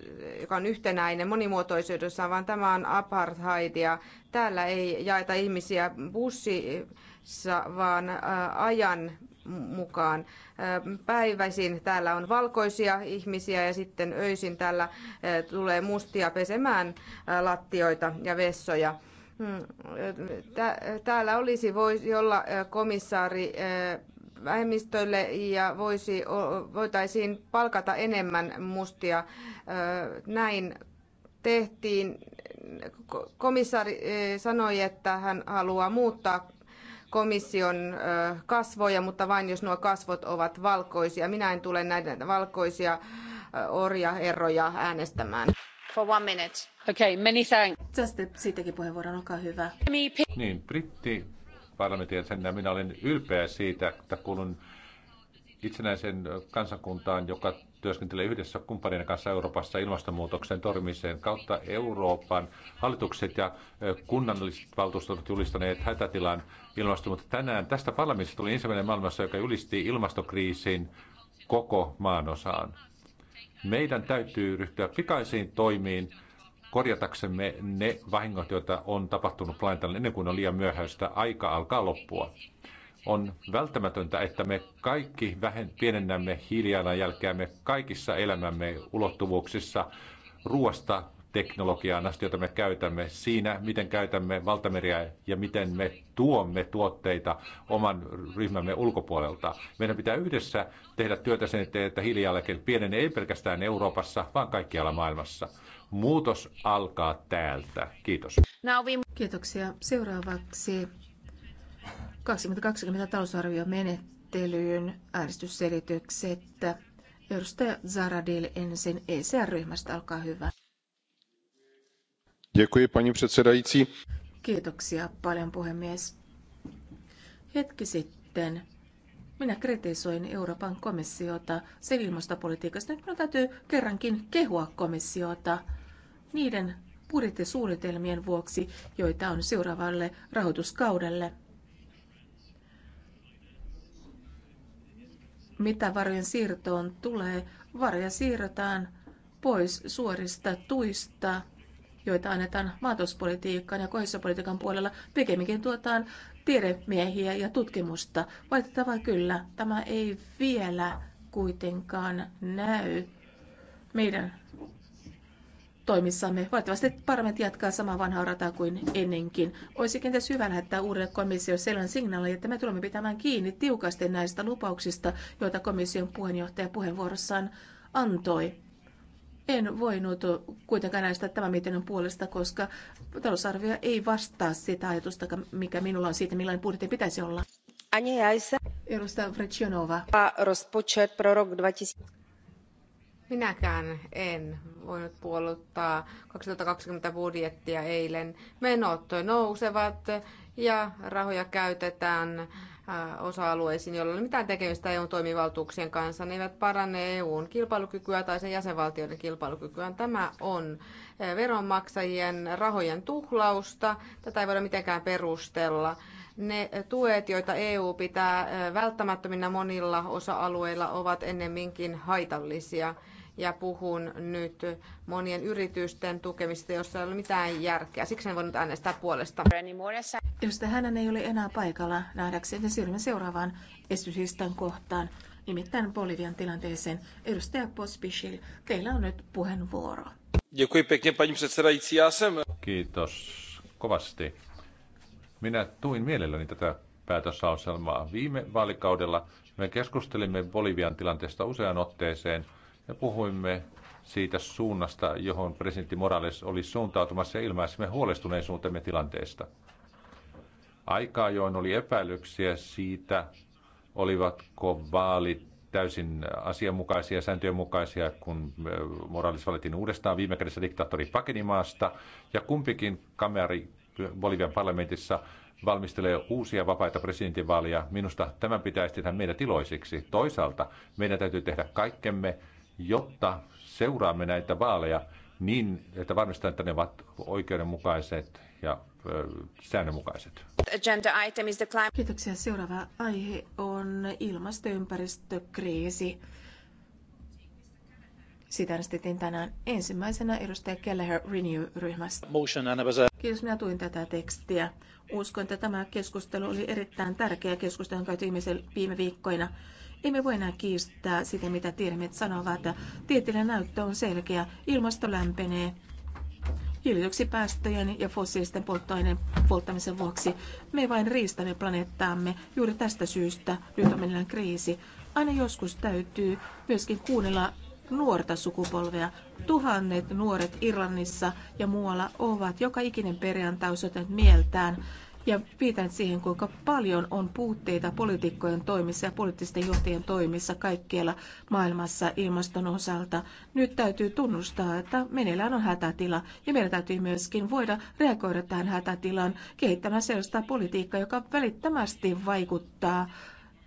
joka on yhtenäinen monimuotoisuudessaan, vaan tämä on apartheidia. Täällä ei jaeta ihmisiä bussissa, vaan äh, ajan mukaan. Äh, päiväisin täällä on valkoisia ihmisiä ja sitten öisin täällä äh, tulee mustia pesemään lattioita ja vessoja. Hmm, täällä olisi voisi olla komissaari vähemmistöille ja voisi, voitaisiin palkata enemmän mustia. Näin tehtiin. Komissaari sanoi, että hän haluaa muuttaa komission kasvoja, mutta vain jos nuo kasvot ovat valkoisia. Minä en tule näitä valkoisia orjaherroja äänestämään. For one minute. Okay, many thanks. Tästä siitäkin puheenvuoron, olkaa hyvä. Niin, britti parlamentin jäsenenä minä olen ylpeä siitä, että kuulun itsenäisen kansakuntaan, joka työskentelee yhdessä kumppanien kanssa Euroopassa ilmastonmuutoksen torjumiseen kautta Euroopan. Hallitukset ja kunnalliset valtuustot ovat julistaneet hätätilan ilmaston, mutta tänään tästä parlamentista tuli ensimmäinen maailmassa, joka julisti ilmastokriisin koko maanosaan. Meidän täytyy ryhtyä pikaisiin toimiin korjataksemme ne vahingot, joita on tapahtunut planeetalle ennen kuin on liian myöhäistä. Aika alkaa loppua. On välttämätöntä, että me kaikki vähen, pienennämme hiilijalanjälkeämme kaikissa elämämme ulottuvuuksissa ruoasta teknologiaan asti, jota me käytämme, siinä, miten käytämme valtameriä ja miten me tuomme tuotteita oman ryhmämme ulkopuolelta. Meidän pitää yhdessä tehdä työtä sen eteen, että hiilijalanjälki pienen ei pelkästään Euroopassa, vaan kaikkialla maailmassa. Muutos alkaa täältä. Kiitos. Kiitoksia. Seuraavaksi 2020 talousarvio menettelyyn äänestysselitykset. Edustaja Zaradil ensin ECR-ryhmästä, olkaa hyvä paní předsedající. Kiitoksia paljon puhemies. Hetki sitten minä kritisoin Euroopan komissiota sen ilmastopolitiikasta. Nyt minun täytyy kerrankin kehua komissiota niiden budjettisuunnitelmien vuoksi, joita on seuraavalle rahoituskaudelle. Mitä varojen siirtoon tulee, varoja siirretään pois suorista tuista – joita annetaan maatalouspolitiikan ja kohdistuspolitiikan puolella, pikemminkin tuotaan tiedemiehiä ja tutkimusta. Valitettavaa kyllä, tämä ei vielä kuitenkaan näy meidän toimissamme. Valitettavasti parlamentti jatkaa samaa vanhaa rataa kuin ennenkin. Olisi kenties hyvä lähettää uudelle komissiolle sellainen signaali, että me tulemme pitämään kiinni tiukasti näistä lupauksista, joita komission puheenjohtaja puheenvuorossaan antoi en voinut kuitenkaan äänestää tämän mietinnön puolesta, koska talousarvio ei vastaa sitä ajatusta, mikä minulla on siitä, millainen budjetti pitäisi olla. Ani Aisa. Edustaja Vrecionova. Rozpočet pro rok 2000. Minäkään en voinut puoluttaa 2020 budjettia eilen. Menot nousevat ja rahoja käytetään osa-alueisiin, joilla ei ole mitään tekemistä EUn toimivaltuuksien kanssa, ne eivät paranne EUn kilpailukykyä tai sen jäsenvaltioiden kilpailukykyä. Tämä on veronmaksajien rahojen tuhlausta. Tätä ei voida mitenkään perustella. Ne tuet, joita EU pitää välttämättöminä monilla osa-alueilla, ovat ennemminkin haitallisia ja puhun nyt monien yritysten tukemista, jossa ei ole mitään järkeä. Siksi en voinut äänestää puolesta. Josta hänen ei ole enää paikalla nähdäkseen, siirrymme seuraavaan esityslistan kohtaan, nimittäin Bolivian tilanteeseen. Edustaja Pospisil, teillä on nyt puheenvuoro. Kiitos kovasti. Minä tuin mielelläni tätä päätösauselmaa Viime vaalikaudella me keskustelimme Bolivian tilanteesta useaan otteeseen – me puhuimme siitä suunnasta, johon presidentti Morales oli suuntautumassa ja ilmaisimme huolestuneisuutemme tilanteesta. Aikaa, join oli epäilyksiä siitä, olivatko vaalit täysin asianmukaisia ja sääntöjen mukaisia, kun Morales valittiin uudestaan viime kädessä diktaattori pakenimaasta, ja kumpikin kameri Bolivian parlamentissa valmistelee uusia vapaita presidentinvaaleja. Minusta tämän pitäisi tehdä meidän tiloisiksi. Toisaalta meidän täytyy tehdä kaikkemme, jotta seuraamme näitä vaaleja niin, että varmistetaan, että ne ovat oikeudenmukaiset ja säännönmukaiset. Agenda item is the climate. Kiitoksia. Seuraava aihe on ilmastoympäristökriisi. Sitä äänestettiin tänään ensimmäisenä edustaja Kelleher Renew-ryhmästä. Kiitos, minä tuin tätä tekstiä. Uskon, että tämä keskustelu oli erittäin tärkeä keskustelu, jonka viime viikkoina. Emme voi enää kiistää sitä, mitä tiedemiehet sanovat. Tieteellinen näyttö on selkeä. Ilmasto lämpenee hiilidioksipäästöjen ja fossiilisten polttoaineiden polttamisen vuoksi. Me vain riistämme planeettaamme juuri tästä syystä. Nyt on meillä kriisi. Aina joskus täytyy myöskin kuunnella nuorta sukupolvea. Tuhannet nuoret Irlannissa ja muualla ovat joka ikinen perjantai osoittaneet mieltään ja viitan siihen, kuinka paljon on puutteita poliitikkojen toimissa ja poliittisten johtajien toimissa kaikkialla maailmassa ilmaston osalta. Nyt täytyy tunnustaa, että meneillään on hätätila ja meidän täytyy myöskin voida reagoida tähän hätätilaan kehittämään sellaista politiikkaa, joka välittömästi vaikuttaa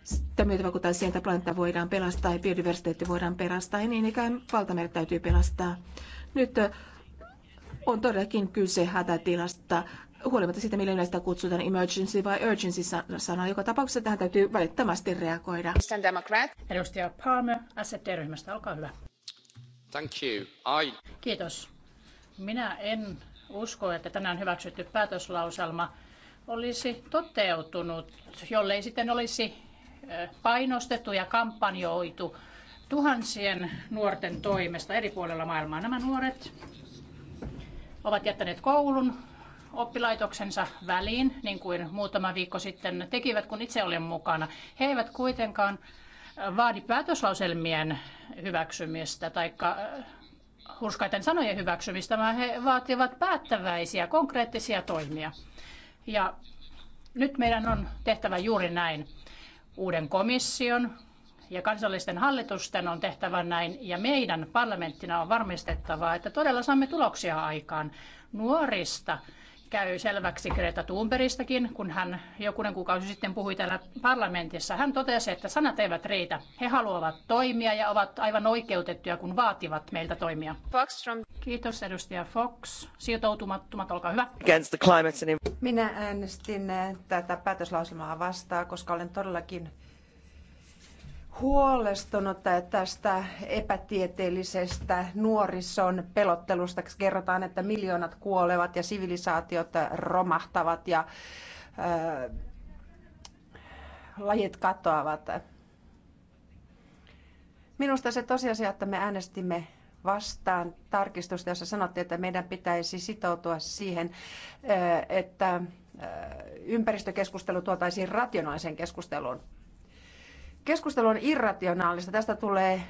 sitä myötä vaikuttaa siihen, että planeetta voidaan pelastaa ja biodiversiteetti voidaan pelastaa ja niin ikään valtameret täytyy pelastaa. Nyt äh, on todellakin kyse hätätilasta huolimatta siitä, millä yleensä kutsutaan emergency vai urgency sana, joka tapauksessa tähän täytyy välittömästi reagoida. Edustaja Palmer, sd ryhmästä olkaa hyvä. Thank you. I... Kiitos. Minä en usko, että tänään hyväksytty päätöslauselma olisi toteutunut, jollei sitten olisi painostettu ja kampanjoitu tuhansien nuorten toimesta eri puolilla maailmaa. Nämä nuoret ovat jättäneet koulun, oppilaitoksensa väliin, niin kuin muutama viikko sitten tekivät, kun itse olin mukana. He eivät kuitenkaan äh, vaadi päätöslauselmien hyväksymistä tai äh, hurskaiden sanojen hyväksymistä, vaan he vaativat päättäväisiä, konkreettisia toimia. Ja nyt meidän on tehtävä juuri näin. Uuden komission ja kansallisten hallitusten on tehtävä näin, ja meidän parlamenttina on varmistettava, että todella saamme tuloksia aikaan nuorista – käy selväksi Greta Thunbergistakin, kun hän jokunen kuukausi sitten puhui täällä parlamentissa. Hän totesi, että sanat eivät riitä. He haluavat toimia ja ovat aivan oikeutettuja, kun vaativat meiltä toimia. Fox from... Kiitos edustaja Fox. Sietoutumattomat, olkaa hyvä. Against the climate. Minä äänestin tätä päätöslauselmaa vastaan, koska olen todellakin huolestunut tästä epätieteellisestä nuorison pelottelusta. Kerrotaan, että miljoonat kuolevat ja sivilisaatiot romahtavat ja äh, lajit katoavat. Minusta se tosiasia, että me äänestimme vastaan tarkistusta, jossa sanottiin, että meidän pitäisi sitoutua siihen, äh, että äh, ympäristökeskustelu tuotaisiin rationaaliseen keskusteluun. Keskustelu on irrationaalista. Tästä tulee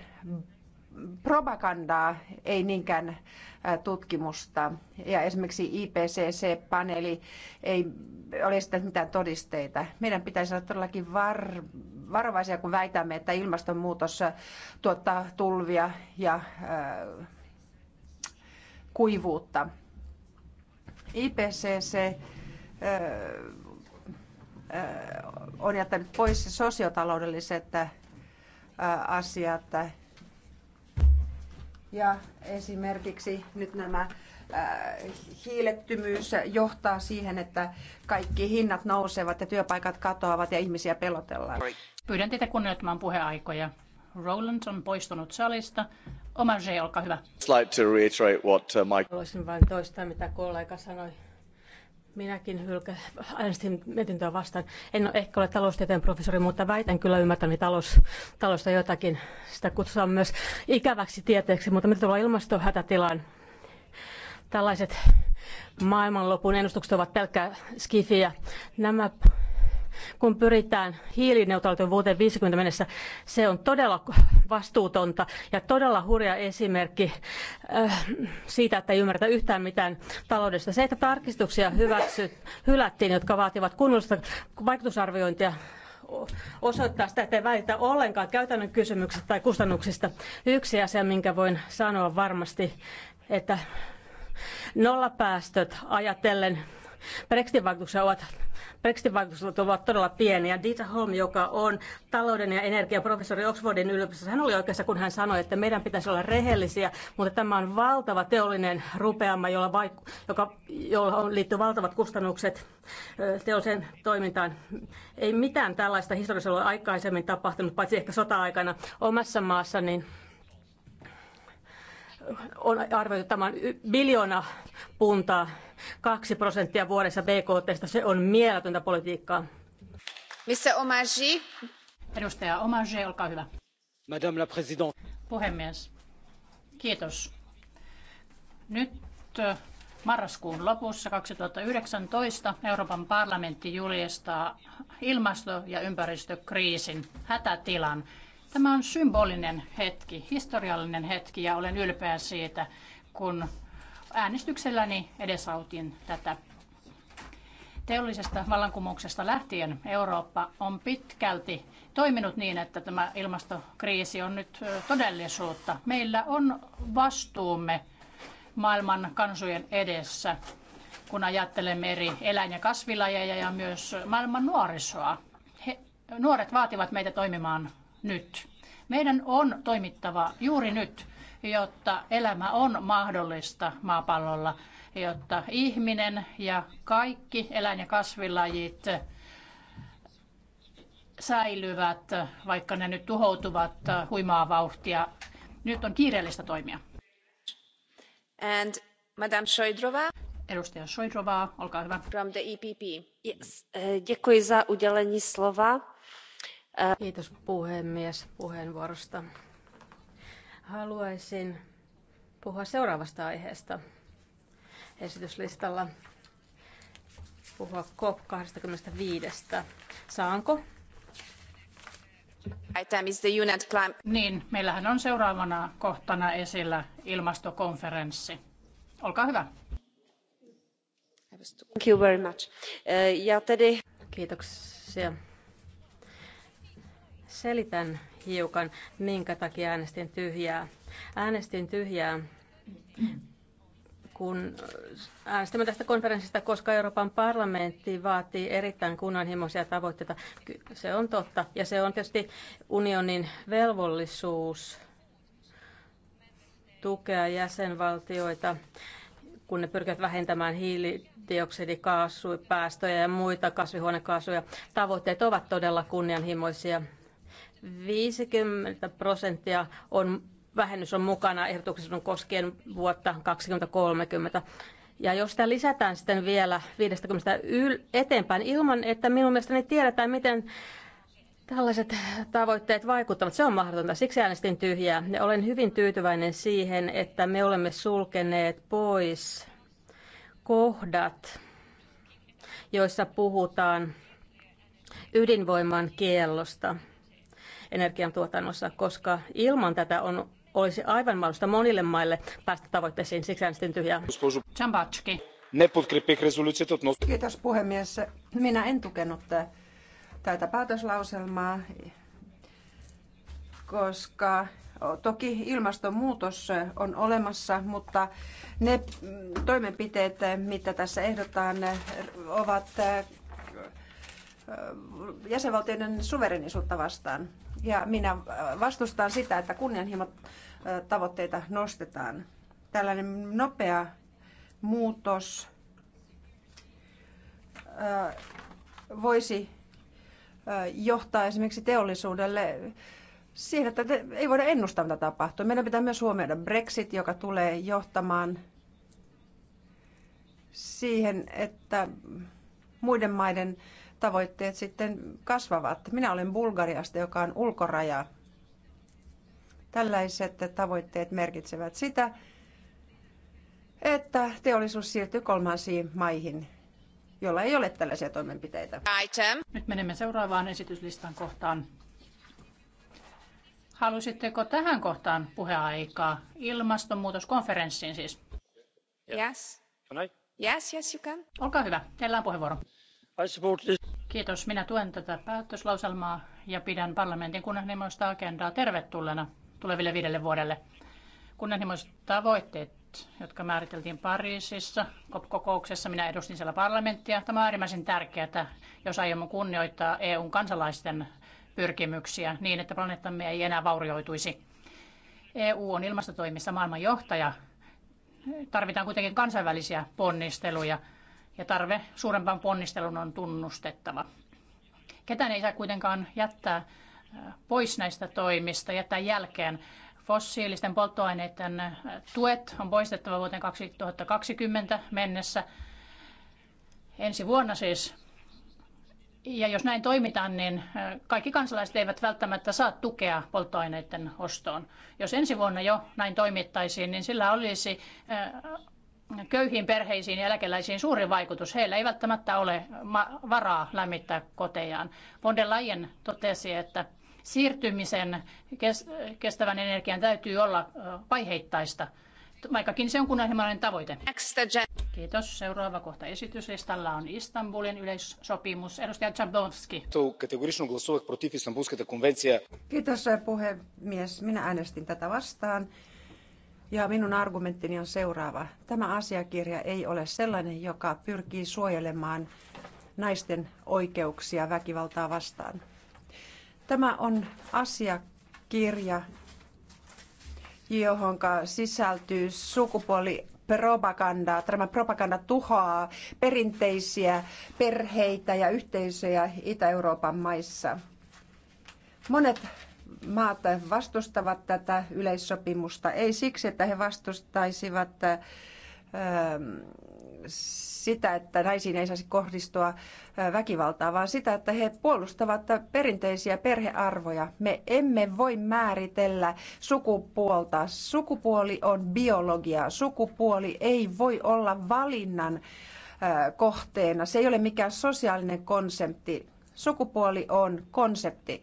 propagandaa, ei niinkään äh, tutkimusta. Ja esimerkiksi IPCC-paneeli ei ole sitä mitään todisteita. Meidän pitäisi olla todellakin var, varovaisia, kun väitämme, että ilmastonmuutos äh, tuottaa tulvia ja äh, kuivuutta. IPCC äh, on jättänyt pois sosiotaloudelliset asiat. Ja esimerkiksi nyt nämä hiilettömyys johtaa siihen, että kaikki hinnat nousevat ja työpaikat katoavat ja ihmisiä pelotellaan. Pyydän teitä kunnioittamaan puheaikoja. Roland on poistunut salista. J, olkaa hyvä. Uh, Haluaisin vain toistaa, mitä kollega sanoi. Minäkin hylkä, äänestin mietintöä vastaan. En ehkä ole taloustieteen professori, mutta väitän kyllä ymmärtäni talous, talousta jotakin. Sitä kutsutaan myös ikäväksi tieteeksi, mutta mitä tulee ilmastohätätilaan? Tällaiset maailmanlopun ennustukset ovat pelkkää skifiä. Nämä kun pyritään hiilineutraaliuteen vuoteen 50 mennessä, se on todella vastuutonta ja todella hurja esimerkki äh, siitä, että ei ymmärretä yhtään mitään taloudesta. Se, että tarkistuksia hyväksyt, hylättiin, jotka vaativat kunnollista vaikutusarviointia osoittaa sitä, että ei välitä ollenkaan käytännön kysymyksistä tai kustannuksista. Yksi asia, minkä voin sanoa varmasti, että nollapäästöt ajatellen Brexitin vaikutukset ovat, Brexitin vaikutukset ovat todella pieniä. Dieter Holm, joka on talouden ja energian professori Oxfordin yliopistossa, hän oli oikeassa, kun hän sanoi, että meidän pitäisi olla rehellisiä, mutta tämä on valtava teollinen rupeama, jolla, vaik- joka, jolla on, liittyy valtavat kustannukset teolliseen toimintaan. Ei mitään tällaista historiassa ole aikaisemmin tapahtunut, paitsi ehkä sota-aikana omassa maassa, niin on arvioitu tämän biljoona puntaa, kaksi prosenttia vuodessa BKT. Se on mieletöntä politiikkaa. Missä Omaji? Edustaja Omaji, olkaa hyvä. Madame la Présidente. Puhemies, kiitos. Nyt marraskuun lopussa 2019 Euroopan parlamentti julistaa ilmasto- ja ympäristökriisin hätätilan. Tämä on symbolinen hetki, historiallinen hetki ja olen ylpeä siitä, kun äänestykselläni edesautin tätä. Teollisesta vallankumouksesta lähtien Eurooppa on pitkälti toiminut niin, että tämä ilmastokriisi on nyt todellisuutta. Meillä on vastuumme maailman kansojen edessä, kun ajattelemme eri eläin- ja kasvilajeja ja myös maailman nuorisoa. He, nuoret vaativat meitä toimimaan nyt. Meidän on toimittava juuri nyt, jotta elämä on mahdollista maapallolla, jotta ihminen ja kaikki eläin- ja kasvilajit säilyvät, vaikka ne nyt tuhoutuvat huimaa vauhtia. Nyt on kiireellistä toimia. And Madame Šojdrova. Edustaja Shoidrova, olkaa hyvä. From the EPP. Yes. Eh, děkuji za udělení slova Kiitos puhemies puheenvuorosta. Haluaisin puhua seuraavasta aiheesta esityslistalla. Puhua COP25. Saanko? Item is the climate. Niin, meillähän on seuraavana kohtana esillä ilmastokonferenssi. Olkaa hyvä. Thank you very much. Uh, ja tedy... Kiitoksia Selitän hiukan, minkä takia äänestin tyhjää. Äänestin tyhjää, kun äänestimme tästä konferenssista, koska Euroopan parlamentti vaatii erittäin kunnanhimoisia tavoitteita. Se on totta. Ja se on tietysti unionin velvollisuus tukea jäsenvaltioita, kun ne pyrkivät vähentämään hiilidioksidikaasupäästöjä ja muita kasvihuonekaasuja. Tavoitteet ovat todella kunnianhimoisia. 50 prosenttia on, vähennys on mukana ehdotuksessa koskien vuotta 2030. Ja jos sitä lisätään sitten vielä 50 yl- eteenpäin ilman, että minun mielestäni tiedetään, miten tällaiset tavoitteet vaikuttavat, se on mahdotonta. Siksi äänestin tyhjää. Ja olen hyvin tyytyväinen siihen, että me olemme sulkeneet pois kohdat, joissa puhutaan ydinvoiman kiellosta energiantuotannossa, koska ilman tätä on olisi aivan mahdollista monille maille päästä tavoitteisiin. Siksi äänestin tyhjää. Kiitos puhemies. Minä en tukenut tätä päätöslauselmaa, koska toki ilmastonmuutos on olemassa, mutta ne toimenpiteet, mitä tässä ehdotaan, ovat jäsenvaltioiden suverenisuutta vastaan. Ja minä äh, vastustan sitä, että kunnianhimotavoitteita äh, nostetaan. Tällainen nopea muutos äh, voisi johtaa esimerkiksi teollisuudelle siihen, että ei voida ennustaa, mitä tapahtuu. Meidän pitää myös huomioida Brexit, joka tulee johtamaan siihen, että muiden maiden äh, tavoitteet sitten kasvavat. Minä olen Bulgariasta, joka on ulkoraja. Tällaiset tavoitteet merkitsevät sitä, että teollisuus siirtyy kolmansiin maihin, jolla ei ole tällaisia toimenpiteitä. Item. Nyt menemme seuraavaan esityslistan kohtaan. Halusitteko tähän kohtaan puheaikaa? Ilmastonmuutoskonferenssiin siis. Yes. Yes, yes you can. Olkaa hyvä, teillä on puheenvuoro. I support this. Kiitos. Minä tuen tätä päätöslauselmaa ja pidän parlamentin kunnianhimoista agendaa tervetulleena tuleville viidelle vuodelle. Kunnianhimoiset tavoitteet, jotka määriteltiin Pariisissa kokouksessa, minä edustin siellä parlamenttia. Tämä on äärimmäisen tärkeää, jos aiomme kunnioittaa EUn kansalaisten pyrkimyksiä niin, että planeettamme ei enää vaurioituisi. EU on ilmastotoimissa maailman johtaja. Tarvitaan kuitenkin kansainvälisiä ponnisteluja – ja tarve suurempaan ponnistelun on tunnustettava. Ketään ei saa kuitenkaan jättää äh, pois näistä toimista, jättää jälkeen. Fossiilisten polttoaineiden äh, tuet on poistettava vuoteen 2020 mennessä, ensi vuonna siis. Ja jos näin toimitaan, niin äh, kaikki kansalaiset eivät välttämättä saa tukea polttoaineiden ostoon. Jos ensi vuonna jo näin toimittaisiin, niin sillä olisi köyhiin perheisiin ja eläkeläisiin suuri vaikutus. Heillä ei välttämättä ole varaa lämmittää kotejaan. Von der Leyen totesi, että siirtymisen kestävän energian täytyy olla vaiheittaista, vaikkakin se on kunnianhimoinen tavoite. Kiitos. Seuraava kohta esityslistalla on Istanbulin yleissopimus. Edustaja Chabdowski. Kiitos puhemies. Minä äänestin tätä vastaan ja minun argumenttini on seuraava. Tämä asiakirja ei ole sellainen, joka pyrkii suojelemaan naisten oikeuksia väkivaltaa vastaan. Tämä on asiakirja, johon sisältyy sukupuoli propaganda. Tämä propaganda tuhoaa perinteisiä perheitä ja yhteisöjä Itä-Euroopan maissa. Monet maat vastustavat tätä yleissopimusta. Ei siksi, että he vastustaisivat sitä, että naisiin ei saisi kohdistua väkivaltaa, vaan sitä, että he puolustavat perinteisiä perhearvoja. Me emme voi määritellä sukupuolta. Sukupuoli on biologia. Sukupuoli ei voi olla valinnan kohteena. Se ei ole mikään sosiaalinen konsepti. Sukupuoli on konsepti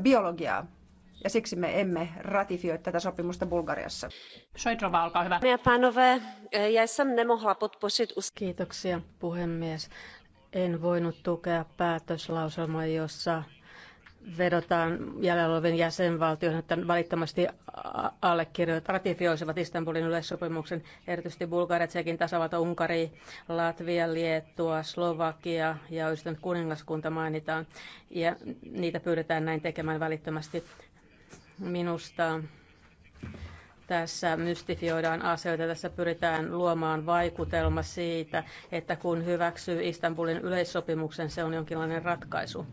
biologiaa ja siksi me emme ratifioi tätä sopimusta Bulgariassa. Soitrova, olkaa hyvä. Kiitoksia puhemies. En voinut tukea päätöslauselmaa, jossa vedotaan jäljellä olevien jäsenvaltioihin, että valittomasti allekirjoit ratifioisivat Istanbulin yleissopimuksen, erityisesti Bulgaria, Tsekin tasavalta, Unkari, Latvia, Liettua, Slovakia ja ystävät kuningaskunta mainitaan, ja niitä pyydetään näin tekemään välittömästi. Minusta tässä mystifioidaan asioita, tässä pyritään luomaan vaikutelma siitä, että kun hyväksyy Istanbulin yleissopimuksen, se on jonkinlainen ratkaisu.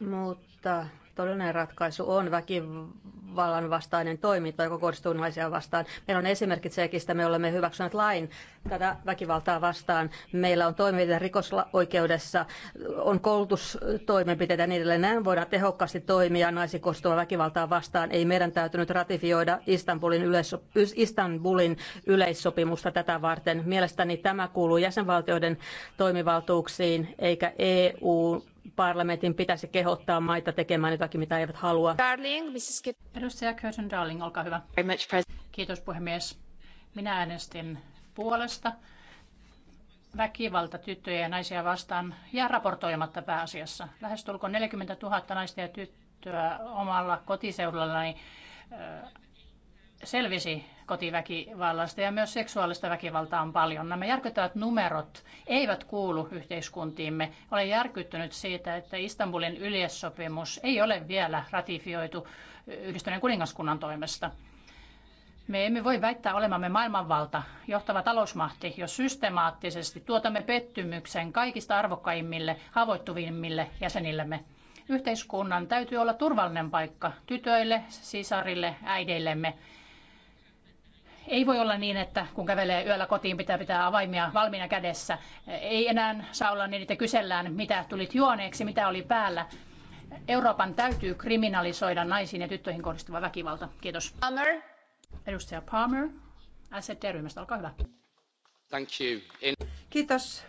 Mutta todellinen ratkaisu on väkivalta väkivallanvastainen toiminta, joka kohdistuu naisia vastaan. Meillä on esimerkiksi Tsekistä, me olemme hyväksyneet lain tätä väkivaltaa vastaan. Meillä on toimivia rikosoikeudessa, on koulutustoimenpiteitä ja niin edelleen. Näin voidaan tehokkaasti toimia naisiin kohdistuvaa väkivaltaa vastaan. Ei meidän täytynyt ratifioida Istanbulin, yleisso- Istanbulin yleissopimusta tätä varten. Mielestäni tämä kuuluu jäsenvaltioiden toimivaltuuksiin, eikä EU parlamentin pitäisi kehottaa maita tekemään jotakin, mitä eivät halua. Darling, Mrs. Edustaja Curtin Darling, olkaa hyvä. Kiitos puhemies. Minä äänestin puolesta väkivalta tyttöjä ja naisia vastaan ja raportoimatta pääasiassa. Lähestulkoon 40 000 naista ja tyttöä omalla kotiseudullani selvisi kotiväkivallasta ja myös seksuaalista väkivaltaa on paljon. Nämä järkyttävät numerot eivät kuulu yhteiskuntiimme. Olen järkyttynyt siitä, että Istanbulin yliessopimus ei ole vielä ratifioitu yhdistyneen kuningaskunnan toimesta. Me emme voi väittää olemamme maailmanvalta, johtava talousmahti, jos systemaattisesti tuotamme pettymyksen kaikista arvokkaimmille, haavoittuvimmille jäsenillemme. Yhteiskunnan täytyy olla turvallinen paikka tytöille, sisarille, äideillemme. Ei voi olla niin, että kun kävelee yöllä kotiin, pitää pitää avaimia valmiina kädessä. Ei enää saa olla niin, että kysellään, mitä tulit juoneeksi, mitä oli päällä. Euroopan täytyy kriminalisoida naisiin ja tyttöihin kohdistuva väkivalta. Kiitos. Palmer. Edustaja Palmer, sd ryhmästä olkaa hyvä. Thank you. In... Kiitos.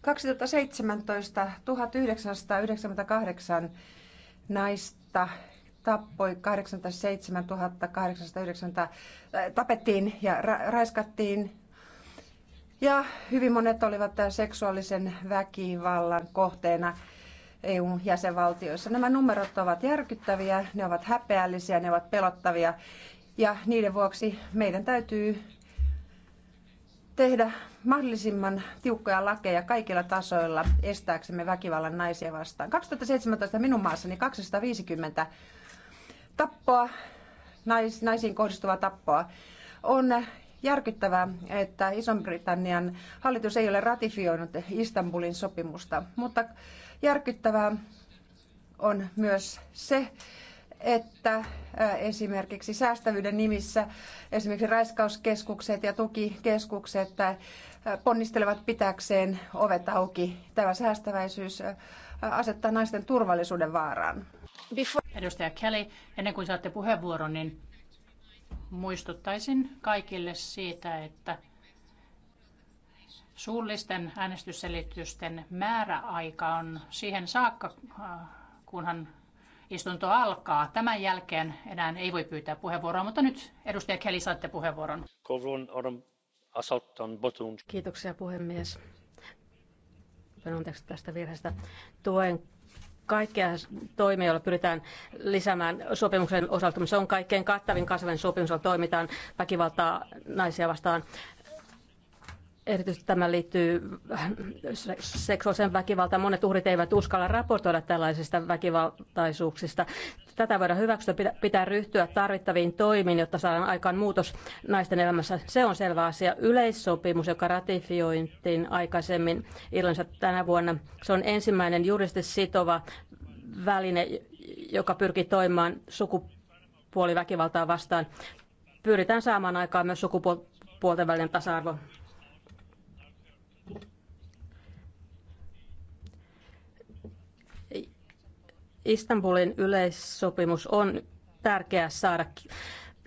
2017 1998 naista tappoi 87 890, äh, tapettiin ja ra- raiskattiin. Ja hyvin monet olivat seksuaalisen väkivallan kohteena. EU-jäsenvaltioissa. Nämä numerot ovat järkyttäviä, ne ovat häpeällisiä, ne ovat pelottavia ja niiden vuoksi meidän täytyy tehdä mahdollisimman tiukkoja lakeja kaikilla tasoilla estääksemme väkivallan naisia vastaan. 2017 minun maassani 250 tappoa, nais, naisiin kohdistuvaa tappoa, on järkyttävää, että Ison-Britannian hallitus ei ole ratifioinut Istanbulin sopimusta, mutta Järkyttävää on myös se, että esimerkiksi säästävyyden nimissä esimerkiksi raiskauskeskukset ja tukikeskukset ponnistelevat pitäkseen ovet auki. Tämä säästäväisyys asettaa naisten turvallisuuden vaaraan. Edustaja Kelly, ennen kuin saatte puheenvuoron, niin muistuttaisin kaikille siitä, että Suullisten äänestysselitysten määräaika on siihen saakka, kunhan istunto alkaa. Tämän jälkeen enää ei voi pyytää puheenvuoroa, mutta nyt edustaja Kelly saatte puheenvuoron. Kiitoksia puhemies. Anteeksi tästä virheestä. Tuen kaikkia toimia, joilla pyritään lisäämään sopimuksen osalta. Se on kaikkein kattavin kansainvälinen sopimus, jolla toimitaan väkivaltaa naisia vastaan. Erityisesti tämä liittyy seksuaaliseen väkivaltaan. Monet uhrit eivät uskalla raportoida tällaisista väkivaltaisuuksista. Tätä voidaan hyväksyä, pitää ryhtyä tarvittaviin toimiin, jotta saadaan aikaan muutos naisten elämässä. Se on selvä asia. Yleissopimus, joka ratifiointiin aikaisemmin Irlannissa tänä vuonna, se on ensimmäinen juridisesti sitova väline, joka pyrkii toimimaan sukupuoliväkivaltaa vastaan. Pyritään saamaan aikaan myös sukupuolten välinen tasa-arvo. Istanbulin yleissopimus on tärkeää saada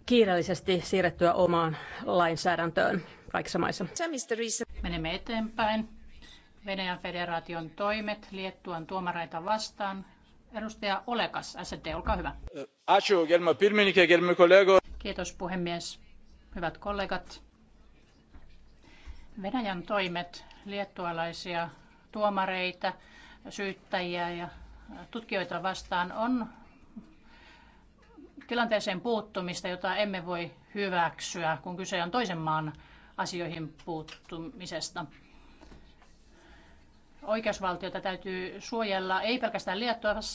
kiireellisesti siirrettyä omaan lainsäädäntöön kaikissa maissa. Menemme eteenpäin. Venäjän federaation toimet Liettuan tuomareita vastaan. Edustaja Olekas, SD, olkaa hyvä. Kiitos puhemies. Hyvät kollegat. Venäjän toimet liettualaisia tuomareita, syyttäjiä ja tutkijoita vastaan on tilanteeseen puuttumista, jota emme voi hyväksyä, kun kyse on toisen maan asioihin puuttumisesta. Oikeusvaltiota täytyy suojella ei pelkästään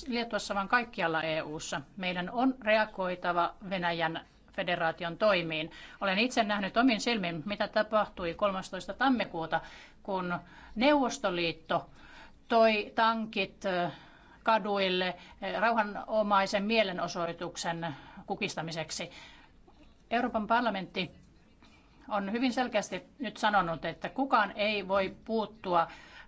Liettuassa, vaan kaikkialla EU:ssa. Meidän on reagoitava Venäjän federaation toimiin. Olen itse nähnyt omin silmin, mitä tapahtui 13. tammikuuta, kun Neuvostoliitto toi tankit kaduille eh, rauhanomaisen mielenosoituksen kukistamiseksi. Euroopan parlamentti on hyvin selkeästi nyt sanonut, että kukaan ei voi puuttua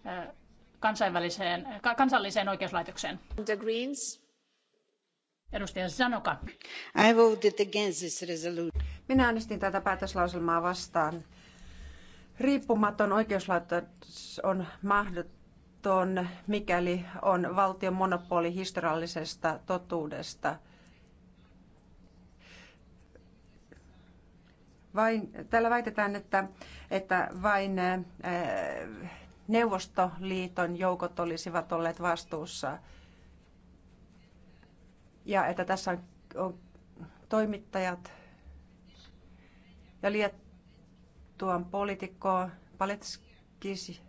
eh, kansainväliseen, kansalliseen oikeuslaitokseen. The Greens. Edustaja Sanoka. I voted against this resolution. Minä äänestin tätä päätöslauselmaa vastaan. Riippumaton oikeuslaitos on mahdoton vastuuton, mikäli on valtion monopoli historiallisesta totuudesta. Vain, täällä väitetään, että, että vain ää, Neuvostoliiton joukot olisivat olleet vastuussa ja että tässä on, on toimittajat ja tuon poliitikko Paletskis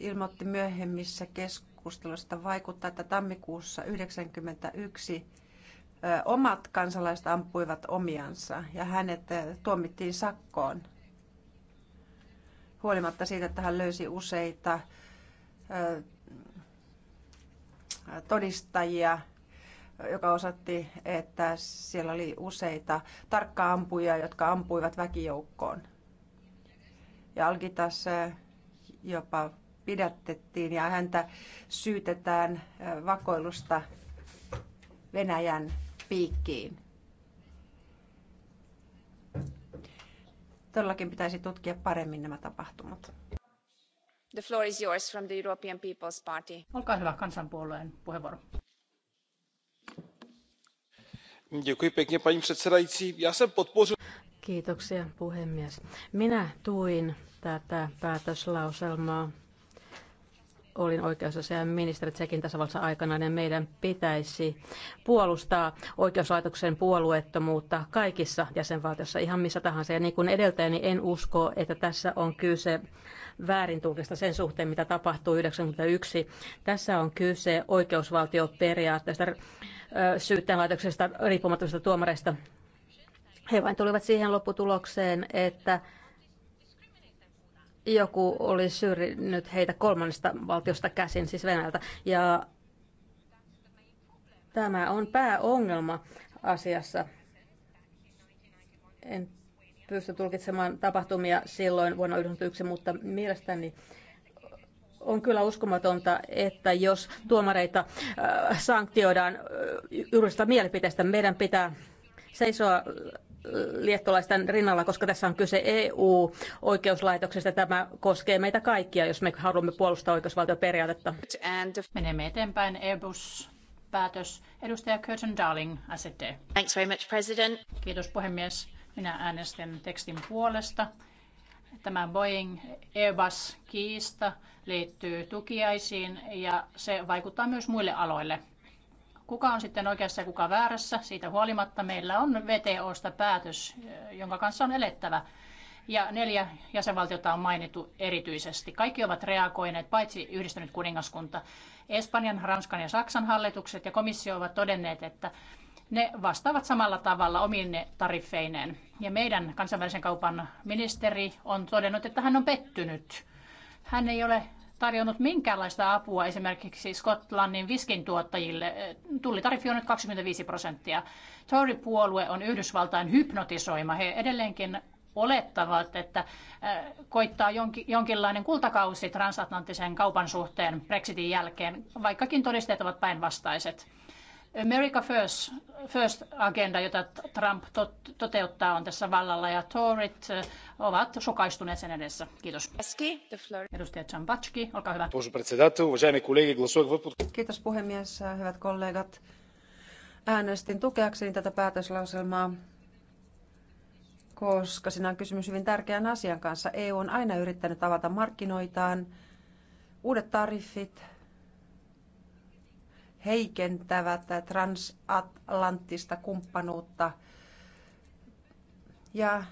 ilmoitti myöhemmissä keskusteluissa, vaikuttaa, että tammikuussa 1991 omat kansalaiset ampuivat omiansa ja hänet tuomittiin sakkoon. Huolimatta siitä, että hän löysi useita todistajia, joka osatti, että siellä oli useita tarkkaampuja, jotka ampuivat väkijoukkoon. Ja Algitas jopa pidätettiin ja häntä syytetään äh, vakoilusta Venäjän piikkiin. Todellakin pitäisi tutkia paremmin nämä tapahtumat. The floor is yours from the European People's Party. Olkaa hyvä, kansanpuolueen puheenvuoro. Děkuji pěkně, paní předsedající. Já jsem podpořil... Kiitoksia, puhemies. Minä tuin tätä päätöslauselmaa olin oikeusasian ministeri Tsekin tasavallassa aikana, niin meidän pitäisi puolustaa oikeuslaitoksen puolueettomuutta kaikissa jäsenvaltioissa, ihan missä tahansa. Ja niin kuin edeltäjäni en usko, että tässä on kyse väärintulkista sen suhteen, mitä tapahtuu 1991. Tässä on kyse oikeusvaltioperiaatteesta, syyttäjänlaitoksesta, riippumattomista tuomareista. He vain tulivat siihen lopputulokseen, että joku oli syrjinyt heitä kolmannesta valtiosta käsin, siis Venäjältä. Ja tämä on pääongelma asiassa. En pysty tulkitsemaan tapahtumia silloin vuonna 1991, mutta mielestäni on kyllä uskomatonta, että jos tuomareita äh, sanktioidaan äh, mielipiteestä, meidän pitää seisoa liettolaisten rinnalla, koska tässä on kyse EU-oikeuslaitoksesta. Tämä koskee meitä kaikkia, jos me haluamme puolustaa oikeusvaltioperiaatetta. Menemme eteenpäin. Airbus e päätös. Edustaja Curtin Darling, ST. Thanks very much, President. Kiitos puhemies. Minä äänestän tekstin puolesta. Tämä Boeing Airbus kiista liittyy tukiaisiin ja se vaikuttaa myös muille aloille kuka on sitten oikeassa ja kuka väärässä. Siitä huolimatta meillä on VTOsta päätös, eh, jonka kanssa on elettävä. Ja neljä jäsenvaltiota on mainittu erityisesti. Kaikki ovat reagoineet, paitsi yhdistynyt kuningaskunta. Espanjan, Ranskan ja Saksan hallitukset ja komissio ovat todenneet, että ne vastaavat samalla tavalla omiin tariffeineen. Ja meidän kansainvälisen kaupan ministeri on todennut, että hän on pettynyt. Hän ei ole tarjonnut minkäänlaista apua esimerkiksi Skotlannin viskin tuottajille. Tullitariffi on nyt 25 prosenttia. Tory-puolue on Yhdysvaltain hypnotisoima. He edelleenkin olettavat, että äh, koittaa jonkinlainen kultakausi transatlanttisen kaupan suhteen Brexitin jälkeen, vaikkakin todisteet ovat päinvastaiset. America First, First agenda, jota Trump tot, toteuttaa, on tässä vallalla ja Torit äh, ovat shokaistuneet sen edessä. Kiitos. Edustaja Czambacki, olkaa hyvä. Kiitos puhemies, hyvät kollegat. Äänestin tukeakseni tätä päätöslauselmaa, koska siinä on kysymys hyvin tärkeän asian kanssa. EU on aina yrittänyt avata markkinoitaan. Uudet tariffit, heikentävät transatlanttista kumppanuutta. Ja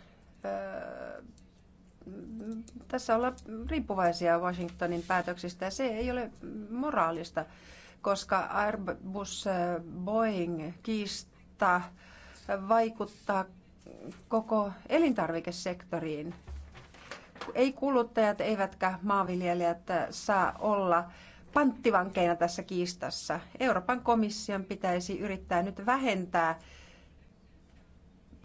tässä olla riippuvaisia Washingtonin päätöksistä ja se ei ole moraalista, koska Airbus-Boeing-kiista vaikuttaa koko elintarvikesektoriin. Ei kuluttajat eivätkä maanviljelijät saa olla panttivankeina tässä kiistassa. Euroopan komission pitäisi yrittää nyt vähentää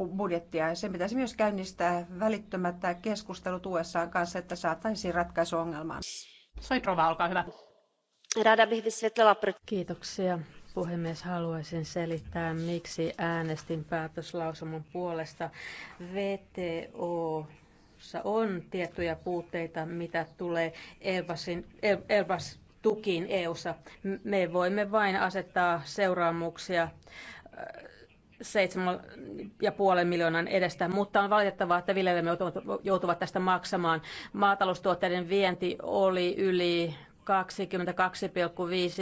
budjettia. Sen pitäisi myös käynnistää välittömättä keskustelut USA kanssa, että saataisiin ratkaisu ongelmaan. Soitrova, olkaa hyvä. Rada Kiitoksia. Puhemies, haluaisin selittää, miksi äänestin päätöslausuman puolesta. VTO on tiettyjä puutteita, mitä tulee Elbas tukiin EU:ssa. Me voimme vain asettaa seuraamuksia ja miljoonan edestä, mutta on valitettavaa, että viljelijät joutuvat tästä maksamaan. Maataloustuotteiden vienti oli yli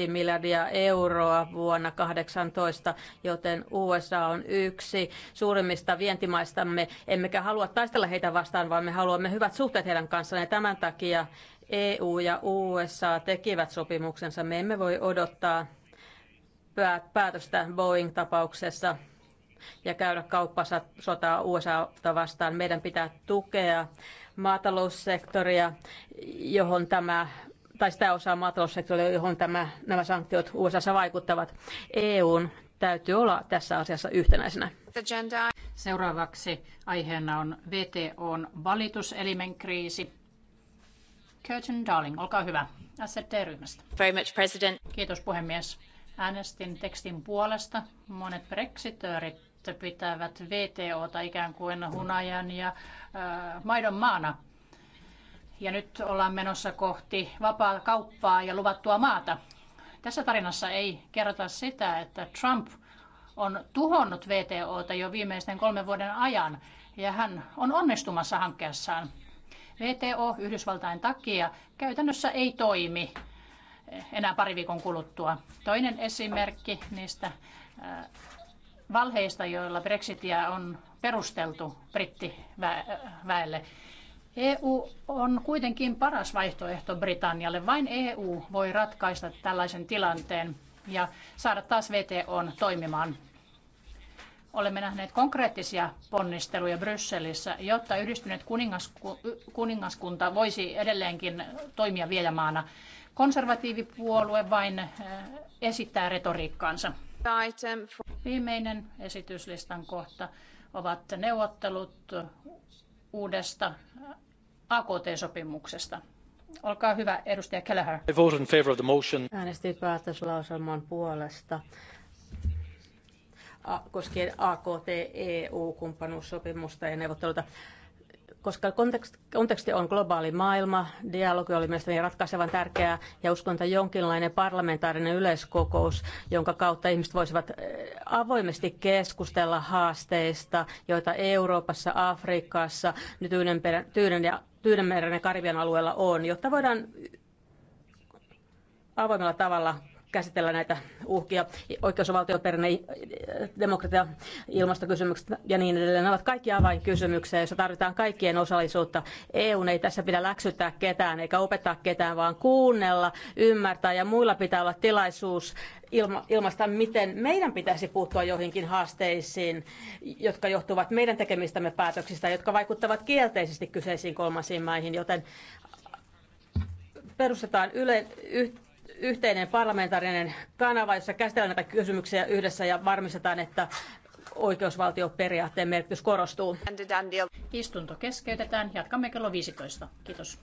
22,5 miljardia euroa vuonna 2018, joten USA on yksi suurimmista vientimaistamme. Emmekä halua taistella heitä vastaan, vaan me haluamme hyvät suhteet heidän kanssaan. Ja tämän takia EU ja USA tekivät sopimuksensa. Me emme voi odottaa päätöstä Boeing-tapauksessa ja käydä kauppasotaa USA vastaan. Meidän pitää tukea maataloussektoria, johon tämä tai sitä osaa maataloussektoria, johon tämä, nämä sanktiot USA vaikuttavat. EUn täytyy olla tässä asiassa yhtenäisenä. Seuraavaksi aiheena on VTOn valituselimen kriisi. Curtin Darling, olkaa hyvä. sd ryhmästä Very much, President. Kiitos puhemies. Äänestin tekstin puolesta. Monet brexitöörit järjestöt pitävät VTOta ikään kuin hunajan ja maidon maana. Ja nyt ollaan menossa kohti vapaa kauppaa ja luvattua maata. Tässä tarinassa ei kerrota sitä, että Trump on tuhonnut VTOta jo viimeisten kolmen vuoden ajan ja hän on onnistumassa hankkeessaan. VTO Yhdysvaltain takia käytännössä ei toimi enää pari viikon kuluttua. Toinen esimerkki niistä valheista, joilla Brexitia on perusteltu brittiväelle. EU on kuitenkin paras vaihtoehto Britannialle. Vain EU voi ratkaista tällaisen tilanteen ja saada taas VTOn toimimaan. Olemme nähneet konkreettisia ponnisteluja Brysselissä, jotta yhdistyneet kuningaskunta voisi edelleenkin toimia viejämaana. Konservatiivipuolue vain esittää retoriikkaansa. Viimeinen esityslistan kohta ovat neuvottelut uudesta AKT-sopimuksesta. Olkaa hyvä, edustaja Kelleher. I voted in favor of the motion. Äänestin päätöslauselman puolesta koskien AKT-EU-kumppanuussopimusta ja neuvotteluita koska konteksti on globaali maailma, dialogi oli mielestäni ratkaisevan tärkeää ja uskon, että jonkinlainen parlamentaarinen yleiskokous, jonka kautta ihmiset voisivat eh, avoimesti keskustella haasteista, joita Euroopassa, Afrikassa, nyt Tyynen ja Tyynenmeren ja Karibian alueella on, jotta voidaan avoimella tavalla käsitellä näitä uhkia, oikeusvaltioperinne, demokratia, ilmastokysymykset ja niin edelleen. Ne ovat kaikki avainkysymyksiä, joissa tarvitaan kaikkien osallisuutta. EU ei tässä pidä läksyttää ketään eikä opettaa ketään, vaan kuunnella, ymmärtää ja muilla pitää olla tilaisuus ilma, ilmaista, miten meidän pitäisi puuttua joihinkin haasteisiin, jotka johtuvat meidän tekemistämme päätöksistä, jotka vaikuttavat kielteisesti kyseisiin kolmansiin maihin, joten perustetaan yle, yh, yhteinen parlamentaarinen kanava, jossa käsitellään näitä kysymyksiä yhdessä ja varmistetaan, että oikeusvaltioperiaatteen merkitys korostuu. Istunto keskeytetään. Jatkamme kello 15. Kiitos.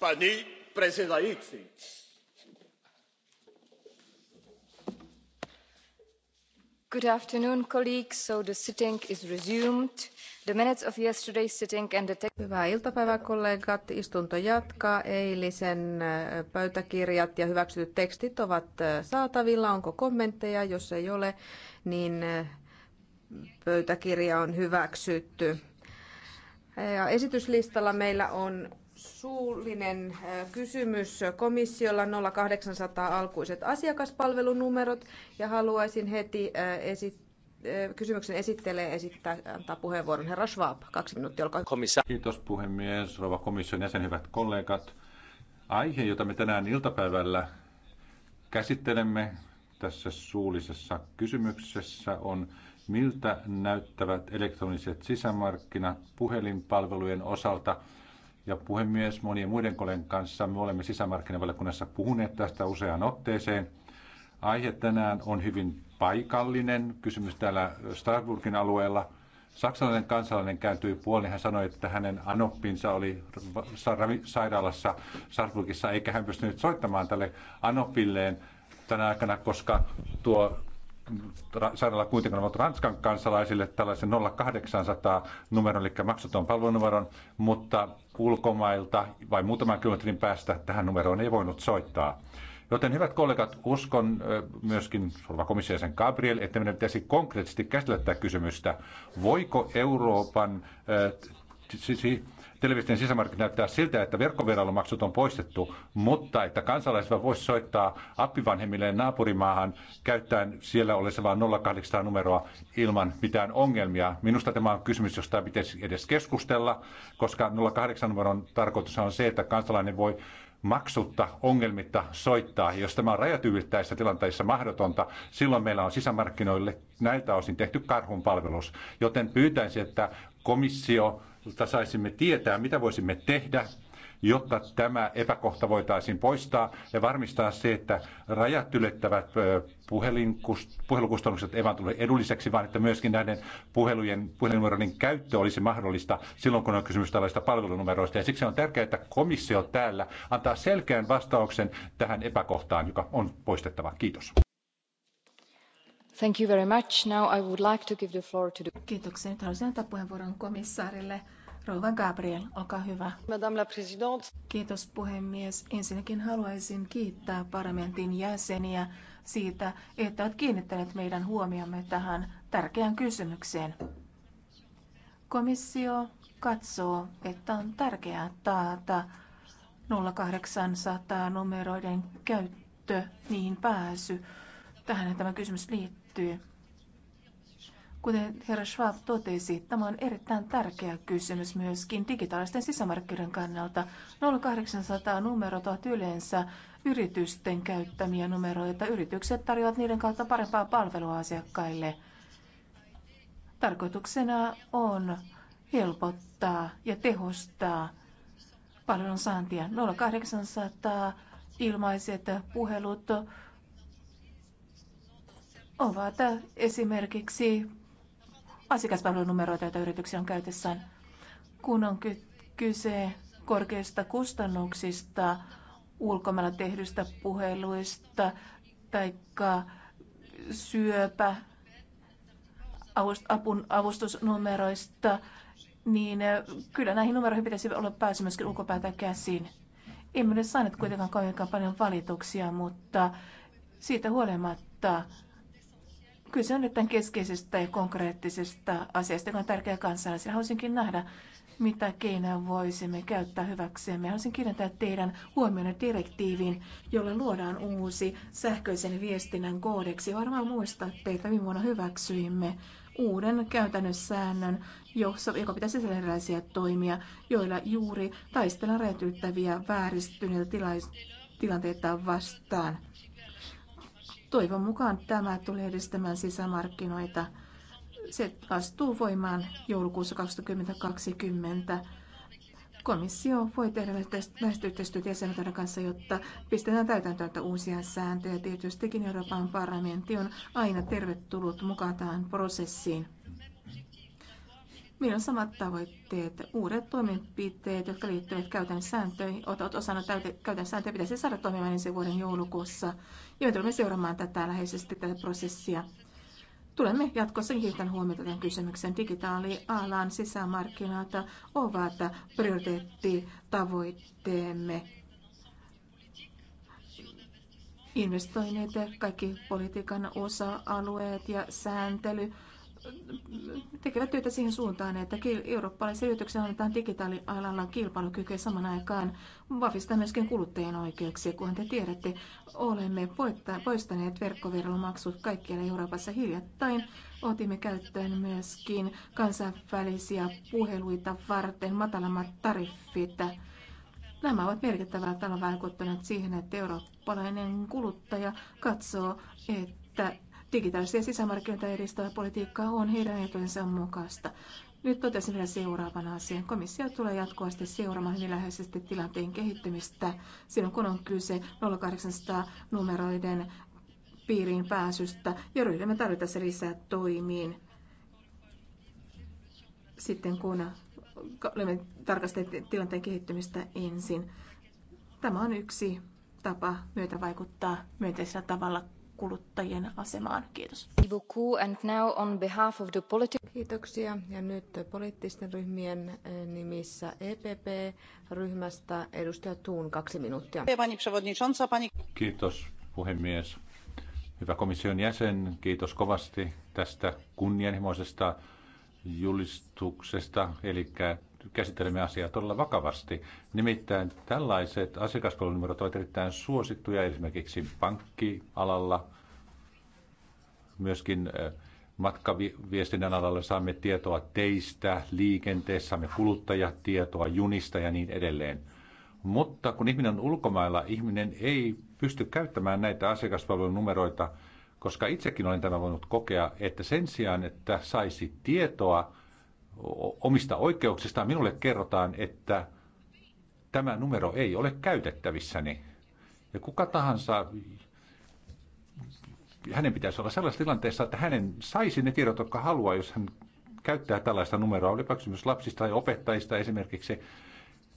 paní předsedající good afternoon colleagues so the sitting is resumed the minutes of yesterday's sitting and the text. hyvää iltapäivää kollegat istunto jatkaa eilisen äh, pöytäkirjat ja hyväksytyt tekstit ovat äh, saatavilla onko kommentteja jos ei ole niin äh, pöytäkirja on hyväksytty ja esityslistalla meillä on suullinen kysymys komissiolla 0800 alkuiset asiakaspalvelunumerot ja haluaisin heti esittää kysymyksen esittelee esittää, antaa puheenvuoron herra Schwab. Kaksi minuuttia, olkaa Komissa. Kiitos puhemies, rouva komission jäsen, hyvät kollegat. Aihe, jota me tänään iltapäivällä käsittelemme tässä suullisessa kysymyksessä on, miltä näyttävät elektroniset sisämarkkinat puhelinpalvelujen osalta – ja puhemies monien muiden kolen kanssa. Me olemme sisämarkkinavaliokunnassa puhuneet tästä useaan otteeseen. Aihe tänään on hyvin paikallinen kysymys täällä Strasbourgin alueella. Saksalainen kansalainen kääntyi puoleen. Hän sanoi, että hänen anoppinsa oli sairaalassa Strasbourgissa, eikä hän pystynyt soittamaan tälle anopilleen tänä aikana, koska tuo sairaala kuitenkin ovat Ranskan kansalaisille tällaisen 0800 numeron, eli maksuton palvelunumeron, mutta ulkomailta, vai muutaman kilometrin päästä tähän numeroon ei voinut soittaa. Joten hyvät kollegat, uskon myöskin suurva komissiaisen Gabriel, että meidän pitäisi konkreettisesti käsitellä tätä kysymystä. Voiko Euroopan televisten sisämarkkinat näyttää siltä, että verkkovierailumaksut on poistettu, mutta että kansalaiset voisivat soittaa appivanhemmilleen naapurimaahan käyttäen siellä olevaa 0800 numeroa ilman mitään ongelmia. Minusta tämä on kysymys, josta pitäisi edes keskustella, koska 08 numeron tarkoitus on se, että kansalainen voi maksutta, ongelmitta soittaa. Jos tämä on rajatyvittäisissä tilanteissa mahdotonta, silloin meillä on sisämarkkinoille näiltä osin tehty karhun palvelus. Joten pyytäisin, että komissio jotta saisimme tietää, mitä voisimme tehdä, jotta tämä epäkohta voitaisiin poistaa ja varmistaa se, että rajat ylittävät puhelukustannukset eivät tule edulliseksi, vaan että myöskin näiden puhelujen, puhelinnumeroiden käyttö olisi mahdollista silloin, kun on kysymys tällaista palvelunumeroista. Ja siksi on tärkeää, että komissio täällä antaa selkeän vastauksen tähän epäkohtaan, joka on poistettava. Kiitos arvoisa komissaarille. Gabriel, hyvä. Madame la Présidente. Kiitos puhemies. Ensinnäkin haluaisin kiittää parlamentin jäseniä siitä, että ovat kiinnittäneet meidän huomiomme tähän tärkeään kysymykseen. Komissio katsoo, että on tärkeää taata 0800 numeroiden käyttö, niihin pääsy. Tähän tämä kysymys liittyy liittyy. Kuten herra Schwab totesi, tämä on erittäin tärkeä kysymys myöskin digitaalisten sisämarkkinoiden kannalta. 0800 numerot ovat yleensä yritysten käyttämiä numeroita. Yritykset tarjoavat niiden kautta parempaa palvelua asiakkaille. Tarkoituksena on helpottaa ja tehostaa palvelun saantia. 0800 ilmaiset puhelut ovat esimerkiksi asiakaspalvelunumeroita, joita yrityksiä on käytössään. Kun on kyse korkeista kustannuksista, ulkomailla tehdyistä puheluista tai syöpä apun avustusnumeroista, niin kyllä näihin numeroihin pitäisi olla pääsy myöskin ulkopäätä käsin. Emme ole saaneet kuitenkaan kovinkaan paljon valituksia, mutta siitä huolimatta Kyse on tämän keskeisestä ja konkreettisesta asiasta, joka on tärkeä kansalaisille. Haluaisinkin nähdä, mitä keinoja voisimme käyttää hyväksemme. Haluaisin kirjoittaa teidän huomioon direktiiviin, jolla luodaan uusi sähköisen viestinnän koodeksi. Varmaan muistatte, että viime vuonna hyväksyimme uuden käytännön säännön, jossa, joka pitäisi sisällä erilaisia toimia, joilla juuri taistellaan räjäytyttäviä vääristyneitä tilanteita vastaan. Toivon mukaan tämä tulee edistämään sisämarkkinoita. Se astuu voimaan joulukuussa 2020. Komissio voi tehdä näistä yhteistyötä jäsenvaltioiden kanssa, jotta pistetään täytäntöön uusia sääntöjä. Tietystikin Euroopan parlamentti on aina tervetullut mukaan tähän prosessiin. Meillä on samat tavoitteet. Uudet toimenpiteet, jotka liittyvät käytännön sääntöihin, ovat osana käytännön sääntöjä, pitäisi saada toimimaan ensi vuoden joulukuussa. Ja me tulemme seuraamaan tätä läheisesti tätä prosessia. Tulemme jatkossa kiinnittämään huomiota tämän kysymyksen. Digitaalialan sisämarkkinat ovat prioriteettitavoitteemme. Investoinnit, kaikki politiikan osa-alueet ja sääntely – tekevät työtä siihen suuntaan, että eurooppalaisen yrityksen annetaan digitaalialalla kilpailukykyä saman aikaan vahvistaa myöskin kuluttajien oikeuksia. Kuten te tiedätte, olemme poistaneet verkkoveromaksut kaikkialla Euroopassa hiljattain. Otimme käyttöön myöskin kansainvälisiä puheluita varten matalammat tariffit. Nämä ovat merkittävällä tavalla vaikuttaneet siihen, että eurooppalainen kuluttaja katsoo, että digitaalisia sisämarkkinoita edistävä politiikka on heidän etujensa mukaista. Nyt totesin vielä seuraavan asian. Komissio tulee jatkuvasti seuraamaan hyvin läheisesti tilanteen kehittymistä silloin, kun on kyse 0800 numeroiden piiriin pääsystä ja ryhdymme tarvitaan lisää toimiin sitten, kun olemme tarkastelleet tilanteen kehittymistä ensin. Tämä on yksi tapa myötä vaikuttaa myönteisellä tavalla kuluttajien asemaan. Kiitos. Kiitoksia. Ja nyt poliittisten ryhmien eh, nimissä EPP-ryhmästä edustaja Tuun kaksi minuuttia. Kiitos puhemies. Hyvä komission jäsen, kiitos kovasti tästä kunnianhimoisesta julistuksesta, eli käsittelemme asiaa todella vakavasti. Nimittäin tällaiset asiakaspalvelunumerot ovat erittäin suosittuja esimerkiksi pankkialalla, myöskin matkaviestinnän alalla saamme tietoa teistä, liikenteessä saamme kuluttajatietoa, junista ja niin edelleen. Mutta kun ihminen on ulkomailla, ihminen ei pysty käyttämään näitä asiakaspalvelunumeroita, koska itsekin olen tämän voinut kokea, että sen sijaan, että saisi tietoa, omista oikeuksistaan, minulle kerrotaan, että tämä numero ei ole käytettävissäni. Ja kuka tahansa, hänen pitäisi olla sellaisessa tilanteessa, että hänen saisi ne tiedot, jotka haluaa, jos hän käyttää tällaista numeroa, olipa kysymys lapsista tai opettajista esimerkiksi.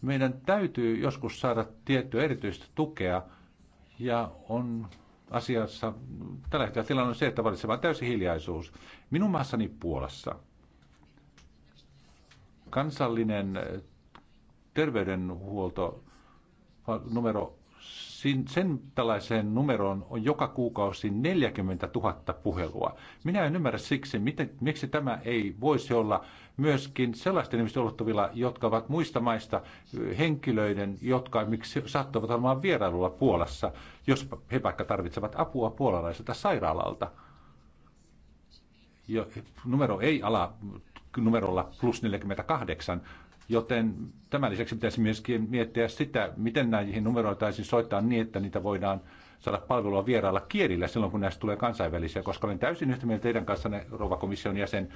Meidän täytyy joskus saada tiettyä erityistä tukea ja on asiassa, tällä hetkellä tilanne on se, että valitsee vain täysi hiljaisuus. Minun maassani Puolassa – Kansallinen eh, terveydenhuolto numero, sen tällaiseen numeroon on joka kuukausi 40 000 puhelua. Minä en ymmärrä siksi, miten, miksi tämä ei voisi olla myöskin sellaisten ihmisten ulottuvilla, jotka ovat muista maista eh, henkilöiden, jotka miksi saattavat olemaan vierailulla Puolassa, jos he vaikka tarvitsevat apua puolalaiselta sairaalalta. Jo, numero ei ala numerolla plus 48, joten tämän lisäksi pitäisi myöskin miettiä sitä, miten näihin numeroitaisiin soittaa niin, että niitä voidaan saada palvelua vierailla kielillä silloin, kun näistä tulee kansainvälisiä, koska olen täysin yhtä mieltä teidän kanssanne, rouva komission jäsen,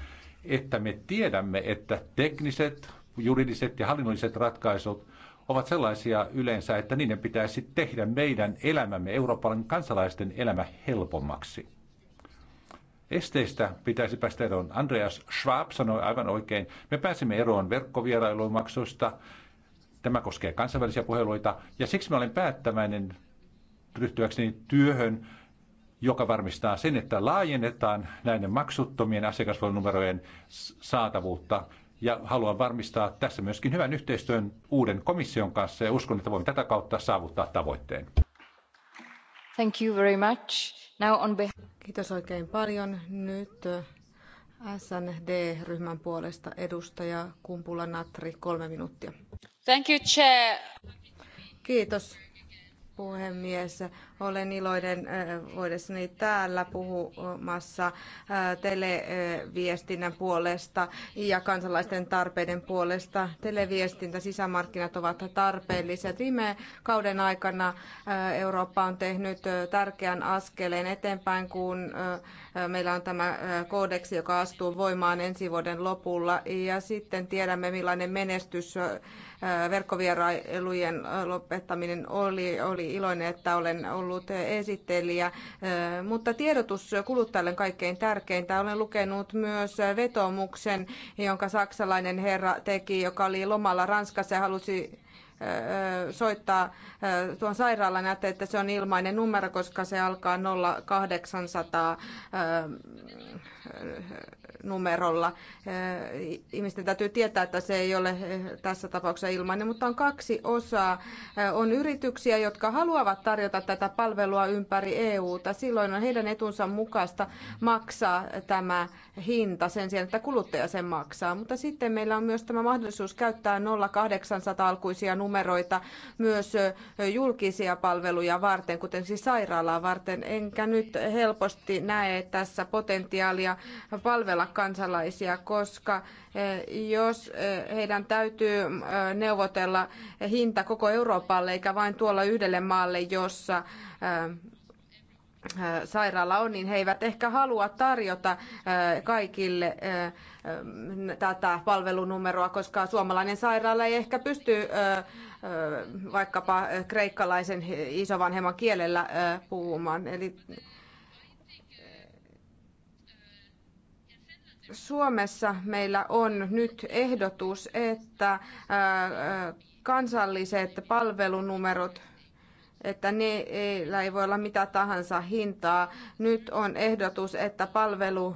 että me tiedämme, että tekniset, juridiset ja hallinnolliset ratkaisut ovat sellaisia yleensä, että niiden pitäisi tehdä meidän elämämme, Euroopan kansalaisten elämä helpommaksi. Esteistä pitäisi päästä eroon. Andreas Schwab sanoi aivan oikein, me pääsimme eroon verkkovierailumaksuista. Tämä koskee kansainvälisiä puheluita ja siksi mä olen päättäväinen ryhtyäkseni työhön, joka varmistaa sen, että laajennetaan näiden maksuttomien asiakaspalvelunumerojen saatavuutta. Ja haluan varmistaa tässä myöskin hyvän yhteistyön uuden komission kanssa ja uskon, että voimme tätä kautta saavuttaa tavoitteen. Thank you very much. Now on Kiitos oikein paljon. Nyt äh, SND-ryhmän puolesta edustaja Kumpula Natri, kolme minuuttia. Thank you, Chair. Kiitos puhemies. Olen iloinen voidessani täällä puhumassa televiestinnän puolesta ja kansalaisten tarpeiden puolesta. Televiestintä, sisämarkkinat ovat tarpeelliset. Viime kauden aikana Eurooppa on tehnyt tärkeän askeleen eteenpäin, kun Meillä on tämä koodeksi, joka astuu voimaan ensi vuoden lopulla ja sitten tiedämme millainen menestys verkkovierailujen lopettaminen oli. Oli iloinen, että olen ollut esittelijä, mutta tiedotus kuluttajalle on kaikkein tärkeintä. Olen lukenut myös vetomuksen, jonka saksalainen herra teki, joka oli lomalla Ranskassa ja halusi soittaa tuon sairaalan, näette, että se on ilmainen numero, koska se alkaa 0800 numerolla. Ihmisten täytyy tietää, että se ei ole tässä tapauksessa ilmainen, mutta on kaksi osaa. On yrityksiä, jotka haluavat tarjota tätä palvelua ympäri EUta. Silloin on heidän etunsa mukaista maksaa tämä hinta sen sijaan, että kuluttaja sen maksaa. Mutta sitten meillä on myös tämä mahdollisuus käyttää 0800-alkuisia numeroita myös julkisia palveluja varten, kuten siis sairaalaa varten. Enkä nyt helposti näe tässä potentiaalia palvella kansalaisia, koska jos heidän täytyy neuvotella hinta koko Euroopalle eikä vain tuolla yhdelle maalle, jossa sairaala on, niin he eivät ehkä halua tarjota kaikille tätä palvelunumeroa, koska suomalainen sairaala ei ehkä pysty vaikkapa kreikkalaisen isovanhemman kielellä puhumaan. Eli Suomessa meillä on nyt ehdotus, että kansalliset palvelunumerot että niillä ei voi olla mitä tahansa hintaa. Nyt on ehdotus, että palvelu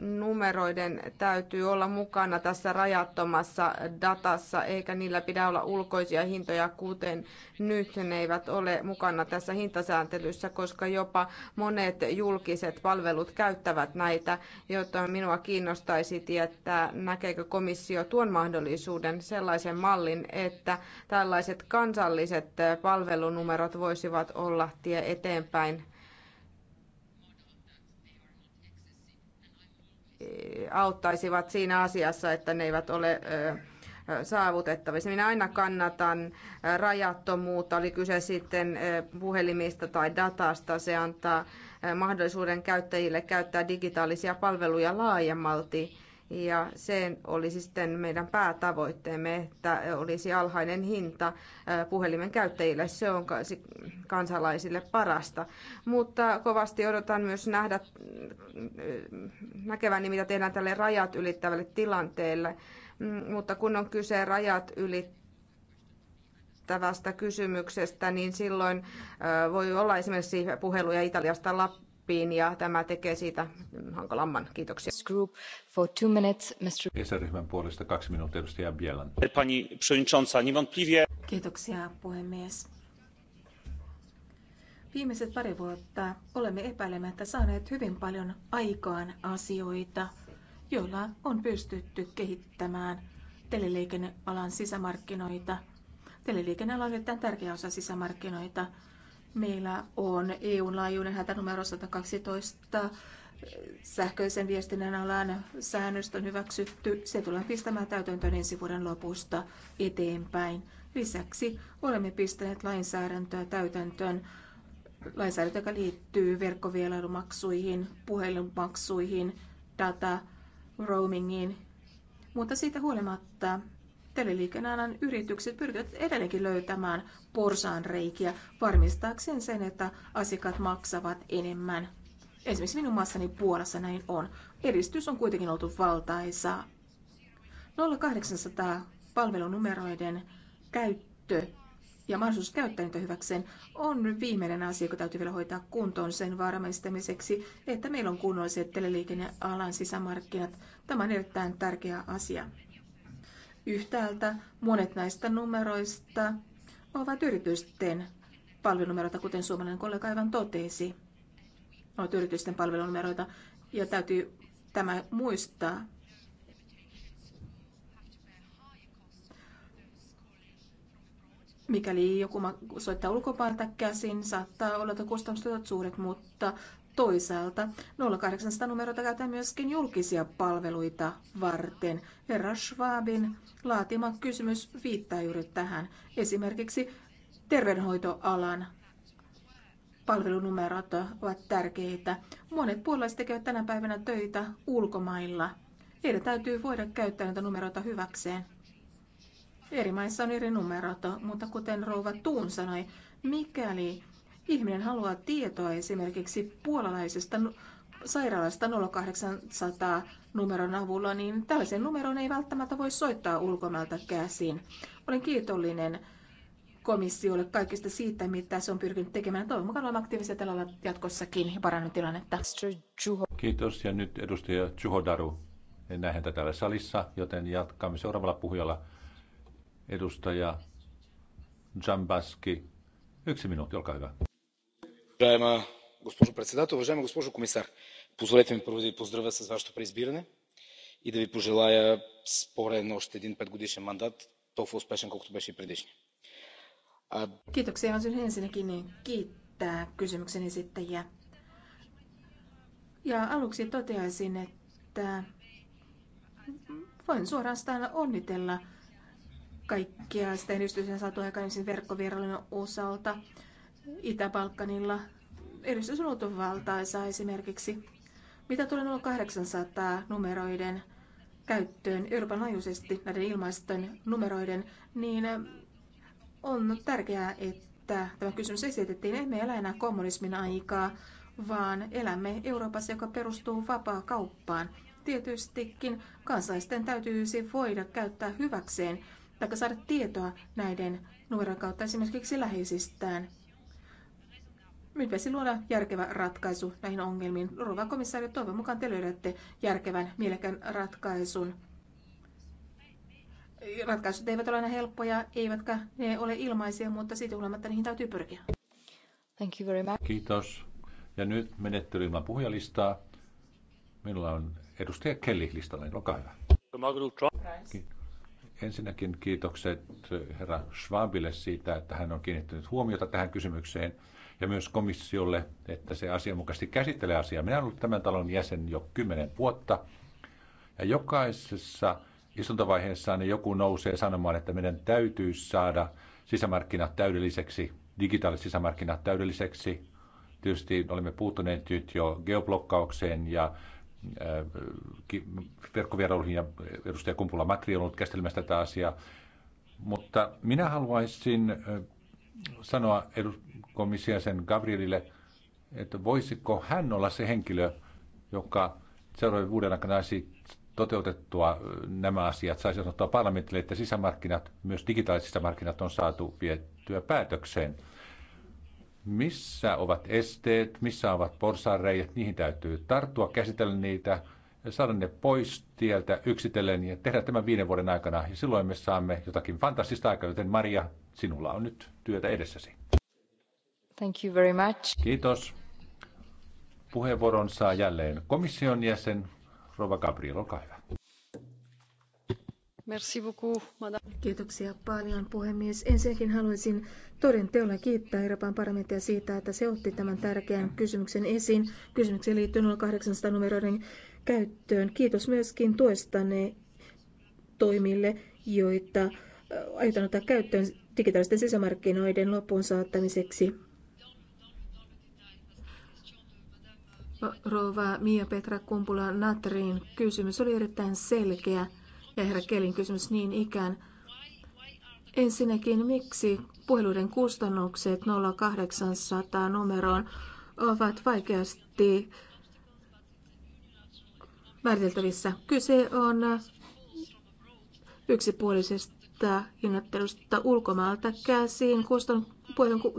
numeroiden täytyy olla mukana tässä rajattomassa datassa, eikä niillä pidä olla ulkoisia hintoja, kuten nyt ne eivät ole mukana tässä hintasääntelyssä, koska jopa monet julkiset palvelut käyttävät näitä, joten minua kiinnostaisi tietää, näkeekö komissio tuon mahdollisuuden sellaisen mallin, että tällaiset kansalliset palvelunumerot voisivat olla tie eteenpäin auttaisivat siinä asiassa, että ne eivät ole saavutettavissa. Minä aina kannatan rajattomuutta, oli kyse sitten puhelimista tai datasta. Se antaa mahdollisuuden käyttäjille käyttää digitaalisia palveluja laajemmalti ja se olisi sitten meidän päätavoitteemme, että olisi alhainen hinta äh, puhelimen käyttäjille. Se on kansalaisille parasta. Mutta kovasti odotan myös nähdä, äh, näkeväni, niin mitä tehdään tälle rajat ylittävälle tilanteelle. Mm, mutta kun on kyse rajat ylittävälle, kysymyksestä, niin silloin äh, voi olla esimerkiksi puheluja Italiasta Groupiin ja tämä tekee siitä hankalamman. Kiitoksia. Group for two minutes, Mr. Kesäryhmän puolesta kaksi minuuttia edustaja Bielan. Pani przewodnicząca, niewątpliwie. Kiitoksia puhemies. Viimeiset pari vuotta olemme epäilemättä saaneet hyvin paljon aikaan asioita, joilla on pystytty kehittämään teleliikennealan sisämarkkinoita. Teleliikennealan on tärkeä osa sisämarkkinoita. Meillä on EUn laajuinen hätänumero 112 sähköisen viestinnän alan on hyväksytty. Se tulee pistämään täytäntöön ensi vuoden lopusta eteenpäin. Lisäksi olemme pistäneet lainsäädäntöä täytäntöön lainsäädäntö, joka liittyy verkkovielailumaksuihin, puhelinmaksuihin, data, roamingiin. Mutta siitä huolimatta teleliikennealan yritykset pyrkivät edelleenkin löytämään porsaanreikiä varmistaakseen sen, että asiakkaat maksavat enemmän. Esimerkiksi minun maassani Puolassa näin on. Edistys on kuitenkin oltu valtaisaa. 0800 palvelunumeroiden käyttö ja mahdollisuus käyttää niitä hyväkseen on viimeinen asia, joka täytyy vielä hoitaa kuntoon sen varmistamiseksi, että meillä on kunnolliset teleliikennealan sisämarkkinat. Tämä on erittäin tärkeä asia. Yhtäältä monet näistä numeroista ovat yritysten palvelunumeroita, kuten suomalainen kollega aivan totesi. Ovat yritysten palvelunumeroita ja täytyy tämä muistaa. Mikäli joku soittaa ulkopuolelta käsin, saattaa olla, että kustannukset ovat suuret, mutta Toisaalta 0800 numeroita käytetään myöskin julkisia palveluita varten. Herra Schwabin laatima kysymys viittaa juuri tähän. Esimerkiksi terveydenhoitoalan palvelunumerot ovat tärkeitä. Monet puolalaiset tekevät tänä päivänä töitä ulkomailla. Heidän täytyy voida käyttää näitä numeroita hyväkseen. Eri maissa on eri numerot, mutta kuten rouva Tuun sanoi, mikäli Ihminen haluaa tietoa esimerkiksi puolalaisesta sairaalasta 0800 numeron avulla, niin tällaisen numeron ei välttämättä voi soittaa ulkomailta käsin. Olen kiitollinen komissiolle kaikista siitä, mitä se on pyrkinyt tekemään. Toivon mukaan olemme aktiivisia tällä jatkossakin ja parannut tilannetta. Kiitos ja nyt edustaja Juhodaru. En näe häntä täällä salissa, joten jatkamme seuraavalla puhujalla. Edustaja Jambaski. Yksi minuutti, olkaa hyvä уважаема госпожо председател уважаема госпожо комисар! позволете ми първо да ви поздравя с вашето преизбиране и да ви пожелая спорен още един петгодишен мандат толкова успешен колкото беше и предишният. Kiitoksia. Haluaisin ensinnäkin kiittää kysymyksen esittäjiä. Ja aluksi toteaisin, että voin suorastaan onnitella kaikkia sitä edistystä saatu aikaisemmin verkkovierailujen osalta. Itä-Balkanilla edistys on ollut valtaisaa esimerkiksi. Mitä tulee 0800 numeroiden käyttöön Euroopan laajuisesti näiden ilmaisten numeroiden, niin äh, on tärkeää, että tämä kysymys esitettiin. Emme elä enää kommunismin aikaa, vaan elämme Euroopassa, joka perustuu vapaa kauppaan. Tietystikin kansalaisten täytyisi voida käyttää hyväkseen tai saada tietoa näiden numeron kautta esimerkiksi läheisistään nyt pitäisi luoda järkevä ratkaisu näihin ongelmiin. Rouva komissaari, toivon mukaan te löydätte järkevän, mielekän ratkaisun. Ratkaisut eivät ole aina helppoja, eivätkä ne ole ilmaisia, mutta siitä huolimatta niihin täytyy pyrkiä. Thank you very much. Kiitos. Ja nyt menettelymään puhujalistaa. Minulla on edustaja Kelly listalla, olkaa hyvä. Ensinnäkin kiitokset herra Schwabille siitä, että hän on kiinnittänyt huomiota tähän kysymykseen – ja myös komissiolle, että se asianmukaisesti käsittelee asiaa. Minä olen ollut tämän talon jäsen jo kymmenen vuotta ja jokaisessa istuntavaiheessa niin joku nousee sanomaan, että meidän täytyy saada sisämarkkinat täydelliseksi, digitaaliset sisämarkkinat täydelliseksi. Tietysti olemme puuttuneet nyt jo geoblokkaukseen ja äh, verkkovierailuihin ja edustaja Kumpula Matri on ollut käsittelemässä tätä asiaa. Mutta minä haluaisin äh, sanoa komissiasen Gabrielille, että voisiko hän olla se henkilö, joka seuraavien vuoden aikana toteutettua nämä asiat, saisi sanottua parlamentille, että sisämarkkinat, myös digitaaliset sisämarkkinat on saatu vietyä päätökseen. Missä ovat esteet, missä ovat porsaanreijät, niihin täytyy tarttua, käsitellä niitä, ja saada ne pois tieltä yksitellen ja tehdä tämän viiden vuoden aikana. Ja silloin me saamme jotakin fantastista aikaa, joten Maria, Sinulla on nyt työtä edessäsi. Thank you very much. Kiitos. Puheenvuoron saa jälleen komission jäsen Rova Gabriel, olkaa hyvä. Merci beaucoup, madame. Kiitoksia paljon puhemies. Ensinnäkin haluaisin toden teolla kiittää Euroopan parlamenttia siitä, että se otti tämän tärkeän kysymyksen esiin. Kysymykseen liittyen 0800 numeroiden käyttöön. Kiitos myöskin tuestanne toimille, joita äh, aiotaan ottaa käyttöön digitaalisten sisämarkkinoiden loppuun saattamiseksi. Rova Mia Petra Kumpula Natrin kysymys oli erittäin selkeä ja herra Kelin kysymys niin ikään. Ensinnäkin, miksi puheluiden kustannukset 0800 numeroon ovat vaikeasti määriteltävissä? Kyse on yksipuolisesta välttää hinnoittelusta ulkomaalta käsiin.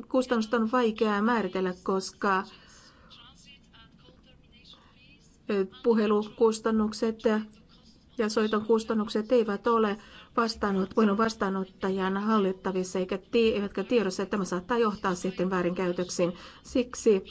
Kustannusta on vaikeaa määritellä, koska puhelukustannukset ja soiton kustannukset eivät ole vastaanot, voinut vastaanottajan hallittavissa eikä tii, eivätkä tiedossa, että tämä saattaa johtaa sitten väärinkäytöksiin. Siksi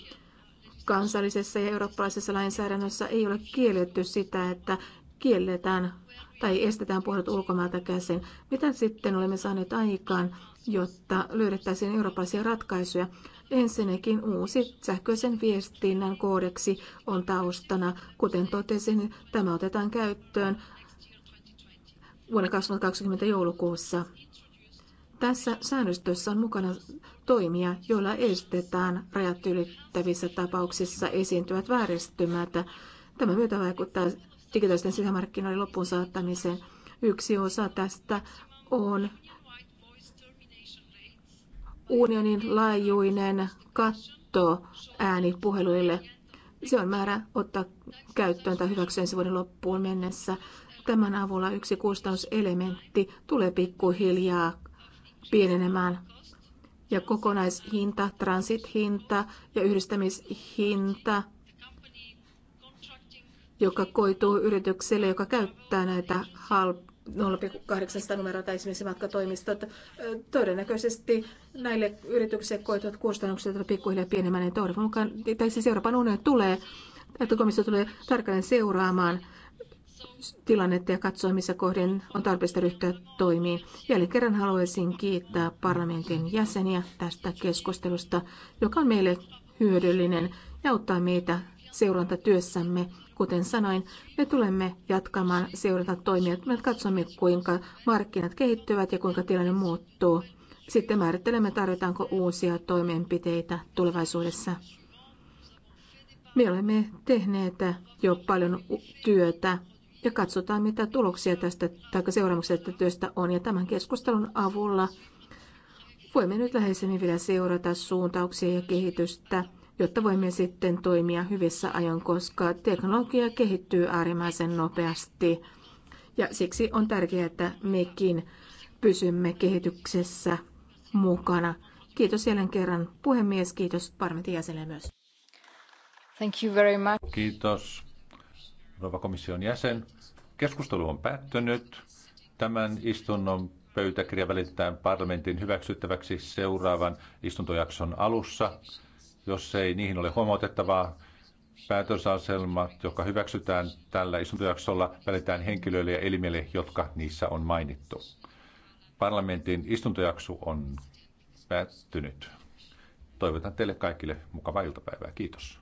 kansallisessa ja eurooppalaisessa lainsäädännössä ei ole kielletty sitä, että kielletään tai estetään puolet ulkomailta käsin. Mitä sitten olemme saaneet aikaan, jotta löydettäisiin eurooppalaisia ratkaisuja? Ensinnäkin uusi sähköisen viestinnän koodeksi on taustana. Kuten totesin, tämä otetaan käyttöön vuonna 2020 joulukuussa. Tässä säännöstössä on mukana toimia, joilla estetään rajat ylittävissä tapauksissa esiintyvät vääristymät. Tämä myötä vaikuttaa digitaalisten sisämarkkinoiden loppuun saattamiseen. Yksi osa tästä on unionin laajuinen katto äänipuheluille. Se on määrä ottaa käyttöön tai hyväksyä ensi vuoden loppuun mennessä. Tämän avulla yksi kustannuselementti tulee pikkuhiljaa pienenemään. Ja kokonaishinta, transithinta ja yhdistämishinta – joka koituu yritykselle, joka käyttää näitä halpoja 0,800 numeroita esimerkiksi matkatoimistot. Todennäköisesti näille yrityksille koituvat kustannukset ovat pikkuhiljaa pienemmän, niin toivon mukaan, tai siis Euroopan unioni tulee, että komissio tulee tarkalleen seuraamaan tilannetta ja katsoa, missä kohden on tarpeesta ryhtyä toimiin. Jälleen kerran haluaisin kiittää parlamentin jäseniä tästä keskustelusta, joka on meille hyödyllinen ja auttaa meitä seurantatyössämme Kuten sanoin, me tulemme jatkamaan seurata toimia. Me katsomme, kuinka markkinat kehittyvät ja kuinka tilanne muuttuu. Sitten määrittelemme, tarvitaanko uusia toimenpiteitä tulevaisuudessa. Me olemme tehneet jo paljon työtä ja katsotaan, mitä tuloksia tästä tai seuraamuksia tästä työstä on. Ja tämän keskustelun avulla voimme nyt läheisemmin vielä seurata suuntauksia ja kehitystä jotta voimme sitten toimia hyvissä ajoin, koska teknologia kehittyy äärimmäisen nopeasti. Ja siksi on tärkeää, että mekin pysymme kehityksessä mukana. Kiitos jälleen kerran puhemies, kiitos parlamentin jäsenille myös. Thank you very much. Kiitos, rouva komission jäsen. Keskustelu on päättynyt. Tämän istunnon pöytäkirja välitetään parlamentin hyväksyttäväksi seuraavan istuntojakson alussa. Jos ei niihin ole huomautettavaa, päätösaselmat, jotka hyväksytään tällä istuntojaksolla, välitään henkilöille ja elimille, jotka niissä on mainittu. Parlamentin istuntojakso on päättynyt. Toivotan teille kaikille mukavaa iltapäivää. Kiitos.